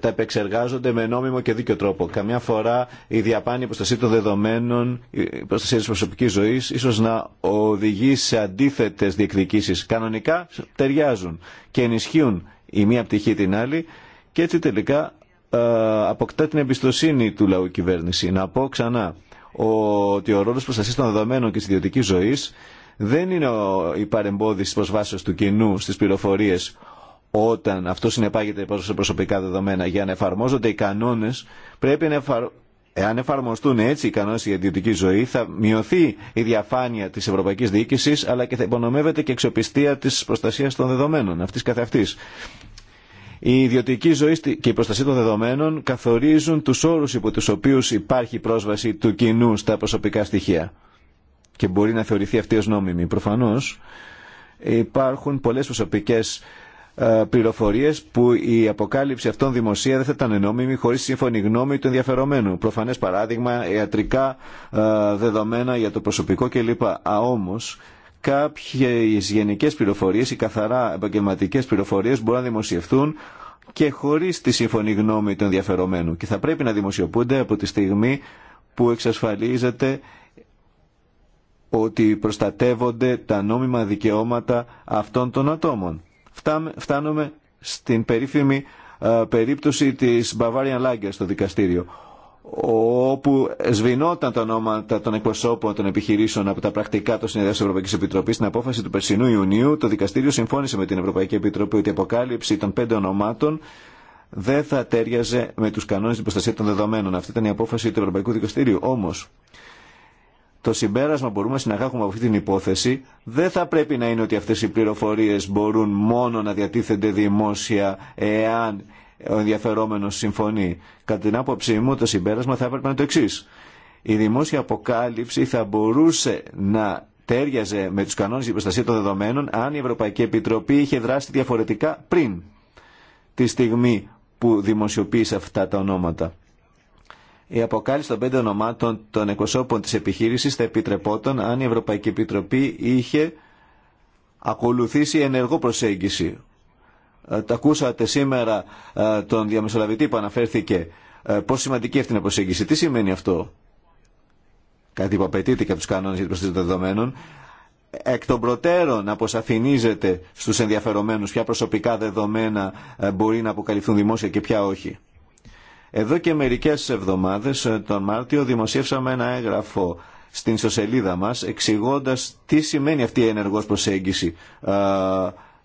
τα επεξεργάζονται με νόμιμο και δίκιο τρόπο. Καμιά φορά η διαπάνη προστασία των δεδομένων, η προστασία τη προσωπική ζωή, ίσω να οδηγεί σε αντίθετε διεκδικήσει. Κανονικά ταιριάζουν και ενισχύουν η μία πτυχή την άλλη και έτσι τελικά ε, αποκτά την εμπιστοσύνη του λαού κυβέρνηση. Να πω ξανά, ότι ο ρόλος προστασία των δεδομένων και τη ιδιωτική ζωή, δεν είναι η παρεμπόδιση της προσβάσεως του κοινού στις πληροφορίες όταν αυτό συνεπάγεται σε προσωπικά δεδομένα. Για να εφαρμόζονται οι κανόνες πρέπει να εφαρ... Εάν εφαρμοστούν έτσι οι κανόνες για ιδιωτική ζωή, θα μειωθεί η διαφάνεια της ευρωπαϊκής διοίκησης, αλλά και θα υπονομεύεται και η αξιοπιστία της προστασίας των δεδομένων, αυτής καθ' Η ιδιωτική ζωή και η προστασία των δεδομένων καθορίζουν τους όρους υπό τους οποίους υπάρχει πρόσβαση του κοινού στα προσωπικά στοιχεία και μπορεί να θεωρηθεί αυτή ως νόμιμη. Προφανώς υπάρχουν πολλές προσωπικές ε, πληροφορίε που η αποκάλυψη αυτών δημοσία δεν θα ήταν νόμιμη χωρίς σύμφωνη γνώμη του ενδιαφερομένου. Προφανέ παράδειγμα ιατρικά ε, δεδομένα για το προσωπικό κλπ. Α, όμως, κάποιες γενικές πληροφορίες, ή καθαρά επαγγελματικές πληροφορίες μπορούν να δημοσιευθούν και χωρίς τη σύμφωνη γνώμη του ενδιαφερομένου και θα πρέπει να δημοσιοποιούνται από τη στιγμή που εξασφαλίζεται ότι προστατεύονται τα νόμιμα δικαιώματα αυτών των ατόμων. Φτάνουμε στην περίφημη περίπτωση της Bavarian Lager στο δικαστήριο όπου σβηνόταν τα ονόματα των εκπροσώπων των επιχειρήσεων από τα πρακτικά των συνεδρίων τη Ευρωπαϊκή Επιτροπή, στην απόφαση του περσινού Ιουνίου, το Δικαστήριο συμφώνησε με την Ευρωπαϊκή Επιτροπή ότι η αποκάλυψη των πέντε ονομάτων δεν θα τέριαζε με του κανόνε τη προστασία των δεδομένων. Αυτή ήταν η απόφαση του Ευρωπαϊκού Δικαστηρίου. Όμω, το συμπέρασμα που μπορούμε να συναγάγουμε από αυτή την υπόθεση δεν θα πρέπει να είναι ότι αυτέ οι πληροφορίε μπορούν μόνο να διατίθενται δημόσια εάν ο ενδιαφερόμενος συμφωνεί. Κατά την άποψή μου το συμπέρασμα θα έπρεπε να είναι το εξή. Η δημόσια αποκάλυψη θα μπορούσε να τέριαζε με τους κανόνες για προστασία των δεδομένων αν η Ευρωπαϊκή Επιτροπή είχε δράσει διαφορετικά πριν τη στιγμή που δημοσιοποίησε αυτά τα ονόματα. Η αποκάλυψη των πέντε ονομάτων των εκπροσώπων της επιχείρησης θα επιτρεπόταν αν η Ευρωπαϊκή Επιτροπή είχε ακολουθήσει ενεργό προσέγγιση ε, τα ακούσατε σήμερα ε, τον διαμεσολαβητή που αναφέρθηκε. Ε, πόσο σημαντική αυτή είναι η προσέγγιση. Τι σημαίνει αυτό. Κάτι που απαιτείται και από του κανόνε για την προστασία των δεδομένων. Εκ των προτέρων αποσαφηνίζεται στου ενδιαφερομένου ποια προσωπικά δεδομένα μπορεί να αποκαλυφθούν δημόσια και ποια όχι. Εδώ και μερικέ εβδομάδε, τον Μάρτιο, δημοσίευσαμε ένα έγγραφο στην ιστοσελίδα μα εξηγώντα τι σημαίνει αυτή η ενεργό προσέγγιση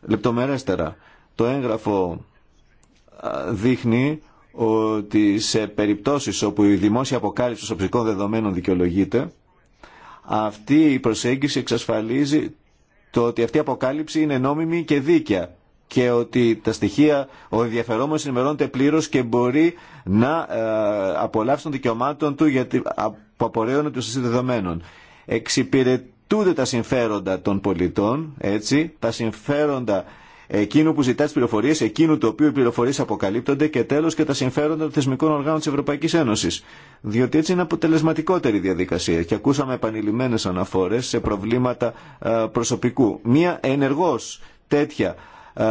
λεπτομερέστερα. Το έγγραφο δείχνει ότι σε περιπτώσεις όπου η δημόσια αποκάλυψη των δεδομένων δικαιολογείται, αυτή η προσέγγιση εξασφαλίζει το ότι αυτή η αποκάλυψη είναι νόμιμη και δίκαια και ότι τα στοιχεία ο ενδιαφερόμενο ενημερώνεται πλήρω και μπορεί να απολαύσει των δικαιωμάτων του γιατί που απορρέωνε του δεδομένων. Εξυπηρετούνται τα συμφέροντα των πολιτών, έτσι, τα συμφέροντα εκείνου που ζητά τι πληροφορίε, εκείνου το οποίο οι πληροφορίε αποκαλύπτονται και τέλο και τα συμφέροντα των θεσμικών οργάνων τη Ευρωπαϊκή Ένωση. Διότι έτσι είναι αποτελεσματικότερη διαδικασία. Και ακούσαμε επανειλημμένε αναφορέ σε προβλήματα ε, προσωπικού. Μία ενεργό τέτοια ε,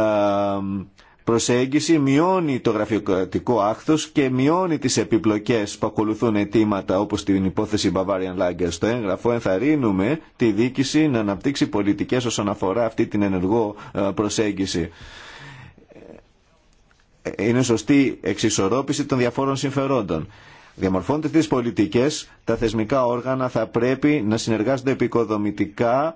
προσέγγιση μειώνει το γραφειοκρατικό άχθος και μειώνει τις επιπλοκές που ακολουθούν αιτήματα όπως την υπόθεση Bavarian Lager. Στο έγγραφο ενθαρρύνουμε τη δίκηση να αναπτύξει πολιτικές όσον αφορά αυτή την ενεργό ε, προσέγγιση. Ε, είναι σωστή εξισορρόπηση των διαφόρων συμφερόντων. Διαμορφώνται τις πολιτικές, τα θεσμικά όργανα θα πρέπει να συνεργάζονται επικοδομητικά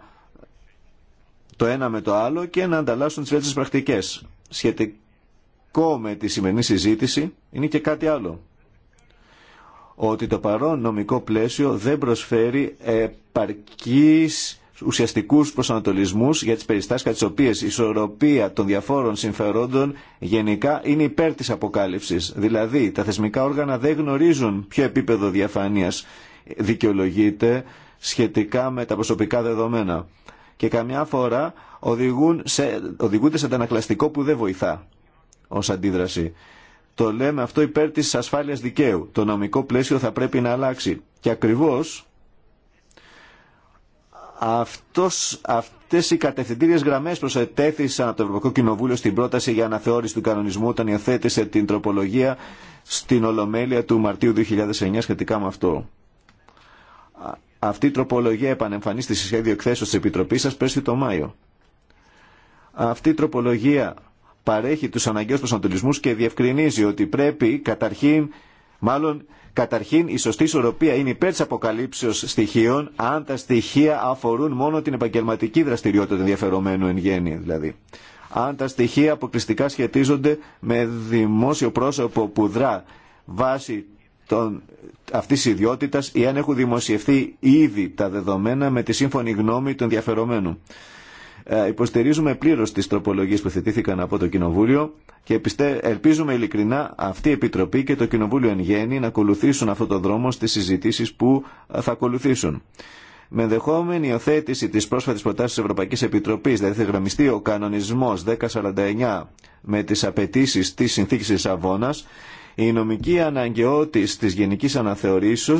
το ένα με το άλλο και να ανταλλάσσουν τις πρακτικές σχετικό με τη σημερινή συζήτηση είναι και κάτι άλλο. Ότι το παρόν νομικό πλαίσιο δεν προσφέρει επαρκείς ουσιαστικούς προσανατολισμούς για τις περιστάσει κατά τι οποίες η ισορροπία των διαφόρων συμφερόντων γενικά είναι υπέρ τη αποκάλυψης. Δηλαδή, τα θεσμικά όργανα δεν γνωρίζουν ποιο επίπεδο διαφάνεια δικαιολογείται σχετικά με τα προσωπικά δεδομένα. Και καμιά φορά οδηγούν σε, οδηγούνται σε αντανακλαστικό που δεν βοηθά ω αντίδραση. Το λέμε αυτό υπέρ τη ασφάλεια δικαίου. Το νομικό πλαίσιο θα πρέπει να αλλάξει. Και ακριβώ, αυτέ οι κατευθυντήριε γραμμέ προσετέθησαν από το Ευρωπαϊκό Κοινοβούλιο στην πρόταση για αναθεώρηση του κανονισμού όταν υιοθέτησε την τροπολογία στην Ολομέλεια του Μαρτίου 2009 σχετικά με αυτό. Αυτή η τροπολογία επανεμφανίστηκε σε σχέδιο εκθέσεω τη Επιτροπή σα πέρσι το Μάιο. Αυτή η τροπολογία παρέχει τους αναγκαίους προσανατολισμούς και διευκρινίζει ότι πρέπει καταρχήν, μάλλον καταρχήν η σωστή ισορροπία είναι υπέρ της αποκαλύψεως στοιχείων αν τα στοιχεία αφορούν μόνο την επαγγελματική δραστηριότητα του ενδιαφερομένου εν γέννη δηλαδή. Αν τα στοιχεία αποκλειστικά σχετίζονται με δημόσιο πρόσωπο που δρά βάσει των, αυτής της ιδιότητας ή αν έχουν δημοσιευθεί ήδη τα δεδομένα με τη σύμφωνη γνώμη του ενδιαφερομένου. Ε, υποστηρίζουμε πλήρω τι τροπολογίε που θετήθηκαν από το Κοινοβούλιο και ελπίζουμε ειλικρινά αυτή η Επιτροπή και το Κοινοβούλιο εν γέννη να ακολουθήσουν αυτό το δρόμο στι συζητήσει που ε, θα ακολουθήσουν. Με ενδεχόμενη υιοθέτηση τη πρόσφατη προτάσει τη Ευρωπαϊκή Επιτροπή, δηλαδή θα γραμμιστεί ο κανονισμό 1049 με τι απαιτήσει τη συνθήκη Λισαβόνα, η νομική αναγκαιότητα τη γενική αναθεωρήσεω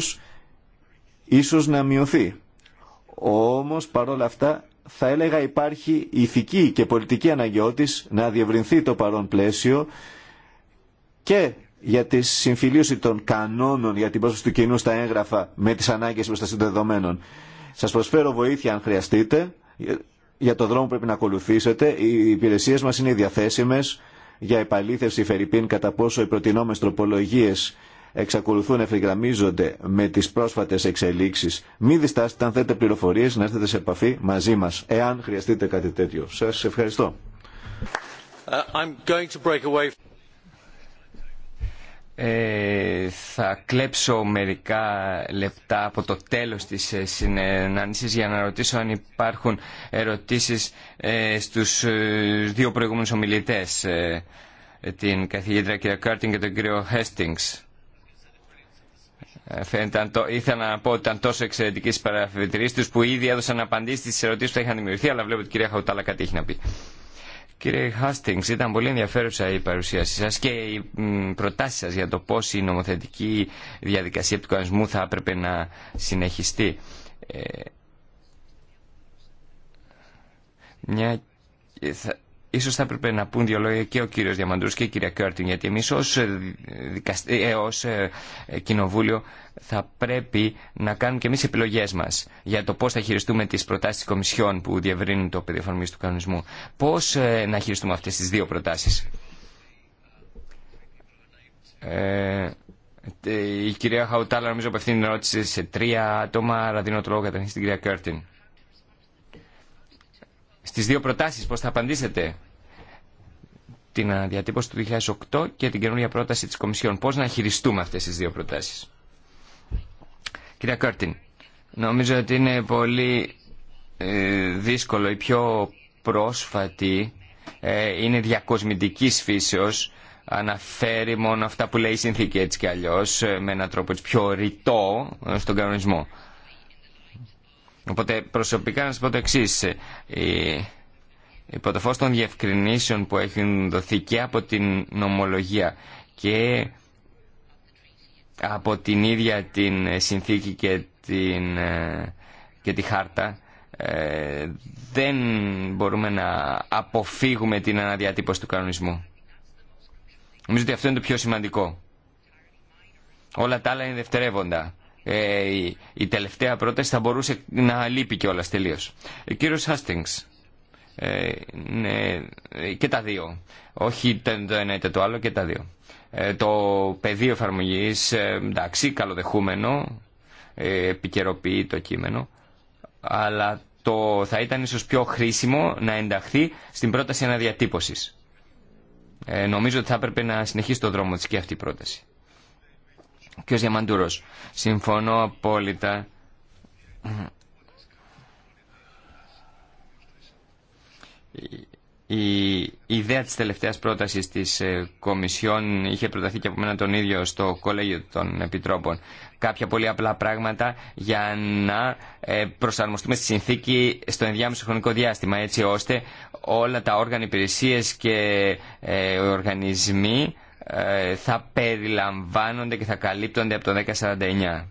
ίσω να μειωθεί. Όμω παρόλα αυτά θα έλεγα υπάρχει ηθική και πολιτική αναγκαιότης να διευρυνθεί το παρόν πλαίσιο και για τη συμφιλίωση των κανόνων για την πρόσφαση του κοινού στα έγγραφα με τις ανάγκες προστασία των δεδομένων. Σας προσφέρω βοήθεια αν χρειαστείτε για το δρόμο που πρέπει να ακολουθήσετε. Οι υπηρεσίες μας είναι διαθέσιμες για επαλήθευση φερρυπίν κατά πόσο οι προτινόμες τροπολογίες εξακολουθούν να ευθυγραμμίζονται με τις πρόσφατες εξελίξεις. Μην διστάσετε αν θέλετε πληροφορίες να έρθετε σε επαφή μαζί μας, εάν χρειαστείτε κάτι τέτοιο. Σας ευχαριστώ. Uh, ε, θα κλέψω μερικά λεπτά από το τέλος της ε, συνάντησης για να ρωτήσω αν υπάρχουν ερωτήσεις ε, στους ε, δύο προηγούμενους ομιλητές, ε, την καθηγήτρια κ. Κάρτιν και τον κ. Χέστινγκς. Ε, ήθελα να πω ότι ήταν τόσο εξαιρετική η παραφετηρή του που ήδη έδωσαν απαντήσει στι ερωτήσει που είχαν δημιουργηθεί, αλλά βλέπω ότι η κυρία Χαουτάλα κάτι έχει να πει. Κύριε Χάστινγκ, ήταν πολύ ενδιαφέρουσα η παρουσίασή σα και οι προτάσει σα για το πώ η νομοθετική διαδικασία του κανονισμού θα έπρεπε να συνεχιστεί. Ε, μια, Ίσως θα έπρεπε να πούν δύο λόγια και ο κύριος Διαμαντρούς και η κυρία Κέρτιν, γιατί εμείς ως, ε, ε, ε, κοινοβούλιο θα πρέπει να κάνουμε και εμείς επιλογές μας για το πώς θα χειριστούμε τις προτάσεις της Κομισιόν που διευρύνουν το πεδίο του κανονισμού. Πώς να χειριστούμε αυτές τις δύο προτάσεις. Ε, η κυρία Χαουτάλα νομίζω απευθύνει την ερώτηση σε τρία άτομα, αλλά δίνω το λόγο καταρχήν στην κυρία Κέρτιν. Στις δύο προτάσεις πώς θα απαντήσετε την αναδιατύπωση του 2008 και την καινούργια πρόταση της Κομισιόν. Πώς να χειριστούμε αυτές τις δύο προτάσεις. Κυρία Κόρτιν, νομίζω ότι είναι πολύ ε, δύσκολο. Η πιο πρόσφατη ε, είναι διακοσμητικής φύσεως. Αναφέρει μόνο αυτά που λέει η συνθήκη έτσι κι αλλιώς ε, με έναν τρόπο έτσι πιο ρητό στον κανονισμό. Οπότε προσωπικά να σας πω το εξής υπό το φως των διευκρινήσεων που έχουν δοθεί και από την νομολογία και από την ίδια την συνθήκη και, την, και τη χάρτα ε, δεν μπορούμε να αποφύγουμε την αναδιατύπωση του κανονισμού. Νομίζω ότι αυτό είναι το πιο σημαντικό. Όλα τα άλλα είναι δευτερεύοντα. Ε, η, τελευταία πρόταση θα μπορούσε να λείπει κιόλας τελείως. Ο ε, κύριος Χάστινγκς. Ε, ναι, και τα δύο. Όχι το ένα είτε το άλλο και τα δύο. Ε, το πεδίο εφαρμογή, ε, εντάξει, καλοδεχούμενο, ε, επικαιροποιεί το κείμενο, αλλά το θα ήταν ίσως πιο χρήσιμο να ενταχθεί στην πρόταση αναδιατύπωσης. Ε, νομίζω ότι θα έπρεπε να συνεχίσει το δρόμο της και αυτή η πρόταση. Κ. Διαμαντούρος, συμφωνώ απόλυτα η ιδέα της τελευταίας πρότασης της ε, Κομισιόν είχε προταθεί και από μένα τον ίδιο στο Κολέγιο των Επιτρόπων. Κάποια πολύ απλά πράγματα για να ε, προσαρμοστούμε στη συνθήκη στο ενδιάμεσο χρονικό διάστημα έτσι ώστε όλα τα όργανα υπηρεσίες και ε, οργανισμοί θα περιλαμβάνονται και θα καλύπτονται από το 1049.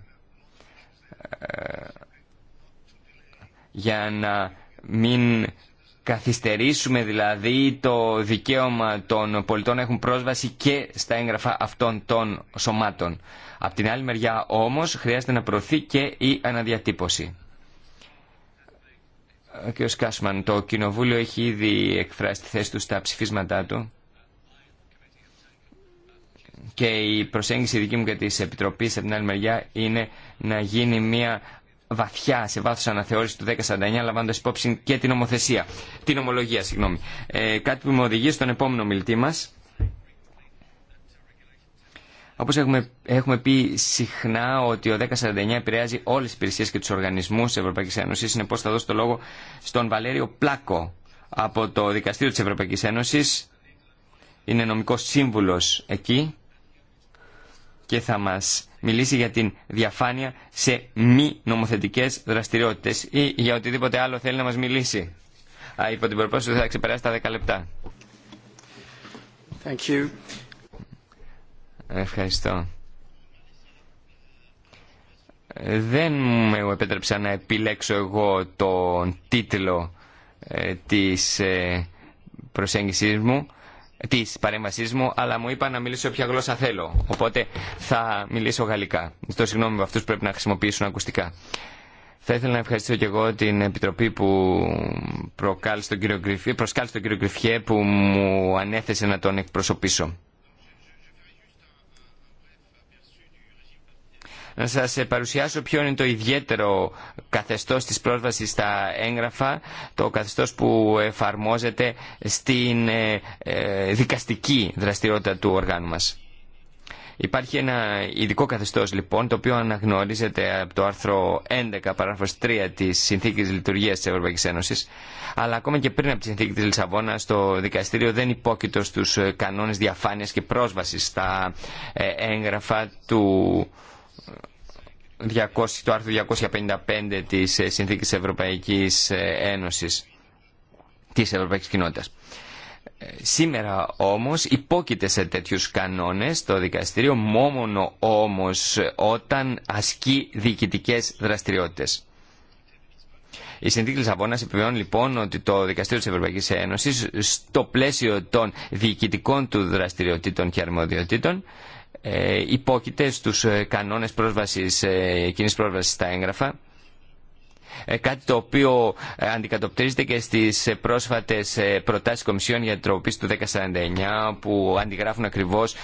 Για να μην καθυστερήσουμε δηλαδή το δικαίωμα των πολιτών να έχουν πρόσβαση και στα έγγραφα αυτών των σωμάτων. Απ' την άλλη μεριά όμως χρειάζεται να προωθεί και η αναδιατύπωση. Ο κ. Κάσμαν, το Κοινοβούλιο έχει ήδη εκφράσει τη θέση του στα ψηφίσματά του και η προσέγγιση δική μου και της Επιτροπής από την άλλη μεριά είναι να γίνει μια βαθιά σε βάθος αναθεώρηση του 1049 λαμβάνοντας υπόψη και την ομοθεσία, την ομολογία συγγνώμη. Ε, κάτι που με οδηγεί στον επόμενο μιλητή μας. Όπως έχουμε, έχουμε πει συχνά ότι ο 1049 επηρεάζει όλες τις υπηρεσίες και τους οργανισμούς της Ευρωπαϊκής Ένωσης. Συνεπώς θα δώσω το λόγο στον Βαλέριο Πλάκο από το Δικαστήριο της Ευρωπαϊκής Ένωσης. Είναι νομικός σύμβουλος εκεί και θα μας μιλήσει για την διαφάνεια σε μη νομοθετικές δραστηριότητες ή για οτιδήποτε άλλο θέλει να μας μιλήσει. Α, υπό την ότι θα ξεπεράσει τα 10 λεπτά. Thank you. Ευχαριστώ. Δεν μου επέτρεψα να επιλέξω εγώ τον τίτλο ε, της ε, προσέγγισής μου Τη παρέμβασή μου, αλλά μου είπα να μιλήσω όποια γλώσσα θέλω. Οπότε θα μιλήσω γαλλικά. Στο συγγνώμη με αυτού πρέπει να χρησιμοποιήσουν ακουστικά. Θα ήθελα να ευχαριστήσω και εγώ την Επιτροπή που προκάλεσε τον κύριο προσκάλεσε τον κύριο Γκριφιέ που μου ανέθεσε να τον εκπροσωπήσω. να σας παρουσιάσω ποιο είναι το ιδιαίτερο καθεστώς της πρόσβασης στα έγγραφα, το καθεστώς που εφαρμόζεται στην ε, ε, δικαστική δραστηριότητα του οργάνου μας. Υπάρχει ένα ειδικό καθεστώς λοιπόν το οποίο αναγνωρίζεται από το άρθρο 11 παράγραφος 3 της Συνθήκης Λειτουργίας της Ευρωπαϊκής Ένωσης αλλά ακόμα και πριν από τη Συνθήκη της Λισαβόνα το δικαστήριο δεν υπόκειτο στους κανόνες διαφάνειας και πρόσβασης στα ε, έγγραφα του 200, το άρθρο 255 της ε, Συνθήκης Ευρωπαϊκής ε, Ένωσης της Ευρωπαϊκής Κοινότητας. Ε, σήμερα όμως υπόκειται σε τέτοιους κανόνες το δικαστήριο μόνο όμως όταν ασκεί διοικητικές δραστηριότητες. Η συνθήκη Λισαβόνα επιβεβαιώνει λοιπόν ότι το Δικαστήριο τη Ευρωπαϊκή Ένωση, στο πλαίσιο των διοικητικών του δραστηριοτήτων και αρμοδιοτήτων, ε, υπόκειται στους ε, κανόνες πρόσβασης, ε, κοινής πρόσβασης στα έγγραφα ε, κάτι το οποίο ε, αντικατοπτρίζεται και στις ε, πρόσφατες προτάσεις Κομισιόν για τροποποίηση του 1049 που αντιγράφουν ακριβώς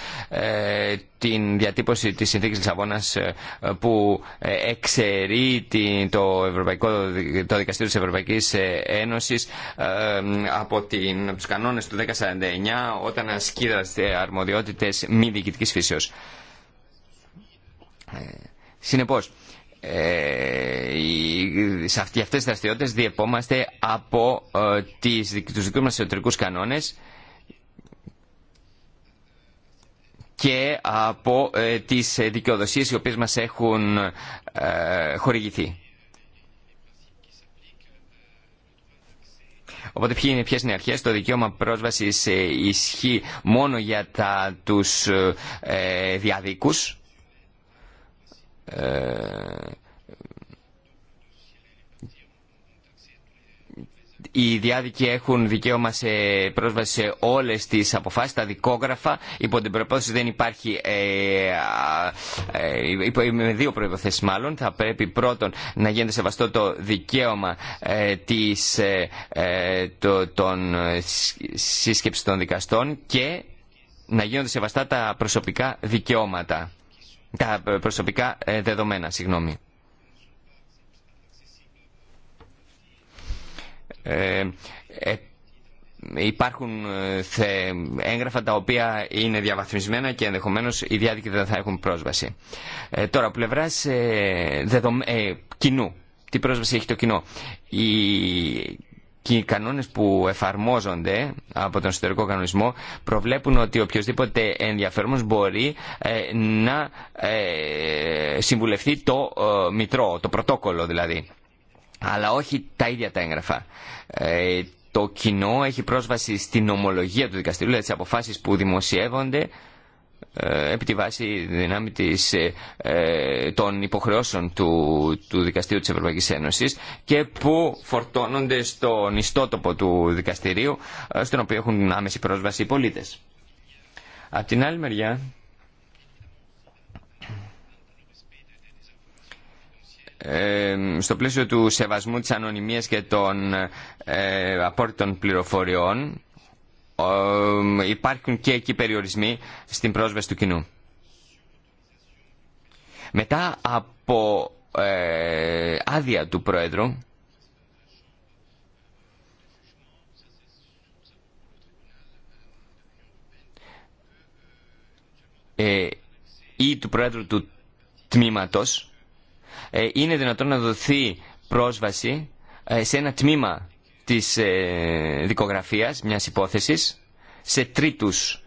την διατύπωση της συνθήκης Λισαβόνας που εξαιρεί το, Ευρωπαϊκό, το Δικαστήριο της Ευρωπαϊκής Ένωσης από, την, από τους κανόνες του 1049 όταν ασκείται αρμοδιότητες μη διοικητικής φύσεως. Συνεπώς, ε, σε αυτές τις δραστηριότητες διεπόμαστε από ε, τις, τους δικούς μας εσωτερικούς κανόνες και από ε, τις δικαιοδοσίες οι οποίες μας έχουν χορηγηθεί. Οπότε είναι, ποιες είναι οι αρχές, το δικαίωμα πρόσβασης ισχύει μόνο για τα, τους διαδίκους ε, οι διάδικοι έχουν δικαίωμα σε πρόσβαση σε όλες τις αποφάσεις, τα δικόγραφα. Υπό την προπόθεση δεν υπάρχει, ε, ε με δύο προϋποθέσεις μάλλον, θα πρέπει πρώτον να γίνεται σεβαστό το δικαίωμα ε, της, ε, των σύσκεψης των δικαστών και να γίνονται σεβαστά τα προσωπικά δικαιώματα τα προσωπικά ε, δεδομένα. Συγγνώμη. Ε, ε υπάρχουν ε, έγγραφα τα οποία είναι διαβαθμισμένα και ενδεχομένως οι διάδικοι δεν θα έχουν πρόσβαση. Ε, τώρα, πλευράς κοινού. Τι πρόσβαση έχει το κοινό και οι κανόνες που εφαρμόζονται από τον εσωτερικό κανονισμό προβλέπουν ότι οποιοδήποτε ενδιαφέρον μπορεί ε, να ε, συμβουλευτεί το ε, μητρό, το πρωτόκολλο δηλαδή. Αλλά όχι τα ίδια τα έγγραφα. Το κοινό έχει πρόσβαση στην ομολογία του δικαστηρίου, δηλαδή τις αποφάσεις που δημοσιεύονται ε, επί τη βάση δυνάμει ε, ε, των υποχρεώσεων του, του Δικαστήριου της Ευρωπαϊκής Ένωσης και που φορτώνονται στον ιστότοπο του δικαστηρίου στον οποίο έχουν άμεση πρόσβαση οι πολίτες. Απ' την άλλη μεριά στο πλαίσιο του σεβασμού της ανωνυμίας και των ε, απόρριτων πληροφοριών υπάρχουν και εκεί περιορισμοί στην πρόσβαση του κοινού. Μετά από ε, άδεια του Πρόεδρου, ε, ή του Πρόεδρου του Τμήματος, ε, είναι δυνατόν να δοθεί πρόσβαση ε, σε ένα τμήμα της ε, δικογραφίας μιας υπόθεσης σε τρίτους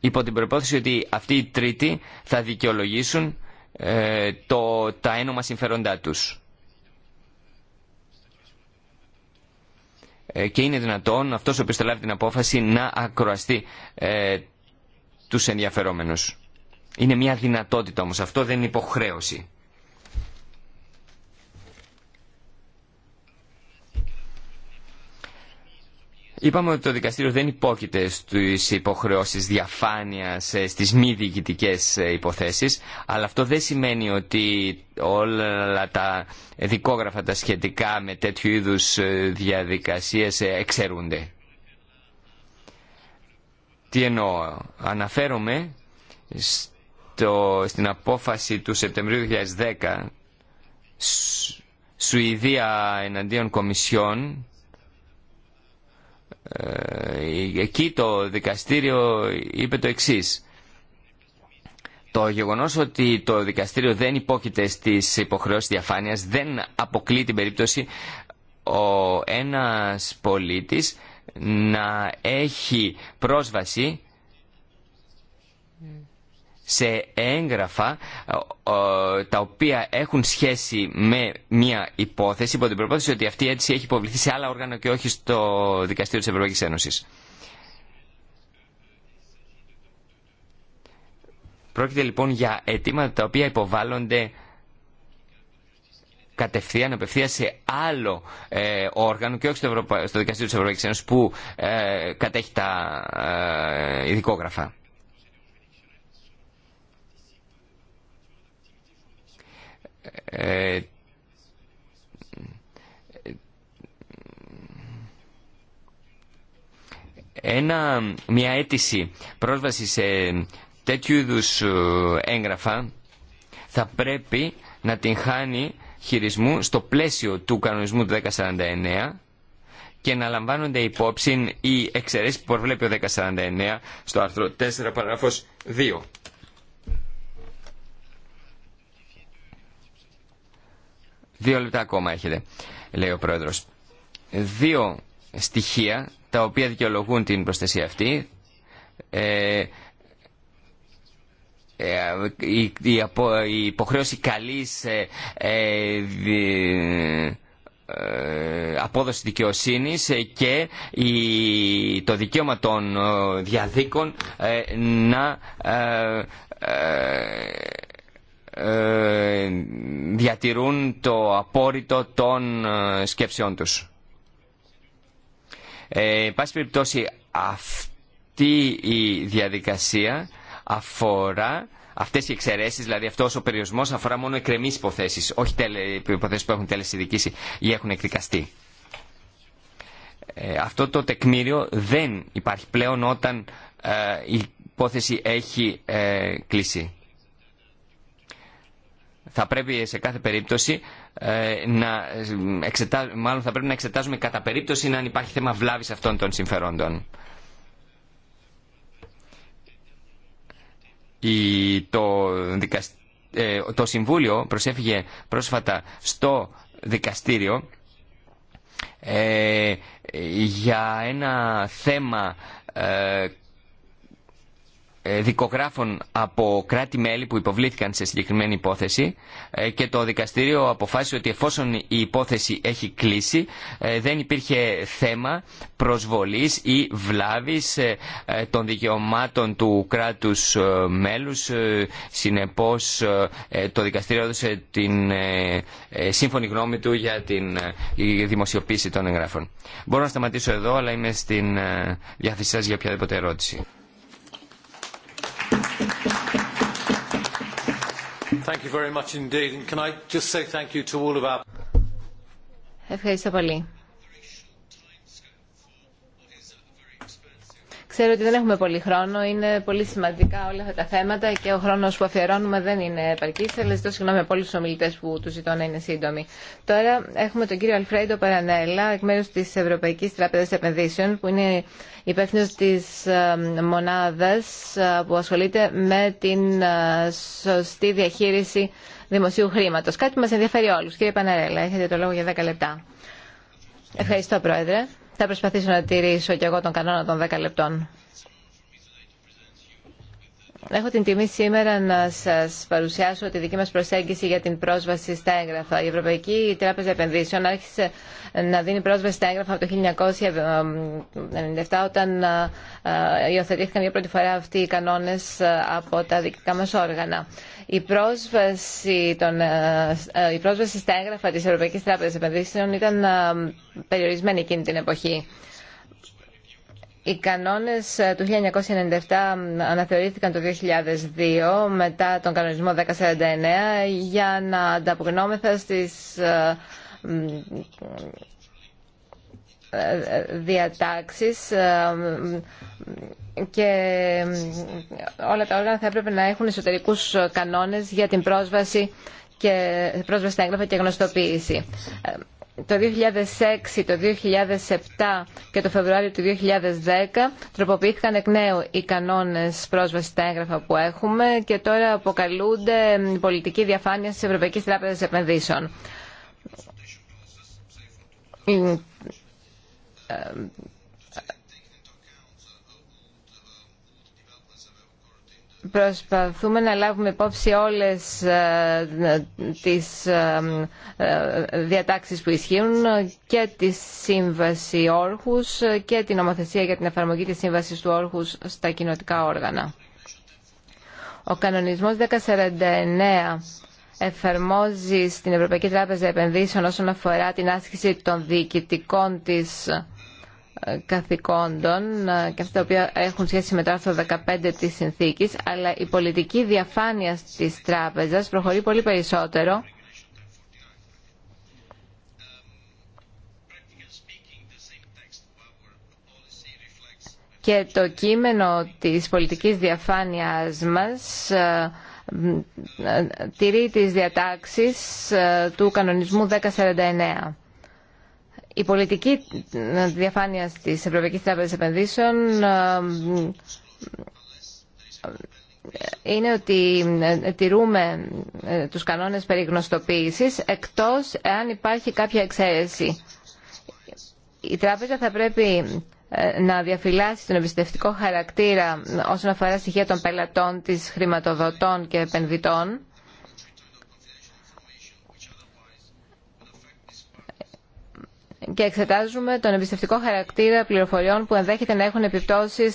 υπό την προπόθεση ότι αυτοί οι τρίτοι θα δικαιολογήσουν ε, το, τα ένομα συμφέροντά τους. Ε, και είναι δυνατόν αυτός ο οποίος θα λάβει την απόφαση να ακροαστεί ε, τους ενδιαφερόμενους. Είναι μια δυνατότητα όμως αυτό, δεν είναι υποχρέωση. Είπαμε ότι το δικαστήριο δεν υπόκειται στις υποχρεώσεις διαφάνειας, ε, στις μη διοικητικέ ε, υποθέσεις, αλλά αυτό δεν σημαίνει ότι όλα τα δικόγραφα τα σχετικά με τέτοιου είδους ε, διαδικασίες εξαιρούνται. Τι εννοώ, αναφέρομαι στην απόφαση του Σεπτεμβρίου 2010 Σουηδία εναντίον Κομισιόν ε, εκεί το δικαστήριο είπε το εξής. Το γεγονός ότι το δικαστήριο δεν υπόκειται στις υποχρεώσεις διαφάνειας δεν αποκλεί την περίπτωση ο ένας πολίτης να έχει πρόσβαση σε έγγραφα ε, τα οποία έχουν σχέση με μια υπόθεση υπό την προπόθεση ότι αυτή η αίτηση έχει υποβληθεί σε άλλα όργανα και όχι στο Δικαστήριο της Ευρωπαϊκής Ένωσης. Πρόκειται λοιπόν για αιτήματα τα οποία υποβάλλονται κατευθείαν, απευθείαν σε άλλο ε, όργανο και όχι στο, στο Δικαστήριο της Ευρωπαϊκής Ένωσης που ε, κατέχει τα ειδικόγραφα. Ε, ένα, μια αίτηση πρόσβαση σε τέτοιου είδου ε, έγγραφα θα πρέπει να την χάνει χειρισμού στο πλαίσιο του κανονισμού του 1049 και να λαμβάνονται υπόψη οι εξαιρέσεις που προβλέπει ο 1049 στο άρθρο 4 παράγραφος 2. Δύο λεπτά ακόμα έχετε, λέει ο πρόεδρο. Δύο στοιχεία τα οποία δικαιολογούν την προστασία αυτή. Ε, ε, η, υποχρέωση καλής ε, ε απόδοση δικαιοσύνης και το δικαίωμα των διαδίκων να ε, διατηρούν το απόρριτο των ε, σκέψεών τους. Ε, πάση περιπτώσει αυτή η διαδικασία αφορά αυτές οι εξαιρέσεις, δηλαδή αυτός ο περιορισμός αφορά μόνο εκκρεμείς υποθέσεις, όχι τελε, υποθέσεις που έχουν τελεσυδικήσει ή έχουν εκδικαστεί. Ε, αυτό το τεκμήριο δεν υπάρχει πλέον όταν η υπόθεση έχει κλείσει θα πρέπει σε κάθε περίπτωση ε, να ε, εξετάζουμε, μάλλον θα πρέπει να εξετάζουμε κατά περίπτωση να αν υπάρχει θέμα βλάβης αυτών των συμφερόντων. Η, το, ε, το Συμβούλιο προσέφυγε πρόσφατα στο δικαστήριο για ένα θέμα ε, δικογράφων από κράτη-μέλη που υποβλήθηκαν σε συγκεκριμένη υπόθεση ε, και το δικαστήριο αποφάσισε ότι εφόσον η υπόθεση έχει κλείσει ε, δεν υπήρχε θέμα προσβολής ή βλάβης των δικαιωμάτων του κράτους μέλους συνεπώς το δικαστήριο έδωσε την σύμφωνη γνώμη του για την δημοσιοποίηση των εγγράφων. Μπορώ να σταματήσω εδώ αλλά είμαι στην διάθεσή σας για οποιαδήποτε ερώτηση. Thank you very much indeed. And can I just say thank you to all of our... Ευχαριστώ Ξέρω ότι δεν έχουμε πολύ χρόνο. Είναι πολύ σημαντικά όλα αυτά τα θέματα και ο χρόνο που αφιερώνουμε δεν είναι επαρκή. αλλά ζητώ συγγνώμη από όλου του ομιλητέ που του ζητώ να είναι σύντομοι. Τώρα έχουμε τον κύριο Αλφρέντο Παρανέλα, εκ μέρου τη Ευρωπαϊκή Τράπεζα Επενδύσεων, που είναι υπεύθυνο τη ε, μονάδα ε, που ασχολείται με την ε, σωστή διαχείριση δημοσίου χρήματο. Κάτι που μα ενδιαφέρει όλου. Κύριε Παναρέλα, έχετε το λόγο για 10 λεπτά. Ευχαριστώ, Πρόεδρε. Θα προσπαθήσω να τηρήσω και εγώ τον κανόνα των δέκα λεπτών. Έχω την τιμή σήμερα να σας παρουσιάσω τη δική μας προσέγγιση για την πρόσβαση στα έγγραφα. Η Ευρωπαϊκή Τράπεζα Επενδύσεων άρχισε να δίνει πρόσβαση στα έγγραφα από το 1997 όταν υιοθετήθηκαν για πρώτη φορά αυτοί οι κανόνες από τα διοικητικά μας όργανα. Η πρόσβαση, η πρόσβαση στα έγγραφα της Ευρωπαϊκής Τράπεζας Επενδύσεων ήταν περιορισμένη εκείνη την εποχή. Οι κανόνες ε, του 1997 αναθεωρήθηκαν το 2002 μετά τον κανονισμό 1049 για να ανταποκρινόμεθα στις ε, ε, διατάξεις και όλα τα όργανα θα έπρεπε να έχουν εσωτερικούς κανόνες για την πρόσβαση και πρόσβαση στα έγγραφα και γνωστοποίηση το 2006, το 2007 και το Φεβρουάριο του 2010 τροποποιήθηκαν εκ νέου οι κανόνες πρόσβασης στα έγγραφα που έχουμε και τώρα αποκαλούνται πολιτική διαφάνεια στις Ευρωπαϊκές Τράπεζες Επενδύσεων ε, Προσπαθούμε να λάβουμε υπόψη όλες ε, τις ε, ε, διατάξεις που ισχύουν και τη Σύμβαση Όρχους και την νομοθεσία για την εφαρμογή της Σύμβασης του Όρχους στα κοινοτικά όργανα. Ο κανονισμός 1049 εφαρμόζει στην Ευρωπαϊκή Τράπεζα Επενδύσεων όσον αφορά την άσκηση των διοικητικών της καθηκόντων ε, και αυτά τα οποία έχουν σχέση με το άρθρο 15 της συνθήκης, αλλά η πολιτική διαφάνεια της τράπεζας προχωρεί πολύ περισσότερο και το κείμενο της πολιτικής διαφάνειας μας ε, ε, τηρεί τις διατάξεις του κανονισμού 1049. Η πολιτική ε, διαφάνεια της Ευρωπαϊκή τράπεζα Επενδύσεων ε, ε, είναι ότι τηρούμε τους κανόνες περί εκτός εάν υπάρχει κάποια εξαίρεση. Η τράπεζα θα πρέπει να διαφυλάσει τον εμπιστευτικό χαρακτήρα όσον αφορά στοιχεία των πελατών της χρηματοδοτών και επενδυτών και εξετάζουμε τον εμπιστευτικό χαρακτήρα πληροφοριών που ενδέχεται να έχουν επιπτώσει ε,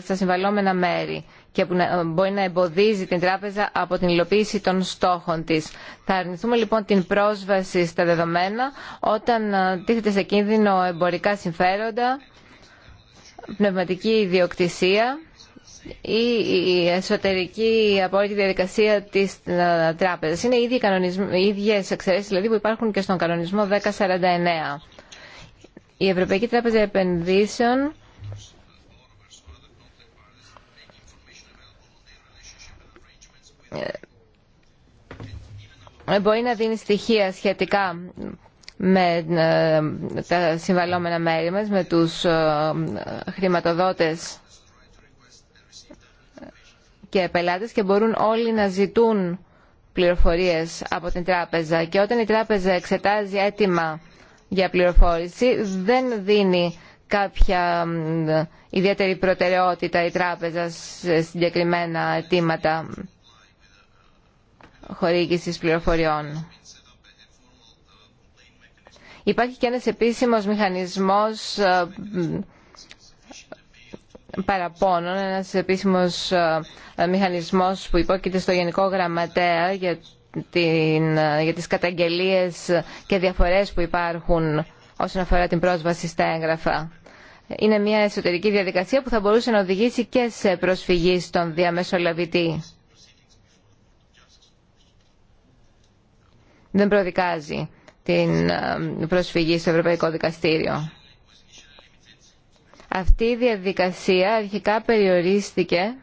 στα συμβαλλόμενα μέρη και που ε, μπορεί να εμποδίζει την τράπεζα από την υλοποίηση των στόχων της. Θα αρνηθούμε λοιπόν την πρόσβαση στα δεδομένα όταν ε, τίθεται σε κίνδυνο εμπορικά συμφέροντα, πνευματική ιδιοκτησία η εσωτερική απόλυτη διαδικασία της ε, τράπεζας. Είναι οι, ίδιε ίδιες δηλαδή, που υπάρχουν και στον κανονισμό 1049. Η Ευρωπαϊκή Τράπεζα Επενδύσεων ε, μπορεί να δίνει στοιχεία σχετικά με ε, τα συμβαλόμενα μέρη μας, με τους χρηματοδότες και πελάτες και μπορούν όλοι να ζητούν πληροφορίες από την τράπεζα και όταν η τράπεζα εξετάζει αίτημα για πληροφόρηση δεν δίνει κάποια ιδιαίτερη προτεραιότητα η τράπεζα σε συγκεκριμένα αιτήματα χορήγησης πληροφοριών. Υπάρχει και ένας επίσημος μηχανισμός ε, παραπώνων, ένας επίσημος ε, ε, μηχανισμός που υπόκειται στο Γενικό Γραμματέα για, την, ε, για τις καταγγελίες και διαφορές που υπάρχουν όσον αφορά την πρόσβαση στα έγγραφα. Είναι μια εσωτερική διαδικασία που θα μπορούσε να οδηγήσει και σε προσφυγή στον διαμεσολαβητή. Δεν προδικάζει την προσφυγή στο Ευρωπαϊκό Δικαστήριο. Αυτή η διαδικασία αρχικά περιορίστηκε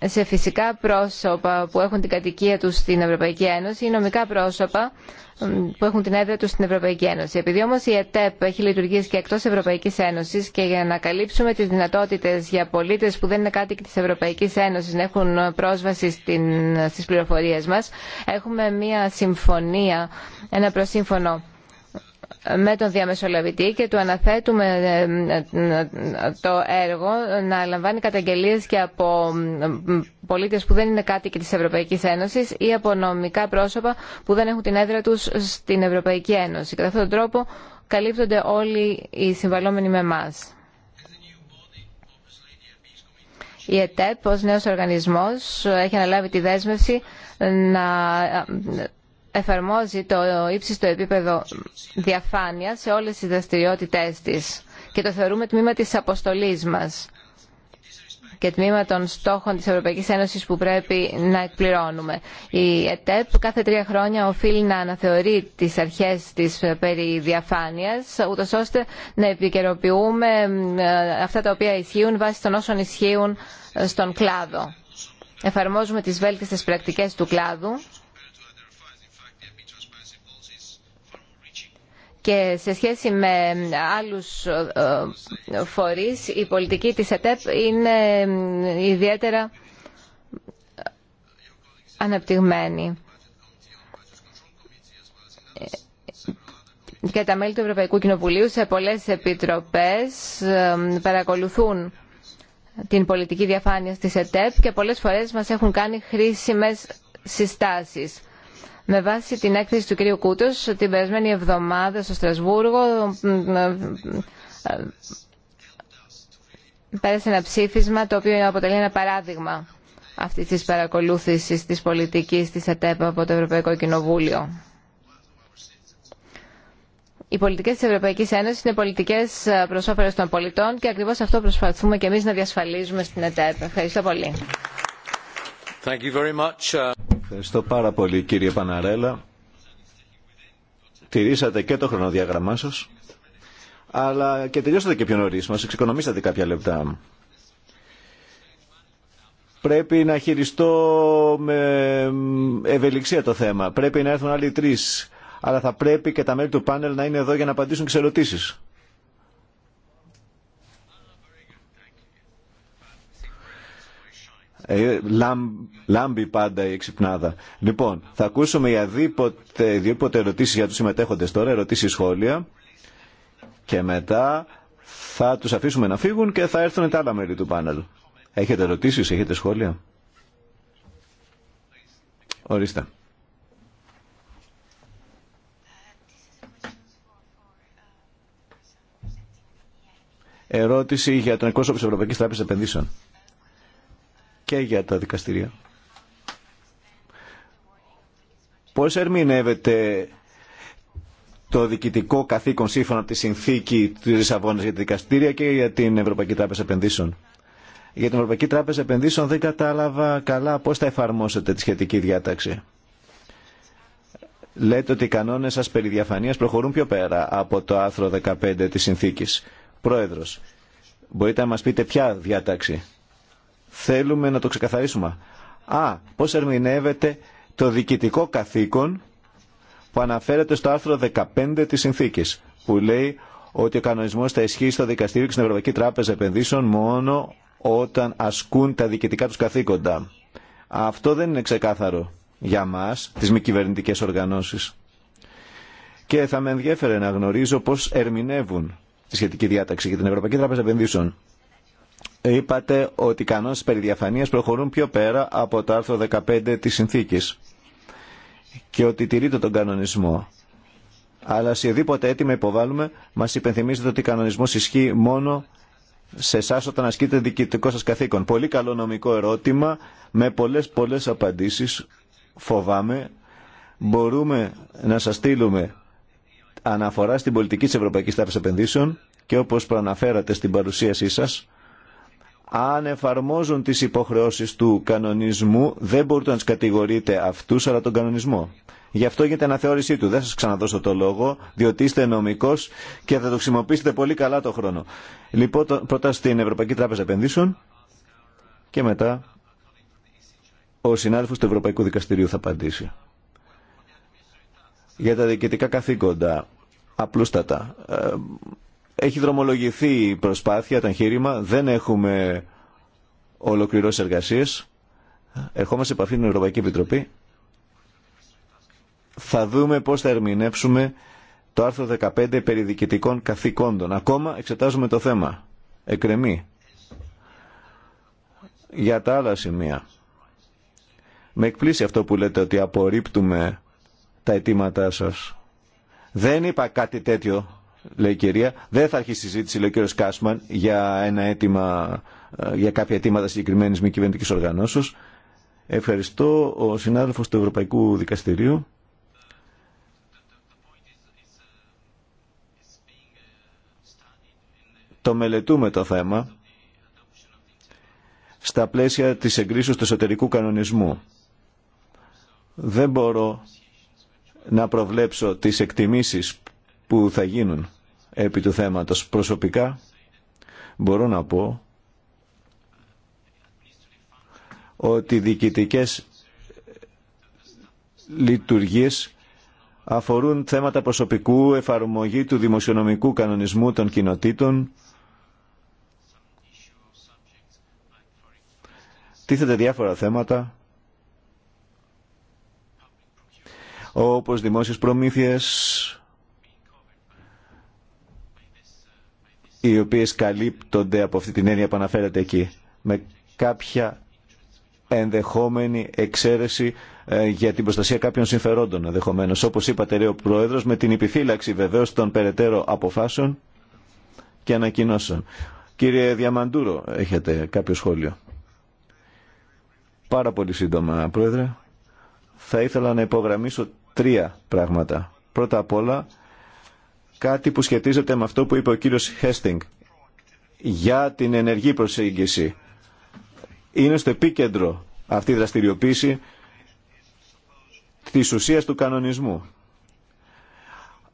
σε φυσικά πρόσωπα που έχουν την κατοικία τους στην Ευρωπαϊκή Ένωση ή νομικά πρόσωπα που έχουν την έδρα τους στην Ευρωπαϊκή Ένωση. Επειδή όμως η ΕΤΕΠ έχει λειτουργήσει και εκτός Ευρωπαϊκής Ένωσης και για να καλύψουμε τις δυνατότητες για πολίτες που δεν είναι κάτοικοι της Ευρωπαϊκής Ένωσης να έχουν πρόσβαση στις πληροφορίες μας, έχουμε μία συμφωνία, ένα προσύμφωνο με τον διαμεσολαβητή και του αναθέτουμε ε, ε, το έργο να λαμβάνει καταγγελίες και από πολίτες που δεν είναι κάτοικοι της Ευρωπαϊκής Ένωσης ή από νομικά πρόσωπα που δεν έχουν την έδρα τους στην Ευρωπαϊκή Ένωση. Κατά αυτόν τον τρόπο καλύπτονται όλοι οι συμβαλόμενοι με εμά. Η ΕΤΕΠ ως νέος οργανισμός έχει αναλάβει τη δέσμευση να εφαρμόζει το ύψιστο επίπεδο διαφάνεια σε όλες τις δραστηριότητε της και το θεωρούμε τμήμα τη αποστολή μας και τμήμα των στόχων της Ευρωπαϊκής Ένωσης που πρέπει να εκπληρώνουμε. Η ΕΤΕΠ κάθε τρία χρόνια οφείλει να αναθεωρεί τις αρχές της περί διαφάνειας, ούτως ώστε να επικαιροποιούμε ε, αυτά τα οποία ισχύουν βάσει των όσων ισχύουν στον κλάδο. Εφαρμόζουμε τις βέλτιστες πρακτικές του κλάδου και σε σχέση με άλλους ε, φορείς η πολιτική της ΕΤΕΠ είναι ιδιαίτερα αναπτυγμένη. Και τα μέλη του Ευρωπαϊκού Κοινοβουλίου σε πολλές επιτροπές ε, παρακολουθούν την πολιτική διαφάνεια της ΕΤΕΠ και πολλές φορές μας έχουν κάνει χρήσιμες συστάσεις. Με βάση την έκθεση του κυρίου Κούτο, την περασμένη εβδομάδα στο Στρασβούργο πέρασε ένα ψήφισμα το οποίο αποτελεί ένα παράδειγμα αυτή τη παρακολούθηση τη πολιτική τη ΕΤΕΠ από το Ευρωπαϊκό Κοινοβούλιο. Οι πολιτικέ τη Ευρωπαϊκή Ένωση είναι πολιτικέ προ όφελο των πολιτών και ακριβώ αυτό προσπαθούμε και εμεί να διασφαλίζουμε στην ΕΤΕΠ. Ευχαριστώ πολύ. Uh, Ευχαριστώ πάρα πολύ κύριε Παναρέλα. Τηρήσατε και το χρονοδιάγραμμά σας, αλλά και τελειώσατε και πιο νωρίς. Μας εξοικονομήσατε κάποια λεπτά πρέπει να χειριστώ με ευελιξία το θέμα. Πρέπει να έρθουν άλλοι τρει. Αλλά θα πρέπει και τα μέλη του πάνελ να είναι εδώ για να απαντήσουν και σε ερωτήσει. Ε, λάμπει πάντα η εξυπνάδα. Λοιπόν, θα ακούσουμε για δίποτε, δίποτε ερωτήσεις για τους συμμετέχοντες τώρα, ερωτήσεις σχόλια και μετά θα τους αφήσουμε να φύγουν και θα έρθουν τα άλλα μέλη του πάνελ. Έχετε ερωτήσεις, έχετε σχόλια. Ορίστε. Ερώτηση για τον εκπρόσωπο τη Ευρωπαϊκή Τράπεζα Επενδύσεων και για τα δικαστηρία. Πώς ερμηνεύεται το διοικητικό καθήκον σύμφωνα από τη συνθήκη τη Λισαβόνα για τη δικαστήρια και για την Ευρωπαϊκή Τράπεζα Επενδύσεων. Για την Ευρωπαϊκή Τράπεζα Επενδύσεων δεν κατάλαβα καλά πώς θα εφαρμόσετε τη σχετική διάταξη. Λέτε ότι οι κανόνες σας περί προχωρούν πιο πέρα από το άρθρο 15 της συνθήκης. Πρόεδρος, μπορείτε να μας πείτε ποια διάταξη. Θέλουμε να το ξεκαθαρίσουμε. Α, πώς ερμηνεύεται το διοικητικό καθήκον που αναφέρεται στο άρθρο 15 της συνθήκης που λέει ότι ο κανονισμός θα ισχύει στο δικαστήριο και στην Ευρωπαϊκή Τράπεζα Επενδύσεων μόνο όταν ασκούν τα διοικητικά τους καθήκοντα. Αυτό δεν είναι ξεκάθαρο για μας, τις μη κυβερνητικέ οργανώσεις. Και θα με ενδιαφέρε να γνωρίζω πώς ερμηνεύουν τη σχετική διάταξη για την Ευρωπαϊκή Τράπεζα Επενδύσεων είπατε ότι οι κανόνες περί προχωρούν πιο πέρα από το άρθρο 15 της συνθήκης και ότι τηρείται τον κανονισμό. Αλλά σε οδήποτε έτοιμα υποβάλλουμε, μας υπενθυμίζετε ότι ο κανονισμός ισχύει μόνο σε εσά όταν ασκείτε διοικητικό σας καθήκον. Πολύ καλό νομικό ερώτημα, με πολλές πολλές απαντήσεις, φοβάμαι. Μπορούμε να σας στείλουμε αναφορά στην πολιτική της Ευρωπαϊκής Τάπεζα Επενδύσεων και όπως προαναφέρατε στην παρουσίασή σας, αν εφαρμόζουν τις υποχρεώσεις του κανονισμού δεν μπορείτε να τους κατηγορείτε αυτούς αλλά τον κανονισμό. Γι' αυτό γίνεται αναθεώρησή του. Δεν σας ξαναδώσω το λόγο, διότι είστε νομικός και θα το χρησιμοποιήσετε πολύ καλά το χρόνο. Λοιπόν, πρώτα στην Ευρωπαϊκή Τράπεζα Επενδύσεων και μετά ο συνάδελφος του Ευρωπαϊκού Δικαστηρίου θα απαντήσει. Για τα διοικητικά καθήκοντα, απλούστατα, ε, έχει δρομολογηθεί η προσπάθεια, το εγχείρημα. Δεν έχουμε ολοκληρώσει εργασίε. Ερχόμαστε σε επαφή με την Ευρωπαϊκή Επιτροπή. Θα δούμε πώς θα ερμηνεύσουμε το άρθρο 15 περί διοικητικών καθηκόντων. Ακόμα εξετάζουμε το θέμα. Εκρεμεί. Για τα άλλα σημεία. Με εκπλήσει αυτό που λέτε ότι απορρίπτουμε τα αιτήματά σας. Δεν είπα κάτι τέτοιο λέει κυρία. Δεν θα αρχίσει συζήτηση, λέει ο κύριο Κάσμαν, για ένα αίτημα, ε, για κάποια αιτήματα συγκεκριμένη μη κυβερνητική οργανώσεω. Ευχαριστώ ο συνάδελφο του Ευρωπαϊκού Δικαστηρίου. Το μελετούμε το θέμα στα πλαίσια της εγκρίσεως του εσωτερικού κανονισμού. Δεν μπορώ να προβλέψω τις εκτιμήσεις που θα γίνουν επί του θέματος. Προσωπικά μπορώ να πω ότι οι διοικητικές λειτουργίες αφορούν θέματα προσωπικού, εφαρμογή του δημοσιονομικού κανονισμού των κοινοτήτων, τίθεται διάφορα θέματα, όπως δημόσιες προμήθειες, οι οποίες καλύπτονται από αυτή την έννοια που αναφέρεται εκεί με κάποια ενδεχόμενη εξαίρεση ε, για την προστασία κάποιων συμφερόντων ενδεχομένω. Όπως είπατε λέει ο Πρόεδρος με την επιφύλαξη βεβαίως των περαιτέρω αποφάσεων και ανακοινώσεων. Κύριε Διαμαντούρο, έχετε κάποιο σχόλιο. Πάρα πολύ σύντομα, Πρόεδρε. Θα ήθελα να υπογραμμίσω τρία πράγματα. Πρώτα απ' όλα, κάτι που σχετίζεται με αυτό που είπε ο κύριος Χέστινγκ για την ενεργή προσέγγιση. Είναι στο επίκεντρο αυτή η δραστηριοποίηση της ουσίας του κανονισμού.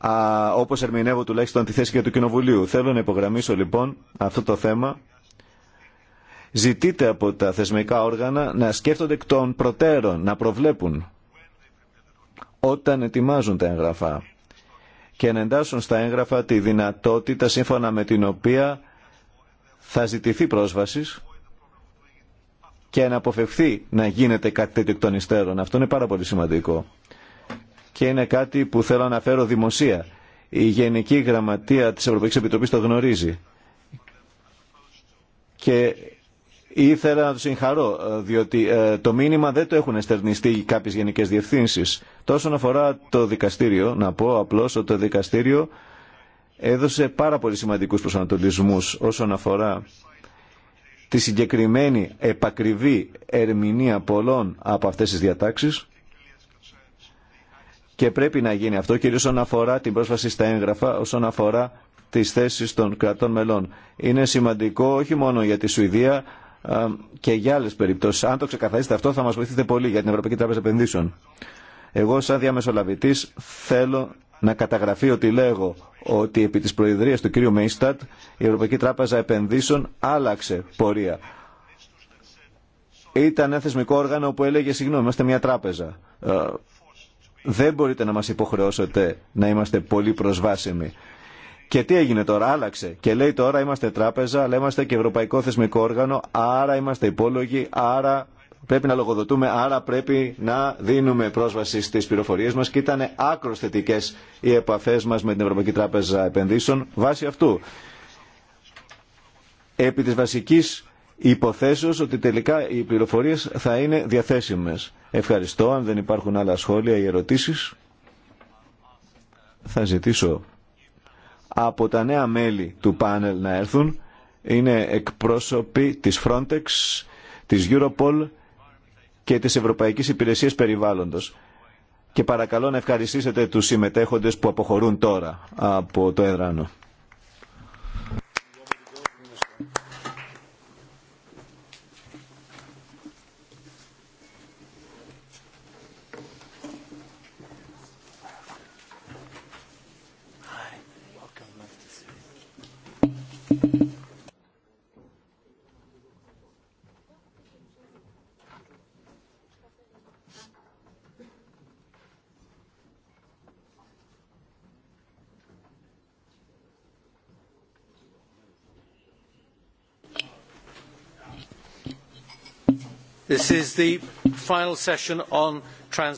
Α, όπως ερμηνεύω τουλάχιστον τη θέση και του Κοινοβουλίου. Θέλω να υπογραμμίσω λοιπόν αυτό το θέμα. Ζητείτε από τα θεσμικά όργανα να σκέφτονται εκ των προτέρων, να προβλέπουν όταν ετοιμάζουν τα εγγραφά και να εντάσσουν στα έγγραφα τη δυνατότητα σύμφωνα με την οποία θα ζητηθεί πρόσβαση και να αποφευθεί να γίνεται κάτι τέτοιο εκ των υστέρων. Αυτό είναι πάρα πολύ σημαντικό. Και είναι κάτι που θέλω να φέρω δημοσία. Η Γενική Γραμματεία της Ευρωπαϊκής Επιτροπής το γνωρίζει. Και Ήθελα να του συγχαρώ, ε, διότι ε, το μήνυμα δεν το έχουν εστερνιστεί κάποιε γενικές διευθύνσεις. Τόσο αφορά το δικαστήριο, να πω απλώς ότι το δικαστήριο έδωσε πάρα πολύ σημαντικούς προσανατολισμού όσον αφορά τη συγκεκριμένη επακριβή ερμηνεία πολλών από αυτές τις διατάξεις και πρέπει να γίνει αυτό κυρίως όσον αφορά την πρόσβαση στα έγγραφα, όσον αφορά τις θέσεις των κρατών μελών. Είναι σημαντικό όχι μόνο για τη Σουηδία και για άλλε περιπτώσει. Αν το ξεκαθαρίσετε αυτό, θα μα βοηθήσετε πολύ για την Ευρωπαϊκή Τράπεζα Επενδύσεων. Εγώ, σαν διαμεσολαβητή, θέλω να καταγραφεί ότι λέγω ότι επί της Προεδρία του κ. Μέιστατ η Ευρωπαϊκή Τράπεζα Επενδύσεων άλλαξε πορεία. Ήταν ένα θεσμικό όργανο που έλεγε συγγνώμη, είμαστε μια τράπεζα. Ε, δεν μπορείτε να μας υποχρεώσετε να είμαστε πολύ προσβάσιμοι. Και τι έγινε τώρα, άλλαξε. Και λέει τώρα είμαστε τράπεζα, αλλά είμαστε και ευρωπαϊκό θεσμικό όργανο, άρα είμαστε υπόλογοι, άρα πρέπει να λογοδοτούμε, άρα πρέπει να δίνουμε πρόσβαση στι πληροφορίε μα. Και ήταν άκρο θετικέ οι επαφέ μα με την Ευρωπαϊκή Τράπεζα Επενδύσεων βάσει αυτού. Επί τη βασική υποθέσεω ότι τελικά οι πληροφορίε θα είναι διαθέσιμε. Ευχαριστώ. Αν δεν υπάρχουν άλλα σχόλια ή ερωτήσει. θα ζητήσω από τα νέα μέλη του πάνελ να έρθουν. Είναι εκπρόσωποι της Frontex, της Europol και της Ευρωπαϊκής Υπηρεσίας Περιβάλλοντος. Και παρακαλώ να ευχαριστήσετε τους συμμετέχοντες που αποχωρούν τώρα από το έδρανο.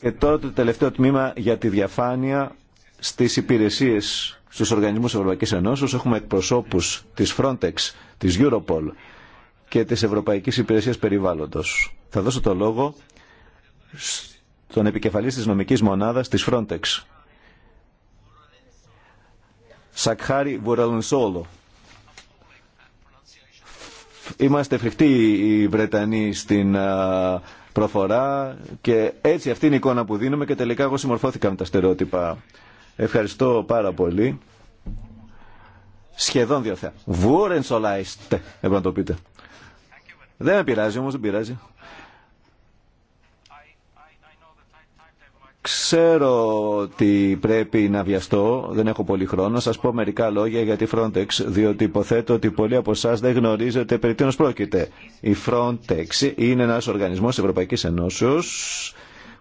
Και τώρα το τελευταίο τμήμα για τη διαφάνεια στις υπηρεσίες στους οργανισμούς Ευρωπαϊκής Ενώσεως. Έχουμε εκπροσώπους της Frontex, της Europol και της Ευρωπαϊκής Υπηρεσίας Περιβάλλοντος. Θα δώσω το λόγο στον επικεφαλής της νομικής μονάδας της Frontex. Σακχάρη Βουραλουνσόλο είμαστε φρικτοί οι Βρετανοί στην προφορά και έτσι αυτή είναι η εικόνα που δίνουμε και τελικά εγώ συμμορφώθηκα με τα στερεότυπα. Ευχαριστώ πάρα πολύ. Σχεδόν δύο θέα. Βούρεν σολάιστε, έπρεπε να το πείτε. Δεν με πειράζει όμως, δεν πειράζει. Ξέρω ότι πρέπει να βιαστώ, δεν έχω πολύ χρόνο. Σας πω μερικά λόγια για τη Frontex, διότι υποθέτω ότι πολλοί από εσά δεν γνωρίζετε περί τίνος πρόκειται. Η Frontex είναι ένας οργανισμός Ευρωπαϊκής Ενώσεως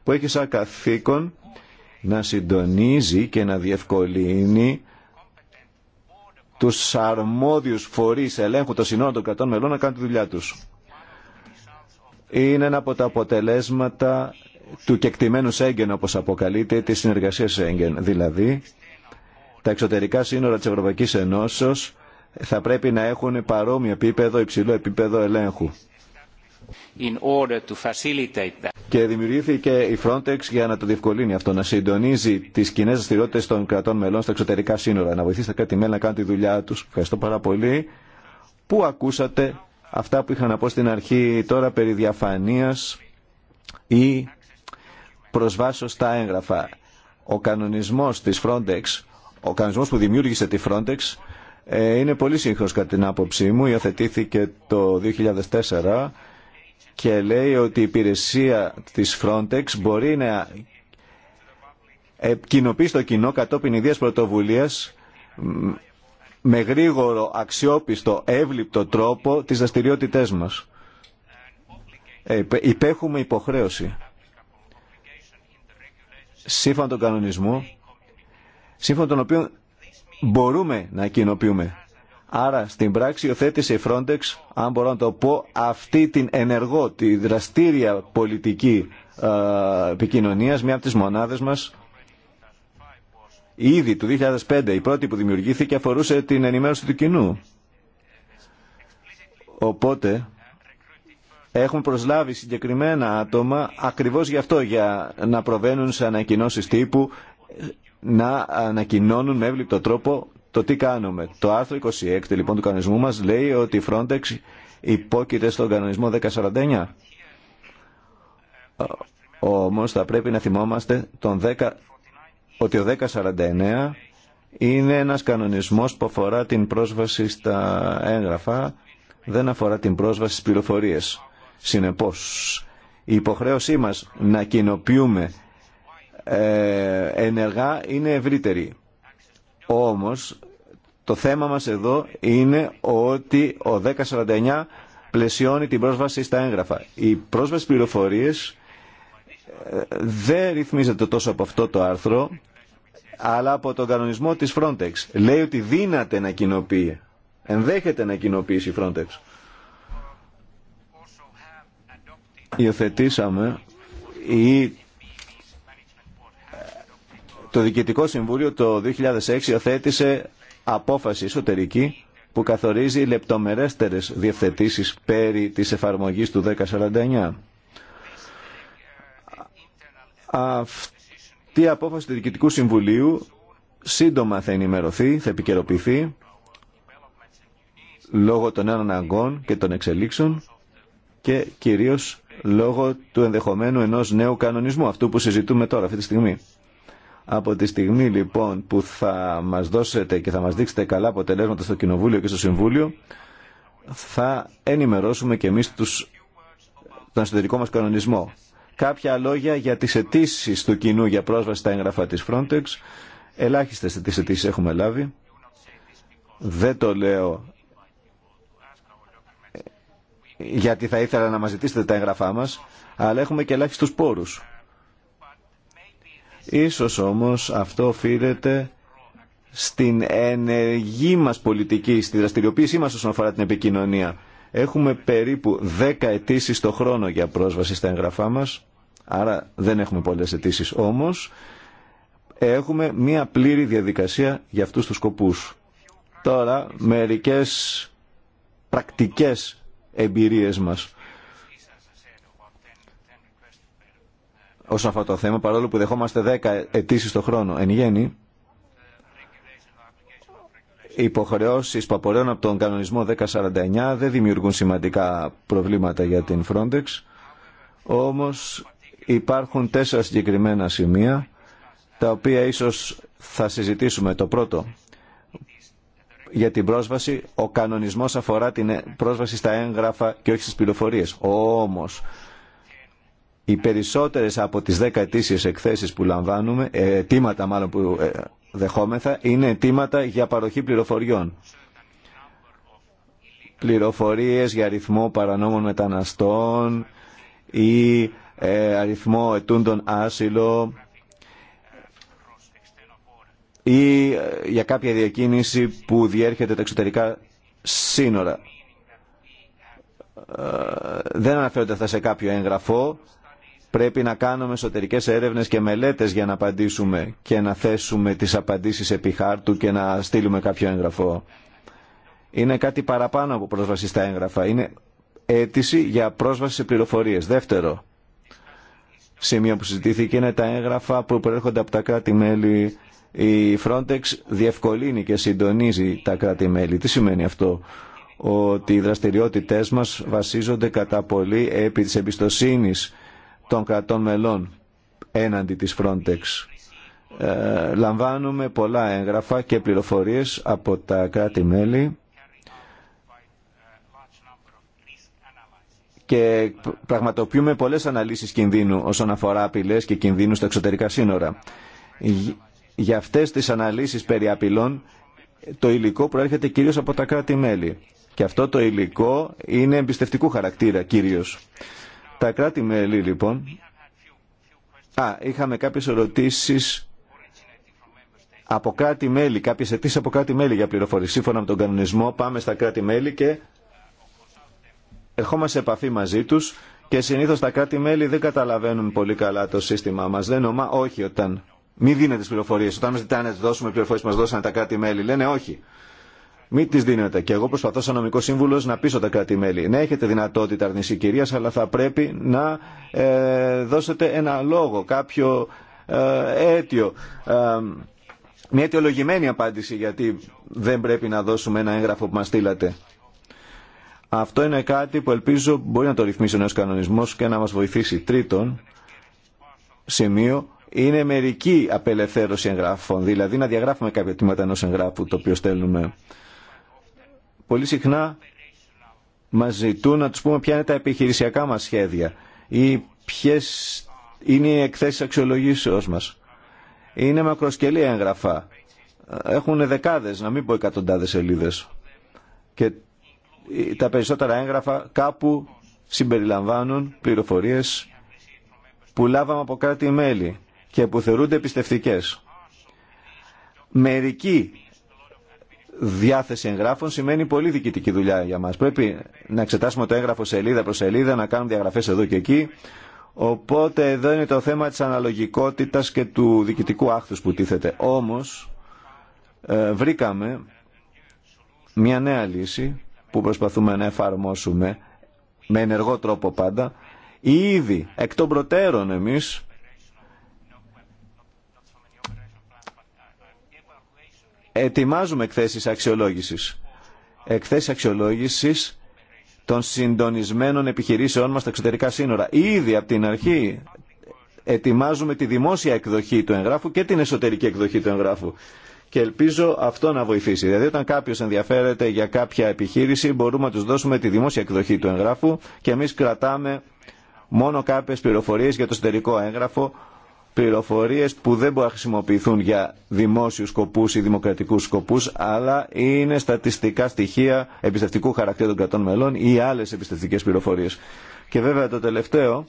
που έχει σαν καθήκον να συντονίζει και να διευκολύνει τους αρμόδιους φορείς ελέγχου των συνόρων των κρατών μελών να κάνουν τη δουλειά τους. Είναι ένα από τα αποτελέσματα του κεκτημένου Σέγγεν, όπως αποκαλείται, της συνεργασίας Σέγγεν. Δηλαδή, τα εξωτερικά σύνορα της Ευρωπαϊκής Ενώσεως θα πρέπει να έχουν παρόμοιο επίπεδο, υψηλό επίπεδο ελέγχου. In order to facilitate that. Και δημιουργήθηκε η Frontex για να το διευκολύνει αυτό, να συντονίζει τι κοινέ δραστηριότητε των κρατών μελών στα εξωτερικά σύνορα, να βοηθήσει τα κράτη-μέλη να κάνουν τη δουλειά του. Ευχαριστώ πάρα πολύ που ακούσατε αυτά που είχα να πω στην αρχή τώρα περί διαφανείας ή προσβάσω στα έγγραφα. Ο κανονισμός της Frontex, ο κανονισμός που δημιούργησε τη Frontex, ε, είναι πολύ σύγχρονος κατά την άποψή μου. Υιοθετήθηκε το 2004 και λέει ότι η υπηρεσία της Frontex μπορεί να κοινοποιεί στο κοινό κατόπιν ιδίας πρωτοβουλίας με γρήγορο, αξιόπιστο, εύληπτο τρόπο τις δραστηριότητές μας. Ε, υπέχουμε υποχρέωση σύμφωνα τον κανονισμό, σύμφωνα τον οποίο μπορούμε να κοινοποιούμε. Άρα στην πράξη υιοθέτησε η Frontex, αν μπορώ να το πω, αυτή την ενεργό, τη δραστήρια πολιτική ε, επικοινωνίας, μια από τις μονάδες μας, Ήδη του 2005 η πρώτη που δημιουργήθηκε αφορούσε την ενημέρωση του κοινού. Οπότε έχουν προσλάβει συγκεκριμένα άτομα ακριβώς γι' αυτό, για να προβαίνουν σε ανακοινώσεις τύπου, να ανακοινώνουν με εύληπτο τρόπο το τι κάνουμε. Το άρθρο 26 λοιπόν του κανονισμού μας λέει ότι η Frontex υπόκειται στον κανονισμό 1049. Όμως θα πρέπει να θυμόμαστε τον 10, ότι ο 1049 είναι ένας κανονισμός που αφορά την πρόσβαση στα έγγραφα, δεν αφορά την πρόσβαση στις πληροφορίες. Συνεπώς, η υποχρέωσή μας να κοινοποιούμε ε, ενεργά είναι ευρύτερη. Όμως, το θέμα μας εδώ είναι ότι ο 1049 πλαισιώνει την πρόσβαση στα έγγραφα. Οι πρόσβαση πληροφορίες ε, δεν ρυθμίζεται τόσο από αυτό το άρθρο, αλλά από τον κανονισμό της Frontex. Λέει ότι δύναται να κοινοποιεί, ενδέχεται να κοινοποιήσει η Frontex. υιοθετήσαμε ή το Διοικητικό Συμβούλιο το 2006 υιοθέτησε απόφαση εσωτερική που καθορίζει λεπτομερέστερες διευθετήσεις περί της εφαρμογής του 1049. Αυτή η απόφαση του Διοικητικού Συμβουλίου σύντομα θα ενημερωθεί, θα επικαιροποιηθεί λόγω των νέων αναγκών και των εξελίξεων και κυρίως λόγω του ενδεχομένου ενός νέου κανονισμού, αυτού που συζητούμε τώρα αυτή τη στιγμή. Από τη στιγμή λοιπόν που θα μας δώσετε και θα μας δείξετε καλά αποτελέσματα στο Κοινοβούλιο και στο Συμβούλιο, θα ενημερώσουμε και εμείς τους, τον εσωτερικό μας κανονισμό. Κάποια λόγια για τις αιτήσει του κοινού για πρόσβαση στα έγγραφα της Frontex. Ελάχιστες τις αιτήσει έχουμε λάβει. Δεν το λέω γιατί θα ήθελα να μας ζητήσετε τα έγγραφά μας, αλλά έχουμε και ελάχιστους πόρους. Ίσως όμως αυτό οφείλεται στην ενεργή μας πολιτική, στη δραστηριοποίησή μας όσον αφορά την επικοινωνία. Έχουμε περίπου 10 αιτήσει το χρόνο για πρόσβαση στα εγγραφά μας, άρα δεν έχουμε πολλές αιτήσει όμως. Έχουμε μία πλήρη διαδικασία για αυτούς τους σκοπούς. Τώρα μερικές πρακτικές εμπειρίες μας. Όσον αυτό το θέμα, παρόλο που δεχόμαστε 10 αιτήσει το χρόνο, εν γέννη, οι υποχρεώσει που απορρέουν από τον κανονισμό 1049 δεν δημιουργούν σημαντικά προβλήματα για την Frontex. Όμως υπάρχουν τέσσερα συγκεκριμένα σημεία τα οποία ίσως θα συζητήσουμε. Το πρώτο για την πρόσβαση, ο κανονισμός αφορά την πρόσβαση στα έγγραφα και όχι στις πληροφορίες. Όμως, οι περισσότερες από τις δέκα ετήσιες εκθέσεις που λαμβάνουμε, ε, αιτήματα μάλλον που ε, δεχόμεθα, είναι αιτήματα για παροχή πληροφοριών. Πληροφορίες για αριθμό παρανόμων μεταναστών ή ε, αριθμό ετούντων άσυλο, ή ε, για κάποια διακίνηση που διέρχεται τα εξωτερικά σύνορα. Ε, δεν αναφέρονται αυτά σε κάποιο έγγραφο. Πρέπει να κάνουμε εσωτερικές έρευνες και μελέτες για να απαντήσουμε και να θέσουμε τις απαντήσεις επί χάρτου και να στείλουμε κάποιο έγγραφο. Είναι κάτι παραπάνω από πρόσβαση στα έγγραφα. Είναι αίτηση για πρόσβαση σε πληροφορίες. Δεύτερο σημείο που συζητήθηκε είναι τα έγγραφα που προέρχονται από τα κράτη-μέλη η Frontex διευκολύνει και συντονίζει τα κράτη-μέλη. Τι σημαίνει αυτό ότι οι δραστηριότητές μας βασίζονται κατά πολύ επί της εμπιστοσύνης των κρατών μελών έναντι της Frontex. Ε, λαμβάνουμε πολλά έγγραφα και πληροφορίες από τα κράτη-μέλη και πραγματοποιούμε πολλές αναλύσεις κινδύνου όσον αφορά απειλές και κινδύνου στα εξωτερικά σύνορα για αυτές τις αναλύσεις περί απειλών το υλικό προέρχεται κυρίως από τα κράτη-μέλη. Και αυτό το υλικό είναι εμπιστευτικού χαρακτήρα κυρίως. Τα κράτη-μέλη λοιπόν... Α, είχαμε κάποιες ερωτήσεις από κράτη-μέλη, κάποιες αιτήσεις από κράτη-μέλη για πληροφορίες. Σύμφωνα με τον κανονισμό πάμε στα κράτη-μέλη και ερχόμαστε σε επαφή μαζί τους και συνήθως τα κράτη-μέλη δεν καταλαβαίνουν πολύ καλά το σύστημά μας. Δεν ομά, όχι όταν μη δίνετε τι πληροφορίε. Όταν μα ζητάνε να δώσουμε πληροφορίε που μα δώσανε τα κράτη-μέλη, λένε όχι. Μην τι δίνετε. Και εγώ προσπαθώ σαν νομικό σύμβουλο να πείσω τα κράτη-μέλη. Ναι, έχετε δυνατότητα αρνησή κυρία, αλλά θα πρέπει να ε, δώσετε ένα λόγο, κάποιο ε, αίτιο. Ε, μια αιτιολογημένη απάντηση γιατί δεν πρέπει να δώσουμε ένα έγγραφο που μα στείλατε. Αυτό είναι κάτι που ελπίζω μπορεί να το ρυθμίσει ο νέο κανονισμό και να μα βοηθήσει. Τρίτον, σημείο, είναι μερική απελευθέρωση εγγράφων, δηλαδή να διαγράφουμε κάποια τμήματα ενός εγγράφου το οποίο στέλνουμε. Πολύ συχνά μας ζητούν να τους πούμε ποια είναι τα επιχειρησιακά μας σχέδια ή ποιες είναι οι εκθέσεις αξιολογήσεώς μας. Είναι μακροσκελή έγγραφα. Έχουν δεκάδες, να μην πω εκατοντάδες σελίδες. Και τα περισσότερα έγγραφα κάπου συμπεριλαμβάνουν πληροφορίες που λάβαμε από κράτη-μέλη και που θεωρούνται πιστευτικές. Μερική διάθεση εγγράφων σημαίνει πολύ διοικητική δουλειά για μας. Πρέπει να εξετάσουμε το έγγραφο σελίδα προς σελίδα, να κάνουμε διαγραφές εδώ και εκεί. Οπότε εδώ είναι το θέμα της αναλογικότητας και του διοικητικού άχθους που τίθεται. Όμως ε, βρήκαμε μια νέα λύση που προσπαθούμε να εφαρμόσουμε με ενεργό τρόπο πάντα. Ήδη εκ των προτέρων εμείς ετοιμάζουμε εκθέσεις αξιολόγησης. Εκθέσεις αξιολόγησης των συντονισμένων επιχειρήσεών μας στα εξωτερικά σύνορα. Ήδη από την αρχή ετοιμάζουμε τη δημόσια εκδοχή του εγγράφου και την εσωτερική εκδοχή του εγγράφου. Και ελπίζω αυτό να βοηθήσει. Δηλαδή, όταν κάποιος ενδιαφέρεται για κάποια επιχείρηση, μπορούμε να του δώσουμε τη δημόσια εκδοχή του εγγράφου και εμείς κρατάμε μόνο κάποιες πληροφορίες για το εσωτερικό έγγραφο πληροφορίες που δεν μπορούν να χρησιμοποιηθούν για δημόσιους σκοπούς ή δημοκρατικούς σκοπούς, αλλά είναι στατιστικά στοιχεία εμπιστευτικού χαρακτήρα των κρατών μελών ή άλλες εμπιστευτικές πληροφορίες. Και βέβαια το τελευταίο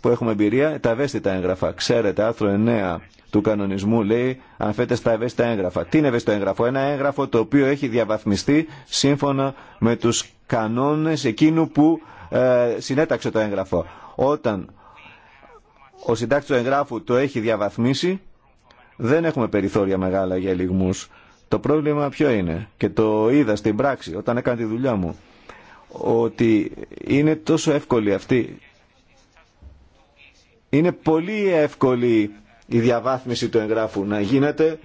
που έχουμε εμπειρία, τα ευαίσθητα έγγραφα. Ξέρετε, άρθρο 9 του κανονισμού λέει αν φέτε στα ευαίσθητα έγγραφα. Τι είναι ευαίσθητο έγγραφο, ένα έγγραφο το οποίο έχει διαβαθμιστεί σύμφωνα με τους κανόνες εκείνου που ε, συνέταξε το έγγραφο. Όταν ο συντάκτης του εγγράφου το έχει διαβαθμίσει. Δεν έχουμε περιθώρια μεγάλα για λιγμούς. Το πρόβλημα ποιο είναι, και το είδα στην πράξη όταν έκανα τη δουλειά μου, ότι είναι τόσο εύκολη αυτή. Είναι πολύ εύκολη η διαβάθμιση του εγγράφου να γίνεται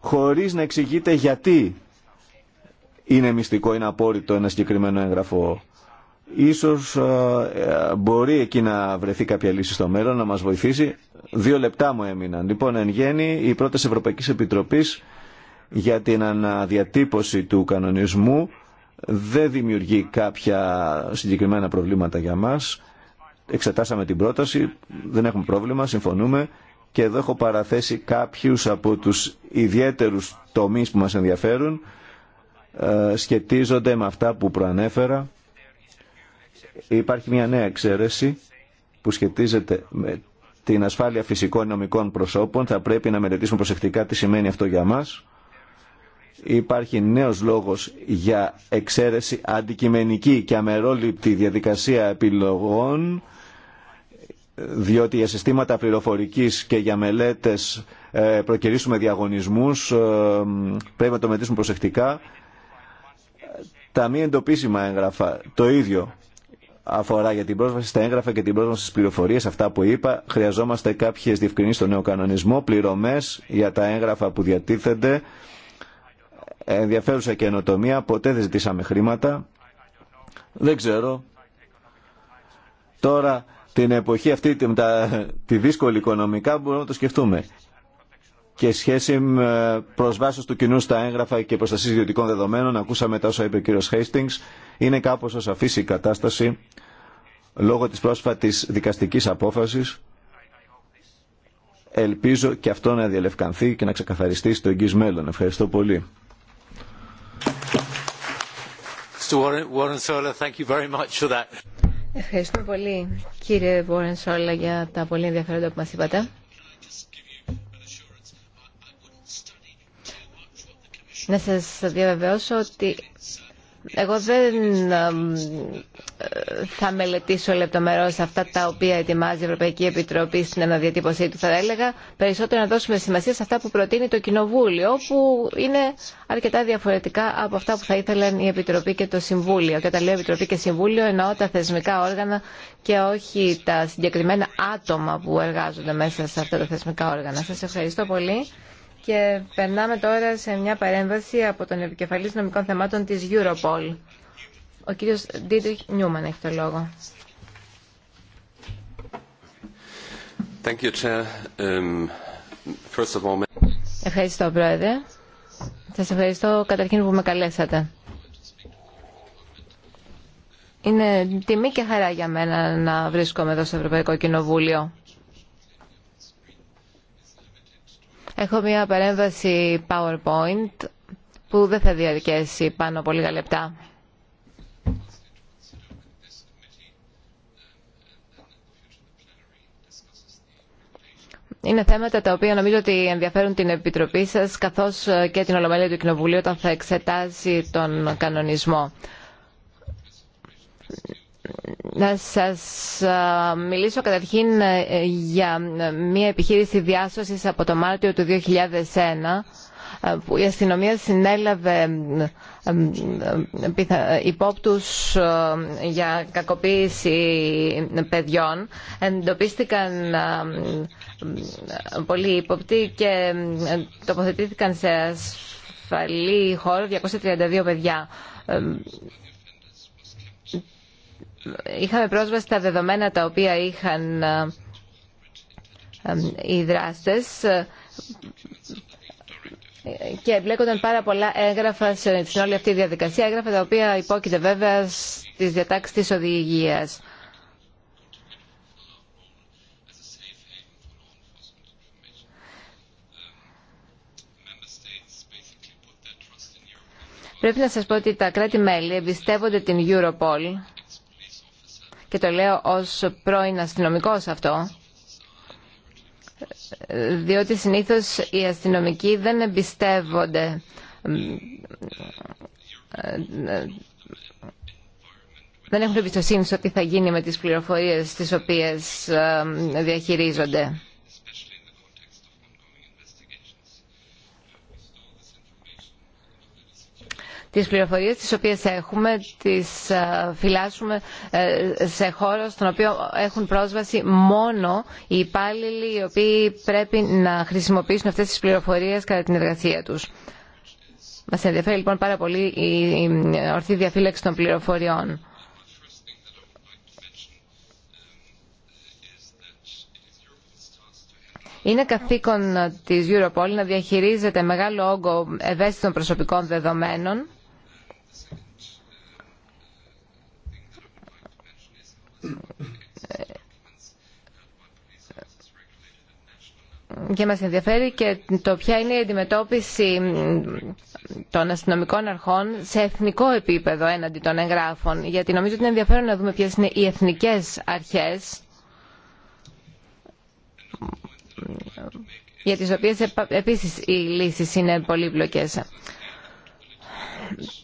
χωρίς να εξηγείται γιατί είναι μυστικό, είναι απόρριτο ένα συγκεκριμένο έγγραφο. Ίσως ε, μπορεί εκεί να βρεθεί κάποια λύση στο μέλλον, να μας βοηθήσει. Δύο λεπτά μου έμειναν. Λοιπόν, εν γέννη, η πρώτη Ευρωπαϊκή Επιτροπής για την αναδιατύπωση του κανονισμού δεν δημιουργεί κάποια συγκεκριμένα προβλήματα για μας. Εξετάσαμε την πρόταση, δεν έχουμε πρόβλημα, συμφωνούμε και εδώ έχω παραθέσει κάποιους από τους ιδιαίτερους τομείς που μας ενδιαφέρουν ε, σχετίζονται με αυτά που προανέφερα Υπάρχει μια νέα εξαίρεση που σχετίζεται με την ασφάλεια φυσικών νομικών προσώπων. Θα πρέπει να μελετήσουμε προσεκτικά τι σημαίνει αυτό για μας. Υπάρχει νέος λόγος για εξαίρεση αντικειμενική και αμερόληπτη διαδικασία επιλογών διότι για συστήματα πληροφορικής και για μελέτες ε, προκυρήσουμε διαγωνισμούς, ε, πρέπει να το μελετήσουμε προσεκτικά. Τα μη εντοπίσιμα έγγραφα, το ίδιο αφορά για την πρόσβαση στα έγγραφα και την πρόσβαση στις πληροφορίες, αυτά που είπα, χρειαζόμαστε κάποιες διευκρινήσει στο νέο κανονισμό, πληρωμές για τα έγγραφα που διατίθενται, ενδιαφέρουσα καινοτομία, ποτέ δεν ζητήσαμε χρήματα, δεν ξέρω. Τώρα την εποχή αυτή, τη δύσκολη οικονομικά, μπορούμε να το σκεφτούμε και σχέση με προσβάσεις του κοινού στα έγγραφα και προστασία ιδιωτικών δεδομένων, ακούσαμε τα όσα είπε ο κύριος Χέιστινγκς, είναι κάπως αφήσει η κατάσταση λόγω της πρόσφατης δικαστικής απόφασης. Ελπίζω και αυτό να διαλευκανθεί και να ξεκαθαριστεί στο εγγύ μέλλον. Ευχαριστώ πολύ. Ευχαριστούμε πολύ κύριε Βόρεν Σόλα για τα πολύ ενδιαφέροντα που μας είπατε. Να σας διαβεβαιώσω ότι εγώ δεν θα μελετήσω λεπτομερώς αυτά τα οποία ετοιμάζει η Ευρωπαϊκή Επιτροπή στην αναδιατύπωσή του. Θα έλεγα περισσότερο να δώσουμε σημασία σε αυτά που προτείνει το Κοινοβούλιο, που είναι αρκετά διαφορετικά από αυτά που θα ήθελαν η Επιτροπή και το Συμβούλιο. Και όταν λέω Επιτροπή και Συμβούλιο εννοώ τα θεσμικά όργανα και όχι τα συγκεκριμένα άτομα που εργάζονται μέσα σε αυτά τα θεσμικά όργανα. Σας ευχαριστώ πολύ. Και περνάμε τώρα σε μια παρέμβαση από τον επικεφαλής νομικών θεμάτων της Europol. Ο κύριος Ντίτριχ Νιούμαν έχει το λόγο. Thank you, Chair. Um, ευχαριστώ, Πρόεδρε. Σας ευχαριστώ καταρχήν που με καλέσατε. Είναι τιμή και χαρά για μένα να βρίσκομαι εδώ στο Ευρωπαϊκό Κοινοβούλιο. Έχω μια παρέμβαση PowerPoint που δεν θα διαρκέσει πάνω από λίγα λεπτά. Είναι θέματα τα οποία νομίζω ότι ενδιαφέρουν την Επιτροπή σας καθώς και την Ολομέλεια του Κοινοβουλίου όταν θα εξετάσει τον κανονισμό να σας μιλήσω καταρχήν ε, για ε, μια επιχείρηση διάσωσης από το Μάρτιο του 2001 ε, που η αστυνομία συνέλαβε υπόπτους για κακοποίηση παιδιών. Εντοπίστηκαν πολλοί υποπτοί και τοποθετήθηκαν σε ασφαλή χώρο 232 παιδιά είχαμε πρόσβαση στα δεδομένα τα οποία είχαν οι δράστες και εμπλέκονταν πάρα πολλά έγγραφα στην όλη αυτή τη διαδικασία, έγγραφα τα οποία υπόκειται βέβαια στις διατάξεις της οδηγίας. Πρέπει να σας πω ότι τα κράτη-μέλη εμπιστεύονται την Europol και το λέω ως πρώην αστυνομικός αυτό, διότι συνήθως οι αστυνομικοί δεν εμπιστεύονται δεν έχουν εμπιστοσύνη σε ό,τι θα γίνει με τις πληροφορίες τις οποίες ε, διαχειρίζονται. τις πληροφορίες τις οποίες έχουμε τις ε, φυλάσσουμε ε, σε χώρο στον οποίο έχουν πρόσβαση μόνο οι υπάλληλοι οι οποίοι πρέπει να χρησιμοποιήσουν αυτές τις πληροφορίες κατά την εργασία τους. Μας ενδιαφέρει λοιπόν πάρα πολύ η ορθή διαφύλαξη των πληροφοριών. Είναι καθήκον της Europol να διαχειρίζεται μεγάλο όγκο ευαίσθητων προσωπικών δεδομένων και μας ενδιαφέρει και το ποια είναι η αντιμετώπιση των αστυνομικών αρχών σε εθνικό επίπεδο έναντι των εγγράφων γιατί νομίζω ότι είναι ενδιαφέρον να δούμε ποιες είναι οι εθνικές αρχές για τις οποίες επίσης οι λύσεις είναι πολύπλοκες.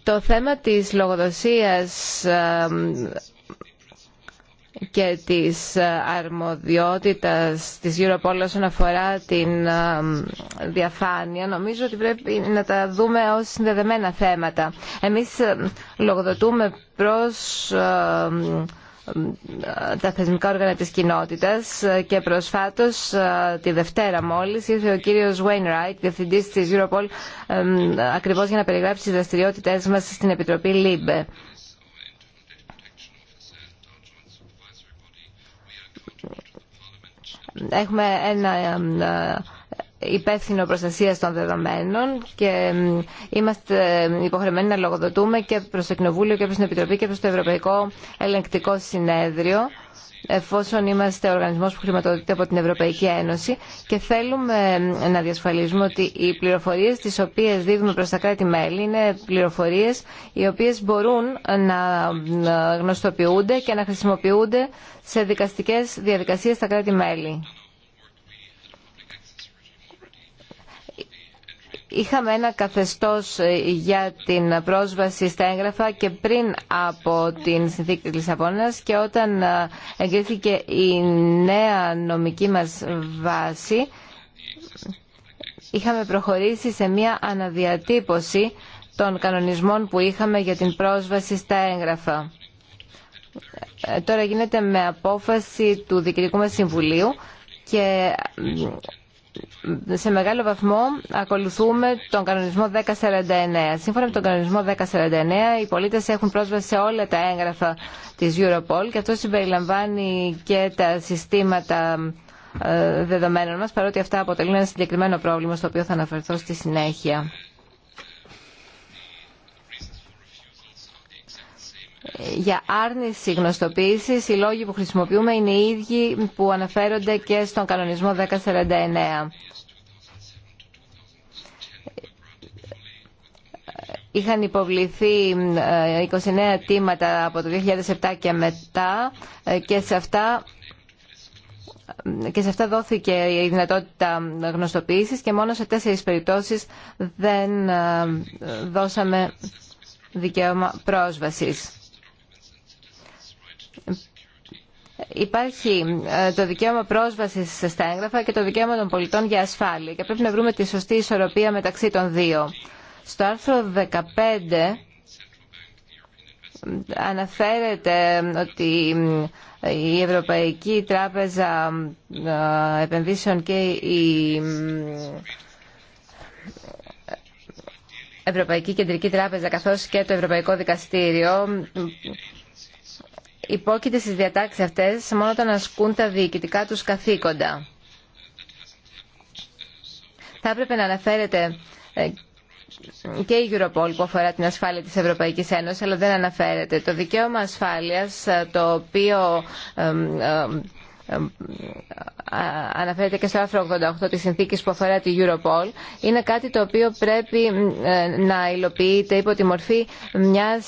Το θέμα της λογοδοσίας και της ε, αρμοδιότητας της Europol όσον αφορά την ε, διαφάνεια νομίζω ότι πρέπει να τα δούμε ως συνδεδεμένα θέματα. Εμείς ε, λογοδοτούμε προς τα θεσμικά όργανα της κοινότητας και προσφάτως τη Δευτέρα μόλις ήρθε ο κύριος Wainwright, διευθυντής της Europol ακριβώς για να περιγράψει τις δραστηριότητες μας στην Επιτροπή ΛΥΜΠΕ. έχουμε ένα ε, υπεύθυνο προστασία των δεδομένων και είμαστε υποχρεωμένοι να λογοδοτούμε και προς το Κοινοβούλιο και προς την Επιτροπή και προς το Ευρωπαϊκό Ελεγκτικό Συνέδριο εφόσον είμαστε οργανισμό που χρηματοδοτείται από την Ευρωπαϊκή Ένωση και θέλουμε να διασφαλίσουμε ότι οι πληροφορίες τις οποίες δίδουμε προς τα κράτη-μέλη είναι πληροφορίες οι οποίες μπορούν να γνωστοποιούνται και να χρησιμοποιούνται σε δικαστικές διαδικασίες στα κράτη-μέλη. Είχαμε ένα καθεστώς ε, για την πρόσβαση στα έγγραφα και πριν από την συνθήκη της Λισαβόνας και όταν ε, εγκρίθηκε η νέα νομική μας βάση είχαμε προχωρήσει σε μια αναδιατύπωση των κανονισμών που είχαμε για την πρόσβαση στα έγγραφα. Ε, τώρα γίνεται με απόφαση του Διοικητικού μας Συμβουλίου και σε μεγάλο βαθμό ακολουθούμε τον κανονισμό 1049. Σύμφωνα με τον κανονισμό 1049, οι πολίτες έχουν πρόσβαση σε όλα τα έγγραφα της Europol και αυτό συμπεριλαμβάνει και τα συστήματα ε, δεδομένων μας, παρότι αυτά αποτελούν ένα συγκεκριμένο πρόβλημα στο οποίο θα αναφερθώ στη συνέχεια. για άρνηση γνωστοποίηση, οι λόγοι που χρησιμοποιούμε είναι οι ίδιοι που αναφέρονται και στον κανονισμό 1049. Είχαν υποβληθεί 29 ε, αιτήματα από το 2007 και μετά ε, και σε αυτά και σε αυτά δόθηκε η δυνατότητα γνωστοποίησης και μόνο σε τέσσερις περιπτώσεις δεν ε, δώσαμε δικαίωμα πρόσβασης. υπάρχει ε, το δικαίωμα πρόσβασης στα έγγραφα και το δικαίωμα των πολιτών για ασφάλεια και πρέπει να βρούμε τη σωστή ισορροπία μεταξύ των δύο. Στο άρθρο 15 αναφέρεται ότι η Ευρωπαϊκή Τράπεζα Επενδύσεων και η Ευρωπαϊκή Κεντρική Τράπεζα καθώς και το Ευρωπαϊκό Δικαστήριο υπόκειται στις διατάξεις αυτές μόνο όταν ασκούν τα διοικητικά τους καθήκοντα. Θα έπρεπε να αναφέρεται ε, και η Europol που αφορά την ασφάλεια της Ευρωπαϊκής Ένωσης, αλλά δεν αναφέρεται. Το δικαίωμα ασφάλειας, ε, το οποίο ε, αναφέρεται και στο άρθρο 88 της συνθήκης που αφορά τη Europol είναι κάτι το οποίο πρέπει ε, να υλοποιείται υπό τη μορφή μιας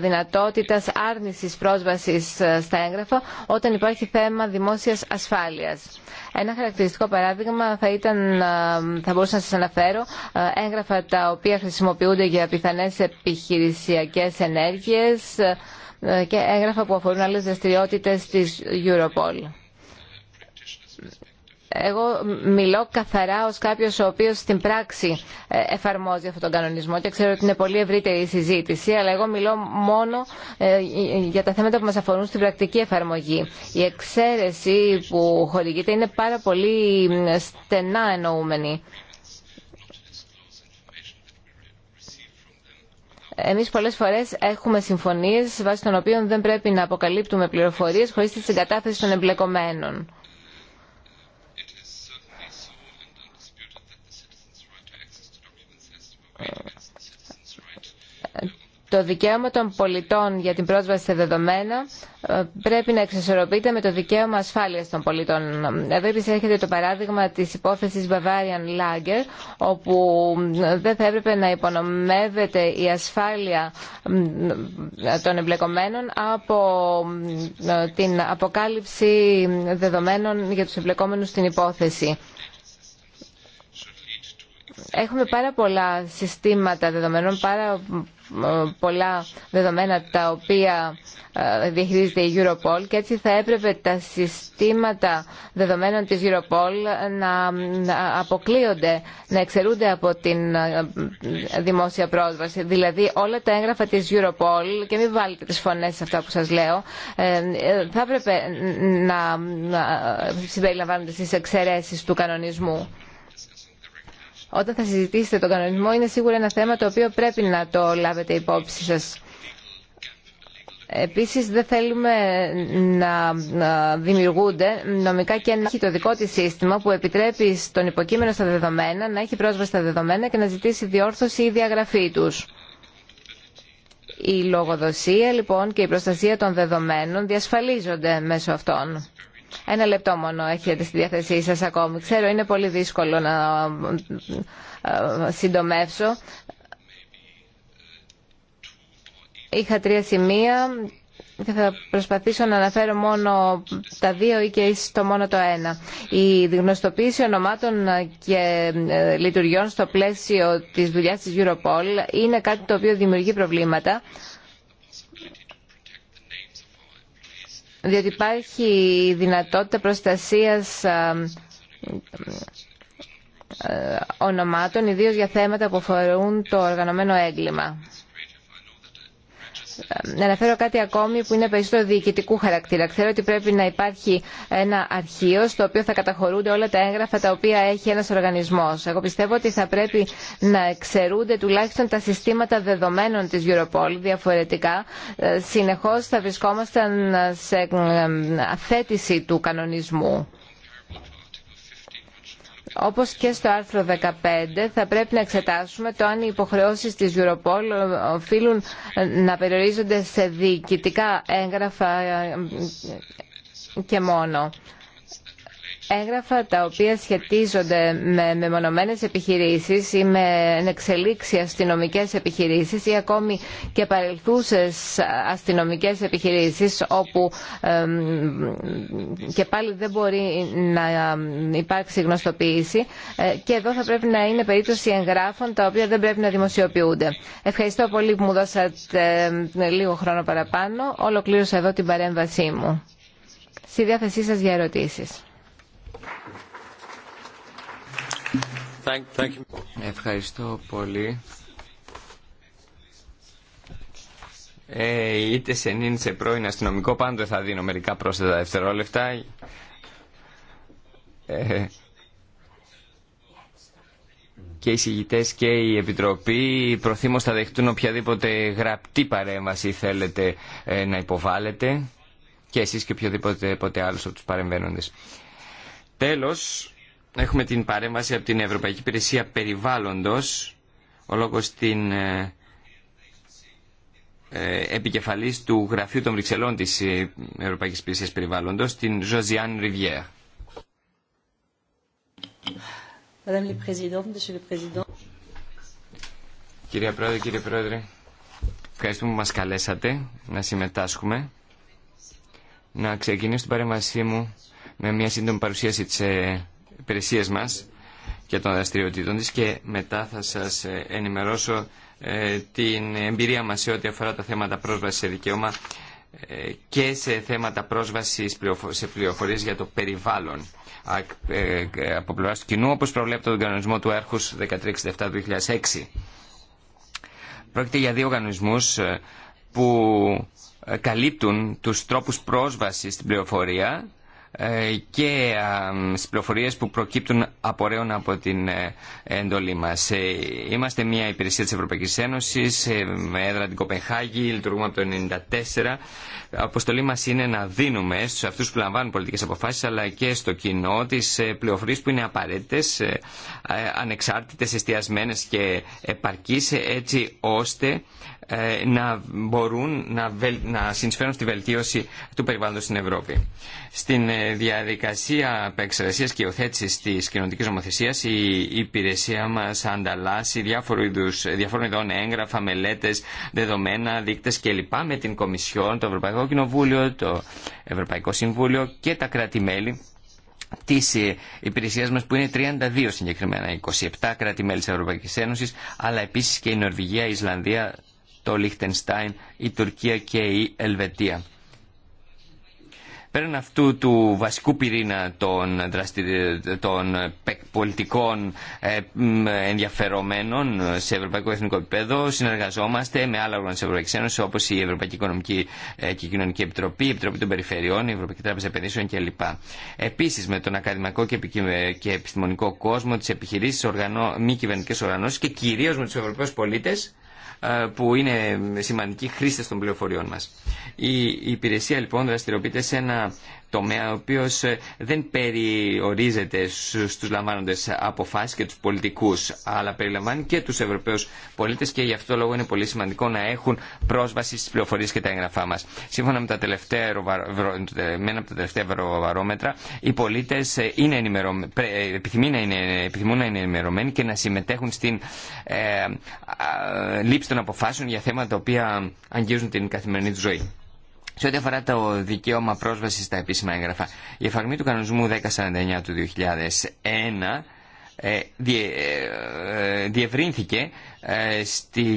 δυνατότητας άρνησης πρόσβασης ε, στα έγγραφα όταν υπάρχει θέμα δημόσιας ασφάλειας. Ένα χαρακτηριστικό παράδειγμα θα, ήταν, ε, θα μπορούσα να σας αναφέρω έγγραφα τα οποία χρησιμοποιούνται για πιθανές επιχειρησιακές ενέργειες και έγγραφα που αφορούν άλλες δραστηριότητες της Europol εγώ μιλώ καθαρά ως κάποιος ο οποίος στην πράξη ε, εφαρμόζει αυτόν τον κανονισμό και ξέρω ότι είναι πολύ ευρύτερη η συζήτηση, αλλά εγώ μιλώ μόνο ε, για τα θέματα που μας αφορούν στην πρακτική εφαρμογή. Η εξαίρεση που χορηγείται είναι πάρα πολύ στενά εννοούμενη. εμείς πολλές φορές έχουμε συμφωνίες βάσει των οποίων δεν πρέπει να αποκαλύπτουμε πληροφορίες χωρίς τη συγκατάθεση των εμπλεκομένων. το δικαίωμα των πολιτών για την πρόσβαση σε δεδομένα ε, πρέπει να εξισορροπείται με το δικαίωμα ασφάλειας των πολιτών. Εδώ επισέρχεται το παράδειγμα της υπόθεσης Bavarian Lager, όπου ε, δεν θα έπρεπε να υπονομεύεται η ασφάλεια ε, των εμπλεκομένων από την αποκάλυψη δεδομένων για τους εμπλεκόμενους στην υπόθεση. Έχουμε πάρα πολλά συστήματα δεδομένων, πάρα πολλά δεδομένα τα οποία ε, διαχειρίζεται η Europol και έτσι θα έπρεπε τα συστήματα δεδομένων της Europol να αποκλείονται, να εξαιρούνται από την ε, δημόσια πρόσβαση. Δηλαδή όλα τα έγγραφα της Europol, και μην βάλετε τις φωνές σε αυτά που σας λέω, ε, θα έπρεπε να συμπεριλαμβάνονται στις εξαιρέσεις του κανονισμού όταν θα συζητήσετε τον κανονισμό είναι σίγουρα ένα θέμα το οποίο πρέπει να το λάβετε υπόψη σας. Επίσης δεν θέλουμε να δημιουργούνται νομικά και να έχει το δικό της σύστημα που επιτρέπει στον υποκείμενο στα δεδομένα να έχει πρόσβαση στα δεδομένα και να ζητήσει διόρθωση ή διαγραφή τους. Η λογοδοσία λοιπόν και η προστασία των δεδομένων διασφαλίζονται μέσω αυτών. Ένα λεπτό μόνο έχετε στη διάθεσή σας ακόμη. Ξέρω είναι πολύ δύσκολο να ε, συντομεύσω. Είχα τρία σημεία και θα προσπαθήσω να αναφέρω μόνο τα δύο ή και ίσως το μόνο το ένα. Η γνωστοποίηση ονομάτων και ε, λειτουργιών στο πλαίσιο της δουλειάς της Europol είναι κάτι το οποίο δημιουργεί προβλήματα διότι υπάρχει δυνατότητα προστασίας ε, ε, ονομάτων, ιδίως για θέματα που αφορούν το οργανωμένο έγκλημα να ε, αναφέρω κάτι ακόμη που είναι περισσότερο διοικητικού χαρακτήρα. Ξέρω ότι πρέπει να υπάρχει ένα αρχείο στο οποίο θα καταχωρούνται όλα τα έγγραφα τα οποία έχει ένας οργανισμός. Εγώ πιστεύω ότι θα πρέπει να εξαιρούνται τουλάχιστον τα συστήματα δεδομένων της Europol διαφορετικά. Ε, συνεχώς θα βρισκόμασταν σε ε, αθέτηση του κανονισμού. Όπως και στο άρθρο 15 θα πρέπει να εξετάσουμε το αν οι υποχρεώσεις της Europol οφείλουν να περιορίζονται σε διοικητικά έγγραφα και μόνο έγγραφα τα οποία σχετίζονται με μεμονωμένε επιχειρήσει ή με εξελίξει αστυνομικέ επιχειρήσει ή ακόμη και παρελθούσε αστυνομικέ επιχειρήσει, όπου και πάλι δεν μπορεί να υπάρξει γνωστοποίηση ε, και εδώ θα πρέπει να είναι περίπτωση εγγράφων τα οποία δεν πρέπει να δημοσιοποιούνται. Ευχαριστώ πολύ που μου δώσατε ε, λίγο χρόνο παραπάνω. Ολοκλήρωσα εδώ την παρέμβασή μου. Στη διάθεσή σας για ερωτήσεις. Ευχαριστώ πολύ. Ε, είτε σε νυν σε πρώην αστυνομικό πάντοτε θα δίνω μερικά πρόσθετα δευτερόλεπτα. Ε, και οι συγητέ και η Επιτροπή προθύμω θα δεχτούν οποιαδήποτε γραπτή παρέμβαση θέλετε ε, να υποβάλλετε και εσείς και οποιοδήποτε ποτέ άλλος από τους παρεμβαίνοντες. Τέλος, Έχουμε την παρέμβαση από την Ευρωπαϊκή Υπηρεσία Περιβάλλοντος, ο λόγος στην ε, ε επικεφαλής του Γραφείου των Βρυξελών της ε, Ευρωπαϊκής Υπηρεσίας Περιβάλλοντος, την Ζωζιάν Ριβιέρ. Κυρία Πρόεδρε, κύριε Πρόεδρε, ευχαριστούμε που μας καλέσατε να συμμετάσχουμε. Να ξεκινήσω την παρέμβασή μου με μια σύντομη παρουσίαση της ε, υπηρεσίες μας και των δραστηριοτήτων της και μετά θα σας ε, ενημερώσω ε, την εμπειρία μας σε ό,τι αφορά τα θέματα πρόσβαση σε δικαίωμα ε, και σε θέματα πρόσβασης σε πληροφορίε για το περιβάλλον από πλευρά του κοινού όπως προβλέπεται τον κανονισμό του έρχους 1367-2006. Πρόκειται για δύο κανονισμού που καλύπτουν τους τρόπους πρόσβασης στην πληροφορία ε, και στι πληροφορίε που προκύπτουν απορρέων από την ε, εντολή μα. Ε, είμαστε μια υπηρεσία τη Ευρωπαϊκή Ένωση, με έδρα την Κοπενχάγη, λειτουργούμε από το 1994. Αποστολή μας είναι να δίνουμε στου αυτούς που λαμβάνουν πολιτικές αποφάσεις αλλά και στο κοινό τι πληροφορίε που είναι απαραίτητε, ανεξάρτητες, εστιασμένε και επαρκείς έτσι ώστε ε, να μπορούν να, να συνεισφέρουν στη βελτίωση του περιβάλλοντος στην Ευρώπη. Στην ε, διαδικασία επεξεργασία και υιοθέτηση τη κοινωνική νομοθεσία, η υπηρεσία μα ανταλλάσσει διάφορου διαφόρων ειδών έγγραφα, μελέτε, δεδομένα, δείκτε κλπ. με την Κομισιόν, το Ευρωπαϊκό Κοινοβούλιο, το Ευρωπαϊκό Συμβούλιο και τα κράτη-μέλη τη ε, υπηρεσία μα που είναι 32 συγκεκριμένα, 27 κράτη-μέλη τη Ευρωπαϊκή Ένωση, αλλά επίση και η Νορβηγία, η Ισλανδία, το Λίχτενστάιν, η Τουρκία και η Ελβετία. Πέραν αυτού του βασικού πυρήνα των, πολιτικών ε, ενδιαφερομένων σε ευρωπαϊκό εθνικό επίπεδο, συνεργαζόμαστε με άλλα όργανα τη Ευρωπαϊκή Ένωση, όπω η Ευρωπαϊκή Οικονομική ε, και Κοινωνική Επιτροπή, η Επιτροπή των Περιφερειών, η Ευρωπαϊκή Τράπεζα Επενδύσεων κλπ. Επίση, με τον ακαδημαϊκό και επιστημονικό κόσμο, τι επιχειρήσει, οργανώ... μη κυβερνητικέ οργανώσει και κυρίω με του Ευρωπαίου πολίτε, ε, που είναι σημαντικοί χρήση των πληροφοριών μας. Η υπηρεσία λοιπόν δραστηριοποιείται σε ένα τομέα ο οποίο ε, δεν περιορίζεται στου λαμβάνοντε αποφάσει και του πολιτικού, αλλά περιλαμβάνει και του Ευρωπαίους πολίτε, και γι' αυτό λόγο είναι πολύ σημαντικό να έχουν πρόσβαση στι πληροφορίε και τα έγγραφά μα. Σύμφωνα με, τα τελευταία, ε, με ένα από τα τελευταία βαρόμετρα οι πολίτε ε, επιθυμούν, να είναι, ενημερωμένοι και να συμμετέχουν στην λήψη των αποφάσεων για θέματα τα οποία αγγίζουν την καθημερινή του ζωή. Σε ό,τι αφορά το δικαίωμα πρόσβαση στα επίσημα έγγραφα, η εφαρμή του κανονισμού 1049 του 2001 ε, ε, ε, διευρύνθηκε ε,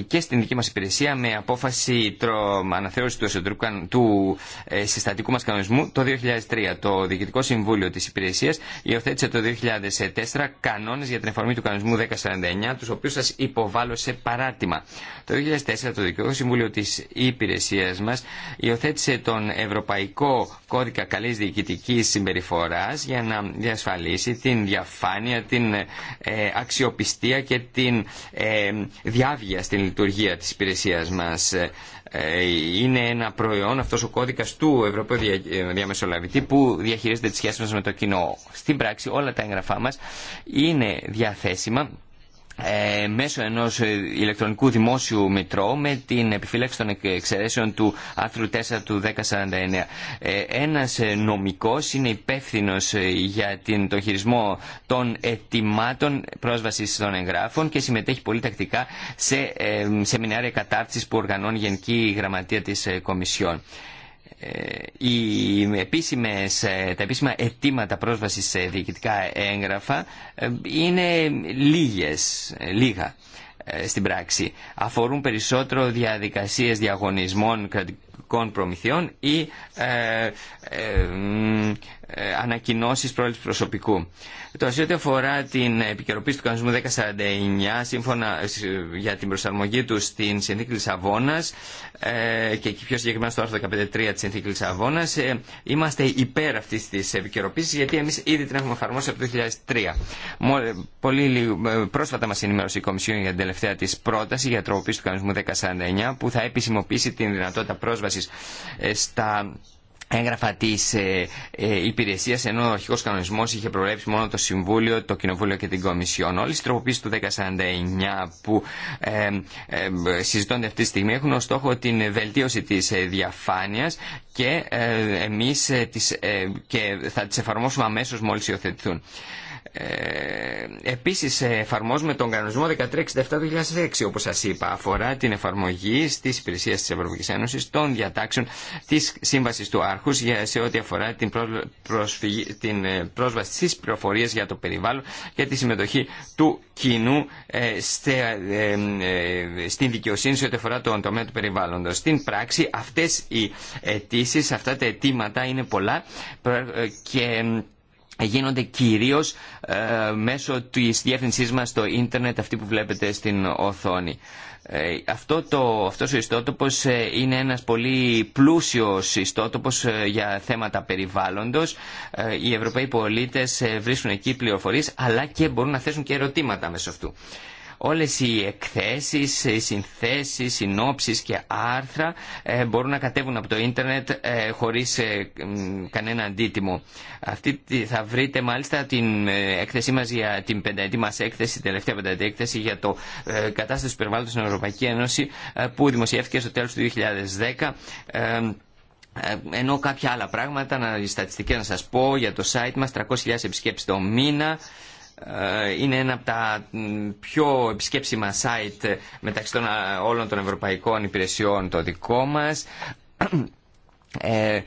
και στην δική μας υπηρεσία με απόφαση τρο, αναθεώρηση του εσωτερικού του ε, συστατικού μας κανονισμού το 2003. Το Διοικητικό Συμβούλιο της Υπηρεσίας υιοθέτησε το 2004 κανόνες για την εφαρμογή του κανονισμού 1049, τους οποίους σας υποβάλλω σε παράτημα. Το 2004 το Διοικητικό Συμβούλιο της Υπηρεσίας μας υιοθέτησε τον Ευρωπαϊκό Κώδικα Καλής Διοικητικής Συμπεριφοράς για να διασφαλίσει την διαφάνεια, την ε, αξιοπιστία και την διάβια στην λειτουργία της υπηρεσίας μας. Ε, είναι ένα προϊόν αυτός ο κώδικας του Ευρωπαϊκού ε, Διαμεσολαβητή που διαχειρίζεται τις σχέσεις μας με το κοινό. Στην πράξη όλα τα έγγραφά μας είναι διαθέσιμα ε, μέσω ενός ε, ηλεκτρονικού δημόσιου μετρό με την επιφύλαξη των εξαιρέσεων του άρθρου 4 του 1049. Ε, ένας ε, νομικός είναι υπεύθυνο για την, το χειρισμό των ετοιμάτων πρόσβασης των εγγράφων και συμμετέχει πολύ τακτικά σε ε, σεμινάρια κατάρτισης που οργανώνει Γενική Γραμματεία της Κομισιόν. Ε, οι επίσημες, ε, τα επίσημα αιτήματα πρόσβασης σε διοικητικά έγγραφα ε, είναι λίγες, λίγα στην πράξη. Αφορούν περισσότερο διαδικασίες διαγωνισμών Con προμηθειών ή ε, ε, ε ανακοινώσει πρόληψη προσωπικού. Το σε ό,τι αφορά την επικαιροποίηση του κανονισμού 1049 σύμφωνα για την προσαρμογή του στην Συνθήκη Λισαβόνα ε, και πιο συγκεκριμένα στο άρθρο 15.3 τη Συνθήκη Λισαβόνα, ε, είμαστε υπέρ αυτή τη επικαιροποίηση, γιατί εμεί ήδη την έχουμε εφαρμόσει από το 2003. Ε, πολύ ε, πρόσφατα μα ενημέρωσε η Κομισιόν για την τελευταία τη πρόταση για τροποποίηση του κανονισμού 1049 που θα επισημοποιήσει την δυνατότητα πρόσβαση ε, στα έγγραφα τη ε, ε, υπηρεσία, ενώ ο αρχικό κανονισμό είχε προβλέψει μόνο το Συμβούλιο, το Κοινοβούλιο και την Κομισιόν. Όλε οι τροποποίησει του 1049 που ε, ε, συζητώνται αυτή τη στιγμή έχουν ως στόχο την βελτίωση τη ε, διαφάνεια και ε, ε, και θα τι εφαρμόσουμε αμέσω μόλι υιοθετηθούν. Ε, επίσης ε, εφαρμόζουμε τον κανονισμό 1367-2006 όπως σας είπα αφορά την εφαρμογή στις υπηρεσίες της Ευρωπαϊκή Ένωσης των διατάξεων της Σύμβασης του Άρχου σε ό,τι αφορά την, προσφυγή, την ε, πρόσβαση στις πληροφορίες για το περιβάλλον και τη συμμετοχή του κοινού στην δικαιοσύνη σε ό,τι αφορά τον τομέα του περιβάλλοντος. Στην πράξη αυτές οι αιτήσει, αυτά τα αιτήματα είναι πολλά και γίνονται κυρίως ε, μέσω της διεύθυνσής μας στο ίντερνετ αυτή που βλέπετε στην οθόνη. Ε, αυτό το, αυτός ο ιστότοπος ε, είναι ένας πολύ πλούσιος ιστότοπος για θέματα περιβάλλοντος. οι Ευρωπαίοι πολίτες βρίσκουν εκεί πληροφορίες αλλά και μπορούν να θέσουν και ερωτήματα μέσω αυτού. Όλες οι εκθέσεις, οι συνθέσεις, συνόψεις και άρθρα ε, μπορούν να κατέβουν από το ίντερνετ ε, χωρίς ε, κανένα αντίτιμο. Αυτή θα βρείτε μάλιστα την έκθεσή μας για την πενταετή μας έκθεση, την τελευταία πενταετή έκθεση για το κατάσταση του περιβάλλοντος στην Ευρωπαϊκή Ένωση που δημοσιεύτηκε στο τέλος του 2010 ενώ κάποια άλλα πράγματα, στατιστικές να σας πω για το site μας, 300.000 επισκέψεις το μήνα, ε, είναι ένα από τα πιο επισκέψιμα site μεταξύ των όλων των ευρωπαϊκών υπηρεσιών το δικό μας. Ε,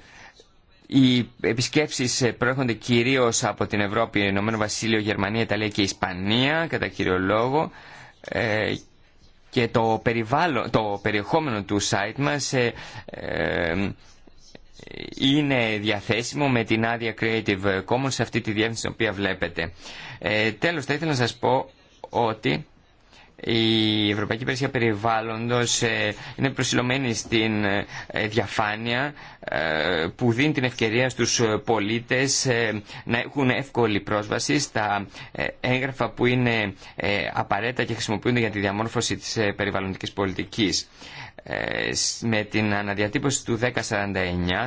οι επισκέψεις προέρχονται κυρίως από την Ευρώπη, Ηνωμένο Βασίλειο, Γερμανία, Ιταλία και Ισπανία κατά κύριο λόγο ε, και το, περιβάλλον, το περιεχόμενο του site μας ε, είναι διαθέσιμο με την άδεια Creative Commons σε αυτή τη διεύθυνση την οποία βλέπετε. Ε, τέλος, θα ήθελα να σας πω ότι η Ευρωπαϊκή Υπηρεσία Περιβάλλοντος ε, είναι προσιλωμένη στην ε, διαφάνεια ε, που δίνει την ευκαιρία στους πολίτες να έχουν εύκολη πρόσβαση στα έγγραφα που είναι απαραίτητα και χρησιμοποιούνται για τη διαμόρφωση της περιβαλλοντικής πολιτικής. Ε, με την αναδιατύπωση του 1049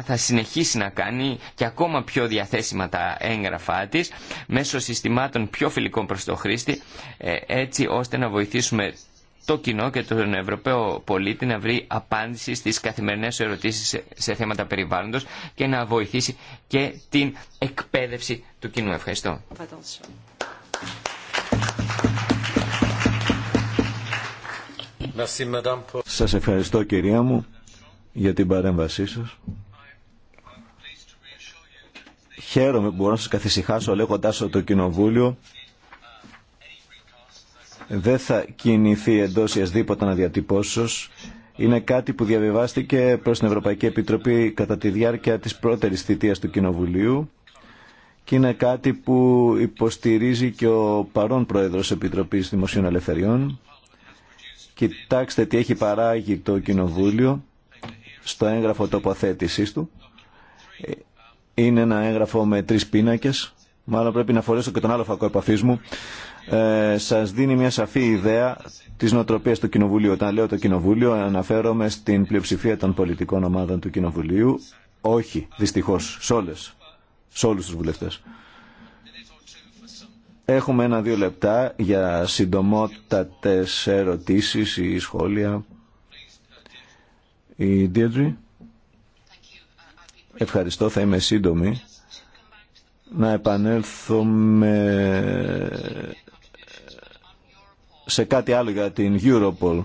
θα συνεχίσει να κάνει και ακόμα πιο διαθέσιμα τα έγγραφά της μέσω συστημάτων πιο φιλικών προς το χρήστη ε, έτσι ώστε να βοηθήσουμε το κοινό και τον Ευρωπαίο πολίτη να βρει απάντηση στις καθημερινές ερωτήσεις σε θέματα περιβάλλοντος και να βοηθήσει και την εκπαίδευση του κοινού. Ευχαριστώ. Σας ευχαριστώ κυρία μου για την παρέμβασή σας. Χαίρομαι που μπορώ να σας καθησυχάσω λέγοντάς ότι το Κοινοβούλιο δεν θα κινηθεί εντός να αναδιατυπώσεως. Είναι κάτι που διαβιβάστηκε προς την Ευρωπαϊκή Επιτροπή κατά τη διάρκεια της πρώτερης θητείας του Κοινοβουλίου και είναι κάτι που υποστηρίζει και ο παρόν Πρόεδρος Επιτροπής Δημοσίων Ελευθεριών Κοιτάξτε τι έχει παράγει το Κοινοβούλιο στο έγγραφο τοποθέτησής του. Είναι ένα έγγραφο με τρεις πίνακες. Μάλλον πρέπει να φορέσω και τον άλλο φακό επαφή μου. Ε, δίνει μια σαφή ιδέα της νοοτροπίας του Κοινοβουλίου. Όταν λέω το Κοινοβούλιο, αναφέρομαι στην πλειοψηφία των πολιτικών ομάδων του Κοινοβουλίου. Όχι, δυστυχώς, σε όλε. Σε όλου του βουλευτέ. Έχουμε ένα-δύο λεπτά για συντομότατες ερωτήσεις ή σχόλια. Η Δίετρη. ευχαριστω θα είμαι σύντομη. Να επανέλθουμε σε κάτι άλλο για την Europol.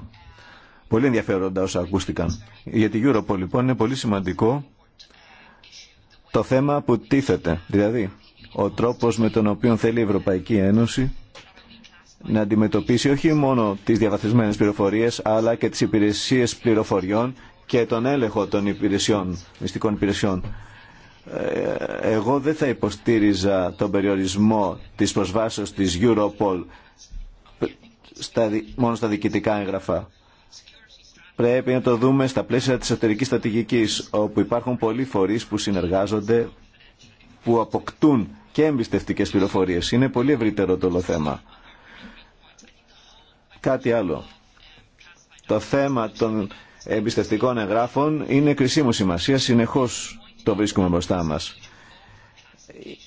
Πολύ ενδιαφέροντα όσα ακούστηκαν. Για την Europol λοιπόν είναι πολύ σημαντικό το θέμα που τίθεται. Δηλαδή, ο τρόπος με τον οποίο θέλει η Ευρωπαϊκή Ένωση να αντιμετωπίσει όχι μόνο τις διαβαθισμένες πληροφορίες αλλά και τις υπηρεσίες πληροφοριών και τον έλεγχο των υπηρεσιών, μυστικών υπηρεσιών. Ε, εγώ δεν θα υποστήριζα τον περιορισμό της προσβάσεως της Europol μόνο στα διοικητικά έγγραφα. Πρέπει να το δούμε στα πλαίσια της εταιρικής στρατηγικής, όπου υπάρχουν πολλοί φορείς που συνεργάζονται, που αποκτούν και εμπιστευτικές πληροφορίες. Είναι πολύ ευρύτερο το όλο θέμα. Κάτι άλλο. Το θέμα των εμπιστευτικών εγγράφων είναι κρισίμου σημασία. Συνεχώς το βρίσκουμε μπροστά μας.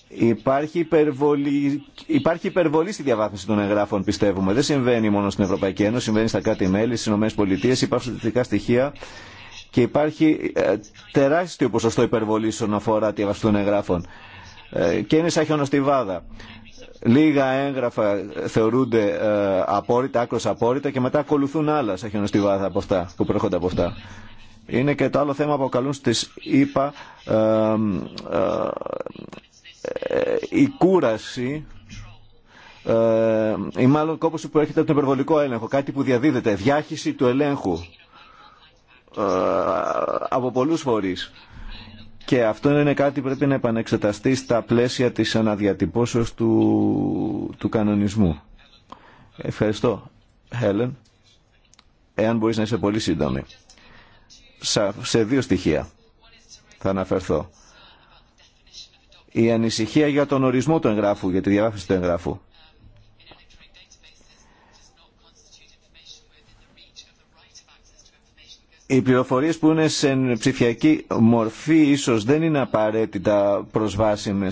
Υπάρχει υπερβολή, υπάρχει υπερβολή στη διαβάθμιση των εγγράφων, πιστεύουμε. Δεν συμβαίνει μόνο στην Ευρωπαϊκή Ένωση, συμβαίνει στα κάτι μελη στι ΗΠΑ. Υπάρχουν θετικά στοιχεία και υπάρχει ε, τεράστιο ποσοστό υπερβολή όσον αφορά τη διαβάθμιση των εγγράφων. Ε, και είναι σαν χιονοστιβάδα. Λίγα έγγραφα ε, θεωρούνται ε, απόρριτα, άκρως απόρριτα και μετά ακολουθούν άλλα σαν χιονοστιβάδα από αυτά, που προέρχονται από αυτά. Είναι και το άλλο θέμα που αποκαλούν στις ίπα ε, η κούραση ε, ή μάλλον κόπωση που έρχεται από τον υπερβολικό έλεγχο, κάτι που διαδίδεται, διάχυση του ελέγχου από πολλούς φορείς. Και αυτό είναι κάτι που πρέπει να επανεξεταστεί στα πλαίσια της αναδιατυπώσεως του, του κανονισμού. Ευχαριστώ, Χέλεν. Εάν μπορείς να είσαι πολύ σύντομη. Σε δύο στοιχεία θα αναφερθώ. Η ανησυχία για τον ορισμό του εγγράφου, για τη διαγράφηση του εγγράφου. οι πληροφορίε που είναι σε ψηφιακή μορφή ίσω δεν είναι απαραίτητα προσβάσιμε.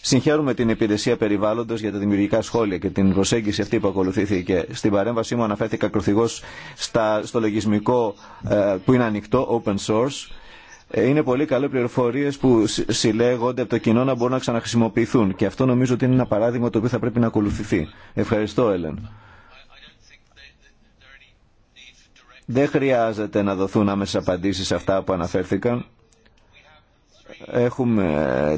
Συγχαίρουμε την Υπηρεσία Περιβάλλοντο για τα δημιουργικά σχόλια και την προσέγγιση αυτή που ακολουθήθηκε. Στην παρέμβασή μου αναφέρθηκα ακροθυγώ στο λογισμικό ε, που είναι ανοιχτό, open source. Ε, είναι πολύ καλό πληροφορίε που συλλέγονται από το κοινό να μπορούν να ξαναχρησιμοποιηθούν. Και αυτό νομίζω ότι είναι ένα παράδειγμα το οποίο θα πρέπει να ακολουθηθεί. Ευχαριστώ, Έλεν. Δεν χρειάζεται να δοθούν άμεσα απαντήσεις σε αυτά που αναφέρθηκαν. Έχουμε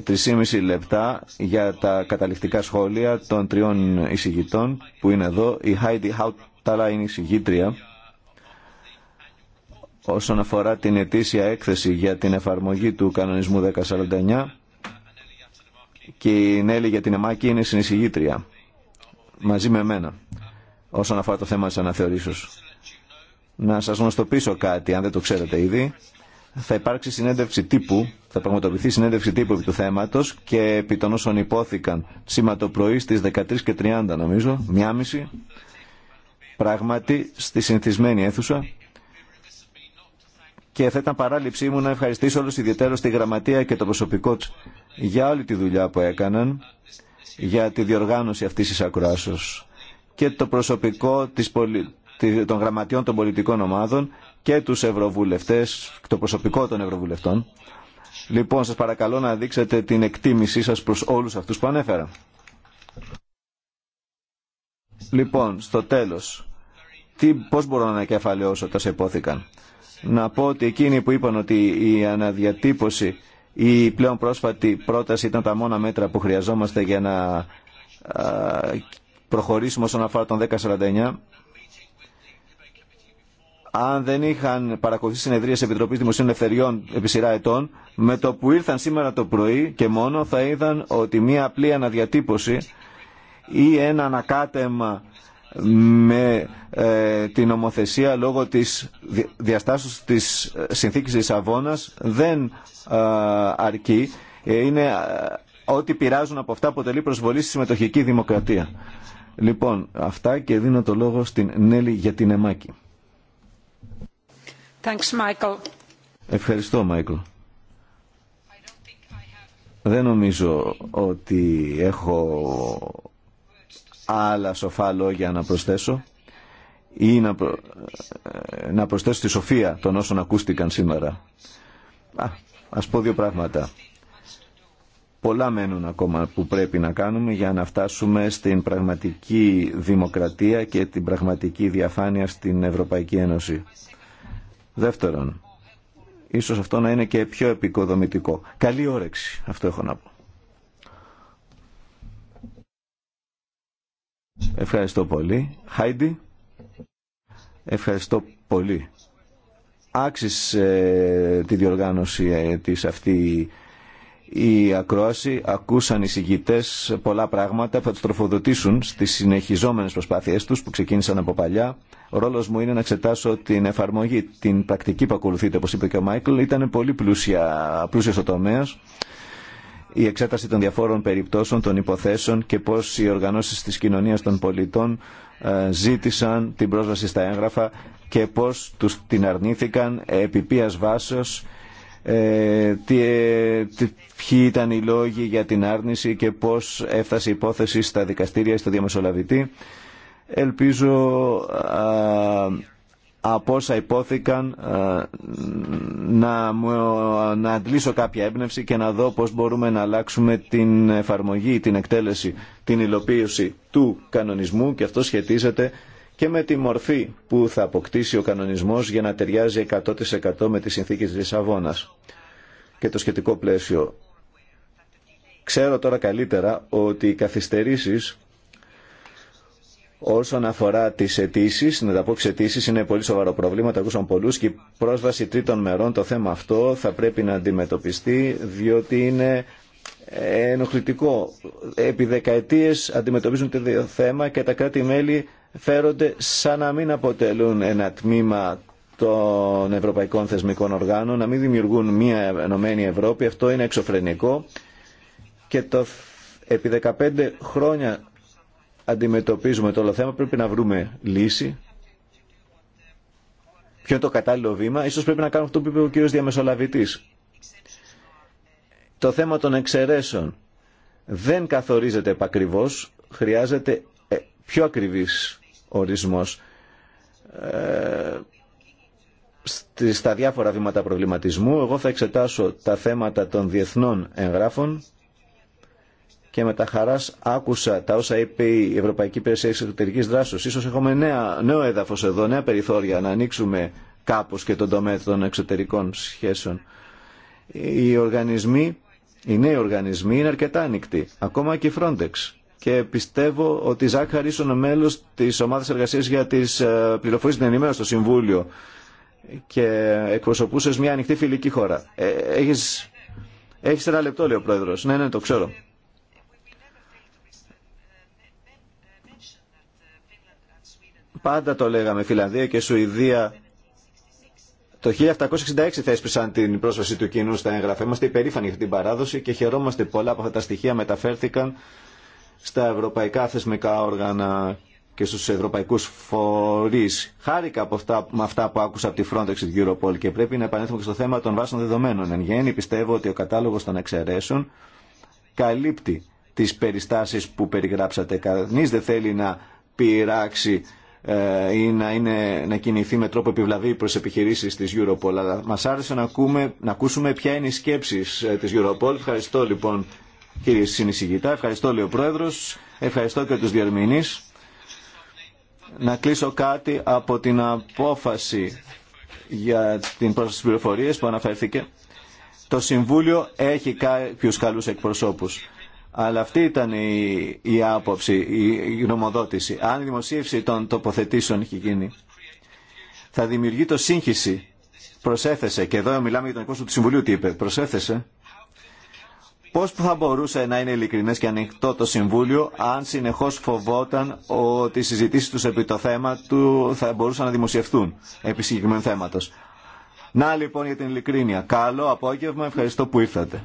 3,5 λεπτά για τα καταληκτικά σχόλια των τριών εισηγητών που είναι εδώ. Η Heidi Hautala είναι εισηγήτρια όσον αφορά την ετήσια έκθεση για την εφαρμογή του κανονισμού 1049 και η Νέλη για την Εμάκη είναι συνεισηγήτρια μαζί με μένα όσον αφορά το θέμα της αναθεωρήσεως να σας γνωστοποιήσω κάτι, αν δεν το ξέρετε ήδη. Θα υπάρξει συνέντευξη τύπου, θα πραγματοποιηθεί συνέντευξη τύπου επί του θέματος και επί των όσων υπόθηκαν σήμα το πρωί στις 13.30 νομίζω, μία μισή, πράγματι στη συνηθισμένη αίθουσα. Και θα ήταν παράληψή μου να ευχαριστήσω όλους ιδιαίτερως τη γραμματεία και το προσωπικό του για όλη τη δουλειά που έκαναν για τη διοργάνωση αυτής της ακροάσεως και το προσωπικό της πολι των γραμματιών των πολιτικών ομάδων και τους ευρωβουλευτές, το προσωπικό των ευρωβουλευτών. Λοιπόν, σας παρακαλώ να δείξετε την εκτίμησή σας προς όλους αυτούς που ανέφερα. Λοιπόν, στο τέλος, τι, πώς μπορώ να ανακεφαλαιώσω τα σε υπόθηκαν. Να πω ότι εκείνοι που είπαν ότι η αναδιατύπωση ή η πλεον πρόσφατη πρόταση ήταν τα μόνα μέτρα που χρειαζόμαστε για να προχωρήσουμε όσον αφορά τον 1049, αν δεν είχαν παρακολουθήσει συνεδρίε Επιτροπή Δημοσίων Ελευθεριών επί σειρά ετών, με το που ήρθαν σήμερα το πρωί και μόνο θα είδαν ότι μία απλή αναδιατύπωση ή ένα ανακάτεμα με ε, την νομοθεσία λόγω της διαστάσεως της ε, συνθήκης της Αβώνας δεν ε, αρκεί. Είναι ό,τι πειράζουν από αυτά αποτελεί προσβολή στη συμμετοχική δημοκρατία. Λοιπόν, αυτά και δίνω το λόγο στην Νέλη για την Εμάκη. Ευχαριστώ, Μάικλ. Δεν νομίζω ότι έχω άλλα σοφά λόγια να προσθέσω ή να, ε, να προσθέσω τη σοφία των όσων ακούστηκαν σήμερα. Α, ας πω δύο πράγματα. Πολλά μένουν ακόμα που πρέπει να κάνουμε για να φτάσουμε στην πραγματική δημοκρατία και την πραγματική διαφάνεια στην Ευρωπαϊκή Ένωση. Δεύτερον, ίσως αυτό να είναι και πιο επικοδομητικό. Καλή όρεξη, αυτό έχω να πω. Ευχαριστώ πολύ. Χάιντι, ευχαριστώ πολύ. Άξισε ε, τη διοργάνωση ε, της αυτή οι ακρόαση ακούσαν οι πολλά πράγματα που θα του τροφοδοτήσουν στι συνεχιζόμενε προσπάθειές του που ξεκίνησαν από παλιά. Ο ρόλο μου είναι να εξετάσω την εφαρμογή, την πρακτική που ακολουθείται, όπω είπε και ο Μάικλ. Ήταν πολύ πλούσια, στο ο Η εξέταση των διαφόρων περιπτώσεων, των υποθέσεων και πώ οι οργανώσει τη κοινωνία των πολιτών ε, ζήτησαν την πρόσβαση στα έγγραφα και πώ την αρνήθηκαν επί βάσεως ε, ε, τι, ποιοι ήταν οι λόγοι για την άρνηση και πώς έφτασε η υπόθεση στα δικαστήρια στο διαμεσολαβητή. Ελπίζω α, από όσα υπόθηκαν να, να αντλήσω κάποια έμπνευση και να δω πώς μπορούμε να αλλάξουμε την εφαρμογή, την εκτέλεση, την υλοποίηση του κανονισμού και αυτό σχετίζεται και με τη μορφή που θα αποκτήσει ο κανονισμός για να ταιριάζει 100% με τις συνθήκες της Λισαβόνας και το σχετικό πλαίσιο. Ξέρω τώρα καλύτερα ότι οι καθυστερήσεις όσον αφορά τις αιτήσει, τα πω αιτήσει είναι πολύ σοβαρό πρόβλημα, τα ακούσαν πολλούς και η πρόσβαση τρίτων μερών, το θέμα αυτό θα πρέπει να αντιμετωπιστεί διότι είναι ενοχλητικό. Επί δεκαετίες αντιμετωπίζουν το θέμα και τα κράτη-μέλη φέρονται σαν να μην αποτελούν ένα τμήμα των ευρωπαϊκών θεσμικών οργάνων, να μην δημιουργούν μια ενωμένη Ευρώπη. Αυτό είναι εξωφρενικό και το επί 15 χρόνια αντιμετωπίζουμε το όλο θέμα, πρέπει να βρούμε λύση. Ποιο είναι το κατάλληλο βήμα, ίσως πρέπει να κάνουμε αυτό που είπε ο κύριος Διαμεσολαβητής. Το θέμα των εξαιρέσεων δεν καθορίζεται επακριβώς, χρειάζεται πιο ακριβής ορισμός ε, στα διάφορα βήματα προβληματισμού. Εγώ θα εξετάσω τα θέματα των διεθνών εγγράφων και με τα χαράς άκουσα τα όσα είπε η Ευρωπαϊκή Υπηρεσία Εξωτερικής Δράσης. Ίσως έχουμε νέα, νέο έδαφος εδώ, νέα περιθώρια να ανοίξουμε κάπως και τον τομέα των εξωτερικών σχέσεων. Οι νέοι οργανισμοί είναι αρκετά ανοιχτοί, ακόμα και η Frontex και πιστεύω ότι η Ζάκ Χαρίσου είναι μέλος της ομάδας εργασίας για τις ε, πληροφορίες την ενημέρωση στο Συμβούλιο και εκπροσωπούσες μια ανοιχτή φιλική χώρα. Ε, έχεις, έχεις ένα λεπτό, λέει ο Πρόεδρος. Ναι, ναι, το ξέρω. Πάντα το λέγαμε, Φιλανδία και Σουηδία το 1766 θέσπισαν την πρόσβαση του κοινού στα έγγραφα. Είμαστε υπερήφανοι για την παράδοση και χαιρόμαστε πολλά από αυτά τα στοιχεία μεταφέρθηκαν στα ευρωπαϊκά θεσμικά όργανα και στους ευρωπαϊκούς φορείς. Χάρηκα από αυτά, με αυτά που άκουσα από τη Frontex τη Europol και πρέπει να επανέλθουμε και στο θέμα των βάσεων δεδομένων. Εν γέννη πιστεύω ότι ο κατάλογος των εξαιρέσεων καλύπτει τις περιστάσεις που περιγράψατε. Κανεί δεν θέλει να πειράξει ε, ή να, είναι, να κινηθεί με τρόπο επιβλαβή προς επιχειρήσεις της Europol. Αλλά μας άρεσε να, ακούμε, να ακούσουμε ποια είναι η σκέψη ε, της Europol. Ευχαριστώ λοιπόν κύριε συνεισηγητά. Ευχαριστώ, λέει ο Πρόεδρος. Ευχαριστώ και τους διερμηνείς. Να κλείσω κάτι από την απόφαση για την πρόσφαση πληροφορίες που αναφέρθηκε. Το Συμβούλιο έχει κάποιους καλούς εκπροσώπους. Αλλά αυτή ήταν η, η άποψη, η, γνωμοδότηση. Αν η δημοσίευση των τοποθετήσεων έχει γίνει, θα δημιουργεί το σύγχυση. Προσέθεσε, και εδώ μιλάμε για τον κόσμο του Συμβουλίου, τι είπε, προσέθεσε Πώς θα μπορούσε να είναι ειλικρινέ και ανοιχτό το Συμβούλιο αν συνεχώς φοβόταν ότι οι συζητήσεις του επί το θέμα του θα μπορούσαν να δημοσιευτούν επί συγκεκριμένου θέματος. Να λοιπόν για την ειλικρίνεια. Καλό απόγευμα, ευχαριστώ που ήρθατε.